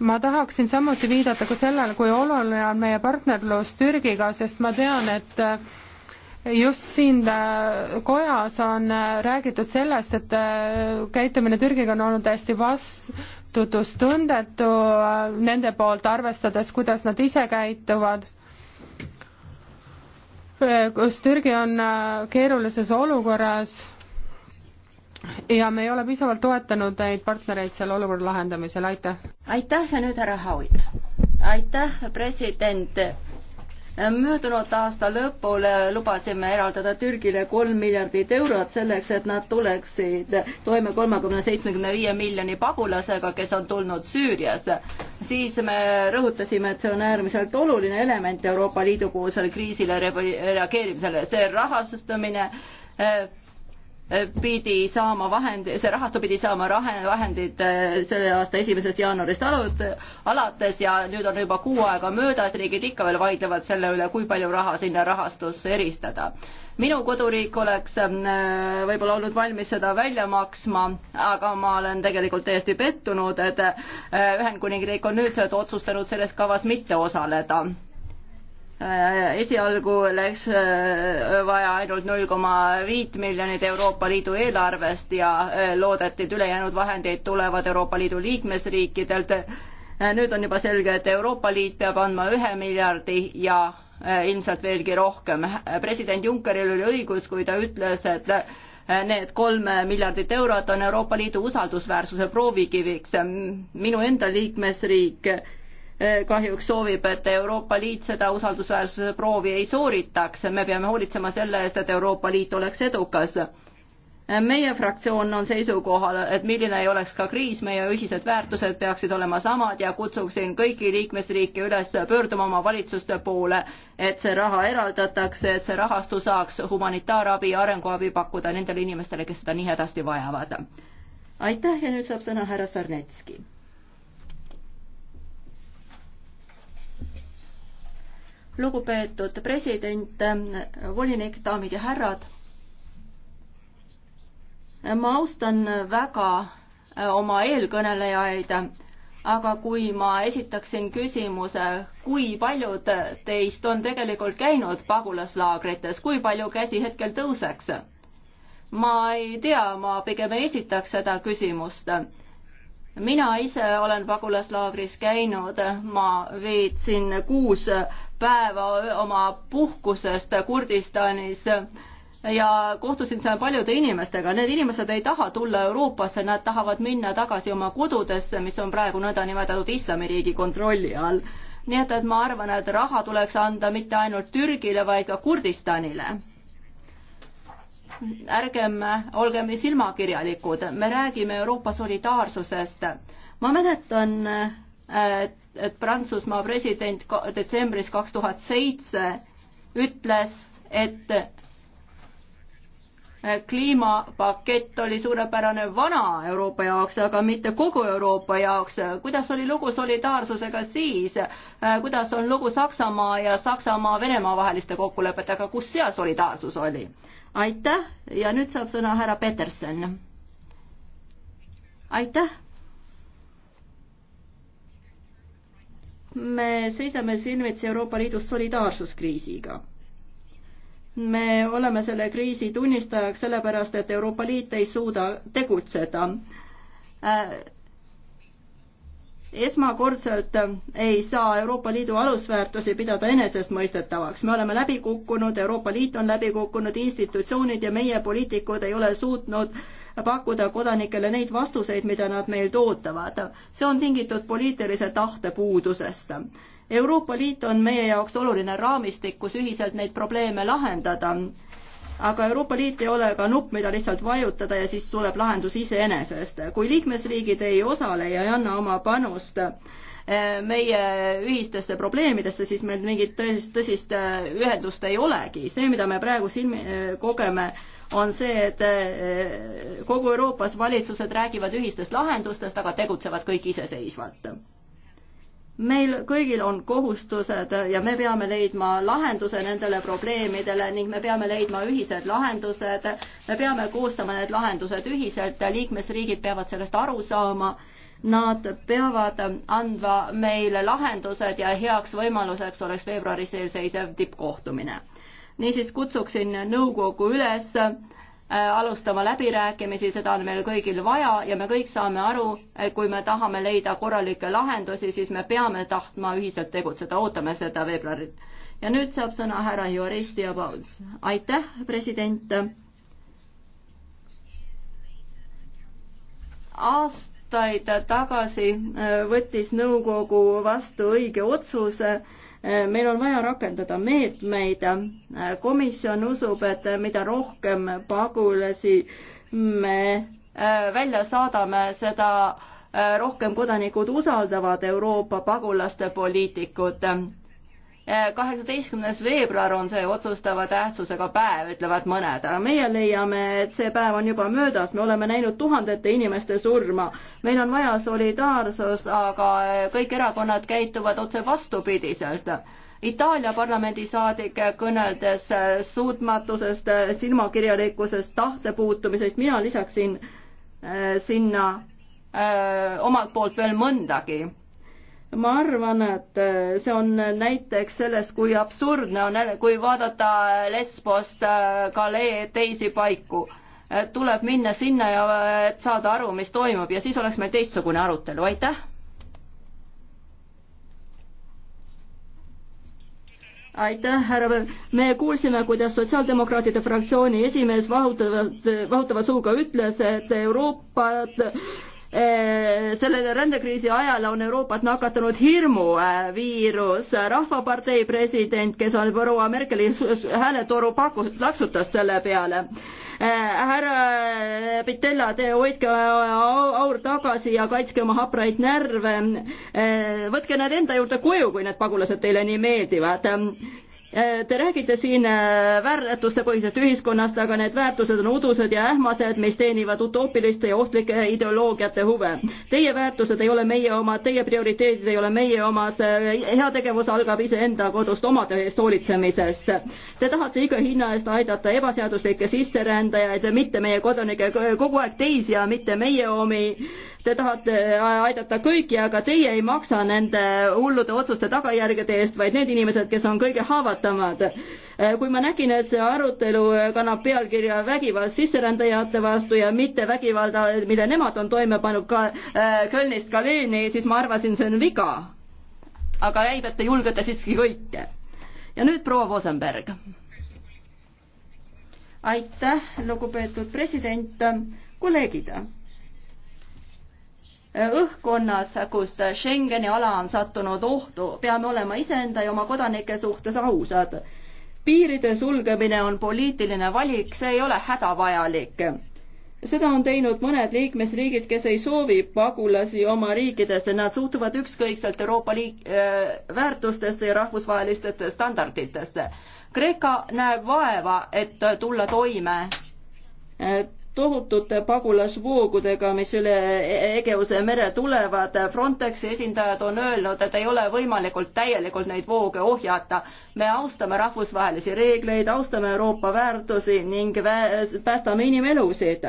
ma tahaksin samuti viidata ka sellele, kui oluline on meie partnerlus Türgiga, sest ma tean, et just siin kojas on äh, räägitud sellest, et äh, käitumine Türgiga on olnud täiesti vastutustundetu äh, nende poolt, arvestades, kuidas nad ise käituvad. kus Türgi on keerulises olukorras ja me ei ole piisavalt toetanud neid partnereid selle olukorra lahendamisel, aitäh! aitäh ja nüüd härra Haud! aitäh, president! möödunud aasta lõpul lubasime eraldada Türgile kolm miljardit eurot selleks, et nad tuleksid toime kolmekümne seitsmekümne viie miljoni pagulasega, kes on tulnud Süürias. siis me rõhutasime, et see on äärmiselt oluline element Euroopa Liidu puhul selle kriisile reageerimisele, see rahastamine pidi saama vahend, see rahastu pidi saama vahendid äh, selle aasta esimesest jaanuarist alates ja nüüd on juba kuu aega möödas, riigid ikka veel vaidlevad selle üle, kui palju raha sinna rahastusse eristada. minu koduriik oleks äh, võib-olla olnud valmis seda välja maksma, aga ma olen tegelikult täiesti pettunud, et äh, Ühendkuningriik on nüüdseks otsustanud selles kavas mitte osaleda Äh, esialgu läks äh, vaja ainult null koma viit miljonit Euroopa Liidu eelarvest ja äh, loodeti, et ülejäänud vahendeid tulevad Euroopa Liidu liikmesriikidelt. nüüd on juba selge, et Euroopa Liit peab andma ühe miljardi ja ilmselt veelgi rohkem. president Junckeril oli õigus, kui ta ütles, et need kolm miljardit eurot on Euroopa Liidu usaldusväärsuse proovikiviks. minu enda liikmesriik Eh, kahjuks soovib, et Euroopa Liit seda usaldusväärsuse proovi ei sooritaks. me peame hoolitsema selle eest, et Euroopa Liit oleks edukas. Eh, meie fraktsioon on seisukohal, et milline ei oleks ka kriis, meie ühised väärtused peaksid olema samad ja kutsuksin kõiki liikmesriike üles pöörduma oma valitsuste poole, et see raha eraldatakse, et see rahastu saaks humanitaarabi ja arenguabi pakkuda nendele inimestele, kes seda nii hädasti vajavad. aitäh ja nüüd saab sõna härra Sarnetski lugupeetud president, volinik, daamid ja härrad. ma austan väga oma eelkõnelejaid, aga kui ma esitaksin küsimuse, kui paljud teist on tegelikult käinud pagulaslaagrites, kui palju käsi hetkel tõuseks? ma ei tea, ma pigem ei esitaks seda küsimust. mina ise olen pagulaslaagris käinud, ma veetsin kuus päeva oma puhkusest Kurdistanis ja kohtusin seal paljude inimestega, need inimesed ei taha tulla Euroopasse, nad tahavad minna tagasi oma kodudesse, mis on praegu nõndanimetatud islamiriigi kontrolli all. nii et, et ma arvan, et raha tuleks anda mitte ainult Türgile, vaid ka Kurdistanile. ärgem olgem nii silmakirjalikud, me räägime Euroopa solidaarsusest. ma mäletan, et et Prantsusmaa president detsembris kaks tuhat seitse ütles, et kliimapakett oli suurepärane vana Euroopa jaoks, aga mitte kogu Euroopa jaoks. kuidas oli lugu solidaarsusega siis? kuidas on lugu Saksamaa ja Saksamaa-Venemaa vaheliste kokkulepetega, kus seal solidaarsus oli? aitäh ja nüüd saab sõna härra Peterson. aitäh me seisame silmitsi Euroopa Liidus solidaarsuskriisiga. me oleme selle kriisi tunnistajaks sellepärast, et Euroopa Liit ei suuda tegutseda. Äh, esmakordselt ei saa Euroopa Liidu alusväärtusi pidada enesestmõistetavaks, me oleme läbi kukkunud, Euroopa Liit on läbi kukkunud, institutsioonid ja meie poliitikud ei ole suutnud äh, pakkuda kodanikele neid vastuseid, mida nad meilt ootavad. see on tingitud poliitilise tahte puudusest. Euroopa Liit on meie jaoks oluline raamistik, kus ühiselt neid probleeme lahendada. aga Euroopa Liit ei ole ka nupp, mida lihtsalt vajutada ja siis tuleb lahendus iseenesest. kui liikmesriigid ei osale ja ei anna oma panust, eh, meie ühistesse probleemidesse, siis meil mingit tõsist, tõsist eh, ühendust ei olegi. see, mida me praegu silmi, eh, kogeme, on see, et eh, kogu Euroopas valitsused räägivad ühistest lahendustest, aga tegutsevad kõik iseseisvalt. meil kõigil on kohustused ja me peame leidma lahenduse nendele probleemidele ning me peame leidma ühised lahendused, me peame koostama need lahendused ühiselt ja liikmesriigid peavad sellest aru saama nad peavad andma meile lahendused ja heaks võimaluseks oleks veebruaris eelseisev tippkohtumine niisiis kutsuksin nõukogu üles äh, alustama läbirääkimisi, seda on meil kõigil vaja ja me kõik saame aru, et kui me tahame leida korralikke lahendusi, siis me peame tahtma ühiselt tegutseda, ootame seda veebruarit. ja nüüd saab sõna härra jurist ja Pauls. aitäh, president. aastaid tagasi äh, võttis nõukogu vastu õige otsuse meil on vaja rakendada meetmeid. komisjon usub, et mida rohkem pagulasi me äh, välja saadame, seda äh, rohkem kodanikud usaldavad Euroopa pagulaste poliitikut kaheksateistkümnes veebruar on see otsustava tähtsusega päev, ütlevad mõned, aga meie leiame, et see päev on juba möödas, me oleme näinud tuhandete inimeste surma. meil on vaja solidaarsust, aga kõik erakonnad käituvad otse vastupidiselt. Itaalia parlamendisaadik kõneldes suutmatusest, silmakirjalikkusest, tahte puutumisest, mina lisaksin äh, sinna öö, äh, omalt poolt veel mõndagi ma arvan, et äh, see on näiteks sellest, kui absurdne on, äh, kui vaadata Lesbost Galee äh, teisi paiku. tuleb minna sinna ja et saada aru, mis toimub ja siis oleks meil teistsugune arutelu, aitäh. aitäh, härra, me kuulsime, kuidas sotsiaaldemokraatide fraktsiooni esimees vahutava, vahutava suuga ütles, et Euroopat Eh, selle rändekriisi ajal on Euroopat nakatunud hirmuviirus. rahvapartei president, kes on proua Merkeli hääletoru paku-, laksutas selle peale eh, härra Pitella, te hoidke aur tagasi ja kaitske oma hapraid närve. Eh, võtke nad enda juurde koju, kui need pagulased teile nii meeldivad Äh, te räägite siin äh, väärtustepõhisest ühiskonnast, aga need väärtused on udused ja ähmased, mis teenivad utoopiliste ja ohtlike ideoloogiate huve. Teie väärtused ei ole meie omad, teie prioriteedid ei ole meie omas, äh, heategevus algab iseenda kodust omade eest hoolitsemisest. Te tahate iga hinna eest aidata ebaseaduslikke sisserändajaid, mitte meie kodanikke, kogu aeg teisi ja mitte meie omi Te tahate äh, aidata kõiki, aga teie ei maksa nende hullude otsuste tagajärgede eest, vaid need inimesed, kes on kõige haavatavamad. Äh, kui ma nägin, et see arutelu äh, kannab pealkirja vägivald sisserändajate vastu ja mitte vägivalda, mille nemad on toime pannud ka Kölnist Galeeni, siis ma arvasin, see on viga. aga jäi, et te julgete siiski kõike. ja nüüd proua Vosenberg aitäh, lugupeetud president, kolleegid õhkkonnas, kus Schengeni ala on sattunud ohtu, peame olema iseenda ja oma kodanike suhtes ausad. piiride sulgemine on poliitiline valik, see ei ole hädavajalik. seda on teinud mõned liikmesriigid, kes ei soovi pagulasi oma riikidesse, nad suhtuvad ükskõikselt Euroopa liik- äh,, väärtustesse ja rahvusvahelistesse standarditesse. Kreeka näeb vaeva, et tulla toime et äh, tohutute pagulasvoogudega, mis üle Egeuse mere tulevad. Frontexi esindajad on öelnud, et ei ole võimalikult täielikult neid vooge ohjata. me austame rahvusvahelisi reegleid, austame Euroopa väärtusi ning vä päästame inimelusid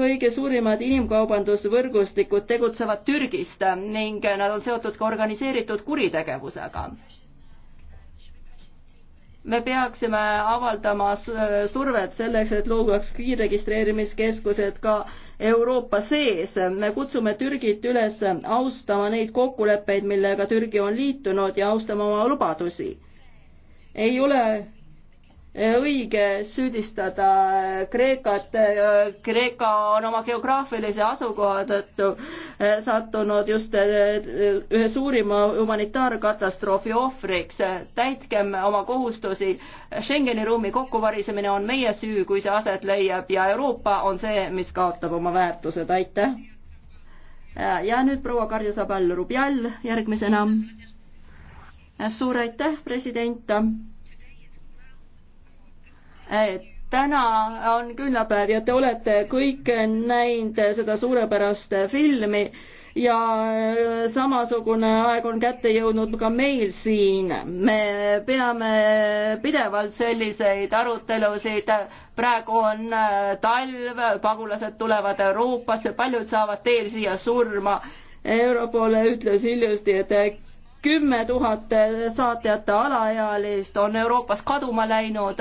kõige suurimad inimkaubandusvõrgustikud tegutsevad Türgist ning nad on seotud ka organiseeritud kuritegevusega me peaksime avaldama survet selleks, et luuaks kiirregistreerimiskeskused ka Euroopa sees. me kutsume Türgit üles austama neid kokkuleppeid, millega Türgi on liitunud ja austama oma lubadusi. ei ole õige süüdistada Kreekat. Kreeka on oma geograafilise asukoha tõttu sattunud just ühe suurima humanitaarkatastroofi ohvriks. täitkem oma kohustusi. Schengeni ruumi kokkuvarisemine on meie süü, kui see aset leiab ja Euroopa on see, mis kaotab oma väärtused. aitäh. ja nüüd proua Karja Sabal-Rubjal järgmisena. suur aitäh, president täna on küünlapäev ja te olete kõik näinud seda suurepärast filmi ja samasugune aeg on kätte jõudnud ka meil siin. me peame pidevalt selliseid arutelusid, praegu on talv, pagulased tulevad Euroopasse, paljud saavad teel siia surma Europol ütles hiljuti, et kümme tuhat saatjate alaealist on Euroopas kaduma läinud.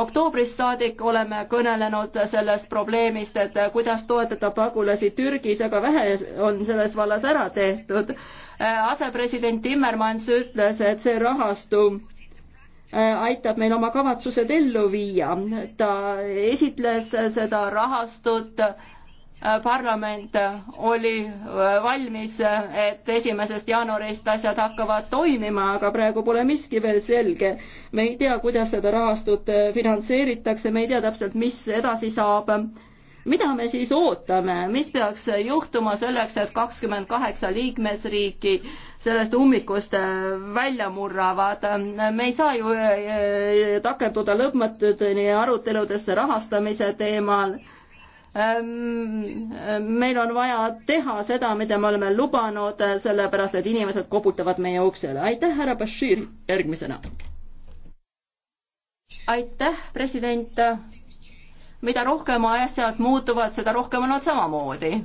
oktoobrist saadik oleme kõnelenud sellest probleemist, et kuidas toetada pagulasi Türgis, aga vähe on selles vallas ära tehtud. asepresident Timmermans ütles, et see rahastu aitab meil oma kavatsused ellu viia. ta esitles seda rahastut parlament oli äh, valmis, äh, et esimesest jaanuarist asjad hakkavad toimima, aga praegu pole miski veel selge. me ei tea, kuidas seda rahastut äh, finantseeritakse, me ei tea täpselt, mis edasi saab. mida me siis ootame, mis peaks juhtuma selleks, et kakskümmend kaheksa liikmesriiki sellest ummikust välja murravad. me ei saa ju takerduda lõpmatuteni aruteludesse rahastamise teemal Ehm, meil on vaja teha seda, mida me oleme lubanud, sellepärast et inimesed koputavad meie uksele. aitäh, härra Bashir, järgmisena. aitäh, president. mida rohkem asjad muutuvad, seda rohkem on nad samamoodi.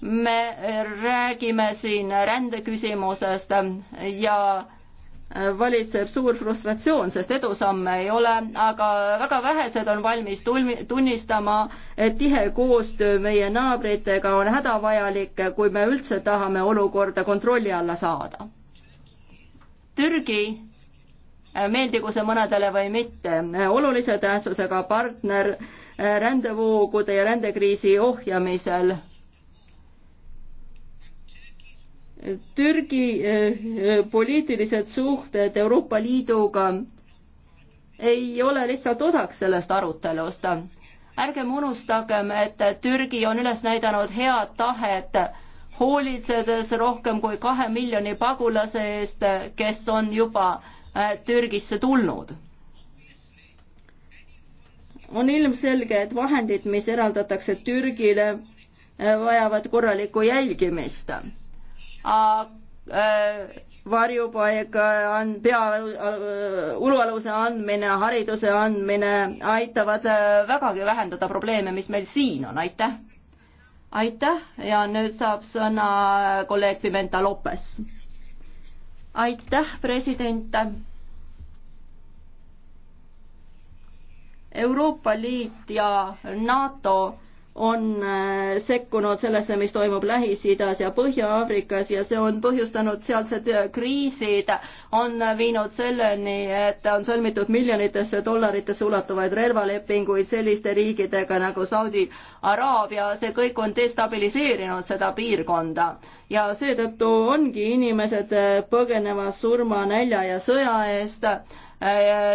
me räägime siin rändeküsimusest ja valitseb suur frustratsioon, sest edusamme ei ole, aga väga vähesed on valmis tunnistama, et tihe koostöö meie naabritega on hädavajalik, kui me üldse tahame olukorda kontrolli alla saada. Türgi, äh, meeldigu see mõnedele või mitte, äh, olulise tähtsusega partner äh, rändevoogude ja rändekriisi ohjamisel Türgi eh, eh, poliitilised suhted Euroopa Liiduga ei ole lihtsalt osaks sellest arutelust. ärgem unustagem, et Türgi on üles näidanud head tahet hoolitsedes rohkem kui kahe miljoni pagulase eest, kes on juba eh, Türgisse tulnud. on ilmselge, et vahendid, mis eraldatakse Türgile, vajavad korralikku jälgimist E, varjupaik on äh, pea, äh, ulualuse andmine, hariduse andmine aitavad äh, vägagi vähendada probleeme, mis meil siin on, aitäh. aitäh ja nüüd saab sõna kolleeg Pimenta Lopes. aitäh, president. Euroopa Liit ja NATO on äh, sekkunud sellesse, mis toimub Lähis-Idas ja Põhja-Aafrikas ja see on põhjustanud sealsed äh, kriisid, on viinud selleni, et on sõlmitud miljonitesse dollaritesse ulatuvaid relvalepinguid selliste riikidega nagu Saudi Araabia, see kõik on destabiliseerinud seda piirkonda. ja seetõttu ongi inimesed äh, põgenemas surma, nälja ja sõja eest,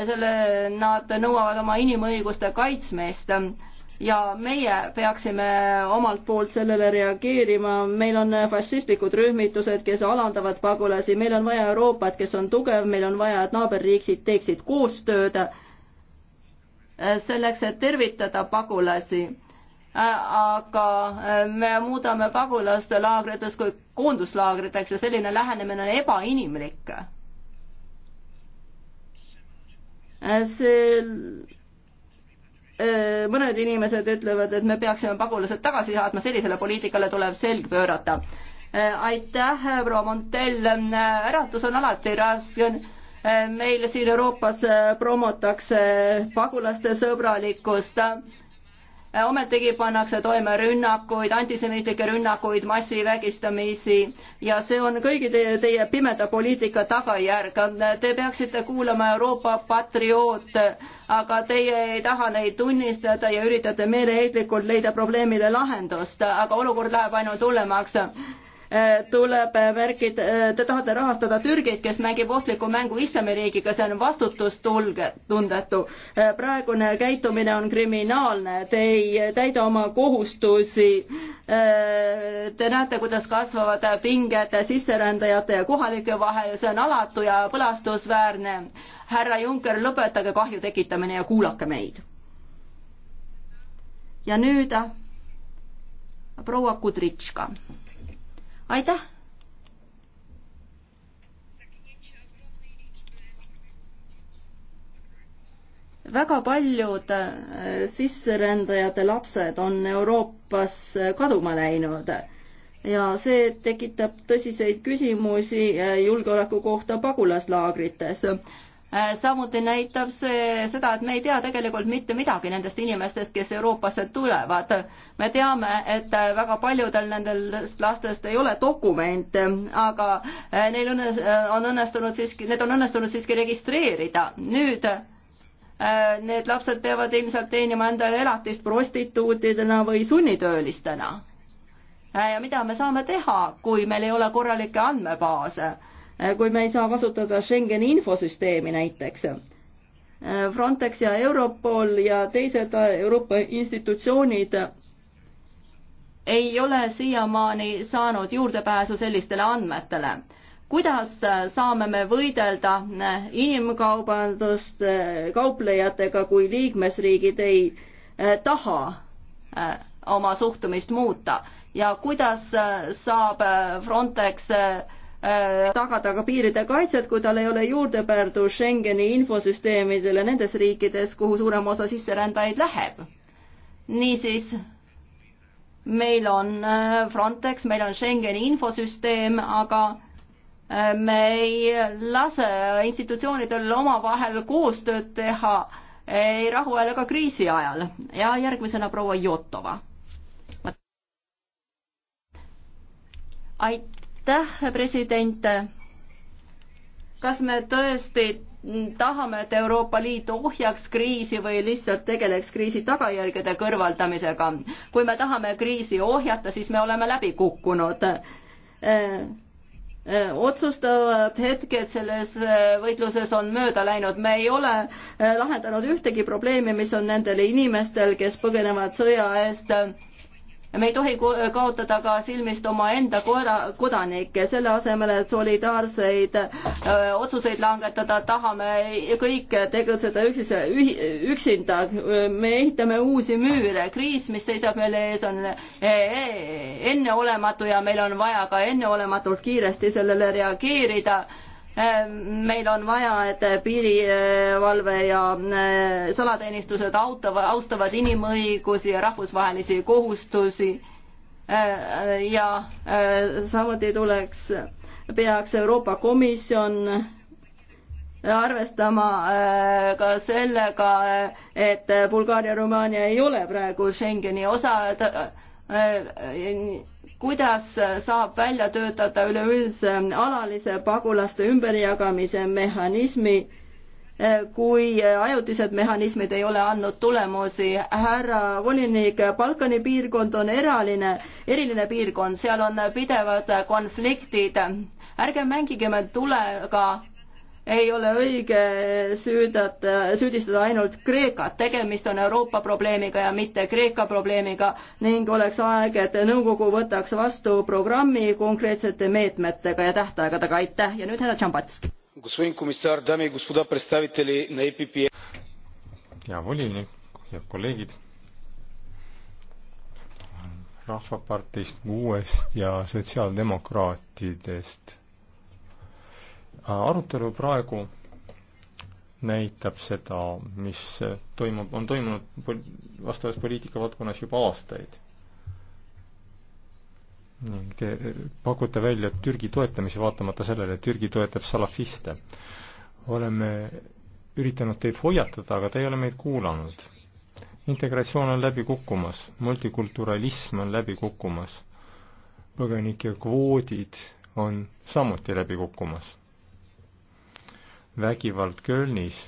selle, nad nõuavad oma inimõiguste kaitsmist ja meie peaksime omalt poolt sellele reageerima, meil on fašistlikud rühmitused, kes alandavad pagulasi, meil on vaja Euroopat, kes on tugev, meil on vaja, et naaberriigid teeksid koostööd selleks, et tervitada pagulasi. aga me muudame pagulaste laagrites kui koonduslaagriteks ja selline lähenemine on ebainimlik. see Äh, mõned inimesed ütlevad, et me peaksime pagulased tagasi saatma, sellisele poliitikale tuleb selg pöörata. Äh, aitäh, proua Montell, äh, äratus on alati raske. meil siin Euroopas promotakse pagulaste sõbralikkust Äh, ometigi pannakse toime rünnakuid, antisemitlikke rünnakuid, massivägistamisi ja see on kõigi teie, teie pimeda poliitika tagajärg. Te peaksite kuulama Euroopa patrioote, aga teie ei taha neid tunnistada ja üritate meeleheitlikult leida probleemile lahendust, aga olukord läheb ainult hullemaks Äh, tuleb märkida, äh, äh, te tahate rahastada Türgit, kes mängib ohtlikku mängu islamiriigiga, see on vastutustuldetu. praegune käitumine on kriminaalne, te ei täida oma kohustusi. Te näete, kuidas kasvavad pinged sisserändajate ja kohalike vahel, see on alatu ja põlastusväärne. härra Juncker, lõpetage kahju tekitamine ja kuulake meid. ja nüüd proua Kudritška aitäh! väga paljud äh, sisserändajate lapsed on Euroopas äh, kaduma läinud ja see tekitab tõsiseid küsimusi äh, julgeoleku kohta pagulaslaagrites Äh, samuti näitab see seda, et me ei tea tegelikult mitte midagi nendest inimestest, kes Euroopasse tulevad. me teame, et äh, väga paljudel nendest lastest ei ole dokumente, aga äh, neil on, on õnnestunud siiski, need on õnnestunud siiski registreerida. nüüd need lapsed peavad ilmselt teenima endale elatist prostituutidena või sunnitöölistena. ja mida me saame teha, kui meil ei ole korralikke andmebaase? Äh, kui me ei saa kasutada Schengeni infosüsteemi näiteks. Äh, Frontex ja Europol ja teised äh, Euroopa institutsioonid ei ole siiamaani saanud juurdepääsu sellistele andmetele kuidas saame me võidelda inimkaubandust kauplejatega, kui liikmesriigid ei taha oma suhtumist muuta ja kuidas saab Frontex Äh, tagada ka piiride kaitset, kui tal ei ole juurdepääsu Schengeni infosüsteemidele nendes riikides, kuhu suurem osa sisserändajaid läheb. niisiis, meil on äh, Frontex, meil on Schengeni infosüsteem, aga äh, me ei lase institutsioonidel omavahel koostööd teha ei rahu ajal ega kriisi ajal. ja järgmisena proua Jotova. aitäh aitäh, president. kas me tõesti tahame, et Euroopa Liit ohjaks kriisi või lihtsalt tegeleks kriisi tagajärgede kõrvaldamisega. kui me tahame kriisi ohjata, siis me oleme läbi kukkunud. Äh, äh, otsustavad hetked selles äh, võitluses on mööda läinud, me ei ole lahendanud ühtegi probleemi, mis on nendel inimestel, kes põgenevad sõja eest me ei tohi kaotada ka silmist omaenda koda, kodanikke, selle asemel, et solidaarseid öö, otsuseid langetada, tahame kõik tegutseda üksis, üksinda. me ehitame uusi müüre, kriis, mis seisab meil ees, on e, e, enneolematu ja meil on vaja ka enneolematult kiiresti sellele reageerida Äh, meil on vaja, et piirivalve ja äh, salateenistused autavad, austavad inimõigusi ja rahvusvahelisi kohustusi. Äh, ja samuti tuleks, peaks Euroopa Komisjon arvestama ka sellega, et Bulgaaria, Rumaania ei ole praegu Schengeni osa kuidas saab välja töötada üleüldse alalise pagulaste ümberjagamise mehhanismi, kui ajutised mehhanismid ei ole andnud tulemusi. härra volinik, Balkani piirkond on eraline, eriline piirkond, seal on pidevad konfliktid. ärge mängigem tulega ei ole õige süüdata, süüdistada ainult Kreekat, tegemist on Euroopa probleemiga ja mitte Kreeka probleemiga ning oleks aeg, et nõukogu võtaks vastu programmi konkreetsete meetmetega ja tähtaegadega, aitäh ja nüüd härra Tšambatski. ja volinik ja kolleegid Rahvaparteist, uuest ja sotsiaaldemokraatidest arutelu praegu näitab seda, mis toimub, on toimunud pol-, vastavas poliitikavaldkonnas juba aastaid. ning te pakute välja Türgi toetamise, vaatamata sellele, et Türgi toetab salafiste. oleme üritanud teid hoiatada, aga te ei ole meid kuulanud. integratsioon on läbi kukkumas, multikulturalism on läbi kukkumas, põgenike kvoodid on samuti läbi kukkumas vägivald Kölnis,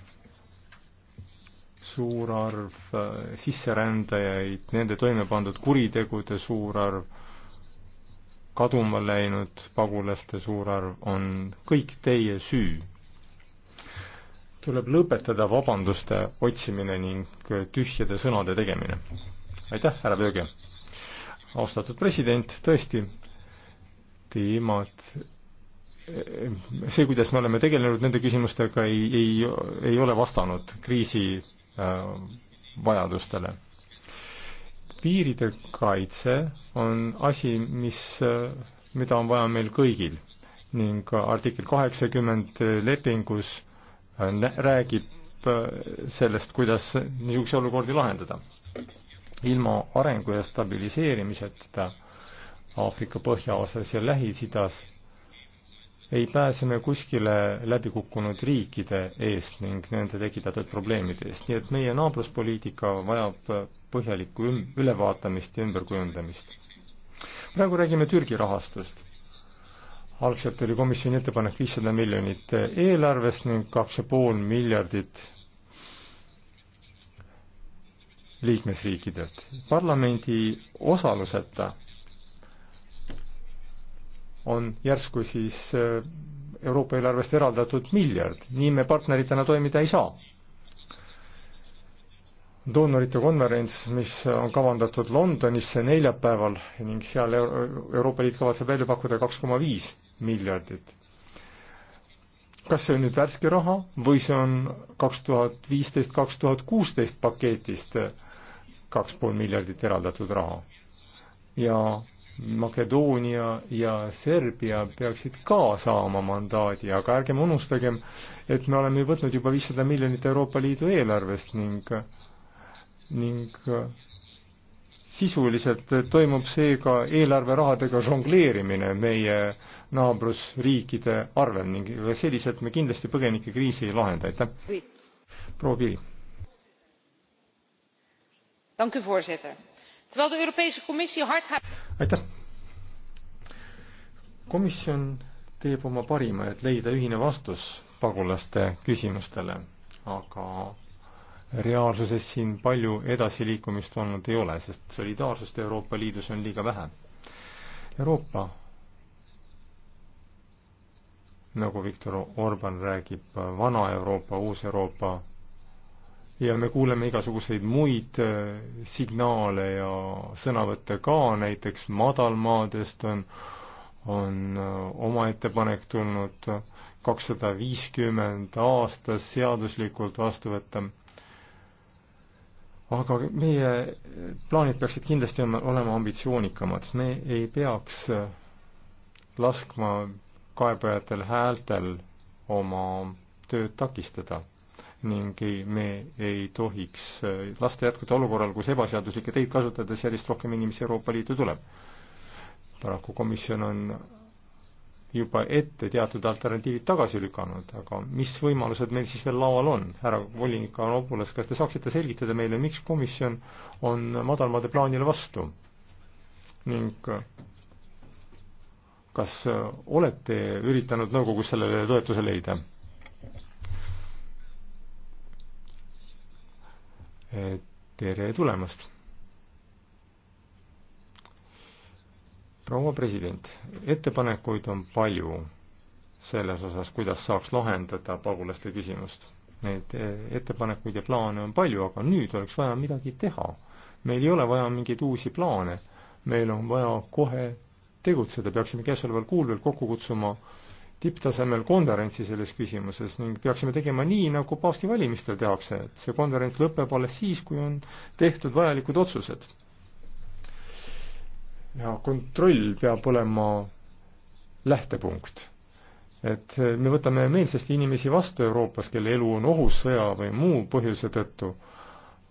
suur arv äh, sisserändajaid, nende toime pandud kuritegude suur arv, kaduma läinud pagulaste suur arv on kõik teie süü. tuleb lõpetada vabanduste otsimine ning tühjade sõnade tegemine. aitäh, härra Pööge! austatud president, tõesti, teemad see, kuidas me oleme tegelenud nende küsimustega, ei, ei, ei ole vastanud kriisi äh, vajadustele. piiride kaitse on asi, mis, äh, mida on vaja meil kõigil ning artikkel kaheksakümmend lepingus äh, räägib sellest, kuidas niisuguseid olukordi lahendada. ilma arengu ja stabiliseerimiseta Aafrika põhjaosas ja Lähis-Idas ei pääse me kuskile läbikukkunud riikide eest ning nende tekitatud probleemide eest, nii et meie naabruspoliitika vajab põhjalikku ülevaatamist ja ümberkujundamist. praegu räägime Türgi rahastust. algselt oli komisjoni ettepanek viissada miljonit eelarvest ning kaks ja pool miljardit liikmesriikidelt. parlamendi osaluseta on järsku siis äh, Euroopa eelarvest eraldatud miljard, nii me partneritena toimida ei saa. doonorite konverents, mis on kavandatud Londonisse neljapäeval ning seal Euroopa Liit kavatseb välja pakkuda kaks koma viis miljardit. kas see on nüüd värske raha või see on kaks tuhat viisteist, kaks tuhat kuusteist paketist kaks pool miljardit eraldatud raha? ja Makedoonia ja Serbia peaksid ka saama mandaadi, aga ärgem unustagem, et me oleme võtnud juba viissada miljonit Euroopa Liidu eelarvest ning, ning sisuliselt toimub seega eelarverahadega žongleerimine meie naabrusriikide arvel ning selliselt me kindlasti põgenikekriisi ei lahenda, aitäh. proua Piiri. voorzitter terwijl de Europese Commissie hard... aitäh. komisjon teeb oma parima, et leida ühine vastus pagulaste küsimustele, aga reaalsuses siin palju edasiliikumist olnud ei ole, sest solidaarsust Euroopa Liidus on liiga vähe. Euroopa, nagu Viktor Orban räägib, vana Euroopa, uus Euroopa ja me kuuleme igasuguseid muid äh, signaale ja sõnavõtte ka, näiteks madalmaadest on, on äh, oma ettepanek tulnud kakssada viiskümmend aastas seaduslikult vastu võtta. aga meie plaanid peaksid kindlasti olema ambitsioonikamad, me ei peaks äh, laskma kaebajatel häältel oma tööd takistada ning ei, me ei tohiks äh, lasta jätkuda olukorral, kus ebaseaduslikke teid kasutades järjest rohkem inimesi Euroopa Liitu tuleb. paraku komisjon on juba ette teatud alternatiivid tagasi lükanud, aga mis võimalused meil siis veel laual on? härra volinik Anopulas, kas te saaksite selgitada meile, miks komisjon on madalmaade plaanile vastu? ning äh, kas äh, olete üritanud nõukogus sellele toetuse leida? tere tulemast. proua president, ettepanekuid on palju selles osas, kuidas saaks lahendada pagulaste küsimust. Neid eh, ettepanekuid ja plaane on palju, aga nüüd oleks vaja midagi teha. meil ei ole vaja mingeid uusi plaane, meil on vaja kohe tegutseda, peaksime käesoleval kuul veel kokku kutsuma äh, tipptasemel konverentsi selles küsimuses ning peaksime tegema nii, nagu paavsti valimistel tehakse, et see konverents lõpeb alles siis, kui on tehtud vajalikud otsused. ja kontroll peab olema lähtepunkt. et me võtame meelsasti inimesi vastu Euroopas, kelle elu on ohus sõja või muu põhjuse tõttu,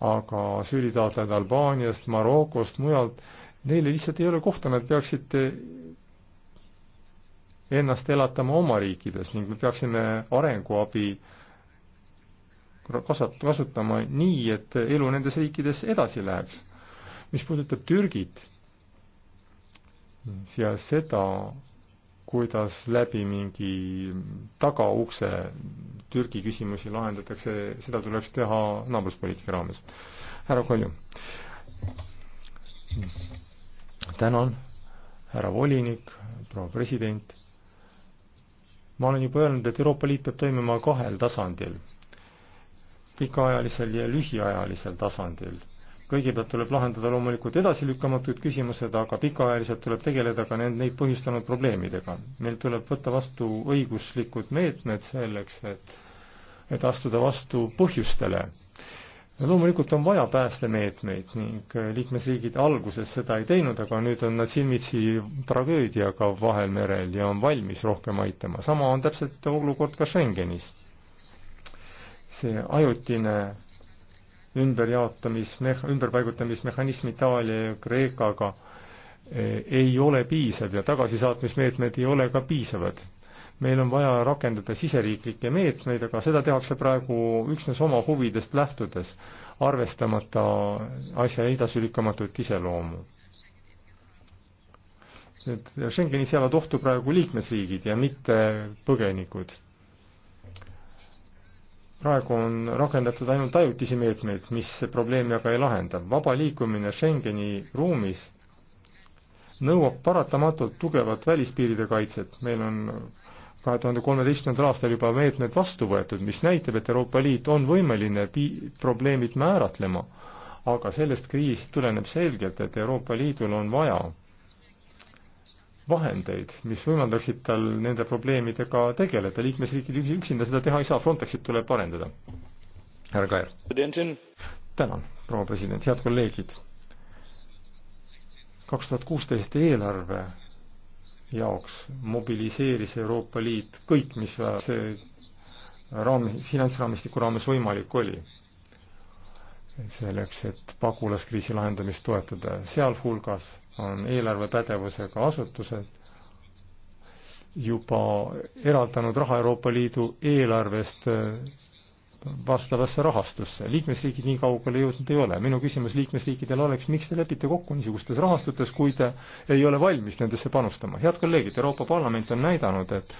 aga süülitaotlejad Albaaniast, Marokost, mujalt, neile lihtsalt ei ole kohta, nad peaksid ennast elatama oma riikides ning me peaksime arenguabi kasvat-, kasutama nii, et elu nendes riikides edasi läheks. mis puudutab Türgit ja seda, kuidas läbi mingi tagaukse Türgi küsimusi lahendatakse, seda tuleks teha naabruspoliitika raames. härra Kolju. tänan, härra volinik, proua president ma olen juba öelnud, et Euroopa Liit peab toimima kahel tasandil, pikaajalisel ja lühiajalisel tasandil. kõigepealt tuleb lahendada loomulikult edasilükkamatud küsimused, aga pikaajaliselt tuleb tegeleda ka need, neid põhjustanud probleemidega. meil tuleb võtta vastu õiguslikud meetmed selleks, et, et astuda vastu põhjustele ja loomulikult on vaja päästemeetmeid ning äh, liikmesriigid alguses seda ei teinud, aga nüüd on nad silmitsi tragöödiaga Vahemerel ja on valmis rohkem aitama. sama on täpselt olukord ka Schengenis. see ajutine ümberjaotamismeh-, ümberpaigutamismehhanism Itaalia ja Kreekaga äh, ei ole piisav ja tagasisaatmismeetmed ei ole ka piisavad meil on vaja rakendada siseriiklikke meetmeid, aga seda tehakse praegu üksnes oma huvidest lähtudes, arvestamata asja edasilükkamatut iseloomu. et Schengenis jäävad ohtu praegu liikmesriigid ja mitte põgenikud. praegu on rakendatud ainult ajutisi meetmeid, mis probleemi aga ei lahenda. vaba liikumine Schengeni ruumis nõuab paratamatult tugevat välispiiride kaitset, meil on kahe tuhande kolmeteistkümnendal aastal juba meetmed vastu võetud, mis näitab, et Euroopa Liit on võimeline pi-, probleemid määratlema, aga sellest kriisist tuleneb selgelt, et Euroopa Liidul on vaja vahendeid, mis võimaldaksid tal nende probleemidega tegeleda, liikmesriigid üksinda seda teha ei saa, Frontexit tuleb arendada. härra Kaer. tänan, proua president, head kolleegid. kaks tuhat kuusteist eelarve jaoks mobiliseeris Euroopa Liit kõik, mis see raam, finantsraamistiku raames võimalik oli. selleks, et pagulaskriisi lahendamist toetada, sealhulgas on eelarvepädevusega asutused juba eraldanud raha Euroopa Liidu eelarvest vastavasse rahastusse. liikmesriigid nii kaugele jõudnud ei ole. minu küsimus liikmesriikidele oleks, miks te lepite kokku niisugustes rahastutes, kui te ei ole valmis nendesse panustama? head kolleegid, Euroopa Parlament on näidanud, et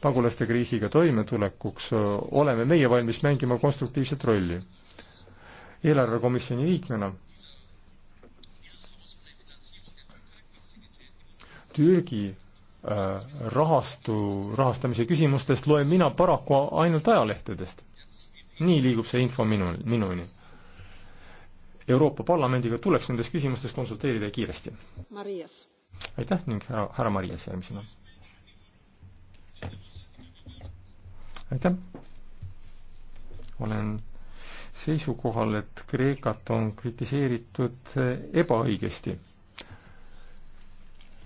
pagulaste kriisiga toimetulekuks oleme meie valmis mängima konstruktiivset rolli. eelarvekomisjoni liikmena Türgi äh, rahastu, rahastamise küsimustest loen mina paraku ainult ajalehtedest nii liigub see info minu, minuni. Euroopa Parlamendiga tuleks nendes küsimustes konsulteerida kiiresti. aitäh ning härra, härra Marias järgmisena. aitäh. olen seisukohal, et Kreekat on kritiseeritud ebaõigesti.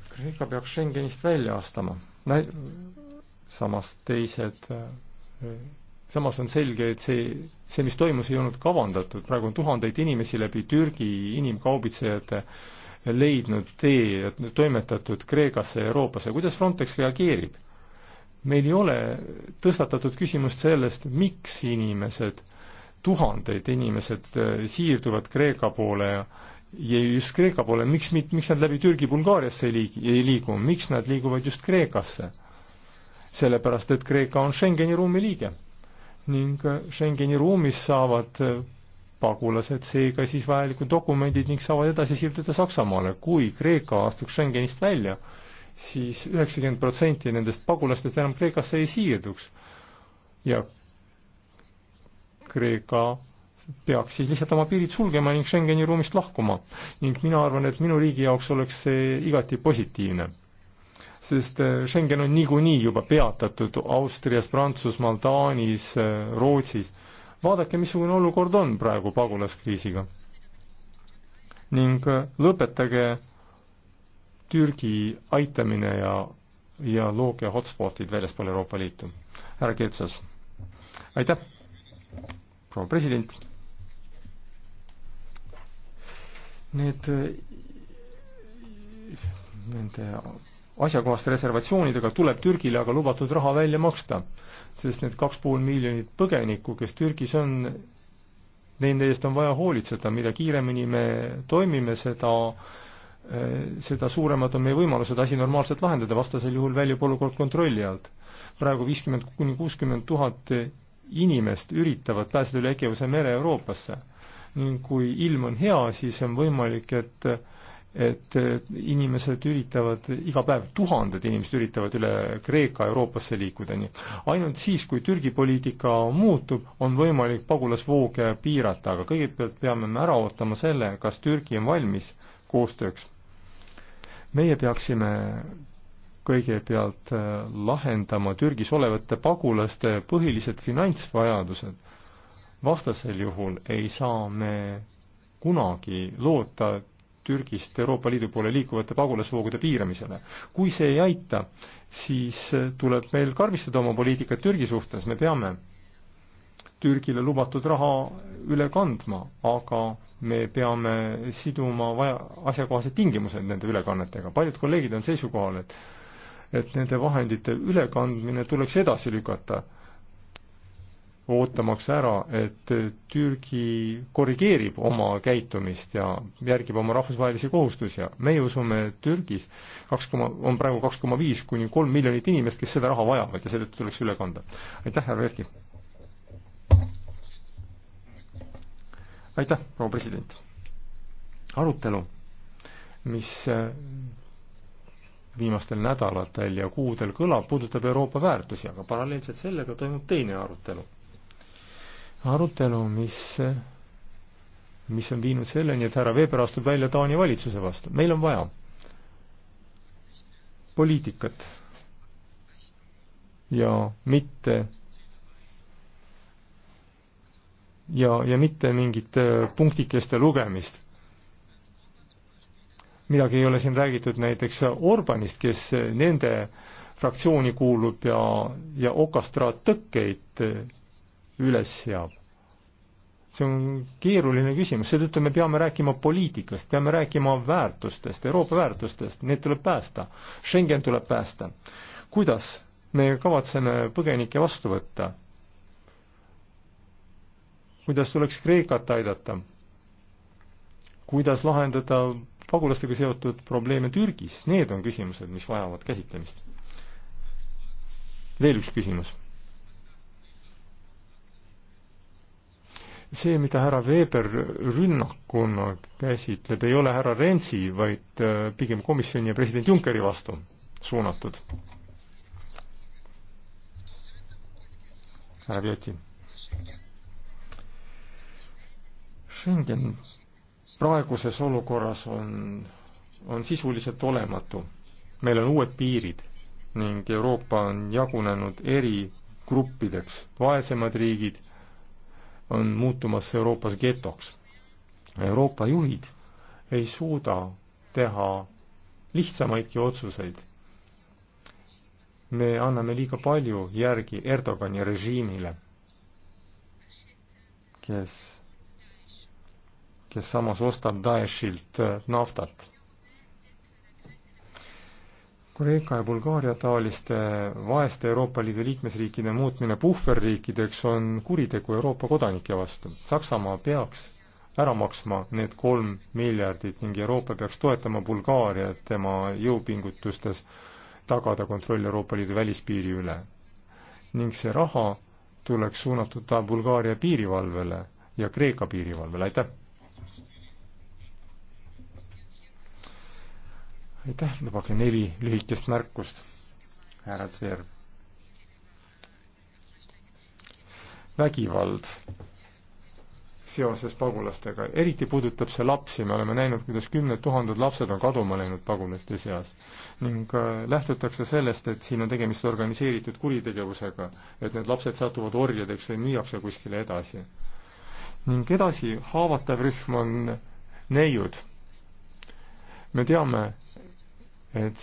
Kreeka peaks Schengenist välja astama. samas teised samas on selge, et see, see, mis toimus, ei olnud kavandatud, praegu on tuhandeid inimesi läbi Türgi inimkaubitsejate leidnud tee, toimetatud Kreekasse ja Euroopasse, kuidas Frontex reageerib? meil ei ole tõstatatud küsimust sellest, miks inimesed, tuhanded inimesed eh, siirduvad Kreeka poole ja ja just Kreeka poole, miks, miks nad läbi Türgi Bulgaariasse ei liigi, ei liigu, miks nad liiguvad just Kreekasse? sellepärast, et Kreeka on Schengeni ruumi liige ning Schengeni ruumis saavad äh, pagulased seega siis vajalikud dokumendid ning saavad edasi siirduda Saksamaale. kui Kreeka astuks Schengenist välja, siis üheksakümmend protsenti nendest pagulastest enam Kreekasse ei siirduks. ja Kreeka peaks siis lihtsalt oma piirid sulgema ning Schengeni ruumist lahkuma. ning mina arvan, et minu riigi jaoks oleks see igati positiivne sest äh, Schengen on niikuinii juba peatatud Austrias, Prantsusmaal, Taanis, äh, Rootsis. vaadake, missugune olukord on praegu pagulaskriisiga. ning äh, lõpetage Türgi aitamine ja, ja looge hotspotid väljaspool Euroopa Liitu. härra Ketsas, aitäh, proua president. Need, nende asjakohaste reservatsioonidega tuleb Türgile aga lubatud raha välja maksta, sest need kaks pool miljonit põgenikku, kes Türgis on, nende eest on vaja hoolitseda, mida kiiremini me toimime, seda eh, seda suuremad on meie võimalused asi normaalselt lahendada, vastasel juhul väljub olukord kontrolli alt. praegu viiskümmend kuni kuuskümmend tuhat inimest üritavad pääseda üle Egeuse mere Euroopasse ning kui ilm on hea, siis on võimalik, et et äh, inimesed üritavad, iga päev tuhanded inimesed üritavad üle Kreeka Euroopasse liikuda, nii ainult siis, kui Türgi poliitika muutub, on võimalik pagulasvooge piirata, aga kõigepealt peame me ära ootama selle, kas Türgi on valmis koostööks. meie peaksime kõigepealt äh, lahendama Türgis olevate pagulaste põhilised finantsvajadused. vastasel juhul ei saa me kunagi loota Türgist Euroopa Liidu poole liikuvate pagulasvoogude piiramisele. kui see ei aita, siis tuleb meil karmistada oma poliitikat Türgi suhtes, me peame Türgile lubatud raha üle kandma, aga me peame siduma vaja, asjakohased tingimused nende ülekannetega, paljud kolleegid on seisukohal, et et nende vahendite ülekandmine tuleks edasi lükata ootamaks ära, et Türgi korrigeerib oma käitumist ja järgib oma rahvusvahelisi kohustusi ja meie usume, et Türgis kaks koma, on praegu kaks koma viis kuni kolm miljonit inimest, kes seda raha vajavad ja seetõttu tuleks üle kanda. aitäh, härra Erki! aitäh, proua president! arutelu, mis äh, viimastel nädalatel ja kuudel kõlab, puudutab Euroopa väärtusi, aga paralleelselt sellega toimub teine arutelu arutelu, mis, mis on viinud selleni, et härra Weber astub välja Taani valitsuse vastu. meil on vaja poliitikat ja mitte ja, ja mitte mingit äh, punktikeste lugemist. midagi ei ole siin räägitud näiteks Orbanist, kes nende fraktsiooni kuulub ja, ja okastraat tõkkeid üles seab? see on keeruline küsimus, seetõttu me peame rääkima poliitikast, peame rääkima väärtustest, Euroopa väärtustest, need tuleb päästa. Schengen tuleb päästa. kuidas me kavatseme põgenikke vastu võtta? kuidas tuleks Kreekat aidata? kuidas lahendada pagulastega seotud probleeme Türgis, need on küsimused, mis vajavad käsitlemist. veel üks küsimus see, mida härra Weber rünnakuna käsitleb, ei ole härra Rensi, vaid äh, pigem komisjoni ja president Junckeri vastu suunatud. härra Vjoti. Schengen praeguses olukorras on, on sisuliselt olematu. meil on uued piirid ning Euroopa on jagunenud eri gruppideks, vaesemad riigid on muutumas Euroopas getoks. Euroopa juhid ei suuda teha lihtsamaidki otsuseid. me anname liiga palju järgi Erdogani režiimile, kes, kes samas ostab Daeshilt naftat Kreeka ja Bulgaaria taoliste vaeste Euroopa Liidu liikmesriikide muutmine puhverriikideks on kuritegu Euroopa kodanike vastu. Saksamaa peaks ära maksma need kolm miljardit ning Euroopa peaks toetama Bulgaariat tema jõupingutustes tagada kontroll Euroopa Liidu välispiiri üle. ning see raha tuleks suunatud Bulgaaria piirivalvele ja Kreeka piirivalvele, aitäh! aitäh, lubage neli lühikest märkust, härra Zver. vägivald seoses pagulastega, eriti puudutab see lapsi, me oleme näinud, kuidas kümned tuhanded lapsed on kaduma läinud pagulaste seas. ning äh, lähtutakse sellest, et siin on tegemist organiseeritud kuritegevusega, et need lapsed satuvad orjadeks või müüakse kuskile edasi. ning edasi haavatav rühm on neiud. me teame, et,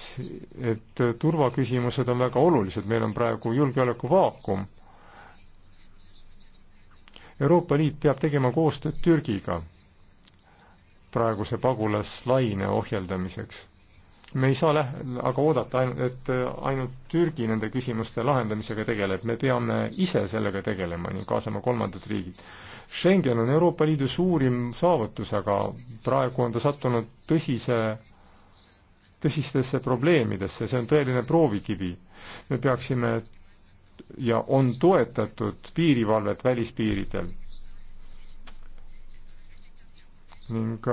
et turvaküsimused on väga olulised, meil on praegu julgeolekuvaakum. Euroopa Liit peab tegema koostööd Türgiga praeguse pagulaslaine ohjeldamiseks. me ei saa lähe-, aga oodata ainult, et ainult Türgi nende küsimuste lahendamisega tegeleb, me peame ise sellega tegelema, nii kaasama kolmandad riigid. Schengen on Euroopa Liidu suurim saavutus, aga praegu on ta sattunud tõsise tõsistesse probleemidesse, see on tõeline proovikivi. me peaksime ja on toetatud piirivalvet välispiiridel. ning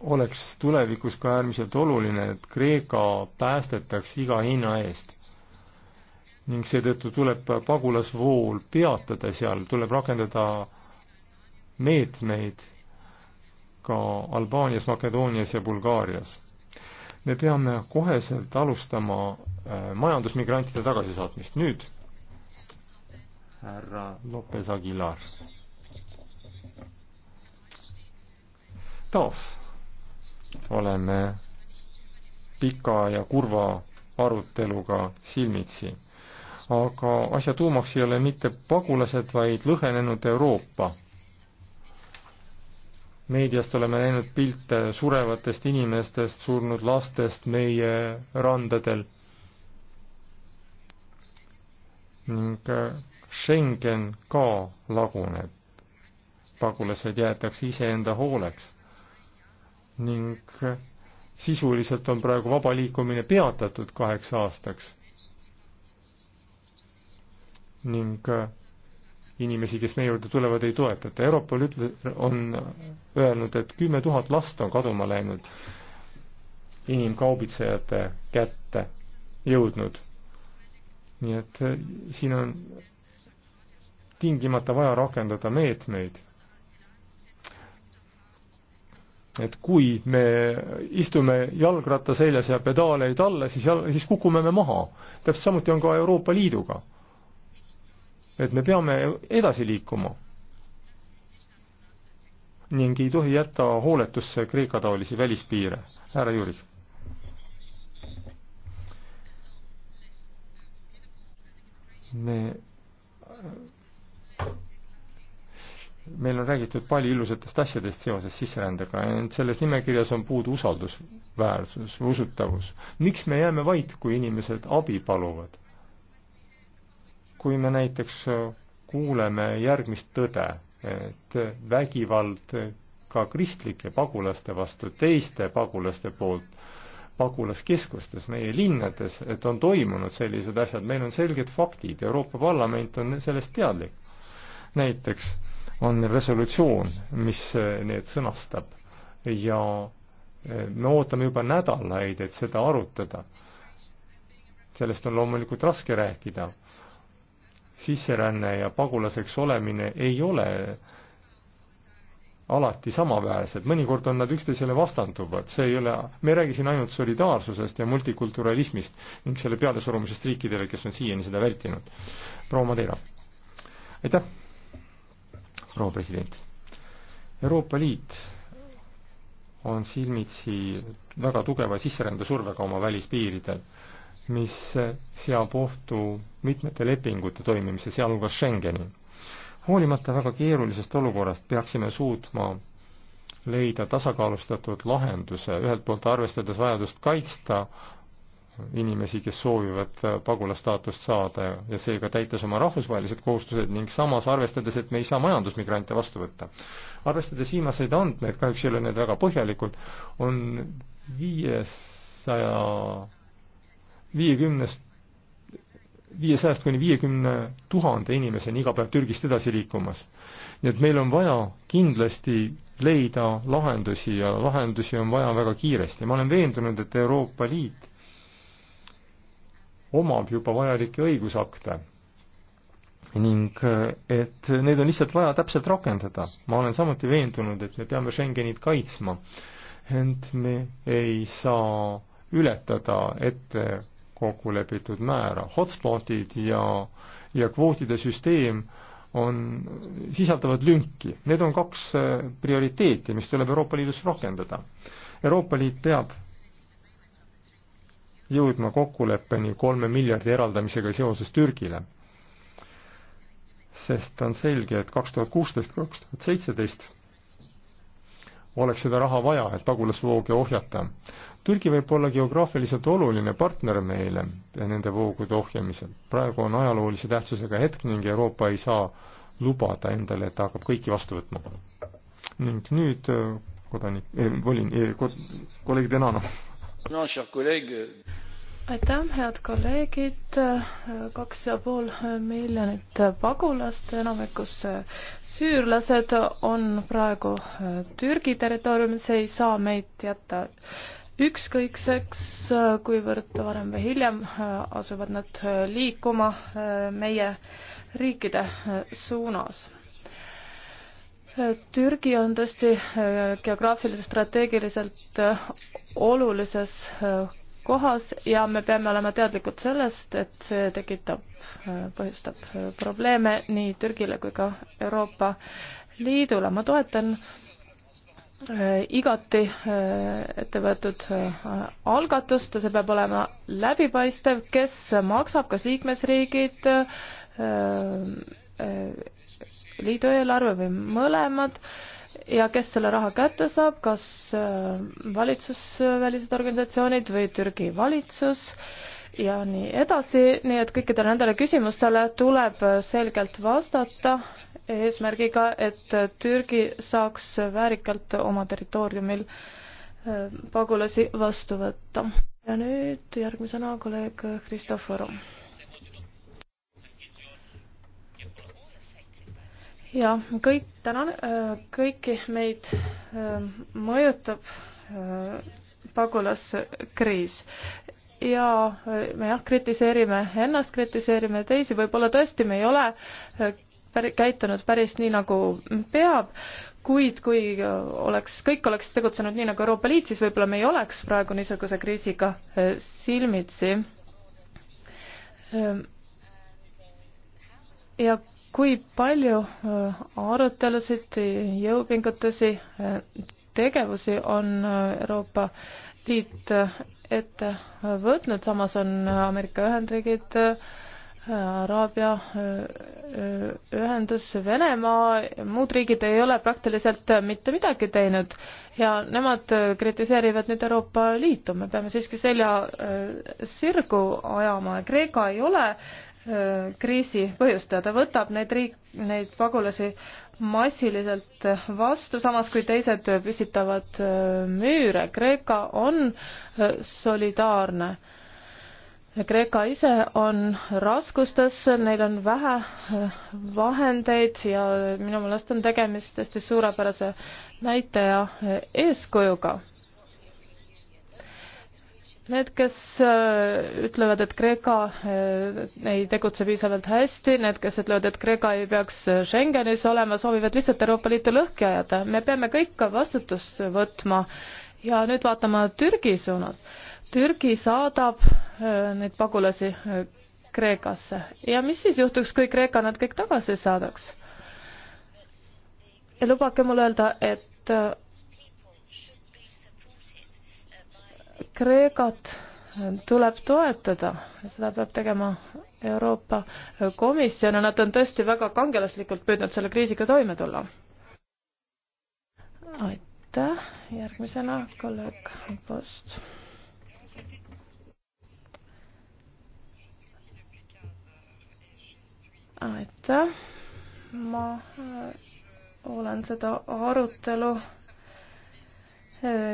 oleks tulevikus ka äärmiselt oluline, et Kreeka päästetaks iga hinna eest. ning seetõttu tuleb pagulasvool peatada seal, tuleb rakendada meetmeid ka Albaanias, Makedoonias ja Bulgaarias me peame koheselt alustama äh, majandusmigrantide tagasisaatmist. nüüd härra Lopez Aguilar. taas oleme pika ja kurva aruteluga silmitsi. aga asja tuumaks ei ole mitte pagulased, vaid lõhenenud Euroopa meediast oleme näinud pilte surevatest inimestest, surnud lastest meie randadel. ning äh, Schengen ka laguneb. pagulased jäetakse iseenda hooleks ning äh, sisuliselt on praegu vaba liikumine peatatud kaheks aastaks ning äh, inimesi, kes meie juurde tulevad, ei toetata. Europol ütle-, on öelnud, et kümme tuhat last on kaduma läinud inimkaubitsejate kätte jõudnud. nii et eh, siin on tingimata vaja rakendada meetmeid. et kui me istume jalgratta seljas ja pedaale ei talla, siis jal-, siis kukume me maha. täpselt samuti on ka Euroopa Liiduga et me peame edasi liikuma ning ei tohi jätta hooletusse Kreeka-taolisi välispiire. härra Jüri. me, meil on räägitud palju ilusatest asjadest seoses sisserändega, ent selles nimekirjas on puudu usaldusväärsus või usutavus. miks me jääme vait, kui inimesed abi paluvad? kui me näiteks äh, kuuleme järgmist tõde, et vägivald ka kristlike pagulaste vastu teiste pagulaste poolt pagulaskeskustes, meie linnades, et on toimunud sellised asjad, meil on selged faktid, Euroopa Parlament on sellest teadlik. näiteks on meil resolutsioon, mis äh, need sõnastab ja äh, me ootame juba nädalaid, et seda arutada. sellest on loomulikult raske rääkida sisseränne ja pagulaseks olemine ei ole alati samaväärsed, mõnikord on nad üksteisele vastanduvad, see ei ole, me ei räägi siin ainult solidaarsusest ja multikulturalismist ning selle pealesurumisest riikidele, kes on siiani seda vältinud. proua Madeira. aitäh, proua president. Euroopa Liit on silmitsi väga tugeva sisserändesurvega oma välispiiridel mis seab ohtu mitmete lepingute toimimise, sealhulgas Schengeni. hoolimata väga keerulisest olukorrast peaksime suutma leida tasakaalustatud lahenduse, ühelt poolt arvestades vajadust kaitsta inimesi, kes soovivad pagulasstaatust saada ja seega täites oma rahvusvahelised kohustused ning samas arvestades, et me ei saa majandusmigrante vastu võtta. arvestades viimaseid andmeid, kahjuks ei ole need väga põhjalikud, on viiesaja viiekümnest, viiesajast kuni viiekümne tuhande inimeseni iga päev Türgist edasi liikumas. nii et meil on vaja kindlasti leida lahendusi ja lahendusi on vaja väga kiiresti. ma olen veendunud, et Euroopa Liit omab juba vajalikke õigusakte ning et neid on lihtsalt vaja täpselt rakendada. ma olen samuti veendunud, et me peame Schengenit kaitsma, ent me ei saa ületada ette kokku lepitud määra. Hotspotid ja, ja kvootide süsteem on, sisaldavad lünki. Need on kaks äh, prioriteeti, mis tuleb Euroopa Liidus rakendada. Euroopa Liit peab jõudma kokkuleppeni kolme miljardi eraldamisega seoses Türgile. sest on selge, et kaks tuhat kuusteist, kaks tuhat seitseteist oleks seda raha vaja, et pagulasvooge ohjata. Türgi võib olla geograafiliselt oluline partner meile nende voogude ohjamisel. praegu on ajaloolise tähtsusega hetk ning Euroopa ei saa lubada endale, et ta hakkab kõiki vastu võtma. ning nüüd äh, kodanik eh,, volin eh, äh, ko,, kolleeg Denano. aitäh, head kolleegid, kaks ja pool miljonit pagulast, enamikus süürlased on praegu Türgi territooriumis, ei saa meid jätta ükskõikseks, kuivõrd varem või hiljem äh, asuvad nad äh, liikuma äh, meie riikide suunas. Türgi on tõesti geograafiliselt strateegiliselt olulises kohas ja me peame olema teadlikud sellest, et see tekitab, põhjustab probleeme nii Türgile kui ka Euroopa Liidule. ma toetan äh, Eh, igati eh, ette võetud eh, algatust ja see peab olema läbipaistev, kes maksab, kas liikmesriigid, liidu eelarve või mõlemad ja kes selle raha kätte saab, kas valitsusvälised organisatsioonid või Türgi valitsus ja nii edasi, nii et kõikidele nendele küsimustele tuleb selgelt vastata eesmärgiga, et Türgi saaks väärikalt oma territooriumil äh, pagulasi vastu võtta. ja nüüd järgmisena kolleeg Kristoforu. ja kõik, tänan, äh, kõiki meid äh, mõjutab pagulaskriis ja me jah, kritiseerime ennast, kritiseerime teisi, võib-olla tõesti me ei ole päri, käitunud päris nii, nagu peab, kuid kui oleks, kõik oleks tegutsenud nii, nagu Euroopa Liit, siis võib-olla me ei oleks praegu niisuguse kriisiga äh, silmitsi. Äh, ja kui palju äh, arutelusid, jõupingutusi, tegevusi on Euroopa Liit ette võtnud, samas on Ameerika Ühendriigid äh, Araabia ühendus, Venemaa, muud riigid ei ole praktiliselt mitte midagi teinud ja nemad kritiseerivad nüüd Euroopa Liitu, me peame siiski selja sirgu ajama ja Kreeka ei ole kriisi põhjustaja, ta võtab neid riik, neid pagulasi massiliselt vastu, samas kui teised püstitavad müüre, Kreeka on solidaarne Kreeka ise on raskustes, neil on vähe äh, vahendeid ja minu meelest on tegemist tõesti suurepärase näite ja äh, eeskujuga. Need, kes äh, ütlevad, et Kreeka ei tegutse piisavalt hästi, need, kes ütlevad, et Kreeka ei peaks Schengenis olema, soovivad lihtsalt Euroopa Liitu lõhki ajada. me peame kõik vastutust võtma ja nüüd vaatama Türgi suunas Türgi saadab äh, neid pagulasi äh, Kreekasse ja mis siis juhtuks, kui Kreeka nad kõik tagasi saadaks? ja lubage mul öelda, et äh, Kreekat tuleb toetada, seda peab tegema Euroopa Komisjon ja nad on tõesti väga kangelaslikult püüdnud selle kriisiga toime tulla. aitäh, järgmisena kolleeg Post aitäh, ma äh, olen seda arutelu äh,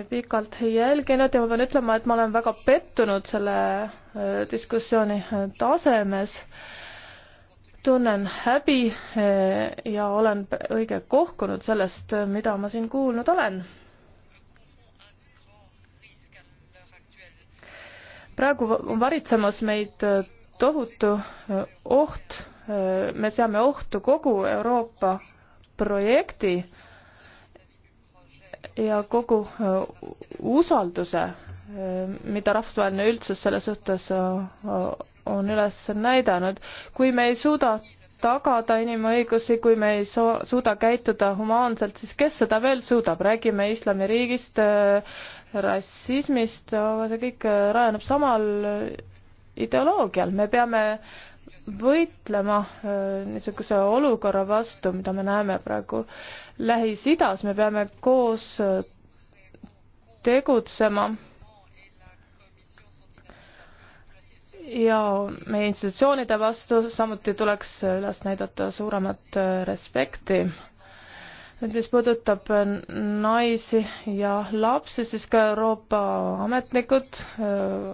pikalt jälginud ja ma pean ütlema, et ma olen väga pettunud selle äh, diskussiooni tasemes. tunnen häbi ja olen õige kohkunud sellest, mida ma siin kuulnud olen praegu on varitsemas meid äh, tohutu äh, oht, äh, me seame ohtu kogu Euroopa projekti ja kogu usalduse, mida rahvusvaheline üldsus selle suhtes on üles näidanud. kui me ei suuda tagada inimõigusi, kui me ei so-, suuda käituda humaanselt, siis kes seda veel suudab, räägime islamiriigist, rassismist, aga see kõik äh, rajaneb samal äh, ideoloogial, me peame võitlema äh, niisuguse olukorra vastu, mida me näeme praegu Lähis-Idas, me peame koos tegutsema. ja meie institutsioonide vastu samuti tuleks üles näidata suuremat respekti nüüd mis puudutab äh, naisi ja lapsi, siis ka Euroopa ametnikud äh,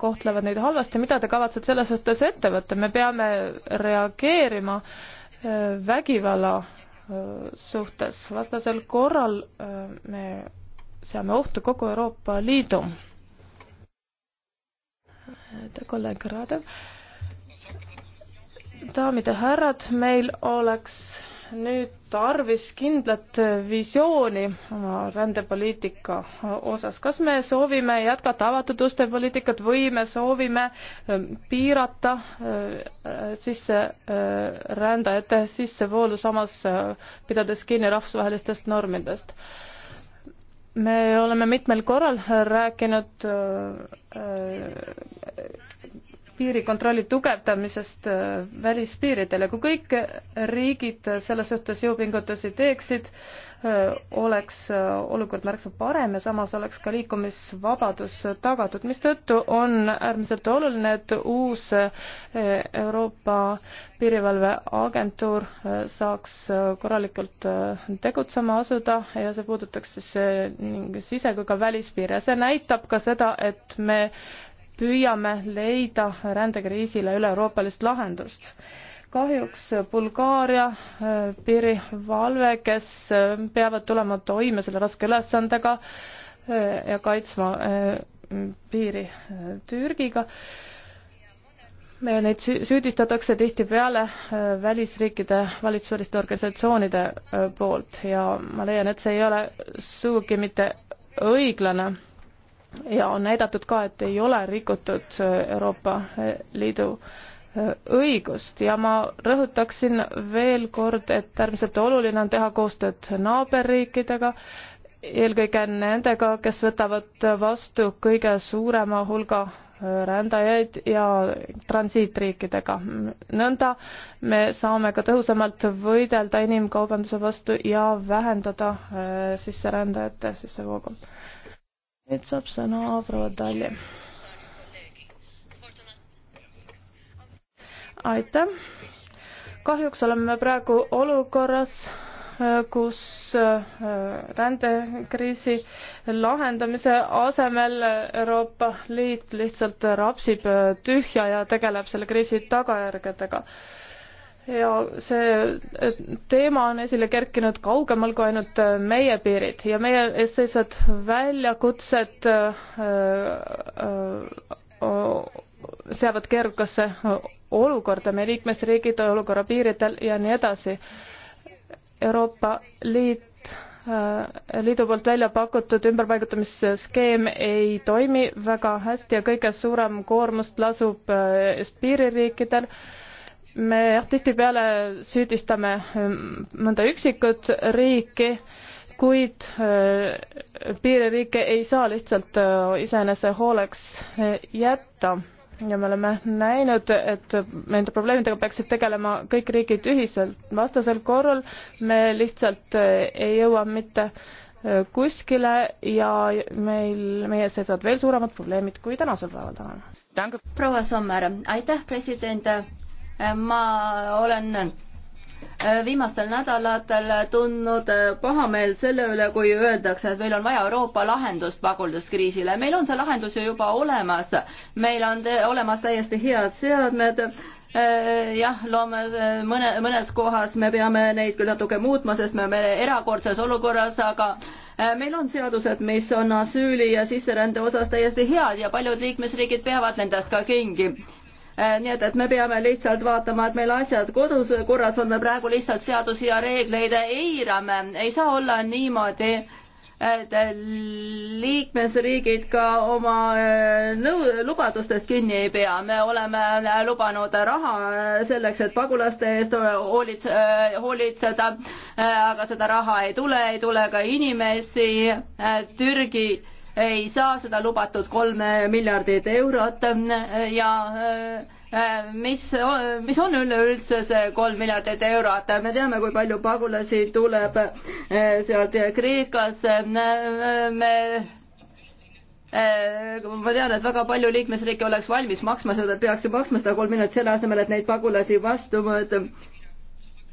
kohtlevad neid halvasti, mida te kavatsete selles suhtes ette võtta, me peame reageerima äh, vägivalla suhtes, vastasel korral me seame ohtu kogu Euroopa Liidu. kolleeg Radev. daamid ja härrad, meil oleks nüüd tarvis kindlat visiooni oma rändepoliitika osas. kas me soovime jätkata avatud uste poliitikat või me soovime ähm, piirata äh, sisse äh, rändajate sissevoolu, samas äh, pidades kinni rahvusvahelistest normidest? me oleme mitmel korral rääkinud piirikontrolli tugevdamisest äh, välispiiridel ja kui kõik riigid selle suhtes jõupingutusi teeksid, äh, oleks äh, olukord märksa parem ja samas oleks ka liikumisvabadus tagatud, mistõttu on äärmiselt oluline, et uus Euroopa piirivalveagentuur saaks korralikult tegutsema asuda ja see puudutaks siis nii sise- kui ka välispiire. see näitab ka seda, et me püüame leida rändekriisile üle-euroopalist lahendust. kahjuks Bulgaaria piirivalve, kes äh, peavad tulema toime selle raske ülesandega äh, ja kaitsma äh, piiri Türgiga, neid süüdistatakse tihtipeale välisriikide valitsuseliste organisatsioonide poolt ja ma leian, et see ei ole sugugi mitte õiglane ja on näidatud ka, et ei ole rikutud Euroopa Liidu õigust ja ma rõhutaksin veel kord, et äärmiselt oluline on teha koostööd naaberriikidega, eelkõige nendega, kes võtavad vastu kõige suurema hulga rändajaid ja transiitriikidega. nõnda me saame ka tõhusamalt võidelda inimkaubanduse vastu ja vähendada sisserändajate sissevoogu nüüd saab sõna proua Talli. aitäh. kahjuks oleme praegu olukorras, kus äh, rändekriisi lahendamise asemel Euroopa Liit lihtsalt rapsib äh, tühja ja tegeleb selle kriisi tagajärgedega ja see äh, teema on esile kerkinud kaugemal kui ainult äh, meie piirid ja meie ees seisvad väljakutsed äh, seavad keerukasse olukorda, meie liikmesriigid olukorra piiridel ja nii edasi. Euroopa Liit, liidu poolt välja pakutud ümberpaigutamisskeem ei toimi väga hästi ja kõige suurem koormus lasub just piiririikidel me jah, tihtipeale süüdistame ähm, mõnda üksikut riiki, kuid äh, piiririike ei saa lihtsalt äh, iseenese hooleks äh, jätta ja me oleme näinud, et nende probleemidega peaksid tegelema kõik riigid ühiselt, vastasel korral me lihtsalt ei jõua mitte kuskile ja meil, meie seisavad veel suuremad probleemid kui tänasel päeval täna. proua Sommer, aitäh, president ma olen äh, viimastel nädalatel tundnud äh, pahameelt selle üle, kui öeldakse, et meil on vaja Euroopa lahendust pagulaskriisile. meil on see lahendus ju juba olemas, meil on olemas täiesti head seadmed äh, jah, loome mõne, mõnes kohas me peame neid küll natuke muutma, sest me oleme erakordses olukorras, aga meil on seadused, mis on asüüli ja sisserände osas täiesti head ja paljud liikmesriigid peavad nendest ka kingi Äh, nii et, et me peame lihtsalt vaatama, et meil asjad kodus korras on, me praegu lihtsalt seadusi ja reegleid eirame, ei saa olla niimoodi, et liikmesriigid ka oma äh, nõu-, lubadustest kinni ei pea, me oleme äh, lubanud raha selleks, et pagulaste eest hoolitse, hoolitseda, aga seda raha ei tule, ei tule ka inimesi, Türgi ei saa seda lubatud kolme miljardit eurot ja äh, mis, mis on üleüldse see kolm miljardit eurot, me teame, kui palju pagulasi tuleb äh, sealt Kreekas, me äh, ma tean, et väga palju liikmesriike oleks valmis maksma seda, peaks ju maksma seda kolm miljardit selle asemel, et neid pagulasi vastu võtta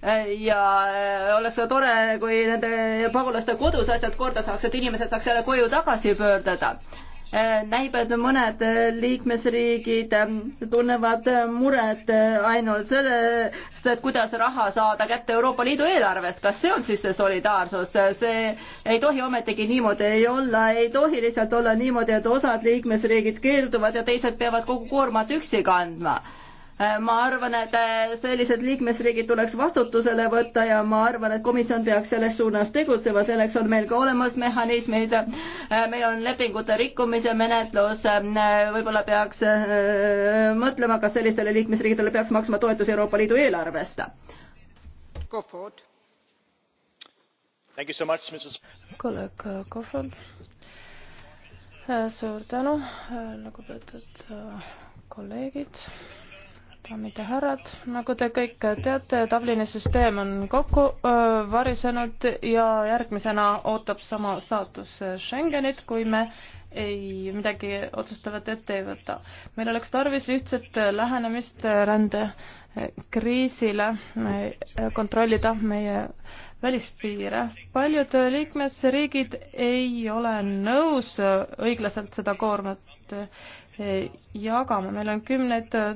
ja äh, oleks ka tore, kui nende pagulaste kodus asjad korda saaks, et inimesed saaks jälle koju tagasi pöörduda. Äh, näib, et mõned liikmesriigid ähm, tunnevad muret äh, ainult sellest, et kuidas raha saada kätte Euroopa Liidu eelarvest, kas see on siis see solidaarsus, see ei tohi ometigi niimoodi ei olla, ei tohi lihtsalt olla niimoodi, et osad liikmesriigid keelduvad ja teised peavad kogu koormat üksi kandma Äh, ma arvan, et äh, sellised liikmesriigid tuleks vastutusele võtta ja ma arvan, et komisjon peaks selles suunas tegutsema, selleks on meil ka olemas mehhanismid. Äh, meil on lepingute rikkumise menetlus, võib-olla peaks mõtlema, kas sellistele liikmesriikidele peaks maksma toetusi Euroopa Liidu eelarvest. kolleeg Kohvod, suur tänu, lugupeetud kolleegid daamid ja härrad, nagu te kõik teate, Dublini süsteem on kokku öö, varisenud ja järgmisena ootab sama saatus äh, Schengenit, kui me ei midagi otsustavat ette ei võta. meil oleks tarvis ühtset äh, lähenemist äh, rändekriisile, kontrollida meie välispiire. paljud liikmesriigid ei ole nõus õiglaselt seda koormat jagama, meil on kümneid äh,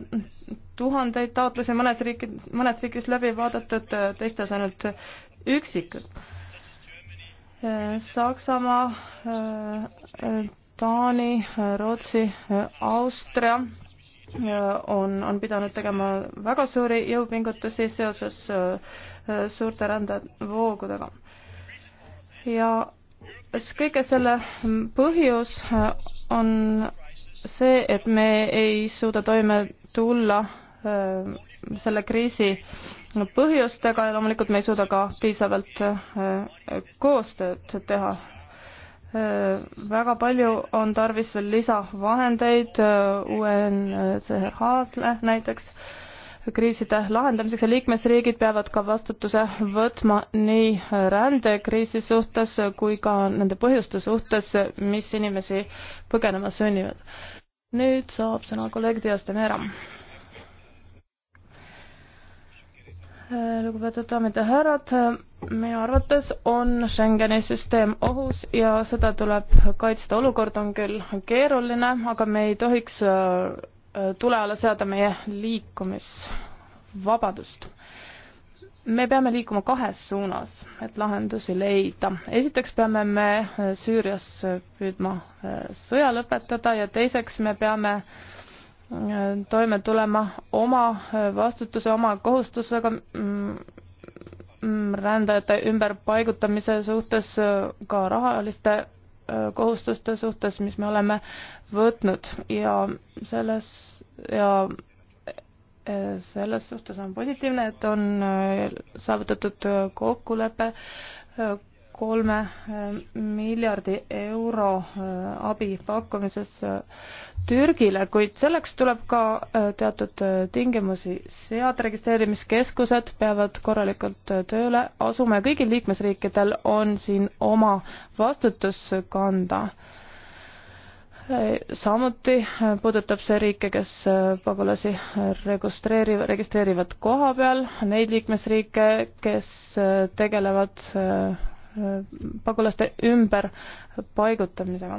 tuhandeid taotlusi mõnes riikides, mõnes riigis läbi vaadatud, äh, teistes ainult üksikud. Äh, Saksamaa, Taani, Rootsi, Austria on, on pidanud tegema väga suuri jõupingutusi seoses suurte rändevoogudega. ja kõige selle põhjus on see, et me ei suuda toime tulla äh, selle kriisi põhjustega ja loomulikult me ei suuda ka piisavalt äh, koostööd teha. Äh, väga palju on tarvis veel lisavahendeid UNCHR-le näiteks kriiside lahendamiseks ja liikmesriigid peavad ka vastutuse võtma nii rändekriisi suhtes kui ka nende põhjuste suhtes, mis inimesi põgenema sunnivad. nüüd saab sõna kolleeg Dias de Mera. lugupeetud daamid ja härrad, minu arvates on Schengeni süsteem ohus ja seda tuleb kaitsta. olukord on küll keeruline, aga me ei tohiks tule alla seada meie liikumisvabadust. me peame liikuma kahes suunas, et lahendusi leida. esiteks peame me eh, Süürias püüdma eh, sõja lõpetada ja teiseks me peame eh, toime tulema oma vastutuse, oma kohustusega mm, mm, rändajate ümberpaigutamise suhtes ka rahaliste Äh, kohustuste suhtes, mis me oleme võtnud ja selles ja äh, selles suhtes on positiivne, et on äh, saavutatud kokkulepe kolme eh, miljardi euro eh, abi pakkumises eh, Türgile, kuid selleks tuleb ka teatud tingimusi seada, registreerimiskeskused peavad korralikult tööle asuma ja kõigil liikmesriikidel on siin oma vastutus kanda. samuti puudutab see riike, kes pagulasi registreerivad, registreerivad koha peal, neid liikmesriike, kes tegelevad pagulaste ümberpaigutamisega.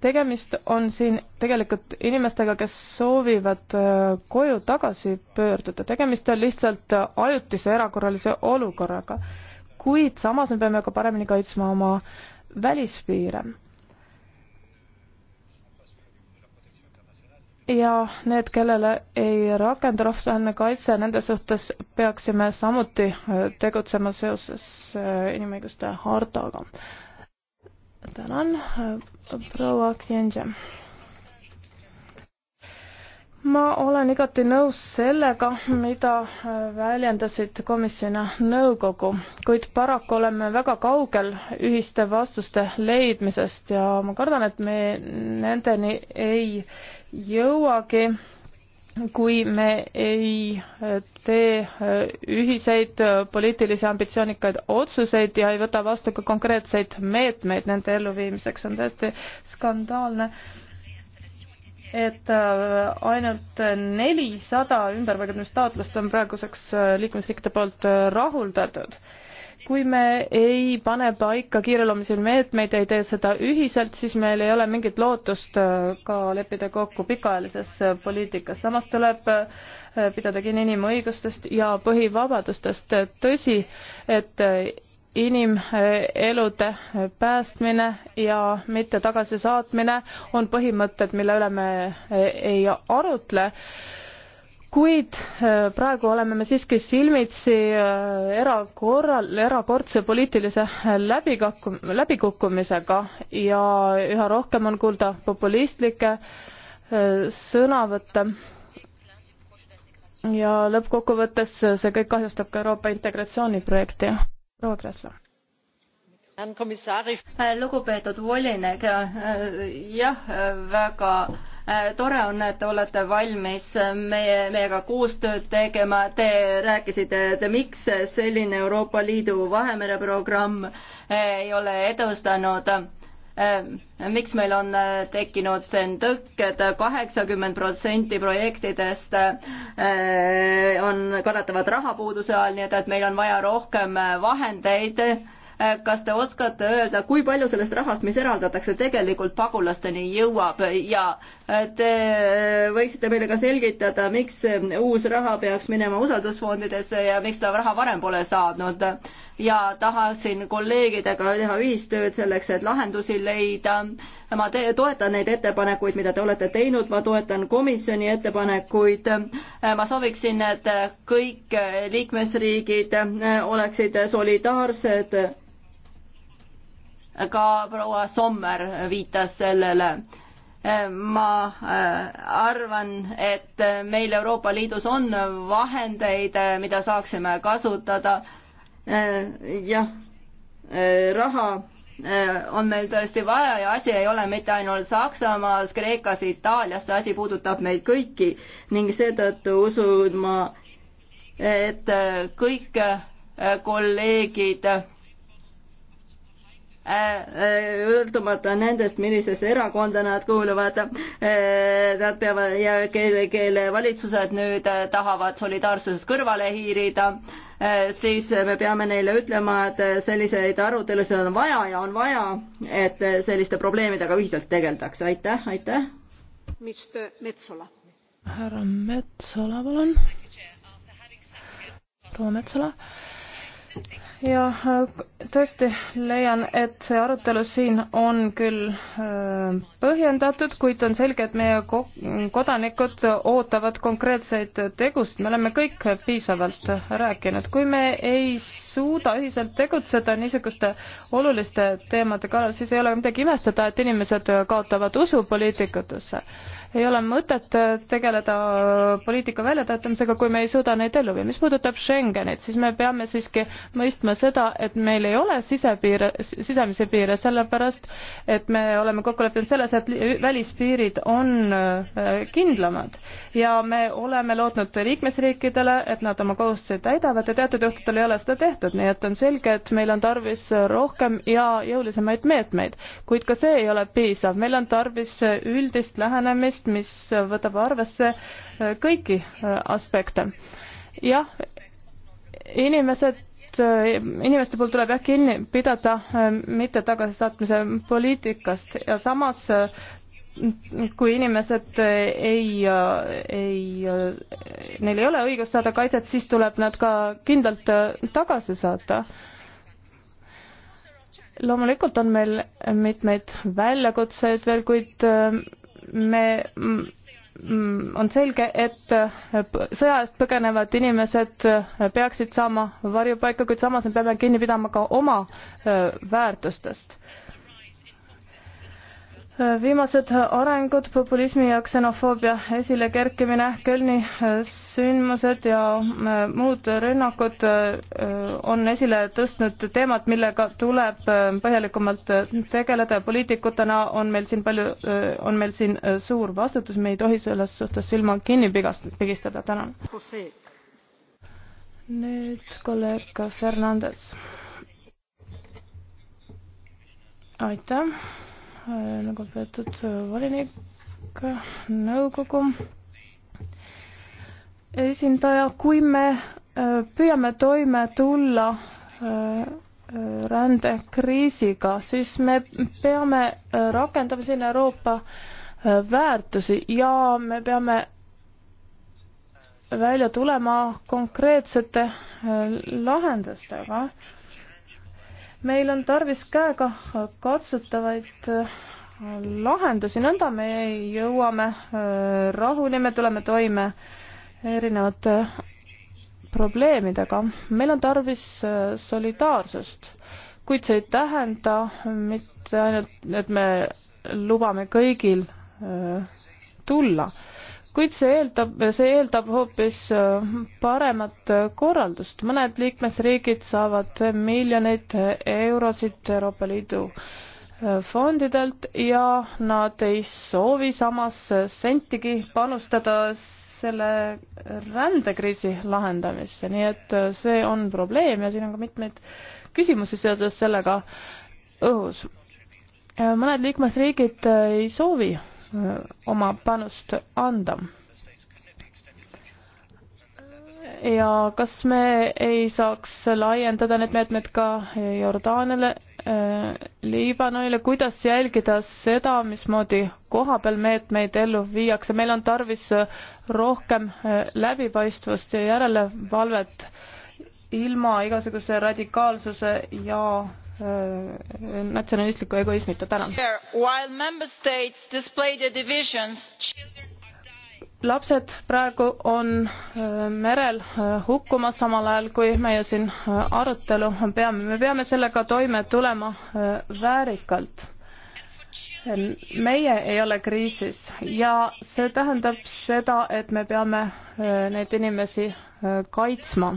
tegemist on siin tegelikult inimestega, kes soovivad äh, koju tagasi pöörduda, tegemist on lihtsalt ajutise erakorralise olukorraga, kuid samas me peame ka paremini kaitsma oma välispiire ja need, kellele ei rakendu rahvusvaheline kaitse, nende suhtes peaksime samuti äh, tegutsema seoses äh, inimõiguste hartaga. tänan, äh, proua Kienže. ma olen igati nõus sellega, mida väljendasid komisjon ja nõukogu, kuid paraku oleme väga kaugel ühiste vastuste leidmisest ja ma kardan, et me nendeni ei jõuagi, kui me ei tee ühiseid poliitilisi ambitsioonikaid otsuseid ja ei võta vastu ka konkreetseid meetmeid nende elluviimiseks, on täiesti skandaalne, et äh, ainult nelisada ümberpaigutamistaotlust on praeguseks äh, liikmesriikide poolt äh, rahuldatud kui me ei pane paika kiireloomulisi meetmeid, ei tee seda ühiselt, siis meil ei ole mingit lootust äh, ka leppida kokku pikaajalises äh, poliitikas. samas tuleb äh, pidada kinni inimõigustest ja põhivabadustest. tõsi, et inimelude päästmine ja mitte tagasisaatmine on põhimõtted, mille üle me ei arutle kuid äh, praegu oleme me siiski silmitsi äh, erakorral, erakordse poliitilise äh, läbikakku-, läbikukkumisega ja üha rohkem on kuulda populistlikke sõnavõtte. ja lõppkokkuvõttes see kõik kahjustab ka Euroopa integratsiooniprojekti. proua Kressler lugupeetud volinik jah väga Äh, tore on, et te olete valmis meie, meiega koostööd tegema, te rääkisite, et miks selline Euroopa Liidu Vahemere programm äh, ei ole edustanud. Äh, miks meil on tekkinud see tõkked, kaheksakümmend protsenti projektidest on, kannatavad rahapuuduse all, nii et, et meil on vaja rohkem vahendeid kas te oskate öelda, kui palju sellest rahast, mis eraldatakse, tegelikult pagulasteni jõuab ja te võiksite meile ka selgitada, miks uus raha peaks minema usaldusfondidesse ja miks ta raha varem pole saadnud. ja tahaksin kolleegidega teha ühistööd selleks, et lahendusi leida. ma te-, toetan neid ettepanekuid, mida te olete teinud, ma toetan komisjoni ettepanekuid. ma sooviksin, et kõik liikmesriigid oleksid solidaarsed ka proua Sommer viitas sellele ma äh, arvan, et meil Euroopa Liidus on vahendeid, äh, mida saaksime kasutada. Äh, jah, raha on meil tõesti vaja ja asi ei ole mitte ainult Saksamaas, Kreekas, Itaalias, see asi puudutab meid kõiki ning seetõttu usun ma, et kõik kolleegid sõltumata äh, äh, nendest, millisesse erakonda nad kuuluvad, äh, nad peavad ja kelle, kelle valitsused nüüd tahavad solidaarsusest kõrvale hiirida, siis me peame neile ütlema, et selliseid arutelusid on vaja ja on vaja, et selliste probleemidega ühiselt tegeldakse, aitäh, aitäh. härra Metsola, palun. proua Metsola ja äh, tõesti leian, et see arutelu siin on küll äh, põhjendatud, kuid on selge, et meie kodanikud ootavad konkreetseid tegusid, me oleme kõik piisavalt rääkinud. kui me ei suuda ühiselt tegutseda niisuguste oluliste teemade kallal, siis ei ole midagi imestada, et inimesed kaotavad usu poliitikutesse ei ole mõtet äh, tegeleda äh, poliitika väljatöötamisega, kui me ei suuda neid ellu viia. mis puudutab Schengenit, siis me peame siiski mõistma seda, et meil ei ole sisepiire, sisemisi piire, sellepärast et me oleme kokku leppinud selles, et välispiirid on äh, kindlamad ja me oleme lootnud liikmesriikidele, et nad oma kohustusi täidavad ja teatud juhtudel ei ole seda tehtud, nii et on selge, et meil on tarvis rohkem ja jõulisemaid meetmeid, kuid ka see ei ole piisav, meil on tarvis üldist lähenemist, tegevust, mis võtab arvesse äh, kõiki äh, aspekte. jah, inimesed äh, inimeste poolt tuleb jah kinni pidada mitte tagasisaatmise poliitikast ja samas kui inimesed ei, ei, neil ei ole õigust saada kaitset, siis tuleb nad ka kindlalt tagasi saata. loomulikult on meil mitmeid väljakutseid veel, kuid me mm, on selge, et sõja eest põgenevad inimesed peaksid saama varjupaika, kuid samas me peame kinni pidama ka oma äh, väärtustest viimased arengud, populismi ja ksenofoobia esilekerkimine, Kölni äh, sündmused ja äh, muud rünnakud äh, on esile tõstnud teemat, millega tuleb põhjalikumalt tegeleda ja poliitikutena on meil siin palju, on meil siin suur vastutus, me ei tohi selles suhtes silma kinni pigast-, pigistada, tänan. nüüd kolleeg Fernandes. aitäh Äh, lugupeetud äh, volinik, nõukogu esindaja, kui me äh, püüame toime tulla rändekriisiga, siis me peame rakendama siin Euroopa väärtusi ja me peame välja tulema konkreetsete lahendustega meil on tarvis käega katsutavaid äh, lahendusi, nõnda me jõuame äh, rahuni, me tuleme toime erinevate äh, probleemidega. meil on tarvis solidaarsust, kuid see ei tähenda mitte ainult, et me lubame kõigil tulla kuid see eeldab, see eeldab hoopis äh, paremat äh, korraldust. mõned liikmesriigid saavad miljoneid äh, eurosid Euroopa Liidu fondidelt ja nad ei soovi samas sentigi panustada selle rändekriisi lahendamisse, nii et see on probleem ja siin on ka mitmeid küsimusi seoses sellega õhus. mõned liikmesriigid ei soovi oma panust anda. ja kas me ei saaks laiendada need meetmed ka Jordaaniale, Liibanonile, kuidas jälgida seda, mismoodi kohapeal meetmeid ellu viiakse, meil on tarvis rohkem läbipaistvust ja järelevalvet ilma igasuguse radikaalsuse ja Äh, natsionalistlikku egoismit. tänan. lapsed praegu on äh, merel äh, hukkumas, samal ajal kui meie siin arutelu peame. me peame sellega toime tulema väärikalt meie ei ole kriisis ja see tähendab seda, et me peame neid inimesi kaitsma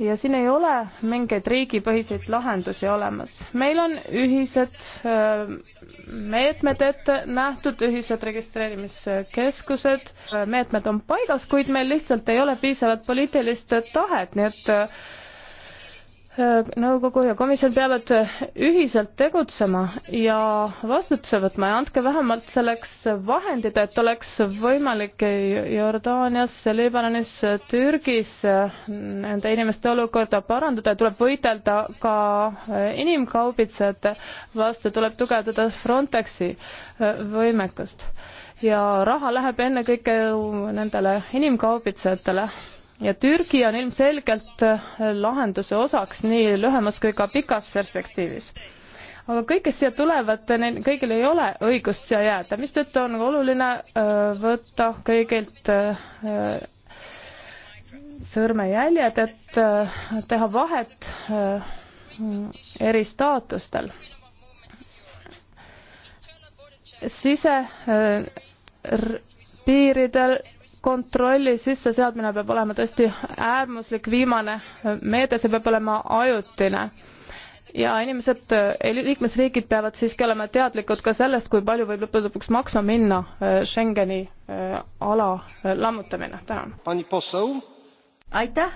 ja siin ei ole mingeid riigipõhiseid lahendusi olemas. meil on ühised äh, meetmed ette nähtud, ühised registreerimiskeskused, äh, meetmed on paigas, kuid meil lihtsalt ei ole piisavat poliitilist tahet, nii et äh, nõukogu ja komisjon peavad ühiselt tegutsema ja vastutuse võtma ja andke vähemalt selleks vahendid, et oleks võimalik Jordaanias, Liibanonis, Türgis nende inimeste olukorda parandada, tuleb võidelda ka inimkaubitsejate vastu, tuleb tugevdada Frontexi võimekust ja raha läheb ennekõike ju nendele inimkaubitsejatele ja Türgi on ilmselgelt äh, lahenduse osaks nii lühemas kui ka pikas perspektiivis. aga kõik, kes siia tulevad, äh, neil kõigil ei ole õigust siia jääda, mistõttu on oluline äh, võtta kõigilt sõrmejäljed, et teha vahet eri staatustel. sisepiiridel kontrolli sisseseadmine peab olema tõesti äärmuslik viimane meede, see peab olema ajutine. ja inimesed, eh, liikmesriigid peavad siiski olema teadlikud ka sellest, kui palju võib lõppude lõpuks maksma minna eh, Schengeni eh, ala lammutamine. tänan. aitäh.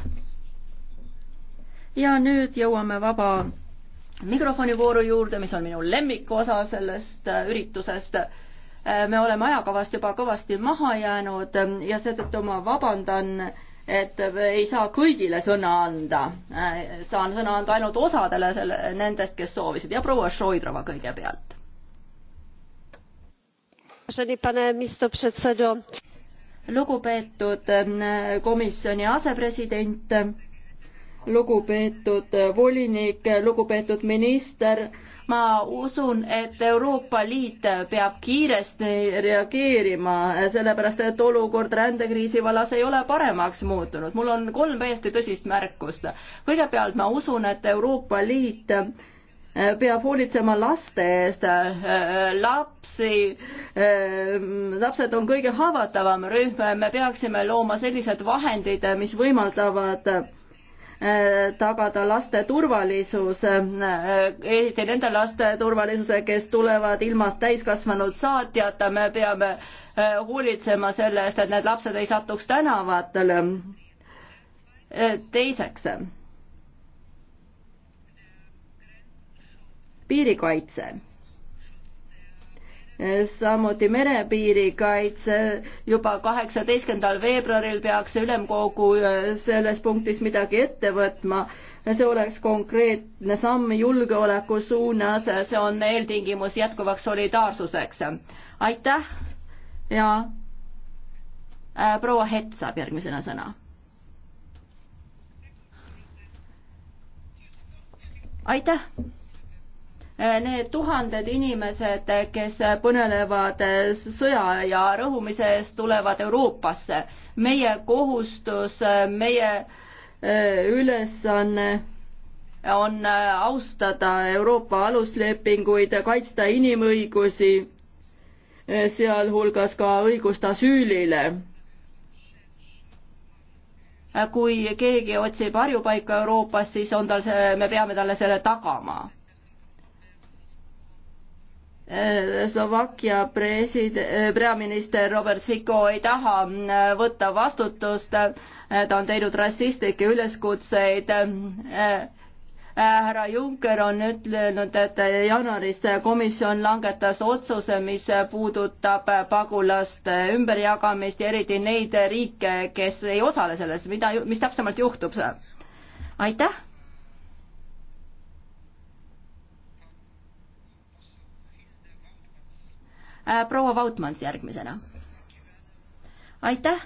ja nüüd jõuame vaba mikrofonivooru juurde, mis on minu lemmikosa sellest üritusest me oleme ajakavast juba kõvasti maha jäänud ja seetõttu ma vabandan, et ei saa kõigile sõna anda. saan sõna anda ainult osadele selle, nendest, kes soovisid ja proua Šoidrova kõigepealt. lugupeetud äh, komisjoni asepresident, lugupeetud äh, volinik, lugupeetud minister ma usun, et Euroopa Liit peab kiiresti reageerima, sellepärast et olukord rändekriisi vallas ei ole paremaks muutunud. mul on kolm täiesti tõsist märkust. kõigepealt ma usun, et Euroopa Liit peab hoolitsema laste eest, lapsi, lapsed on kõige haavatavam rühm, me peaksime looma sellised vahendid, mis võimaldavad tagada laste turvalisus, eriti nende laste turvalisuse, kes tulevad ilmast täiskasvanud saatjata, me peame eh, hoolitsema selle eest, et need lapsed ei satuks tänavatele. Eh, teiseks, piirikaitse samuti merepiiri kaitse. juba kaheksateistkümnendal veebruaril peaks ülemkogu äh, selles punktis midagi ette võtma. see oleks konkreetne samm julgeoleku suunas, see on eeltingimus jätkuvaks solidaarsuseks. aitäh ja äh, proua Hett saab järgmisena sõna. aitäh Äh, need tuhanded inimesed, kes põnelevad äh, sõja ja rõhumise eest, tulevad Euroopasse. meie kohustus, äh, meie ülesanne on, on austada Euroopa aluslepinguid, kaitsta inimõigusi, sealhulgas ka õigust asüülile kui keegi otsib varjupaika Euroopas, siis on tal see, me peame talle selle tagama Äh, Slovakkia presid-, äh, peaminister Robert Fico ei taha äh, võtta vastutust, ta on teinud rassistlikke üleskutseid. härra Juncker on ütlenud, et jaanuaris komisjon langetas otsuse, mis puudutab pagulaste ümberjagamist ja eriti neid riike, kes ei osale selles, mida, mis täpsemalt juhtub? aitäh Äh, proua Vautmans järgmisena. aitäh,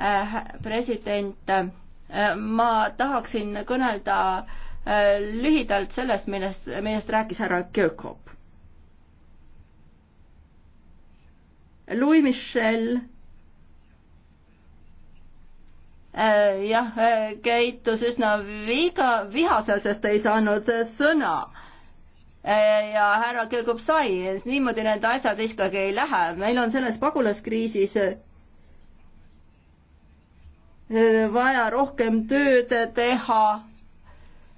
äh, president. Äh, ma tahaksin kõnelda lühidalt sellest, millest, millest rääkis härra Kirkhoop. Louis Michel jah, käitus üsna viga, vihasel, sest ei saanud sõna Äh, ja härra Kõlgup sai, niimoodi need asjad ikkagi ei lähe, meil on selles pagulaskriisis äh, vaja rohkem tööd teha.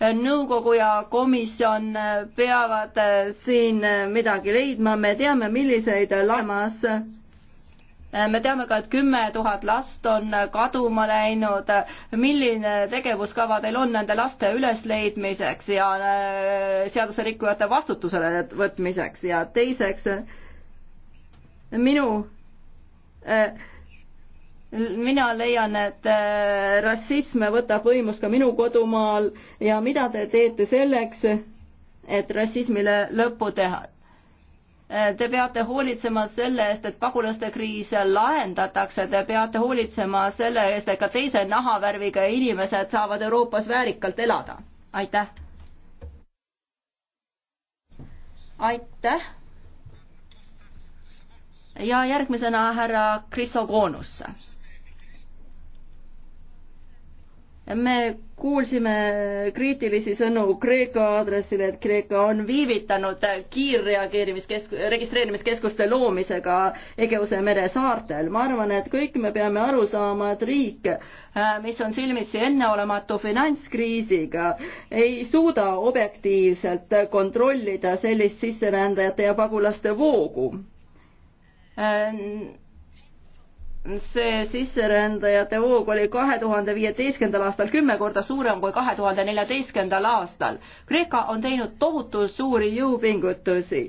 Äh, nõukogu ja komisjon peavad siin midagi leidma, me teame, milliseid laemas Äh, me teame ka, et kümme tuhat last on äh, kaduma läinud. milline tegevuskava teil on nende laste ülesleidmiseks ja äh, seaduserikkujate vastutusele võtmiseks ja teiseks minu mina leian, et rassism võtab võimust ka minu kodumaal ja mida te teete selleks, et rassismile lõppu teha? Te peate hoolitsema selle eest, et pagulaste kriis lahendatakse, te peate hoolitsema selle eest, et ka teise nahavärviga inimesed saavad Euroopas väärikalt elada. aitäh! aitäh! ja järgmisena härra Krisogoonus me kuulsime kriitilisi sõnu Kreeka aadressil, et Kreeka on viivitanud kiirreageerimiskesk-, registreerimiskeskuste loomisega Egeuse mere saartel. ma arvan, et kõik me peame aru saama, et riik, äh, mis on silmitsi enneolematu finantskriisiga, ei suuda objektiivselt kontrollida sellist sisserändajate ja pagulaste voogu äh, see sisserändajate hoog oli kahe tuhande viieteistkümnendal aastal kümme korda suurem kui kahe tuhande neljateistkümnendal aastal. Kreeka on teinud tohutult suuri jõupingutusi.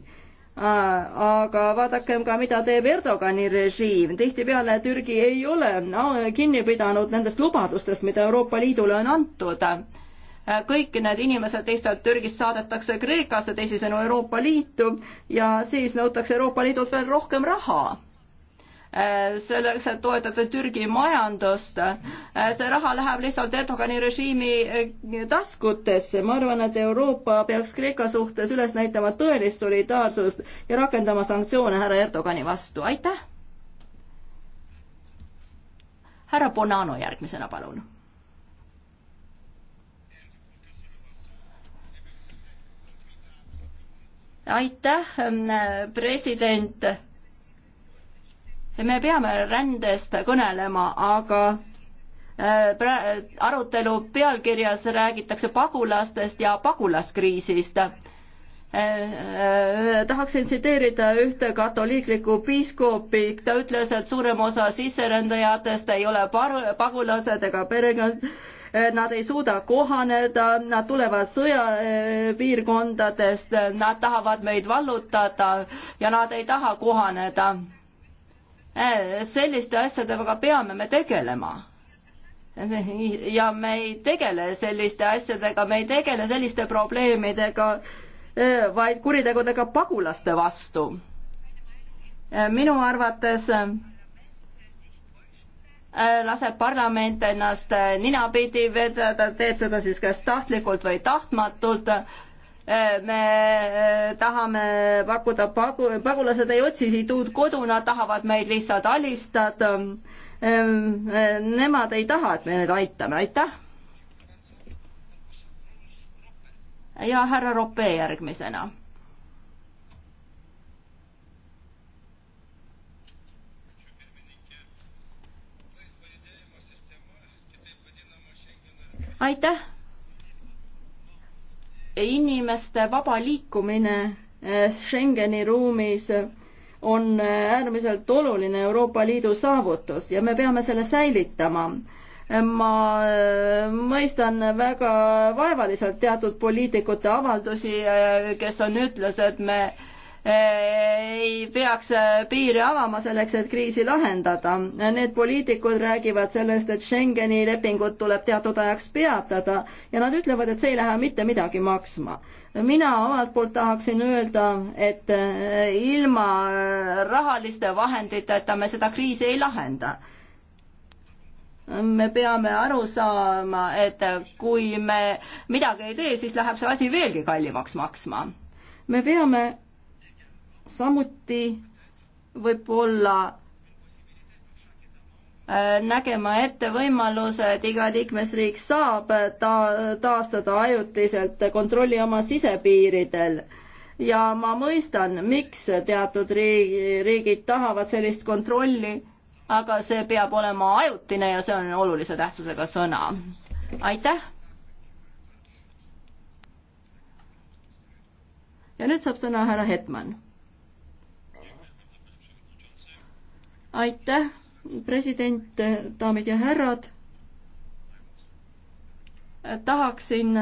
aga vaadakem ka, mida teeb Erdogani režiim. tihtipeale Türgi ei ole kinni pidanud nendest lubadustest, mida Euroopa Liidule on antud kõik need inimesed lihtsalt Türgist saadetakse Kreekasse, teisisõnu Euroopa Liitu ja siis nõutakse Euroopa Liidult veel rohkem raha Äh, selleks, et toetada Türgi majandust. Äh, see raha läheb lihtsalt Erdogani režiimi äh, taskutesse. ma arvan, et Euroopa peaks Kreeka suhtes üles näitama tõelist solidaarsust ja rakendama sanktsioone härra Erdogani vastu. aitäh! härra Bonanno järgmisena, palun aitäh, ähm, president me peame rändest kõnelema, aga äh, pra-, arutelu pealkirjas räägitakse pagulastest ja pagulaskriisist. Äh, äh, tahaksin tsiteerida ühte katoliiklikku piiskoopi, ta ütles, et suurem osa sisserändajatest ei ole par-, pagulased ega perekond, nad ei suuda kohaneda, nad tulevad sõjapiirkondadest, nad tahavad meid vallutada ja nad ei taha kohaneda Äh, selliste asjadega peame me tegelema. ja me ei tegele selliste asjadega, me ei tegele selliste probleemidega, äh, vaid kuritegudega pagulaste vastu. Äh, minu arvates laseb parlament ennast ninapidi vedada, teeb seda siis kas tahtlikult või tahtmatult me e, tahame pakkuda pagu-, pagulased ei otsi siit uut kodu, nad tahavad meid lihtsalt alistada. E, e, nemad ei taha, et me neid aitame, aitäh. ja härra Roppe järgmisena. aitäh inimeste vaba liikumine eh, Schengeni ruumis on eh, äärmiselt oluline Euroopa Liidu saavutus ja me peame selle säilitama. ma eh, mõistan väga vaevaliselt teatud poliitikute avaldusi, kes on, ütles, et me ei peaks äh, piire avama selleks, et kriisi lahendada. Need poliitikud räägivad sellest, et Schengeni lepingut tuleb teatud ajaks peatada ja nad ütlevad, et see ei lähe mitte midagi maksma. mina omalt poolt tahaksin öelda, et äh, ilma äh, rahaliste vahenditeta me seda kriisi ei lahenda me peame aru saama, et kui me midagi ei tee, siis läheb see asi veelgi kallimaks maksma. me peame samuti võib-olla äh, nägema ette võimaluse, et iga liikmesriik saab ta-, taastada ajutiselt kontrolli oma sisepiiridel. ja ma mõistan, miks teatud riigi, riigid tahavad sellist kontrolli, aga see peab olema ajutine ja see on olulise tähtsusega sõna. aitäh! ja nüüd saab sõna härra Hetman aitäh, president, daamid ja härrad. tahaksin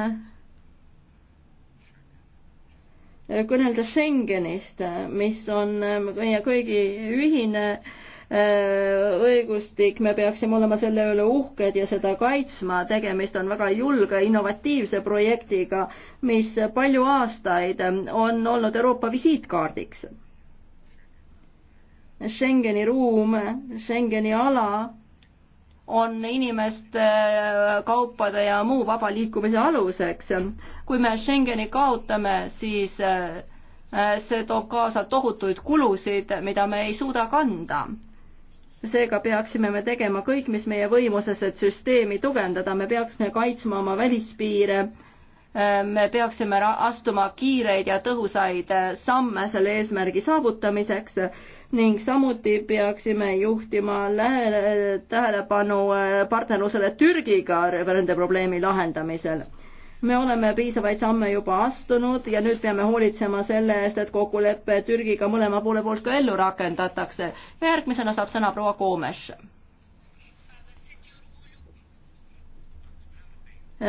kõnelda Schengenist, mis on meie kõigi ühine äh, õigustik, me peaksime olema selle üle uhked ja seda kaitsma, tegemist on väga julge, innovatiivse projektiga, mis palju aastaid on olnud Euroopa visiitkaardiks Schengeni ruum, Schengeni ala on inimeste, äh, kaupade ja muu vaba liikumise aluseks. kui me Schengeni kaotame, siis äh, äh, see toob kaasa tohutuid kulusid, mida me ei suuda kanda. seega peaksime me tegema kõik, mis meie võimuses, et süsteemi tugevdada, me peaksime kaitsma oma välispiire, me peaksime astuma kiireid ja tõhusaid samme selle eesmärgi saavutamiseks ning samuti peaksime juhtima tähelepanu äh, partnerlusele Türgiga rändeprobleemi lahendamisel me oleme piisavaid samme juba astunud ja nüüd peame hoolitsema selle eest, et kokkulepe Türgiga mõlema poole poolt ka ellu rakendatakse. järgmisena saab sõna proua Koomes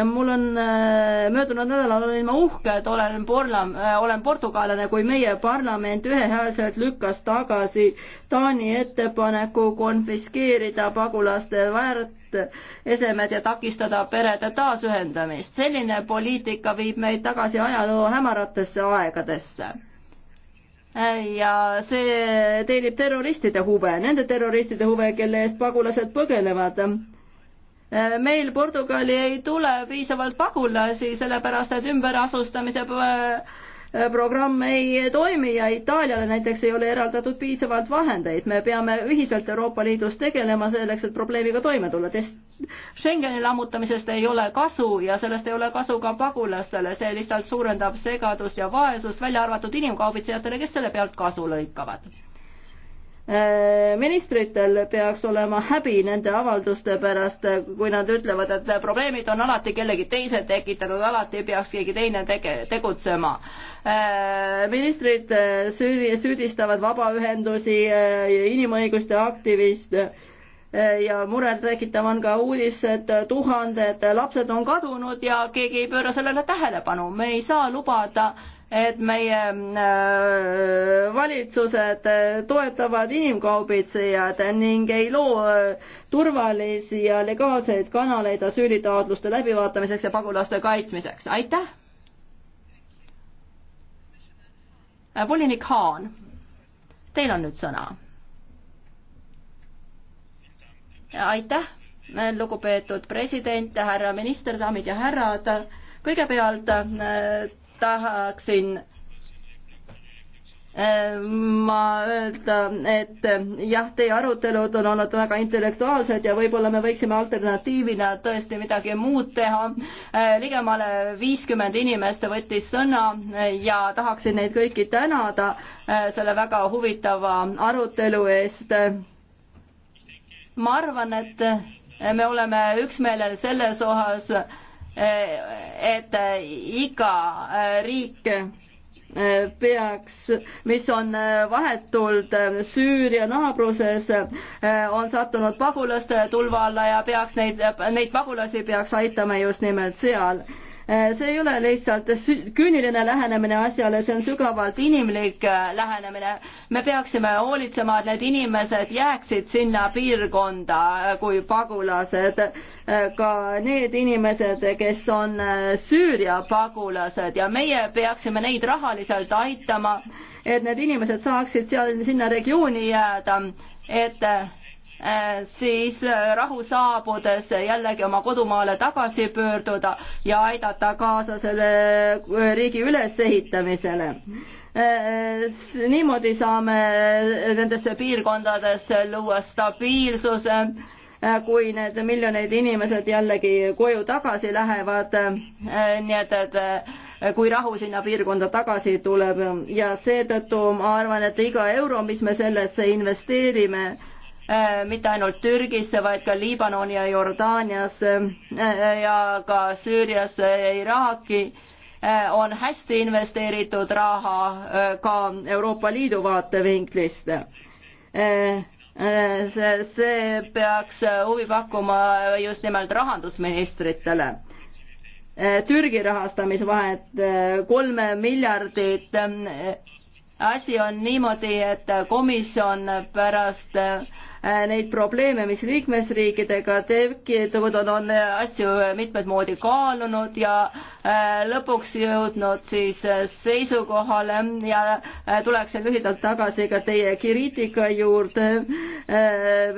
mul on äh, möödunud nädalal olin ma uhke, et olen porla-, äh, olen portugallane, kui meie parlament ühehäälselt lükkas tagasi Taani ettepaneku konfiskeerida pagulaste väärtesemed ja takistada perede taasühendamist. selline poliitika viib meid tagasi ajaloo hämaratesse aegadesse äh, ja see teenib terroristide huve, nende terroristide huve, kelle eest pagulased põgenevad Äh, meil Portugali ei tule piisavalt pagulasi, sellepärast et ümberasustamise äh, programm ei toimi ja Itaaliale näiteks ei ole eraldatud piisavalt vahendeid. me peame ühiselt Euroopa Liidus tegelema selleks, et probleemiga toime tulla. Schengeni lammutamisest ei ole kasu ja sellest ei ole kasu ka pagulastele, see lihtsalt suurendab segadust ja vaesust, välja arvatud inimkaubitsejatele, kes selle pealt kasu lõikavad Äh, ministritel peaks olema häbi nende avalduste pärast, kui nad ütlevad, et probleemid on alati kellegi teise tekitatud, alati peaks keegi teine tege-, tegutsema. Äh, ministrid äh, süüdi, süüdistavad vabaühendusi, inimõiguste aktiviste ja muret tekitav on ka uudis, et tuhanded lapsed on kadunud ja keegi ei pööra sellele tähelepanu. me ei saa lubada, et meie äh, valitsused äh, toetavad inimkaubitsejad ning ei loo äh, turvalisi ja legaalseid kanaleid asüülitaotluste läbivaatamiseks ja pagulaste kaitmiseks. aitäh! volinik Haan, teil on nüüd sõna. aitäh, lugupeetud president, härra minister, daamid ja härrad. kõigepealt tahaksin äh, ma öelda, et äh, jah, teie arutelud on olnud väga intellektuaalsed ja võib-olla me võiksime alternatiivina tõesti midagi muud teha. Äh, ligemale viiskümmend inimest võttis sõna ja tahaksin neid kõiki tänada selle väga huvitava arutelu eest. ma arvan, et me oleme üksmeelel selles osas, et iga riik eh, peaks, mis on eh, vahetult eh, Süüria naabruses, on sattunud pagulaste tulva alla ja peaks neid, neid pagulasi peaks aitama just nimelt seal Äh, see ei ole lihtsalt küüniline lähenemine asjale, see on sügavalt inimlik äh, lähenemine. me peaksime hoolitsema, et need inimesed jääksid sinna piirkonda äh, kui pagulased. ka need inimesed, kes on Süüria pagulased ja meie peaksime neid rahaliselt aitama, et need inimesed saaksid seal, sinna regiooni jääda, et Äh, siis äh, rahu saabudes jällegi oma kodumaale tagasi pöörduda ja aidata kaasa selle äh, riigi ülesehitamisele. niimoodi saame nendesse piirkondadesse luua stabiilsuse, kui need miljoneid inimesed jällegi koju tagasi lähevad, nii et, et kui rahu sinna piirkonda tagasi tuleb ja seetõttu ma arvan, et iga euro, mis me sellesse investeerime, Äh, mitte ainult Türgisse, vaid ka Liibanon ja Jordaaniasse äh, ja ka Süüriasse ja Iraaki äh, on hästi investeeritud raha ka Euroopa Liidu vaatevinklist see, see peaks huvi pakkuma just nimelt rahandusministritele. Türgi rahastamisvahet kolme miljardit. asi on niimoodi, et komisjon pärast äh, Äh, neid probleeme, mis liikmesriikidega tekkinud on, on asju mitmed moodi kaalunud ja äh, lõpuks jõudnud siis äh, seisukohale ja tuleksin lühidalt tagasi ka teie kriitika juurde.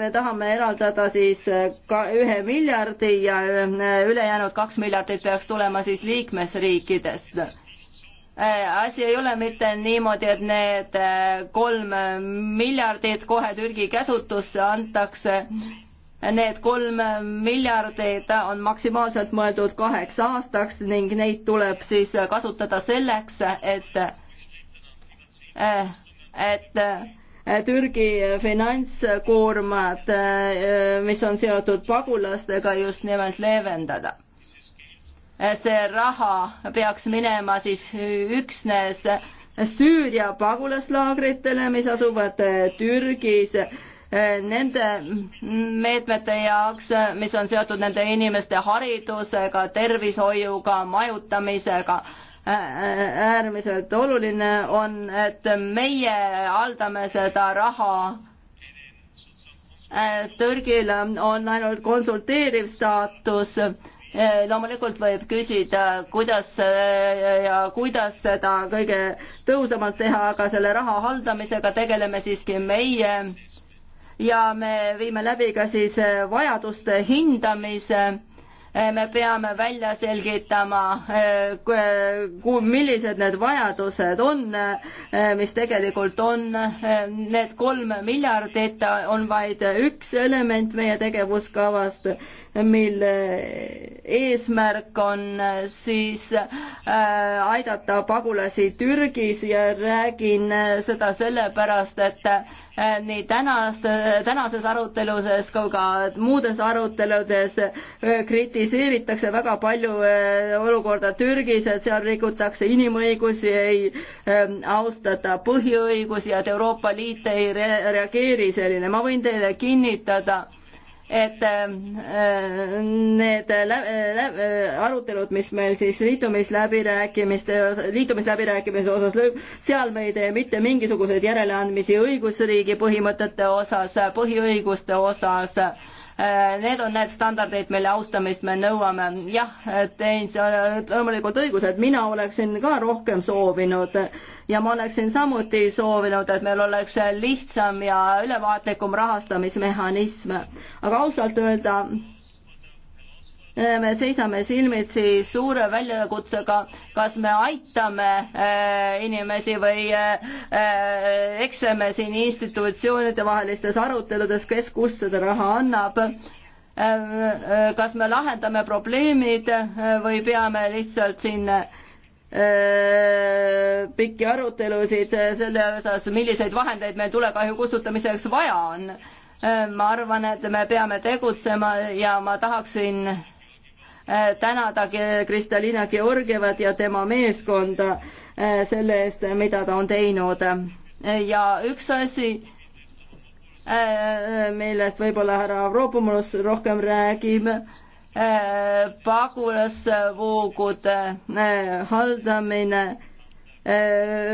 me tahame eraldada siis ka ühe miljardi ja ülejäänud kaks miljardit peaks tulema siis liikmesriikidest Äh, asi ei ole mitte niimoodi, et need äh, kolm miljardit kohe Türgi käsutusse antakse. Need kolm miljardit on maksimaalselt mõeldud kaheks aastaks ning neid tuleb siis kasutada selleks, et, äh, et Türgi finantskoormad, mis on seotud pagulastega, just nimelt leevendada see raha peaks minema siis üksnes Süüria pagulaslaagritele, mis asuvad eh, Türgis, eh, nende meetmete jaoks, eh, mis on seotud nende inimeste haridusega, tervishoiuga, majutamisega äärmiselt oluline on, et meie haldame seda raha. Türgil on ainult konsulteeriv staatus Eh, loomulikult võib küsida, kuidas ja kuidas seda kõige tõhusamalt teha, aga selle raha haldamisega tegeleme siiski meie. ja me viime läbi ka siis eh, vajaduste hindamise Eh, me peame välja selgitama, eh, eh, millised need vajadused on, mis tegelikult on. Need kolm miljardit on vaid üks element meie tegevuskavast, mille eesmärk on siis aidata pagulasi Türgis ja räägin seda sellepärast, et Äh, nii tänast, äh, tänases aruteludes kui ka muudes aruteludes äh, kritiseeritakse väga palju olukorda Türgis, et seal rikutakse inimõigusi, ei ähm, austata põhiõigusi ja et Euroopa Liit ei reageeri selline, ma võin teile kinnitada, et äh, need äh, arutelud, mis meil siis liitumisläbirääkimiste, liitumisläbirääkimise osas lõi, seal me ei tee mitte mingisuguseid järeleandmisi õigusriigi põhimõtete osas, põhiõiguste osas Äh, need on need standardid, mille austamist me nõuame. jah, teil on äh, loomulikult õigus, et mina oleksin ka rohkem soovinud ja ma oleksin samuti soovinud, et meil oleks lihtsam ja ülevaatlikum rahastamismehhanism. aga ausalt öelda, me ehm, seisame silmitsi suure väljakutsega, kas me aitame eh, inimesi või eh, ekseme siin institutsioonide vahelistes aruteludes, kes kus seda raha annab. Ehm, eh, kas me lahendame probleemid või peame lihtsalt siin pikki arutelusid selle osas, milliseid vahendeid meil tulekahju kustutamiseks vaja on. Ehm, ma arvan, et me peame tegutsema ja ma tahaksin Äh, tänada Kristalina Georgievat ja tema meeskonda äh, selle eest, mida ta on teinud. ja üks asi, äh, millest võib-olla härra Avropoulos rohkem räägib, pagulasvoogude haldamine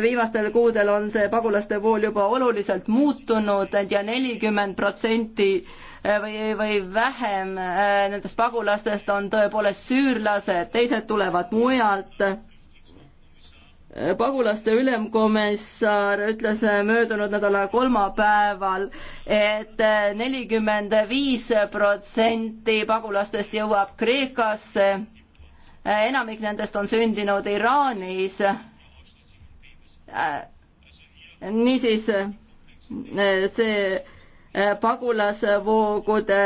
viimastel kuudel on see pagulaste vool juba oluliselt muutunud ja nelikümmend protsenti või, või vähem äh, nendest pagulastest on tõepoolest süürlased, teised tulevad mujalt. pagulaste ülemkomissar ütles möödunud nädala kolmapäeval et, et nelikümmend viis protsenti pagulastest jõuab Kreekasse. enamik nendest on sündinud Iraanis. Äh, niisiis see pagulasvoogude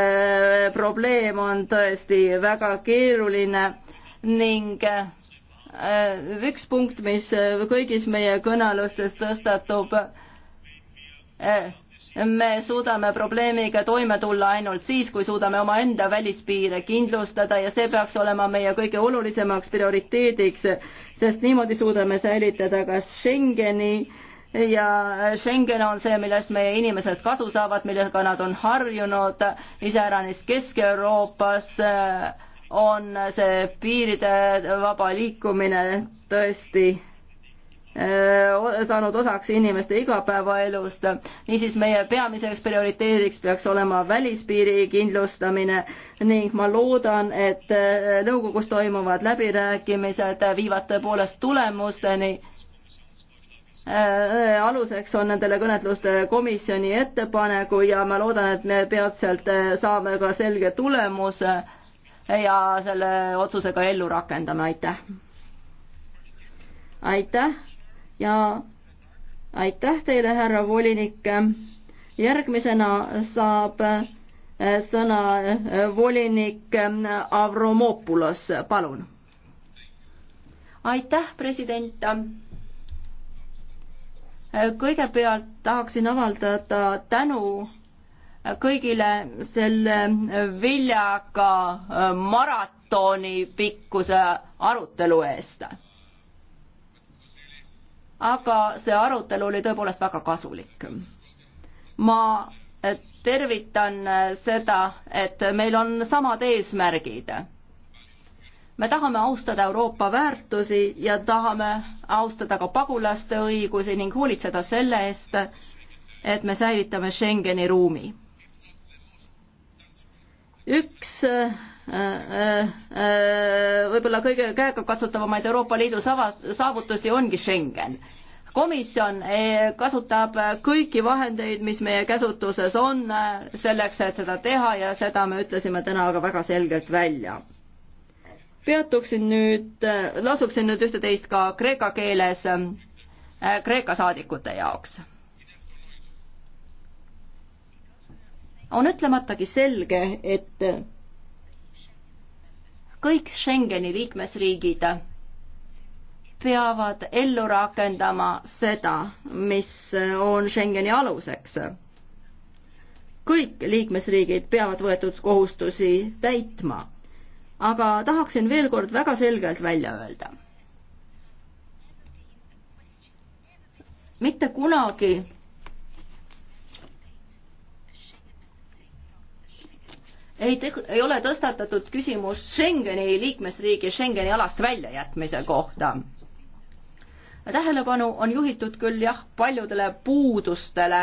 probleem on tõesti väga keeruline ning äh, üks punkt, mis kõigis meie kõnelustes tõstatub, äh, me suudame probleemiga toime tulla ainult siis, kui suudame omaenda välispiire kindlustada ja see peaks olema meie kõige olulisemaks prioriteediks, sest niimoodi suudame säilitada ka Schengeni ja Schengen on see, millest meie inimesed kasu saavad, millega nad on harjunud, iseäranis Kesk-Euroopas äh, on see piiride vaba liikumine tõesti äh, saanud osaks inimeste igapäevaelust. niisiis meie peamiseks prioriteediks peaks olema välispiiri kindlustamine ning ma loodan, et äh, nõukogus toimuvad läbirääkimised viivad tõepoolest tulemusteni Äh, äh, aluseks on nendele kõnetlustele komisjoni ettepaneku ja ma loodan, et me peatselt äh, saame ka selge tulemuse ja selle otsuse ka ellu rakendame, aitäh. aitäh ja aitäh teile, härra volinik. järgmisena saab sõna volinik Avramopoulos, palun. aitäh, president kõigepealt tahaksin avaldada tänu kõigile selle viljaka äh, maratoni pikkuse arutelu eest. aga see arutelu oli tõepoolest väga kasulik. ma tervitan seda, et meil on samad eesmärgid me tahame austada Euroopa väärtusi ja tahame austada ka pagulaste õigusi ning hoolitseda selle eest, et me säilitame Schengeni ruumi. üks äh, äh, äh võib-olla kõige käegakatsutavamaid Euroopa Liidu sava-, saavutusi ongi Schengen. komisjon äh, kasutab kõiki vahendeid, mis meie käsutuses on, äh, selleks, et seda teha ja seda me ütlesime täna ka väga selgelt välja peatuksin nüüd, lasuksin nüüd üht-teist ka kreeka keeles äh, Kreeka saadikute jaoks. on ütlematagi selge, et kõik Schengeni liikmesriigid peavad ellu rakendama seda, mis on Schengeni aluseks. kõik liikmesriigid peavad võetud kohustusi täitma aga tahaksin veel kord väga selgelt välja öelda. mitte kunagi ei te-, ei ole tõstatatud küsimus Schengeni liikmesriigi Schengeni alast väljajätmise kohta. tähelepanu on juhitud küll jah, paljudele puudustele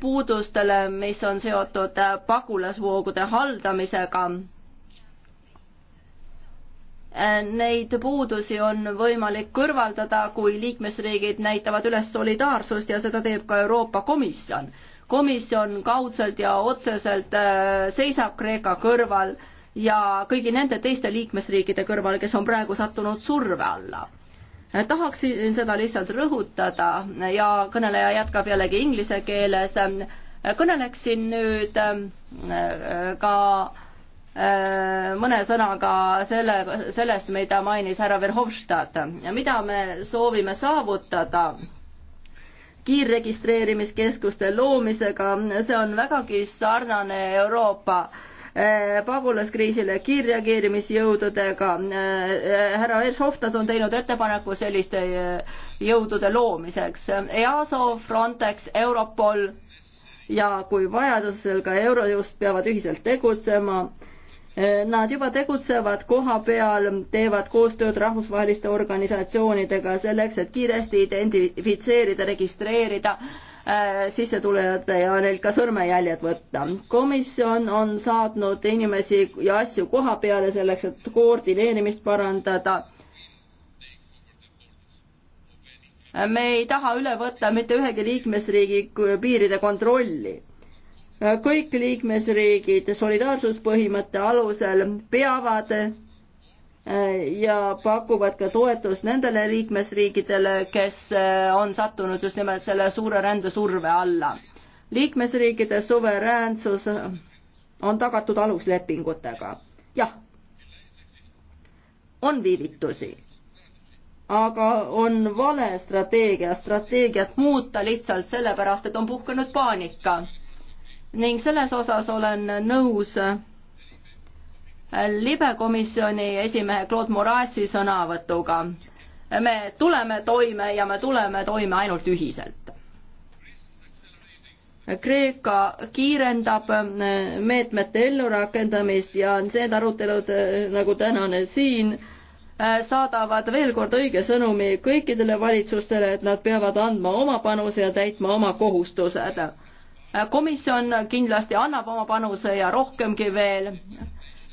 puudustele, mis on seotud pagulasvoogude haldamisega Äh, neid puudusi on võimalik kõrvaldada, kui liikmesriigid näitavad üles solidaarsust ja seda teeb ka Euroopa Komisjon. komisjon kaudselt ja otseselt äh, seisab Kreeka kõrval ja kõigi nende teiste liikmesriikide kõrval, kes on praegu sattunud surve alla äh, tahaksin seda lihtsalt rõhutada ja kõneleja jätkab jällegi inglise keeles. kõneleksin nüüd ka Äh, mõne sõnaga selle, sellest, mida mainis härra Verhofstadt ja mida me soovime saavutada kiirregistreerimiskeskuste loomisega, see on vägagi sarnane Euroopa äh, pagulaskriisile kiirreageerimisjõududega. Äh, härra Verhofstadt on teinud ettepaneku selliste jõudude loomiseks. EASO, Frontex, Europol ja kui vajadusel ka Eurojust peavad ühiselt tegutsema Eh, nad juba tegutsevad koha peal, teevad koostööd rahvusvaheliste organisatsioonidega selleks, et kiiresti identifitseerida, registreerida eh, sissetulejate ja neilt ka sõrmejäljed võtta. komisjon on saatnud inimesi ja asju koha peale selleks, et koordineerimist parandada me ei taha üle võtta mitte ühegi liikmesriigi piiride kontrolli kõik liikmesriigid solidaarsuspõhimõtte alusel peavad äh, ja pakuvad ka toetust nendele liikmesriikidele, kes äh, on sattunud just nimelt selle suure rändesurve alla. liikmesriikide suveräänsus on tagatud aluslepingutega. jah, on viivitusi, aga on vale strateegia, strateegiat muuta lihtsalt sellepärast, et on puhkenud paanika ning selles osas olen nõus äh, libekomisjoni esimehe Claude Morassi sõnavõtuga. me tuleme toime ja me tuleme toime ainult ühiselt. Kreeka kiirendab äh, meetmete ellurakendamist ja need arutelud äh, nagu tänane siin saadavad veel kord õige sõnumi kõikidele valitsustele, et nad peavad andma oma panuse ja täitma oma kohustused komisjon kindlasti annab oma panuse ja rohkemgi veel.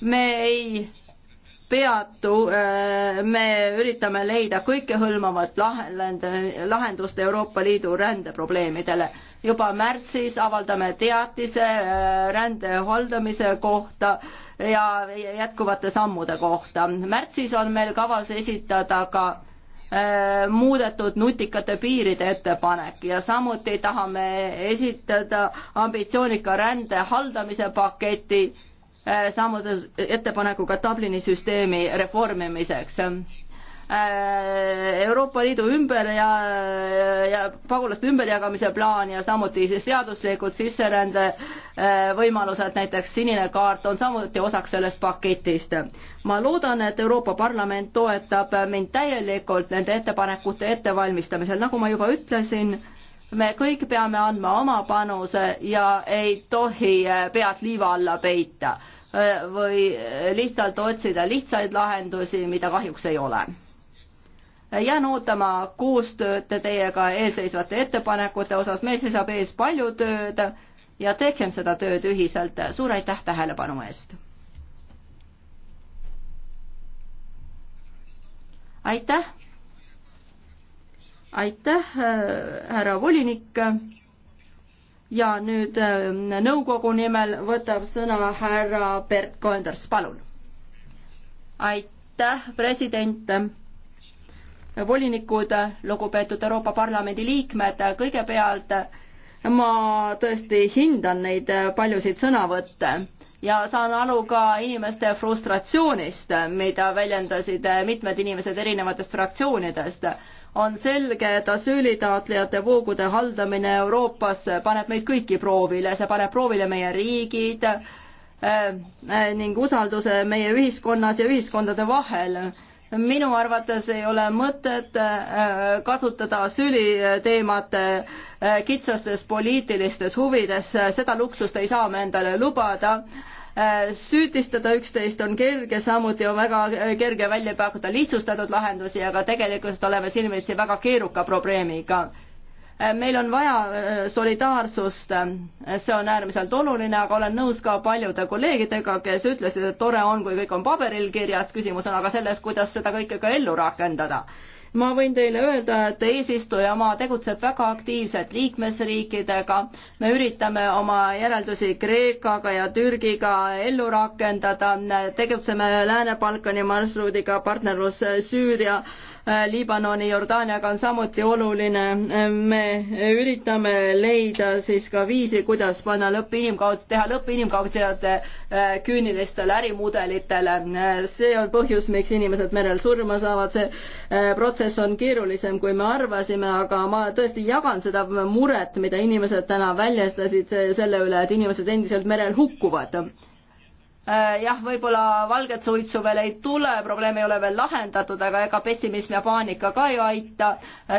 me ei peatu, äh, me üritame leida kõikehõlmavat lahendust Euroopa Liidu rändeprobleemidele. juba märtsis avaldame teatise äh, rände haldamise kohta ja jätkuvate sammude kohta. märtsis on meil kavas esitada ka Äh, muudetud nutikate piiride ettepanek ja samuti tahame esitada ambitsioonika rände haldamise paketi, äh, samuti ettepanekuga Dublini süsteemi reformimiseks Äh, Euroopa Liidu ümber ja, ja pagulaste ümberjagamise plaan ja samuti siis seaduslikud sisserände äh, võimalused, näiteks sinine kaart on samuti osaks sellest paketist. ma loodan, et Euroopa Parlament toetab mind täielikult nende ettepanekute ettevalmistamisel, nagu ma juba ütlesin, me kõik peame andma oma panuse ja ei tohi äh, pead liiva alla peita või lihtsalt otsida lihtsaid lahendusi, mida kahjuks ei ole jään ootama koostööd teiega eelseisvate ettepanekute osas, meil seisab ees palju tööd ja tehkem seda tööd ühiselt, suur aitäh tähelepanu eest! aitäh! aitäh, härra volinik! ja nüüd äh, nõukogu nimel võtab sõna härra Bert Koenders, palun! aitäh, president! volinikud, lugupeetud Euroopa Parlamendi liikmed, kõigepealt ma tõesti hindan neid paljusid sõnavõtte ja saan aru ka inimeste frustratsioonist, mida väljendasid mitmed inimesed erinevatest fraktsioonidest. on selge, et asüülitaotlejate voogude haldamine Euroopas paneb meid kõiki proovile, see paneb proovile meie riigid äh, ning usalduse meie ühiskonnas ja ühiskondade vahel minu arvates ei ole mõtet äh, kasutada süli teemat äh, kitsastes poliitilistes huvides, seda luksust ei saa me endale lubada. Äh, süüdistada üksteist on kerge, samuti on väga kerge välja pakkuda lihtsustatud lahendusi, aga tegelikult oleme silmitsi väga keeruka probleemiga Äh, meil on vaja äh, solidaarsust, äh, see on äärmiselt oluline, aga olen nõus ka paljude kolleegidega, kes ütlesid, et tore on, kui kõik on paberil kirjas, küsimus on aga selles, kuidas seda kõike ka ellu rakendada. ma võin teile öelda, et eesistujamaa tegutseb väga aktiivselt liikmesriikidega, me üritame oma järeldusi Kreekaga ja Türgiga ellu rakendada, tegutseme Lääne-Balkani marsruudiga partnerlus Süüria Äh, Liibanoni, Jordaaniaga on samuti oluline. Äh, me üritame leida siis ka viisi, kuidas panna lõpp inimkaud-, teha lõpp inimkaudsejate äh, küünilistele ärimudelitele. see on põhjus, miks inimesed merel surma saavad, see protsess on keerulisem, kui me arvasime, aga ma tõesti jagan seda muret, mida inimesed täna väljendasid selle üle, et inimesed endiselt merel hukkuvad Äh, jah, võib-olla valget suitsu veel ei tule, probleem ei ole veel lahendatud, aga ega pessimism ja paanika ka ei aita.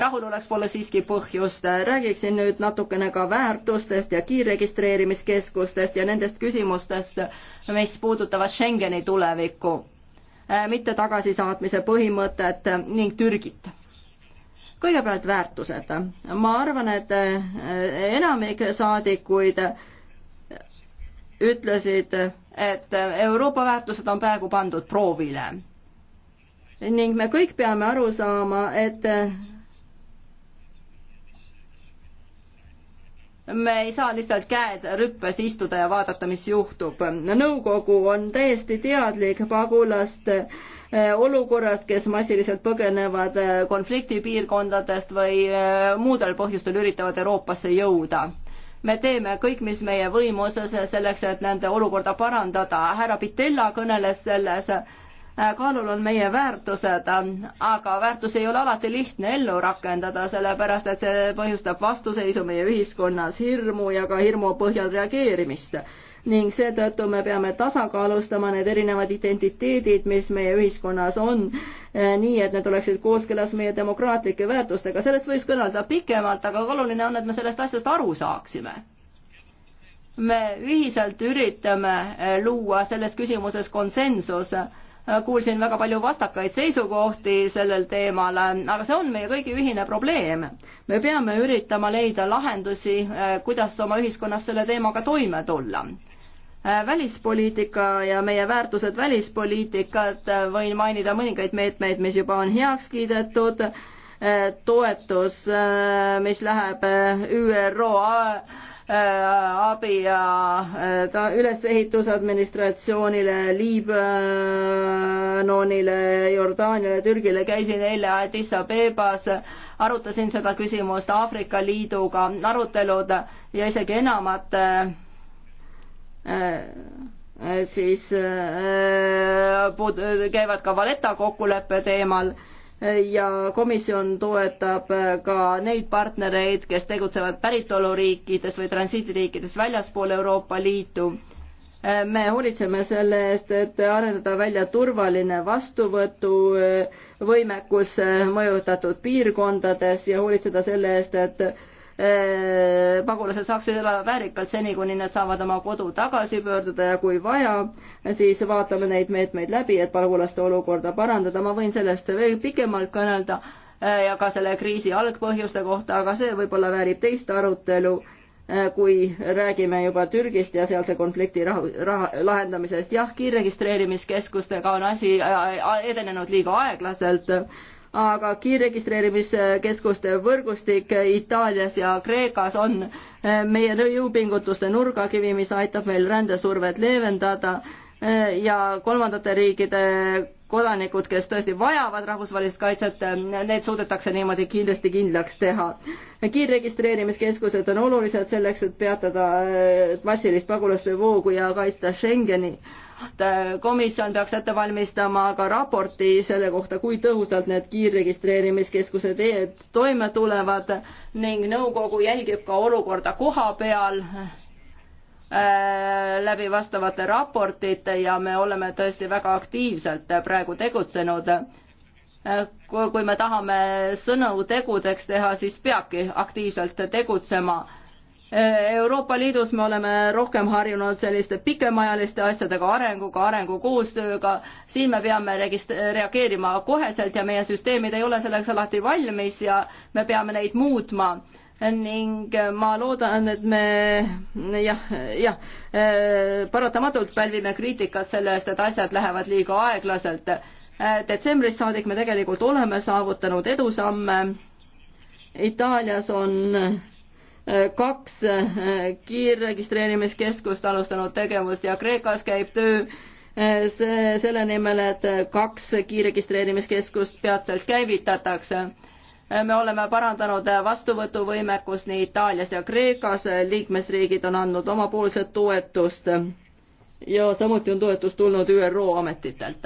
rahuloleks pole siiski põhjust. räägiksin nüüd natukene ka väärtustest ja kiirregistreerimiskeskustest ja nendest küsimustest, mis puudutavad Schengeni tulevikku, äh, mitte tagasisaatmise põhimõtet ning Türgit kõigepealt väärtused. ma arvan, et äh, enamik saadikuid ütlesid, et Euroopa väärtused on praegu pandud proovile. ning me kõik peame aru saama, et me ei saa lihtsalt käed rüppes istuda ja vaadata, mis juhtub. nõukogu on täiesti teadlik pagulaste eh, olukorrast, kes massiliselt põgenevad eh, konfliktipiirkondadest või eh, muudel põhjustel üritavad Euroopasse jõuda me teeme kõik, mis meie võimuses selleks, et nende olukorda parandada. härra Pitella kõneles selles, kaalul on meie väärtused, aga väärtus ei ole alati lihtne ellu rakendada, sellepärast et see põhjustab vastuseisu meie ühiskonnas, hirmu ja ka hirmu põhjal reageerimist ning seetõttu me peame tasakaalustama need erinevad identiteedid, mis meie ühiskonnas on, eh, nii et need oleksid kooskõlas meie demokraatlike väärtustega. sellest võiks kõnelda pikemalt, aga oluline on, et me sellest asjast aru saaksime me ühiselt üritame eh, luua selles küsimuses konsensus. Eh, kuulsin väga palju vastakaid seisukohti sellel teemal, aga see on meie kõigi ühine probleem. me peame üritama leida lahendusi, kuidas oma ühiskonnas selle teemaga toime tulla Äh, välispoliitika ja meie väärtused välispoliitikat, äh, võin mainida mõningaid meetmeid, mis juba on heaks kiidetud, äh, toetus, mis läheb ÜRO abi ja ta ülesehitusadministratsioonile, Liibanonile, Jordaaniale, Türgile, käisin eile Addis Abebas, arutasin seda küsimust Aafrika Liiduga, arutelud ja isegi enamat Äh, äh, siis äh, käivad ka Valeta kokkuleppe teemal ja komisjon toetab ka neid partnereid, kes tegutsevad päritoluriikides või transiidiriikides väljaspool Euroopa Liitu. me hoolitseme selle eest, et arendada välja turvaline vastuvõtuvõimekus mõjutatud piirkondades ja hoolitseda selle eest, et Äh, pagulased saaksid elada väärikalt seni, kuni nad saavad oma kodu tagasi pöörduda ja kui vaja, siis vaatame neid meetmeid läbi, et pagulaste olukorda parandada. ma võin sellest veel pikemalt kõnelda äh, ja ka selle kriisi algpõhjuste kohta, aga see võib-olla väärib teist arutelu äh, kui räägime juba Türgist ja sealse konflikti rahu, raha, lahendamisest. jah, kiirregistreerimiskeskustega on asi edenenud liiga aeglaselt aga kiirregistreerimiskeskuste võrgustik Itaalias ja Kreekas on eh, meie jõupingutuste nurgakivi, mis aitab meil rändesurvet leevendada eh, ja kolmandate riikide kodanikud, kes tõesti vajavad rahvusvahelist kaitset, eh, need suudetakse niimoodi kindlasti kindlaks teha. kiirregistreerimiskeskused on olulised selleks, et peatada massilist pagulaste voogu ja kaitsta Schengeni komisjon peaks ette valmistama ka raporti selle kohta, kui tõhusalt need kiirregistreerimiskeskused toime tulevad ning nõukogu jälgib ka olukorda koha peal äh, läbi vastavate raportite ja me oleme tõesti väga aktiivselt praegu tegutsenud. Äh, kui me tahame sõnu tegudeks teha, siis peabki aktiivselt tegutsema Euroopa Liidus me oleme rohkem harjunud selliste pikemaajaliste asjadega, arenguga, arengukoostööga, siin me peame regist-, reageerima koheselt ja meie süsteemid ei ole selleks alati valmis ja me peame neid muutma ning ma loodan, et me jah, jah, paratamatult pälvime kriitikat selle eest, et asjad lähevad liiga aeglaselt. detsembrist saadik me tegelikult oleme saavutanud edusamme. Itaalias on kaks eh, kiirregistreerimiskeskust alustanud tegevust ja Kreekas käib töö eh, see selle nimel, et kaks kiirregistreerimiskeskust peatselt käivitatakse. Eh, me oleme parandanud vastuvõtuvõimekust nii Itaalias ja Kreekas, liikmesriigid on andnud omapoolset toetust ja samuti on toetus tulnud ÜRO ametitelt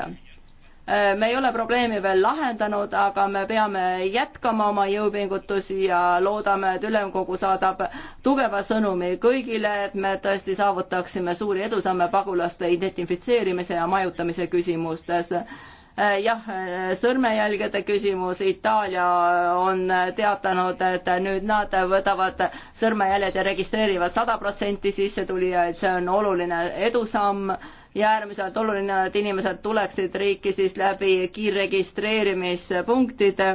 Äh, me ei ole probleemi veel lahendanud, aga me peame jätkama oma jõupingutusi ja loodame, et ülemkogu saadab tugeva sõnumi kõigile, et me tõesti saavutaksime suuri edusamme pagulaste identifitseerimise ja majutamise küsimustes äh, jah, sõrmejälgede küsimus, Itaalia on teatanud, et nüüd nad võtavad sõrmejäljed ja registreerivad sada protsenti sissetulijaid, see on oluline edusamm ja äärmiselt oluline, et inimesed tuleksid riiki siis läbi kiirregistreerimispunktide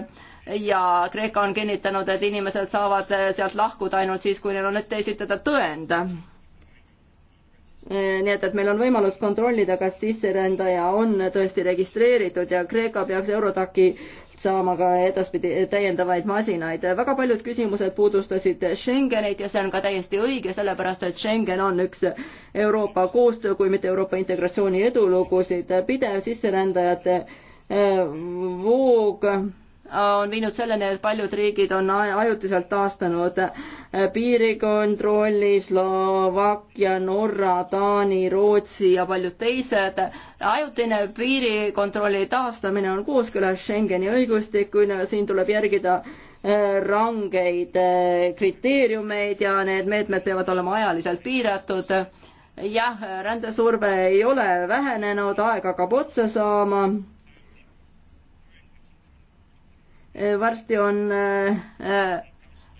ja Kreeka on kinnitanud, et inimesed saavad sealt lahkuda ainult siis, kui neil on ette esitada tõend. Äh, nii et, et meil on võimalus kontrollida, kas sisserändaja on tõesti registreeritud ja Kreeka peaks Eurotaki saama ka edaspidi täiendavaid masinaid. väga paljud küsimused puudustasid Schengenit ja see on ka täiesti õige, sellepärast et Schengen on üks Euroopa koostöö, kui mitte Euroopa integratsiooni edulugusid, pidev sisserändajate eh, voog äh, on viinud selleni, et paljud riigid on ajutiselt taastanud piirikontrolli, Slovakkia, Norra, Taani, Rootsi ja paljud teised. ajutine piirikontrolli taastamine on kooskõlas Schengeni õigustikuna, siin tuleb järgida eh, rangeid eh, kriteeriumeid ja need meetmed peavad olema ajaliselt piiratud. jah, rändesurve ei ole vähenenud, aeg hakkab otsa saama varsti on äh, äh,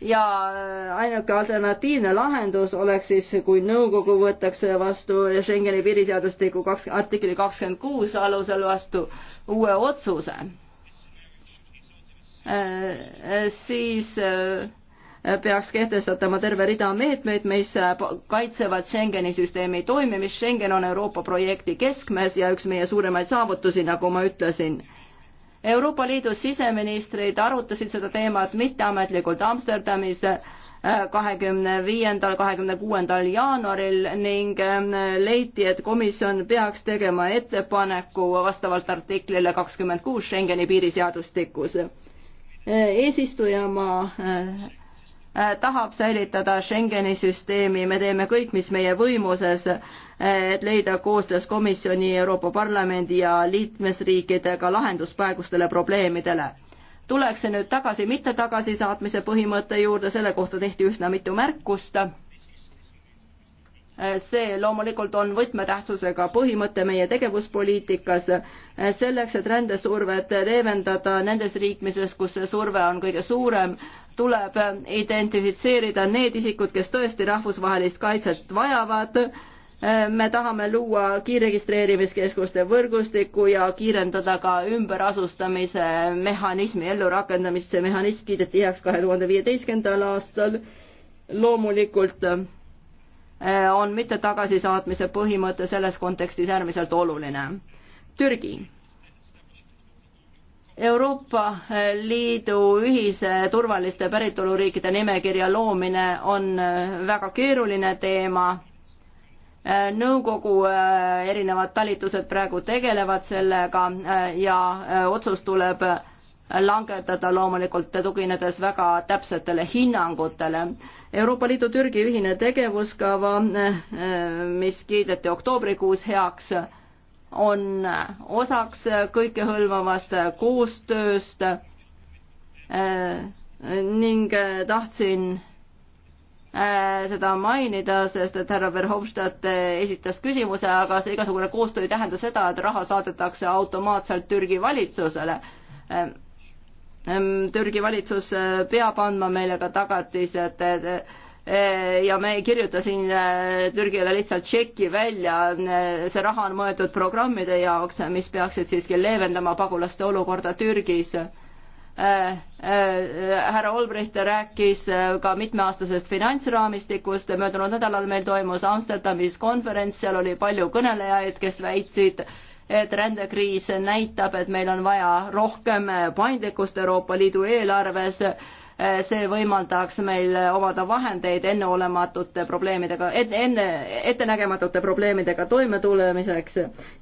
ja äh, ainuke alternatiivne lahendus oleks siis, kui nõukogu võtaks vastu Schengeni piiriseadustiku kaks, artikli kakskümmend kuus alusel vastu uue otsuse. siis peaks kehtestatama terve rida meetmeid, mis kaitsevad Schengeni süsteemi toimimist. Schengen on Euroopa projekti keskmes ja üks meie suuremaid saavutusi, nagu ma ütlesin Euroopa Liidu siseministrid arutasid seda teemat mitteametlikult Amsterdamis äh, kahekümne viiendal, kahekümne kuuendal jaanuaril ning äh, leiti, et komisjon peaks tegema ettepaneku vastavalt artiklile kakskümmend kuus Schengeni piiriseadustikus. Äh, eesistujamaa Äh, tahab säilitada Schengeni süsteemi, me teeme kõik, mis meie võimuses, äh, et leida koostöös komisjoni, Euroopa Parlamendi ja liikmesriikidega lahendus praegustele probleemidele. tuleksin nüüd tagasi mitte tagasisaatmise põhimõtte juurde, selle kohta tehti üsna mitu märkust see loomulikult on võtmetähtsusega põhimõte meie tegevuspoliitikas, selleks, et rändesurvet leevendada nendes riikides, kus see surve on kõige suurem, tuleb identifitseerida need isikud, kes tõesti rahvusvahelist kaitset vajavad. me tahame luua kiirregistreerimiskeskuste võrgustiku ja kiirendada ka ümberasustamise mehhanismi ellurakendamist, see mehhanism kiideti heaks kahe tuhande viieteistkümnendal aastal. loomulikult Eh, on mitte tagasisaatmise põhimõte selles kontekstis äärmiselt oluline. Türgi. Euroopa eh, Liidu ühise turvaliste päritoluriikide nimekirja loomine on eh, väga keeruline teema nõukogu erinevad talitused praegu tegelevad sellega ja otsus tuleb langetada loomulikult tuginedes väga täpsetele hinnangutele. Euroopa Liidu Türgi ühine tegevuskava, eh, eh, mis kiideti oktoobrikuus heaks, on osaks kõikehõlmavast koostööst eh, ning tahtsin seda mainida, sest et härra Verhofstadt esitas küsimuse, aga see igasugune koostöö ei tähenda seda, et raha saadetakse automaatselt Türgi valitsusele Ehm, Türgi valitsus eh, peab andma meile ka tagatised eh, ja me ei kirjuta siin eh, Türgile lihtsalt tšeki välja, see raha on mõeldud programmide jaoks, mis peaksid siiski leevendama pagulaste olukorda Türgis härra Olbricht rääkis ka mitmeaastasest finantsraamistikust, möödunud nädalal meil toimus Amsterdamis konverents, seal oli palju kõnelejaid, kes väitsid, et rändekriis näitab, et meil on vaja rohkem paindlikkust Euroopa Liidu eelarves. see võimaldaks meil omada vahendeid enneolematute probleemidega, enne, ettenägematute probleemidega toimetulemiseks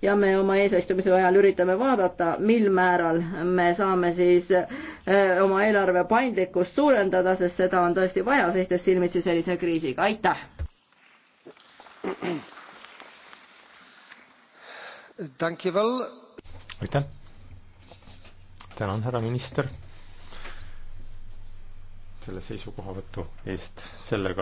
ja me oma eesistumise ajal üritame vaadata, mil määral me saame siis eh, oma eelarve paindlikkust suurendada, sest seda on tõesti vaja, seistes silmitsi sellise kriisiga, aitäh! aitäh. tänan, härra minister, selle seisukohavõtu eest. sellega